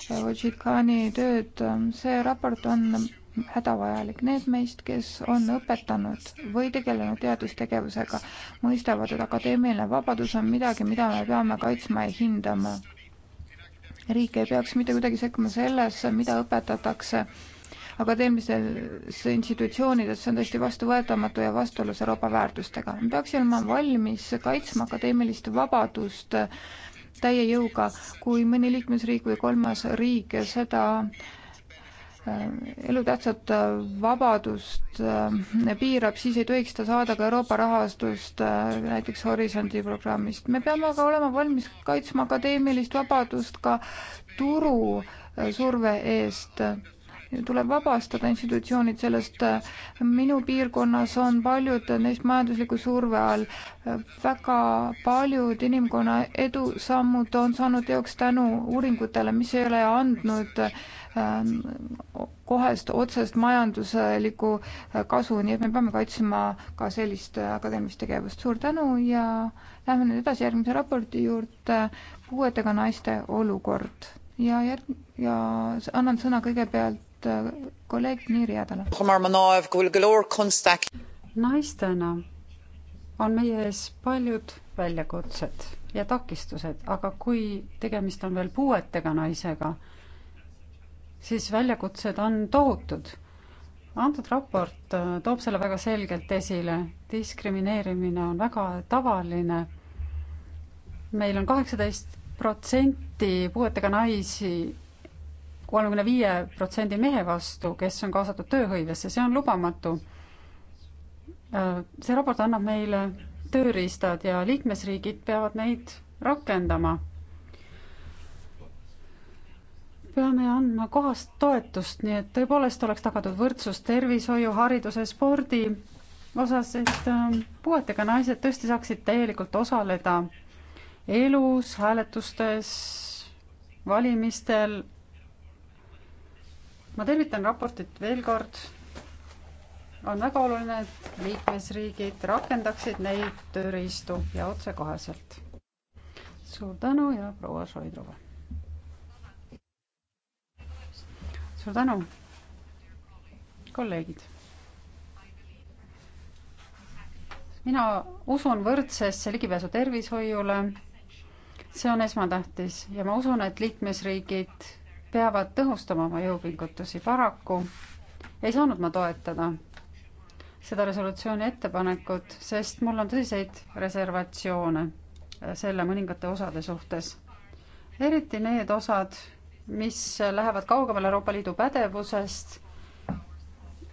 äh, Wojciechani tööd. see raport on hädavajalik. Need meist, kes on õpetanud või tegelenud teadustegevusega, mõistavad, et akadeemiline vabadus on midagi, mida me peame kaitsma ja hindama. riik ei peaks mitte kuidagi sekkuma sellesse, mida õpetatakse akadeemilistes institutsioonides, see on tõesti vastuvõetamatu ja vastuolus Euroopa väärtustega. me peaksime olema valmis kaitsma akadeemilist vabadust täie jõuga, kui mõni liikmesriik või kolmas riik seda äh, Äh, elutähtsat äh, vabadust äh, piirab, siis ei tohiks ta saada ka Euroopa rahastust näiteks Horisondi programmist. me peame aga olema valmis kaitsma akadeemilist vabadust ka turu surve eest tuleb vabastada institutsioonid sellest. minu piirkonnas on paljud neist majandusliku surve all. väga paljud inimkonna edusammud on saanud teoks tänu uuringutele, mis ei ole andnud ähm, kohest otsest majanduslikku äh, kasu, nii et me peame kaitsema ka sellist äh, akadeemilist tegevust. suur tänu ja lähme nüüd edasi järgmise raporti juurde, puuetega naiste olukord ja järg- ja annan sõna kõigepealt nüüd äh, kolleeg Niiri Adala. naistena on meie ees paljud väljakutsed ja takistused, aga kui tegemist on veel puuetega naisega, siis väljakutsed on tohutud. antud raport äh, toob selle väga selgelt esile. diskrimineerimine on väga tavaline. meil on kaheksateist protsenti puuetega naisi kolmekümne viie protsendi mehe vastu, kes on kaasatud tööhõivesse, see on lubamatu. Äh, see raport annab meile tööriistad ja liikmesriigid peavad neid rakendama. peame andma kohast toetust, nii et tõepoolest oleks tagatud võrdsus tervishoiu, hariduse, spordi osas, et ähm, puuetega naised tõesti saaksid täielikult osaleda elus, hääletustes, valimistel ma tervitan raportit veel kord. on väga oluline, et liikmesriigid rakendaksid neid tööriistu ja otsekoheselt. suur tänu ja proua Šoidrova. suur tänu, kolleegid. mina usun võrdsesse ligipääsu tervishoiule. see on esmatähtis ja ma usun, et liikmesriigid peavad tõhustama oma jõupingutusi. paraku ei saanud ma toetada seda resolutsiooni ettepanekut, sest mul on tõsiseid reservatsioone selle mõningate osade suhtes. eriti need osad, mis lähevad kaugemale Euroopa Liidu pädevusest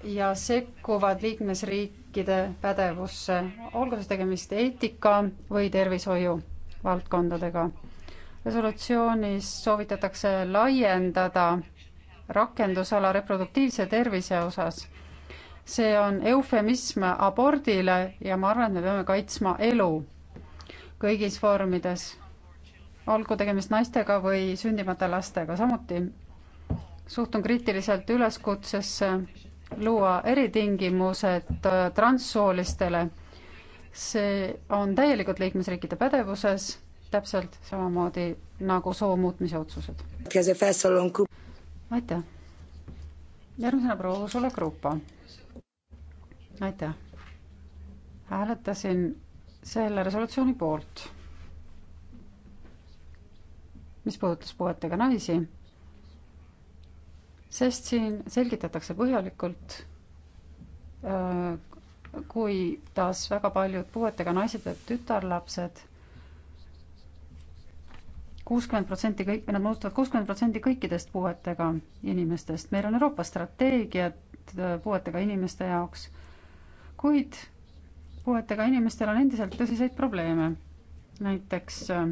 ja sekkuvad liikmesriikide pädevusse, olgu siis tegemist eetika või tervishoiu valdkondadega resolutsioonis soovitatakse laiendada rakendusala reproduktiivse tervise osas. see on eufemism abordile ja ma arvan, et me peame kaitsma elu kõigis vormides, olgu tegemist naistega või sündimata lastega, samuti suhtun kriitiliselt üleskutsesse luua eritingimused transsoolistele. see on täielikult liikmesriikide pädevuses täpselt samamoodi nagu soo muutmise otsused. aitäh. järgmisena proua Ursula Krupa. aitäh. hääletasin selle resolutsiooni poolt, mis puudutas puuetega naisi, sest siin selgitatakse põhjalikult, äh, kuidas väga paljud puuetega naised ja tütarlapsed kuuskümmend protsenti kõik, nad moodustavad kuuskümmend protsenti kõikidest puuetega inimestest. meil on Euroopas strateegiad äh, puuetega inimeste jaoks, kuid puuetega inimestel on endiselt tõsiseid probleeme. näiteks äh,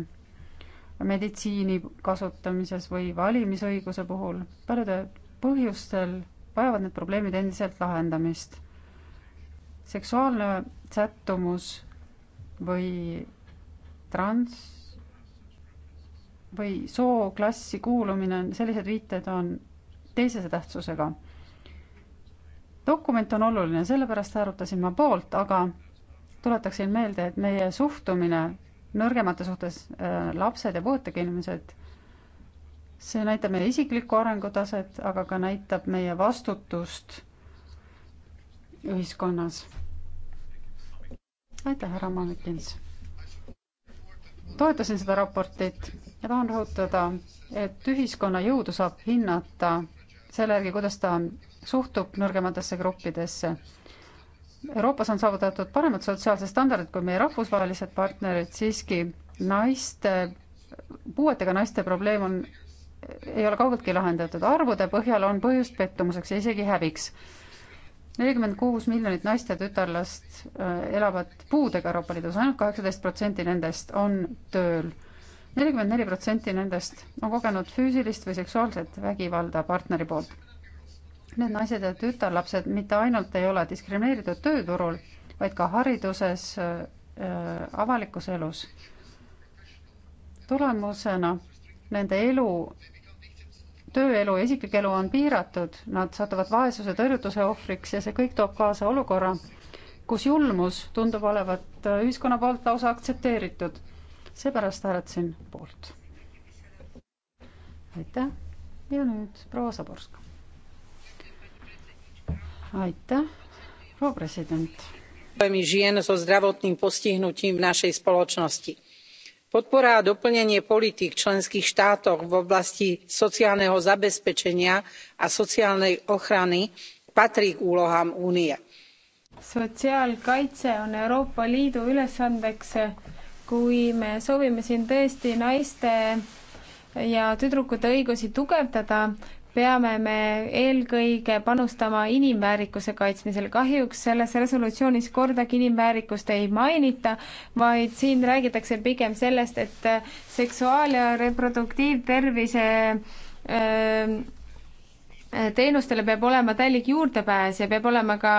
meditsiini kasutamises või valimisõiguse puhul paljudel põhjustel vajavad need probleemid endiselt lahendamist. seksuaalne sättumus või trans või sooklassi kuulumine, sellised viited on teisese tähtsusega. dokument on oluline, sellepärast hääletasin ma poolt, aga tuletaksin meelde, et meie suhtumine nõrgemate suhtes äh,, lapsed ja puuetega inimesed, see näitab meie isiklikku arengutaset, aga ka näitab meie vastutust ühiskonnas. aitäh, härra Mamikins! toetasin seda raportit ja tahan rõhutada, et ühiskonna jõudu saab hinnata selle järgi, kuidas ta suhtub nõrgematesse gruppidesse. Euroopas on saavutatud paremad sotsiaalsed standardid kui meie rahvusvahelised partnerid, siiski naiste, puuetega naiste probleem on, ei ole kaugeltki lahendatud, arvude põhjal on põhjust pettumuseks ja isegi häbiks. nelikümmend kuus miljonit naist ja tütarlast äh, elavad puudega Euroopa Liidus, ainult kaheksateist protsenti nendest on tööl nelikümmend neli protsenti nendest on kogenud füüsilist või seksuaalset vägivalda partneri poolt. Need naised ja tütarlapsed mitte ainult ei ole diskrimineeritud tööturul, vaid ka hariduses äh,, avalikus elus. tulemusena nende elu, tööelu ja isiklik elu on piiratud, nad satuvad vaesuse, tõrjutuse ohvriks ja see kõik toob kaasa olukorra, kus julmus tundub olevat äh, ühiskonna poolt lausa aktsepteeritud seepärast hääletasin poolt. aitäh ja nüüd proua Saborsk. aitäh, proua president. žien so zdravotným postihnutím v našej spoločnosti podpora a doplnenie politík členských štátov v oblasti sociálneho zabezpečenia a sociálnej ochrany patrí k úlohám únie. sotsiaalkaitse on euroopa liidu ülesandeks kui me soovime siin tõesti naiste ja tüdrukute õigusi tugevdada, peame me eelkõige panustama inimväärikuse kaitsmisele. kahjuks selles resolutsioonis kordagi inimväärikust ei mainita, vaid siin räägitakse pigem sellest, et seksuaal- ja reproduktiivtervise öö, äh, Eh, teenustele peab olema täielik juurdepääs ja peab olema ka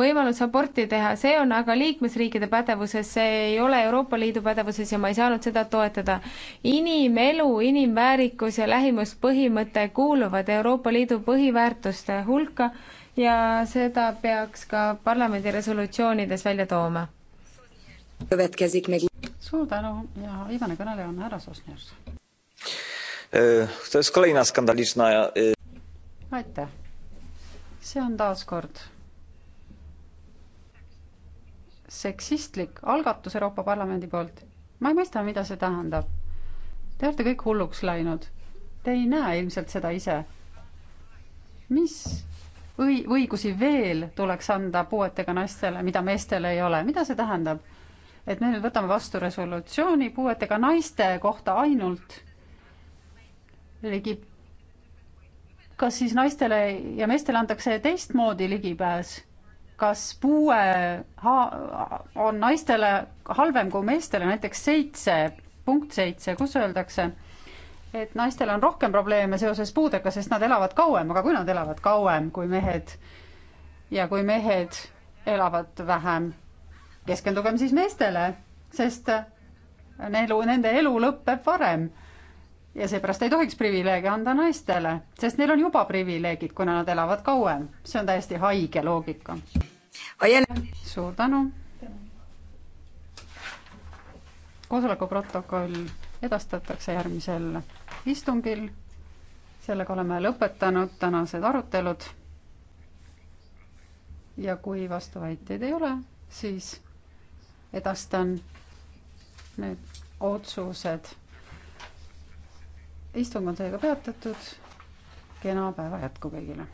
võimalus aborti teha, see on aga liikmesriikide pädevuses, see ei ole Euroopa Liidu pädevuses ja ma ei saanud seda toetada. inimelu, inimväärikus ja lähimuspõhimõte kuuluvad Euroopa Liidu põhiväärtuste hulka ja seda peaks ka parlamendi resolutsioonides välja tooma. suur tänu ja viimane kõneleja on härra Sosnjärv e, to jest kolejna skandaliczna. E, aitäh. see on taaskord seksistlik algatus Euroopa Parlamendi poolt. ma ei mõista, mida see tähendab. Te olete kõik hulluks läinud. Te ei näe ilmselt seda ise. mis õi-, õigusi veel tuleks anda puuetega naistele, mida meestel ei ole, mida see tähendab? et me nüüd võtame vastu resolutsiooni puuetega naiste kohta ainult ligi kas siis naistele ja meestele antakse teistmoodi ligipääs? kas puue on naistele halvem kui meestele, näiteks seitse, punkt seitse, kus öeldakse, et naistel on rohkem probleeme seoses puudega, sest nad elavad kauem, aga kui nad elavad kauem kui mehed ja kui mehed elavad vähem, keskendugem siis meestele, sest elu, nende elu lõpeb varem ja seepärast ei tohiks privileege anda naistele, sest neil on juba privileegid, kuna nad elavad kauem. see on täiesti haige loogika. suur tänu. koosoleku protokoll edastatakse järgmisel istungil. sellega oleme lõpetanud tänased arutelud. ja kui vastuväiteid ei ole, siis edastan need otsused istung on seega peatatud. kena päeva jätku kõigile.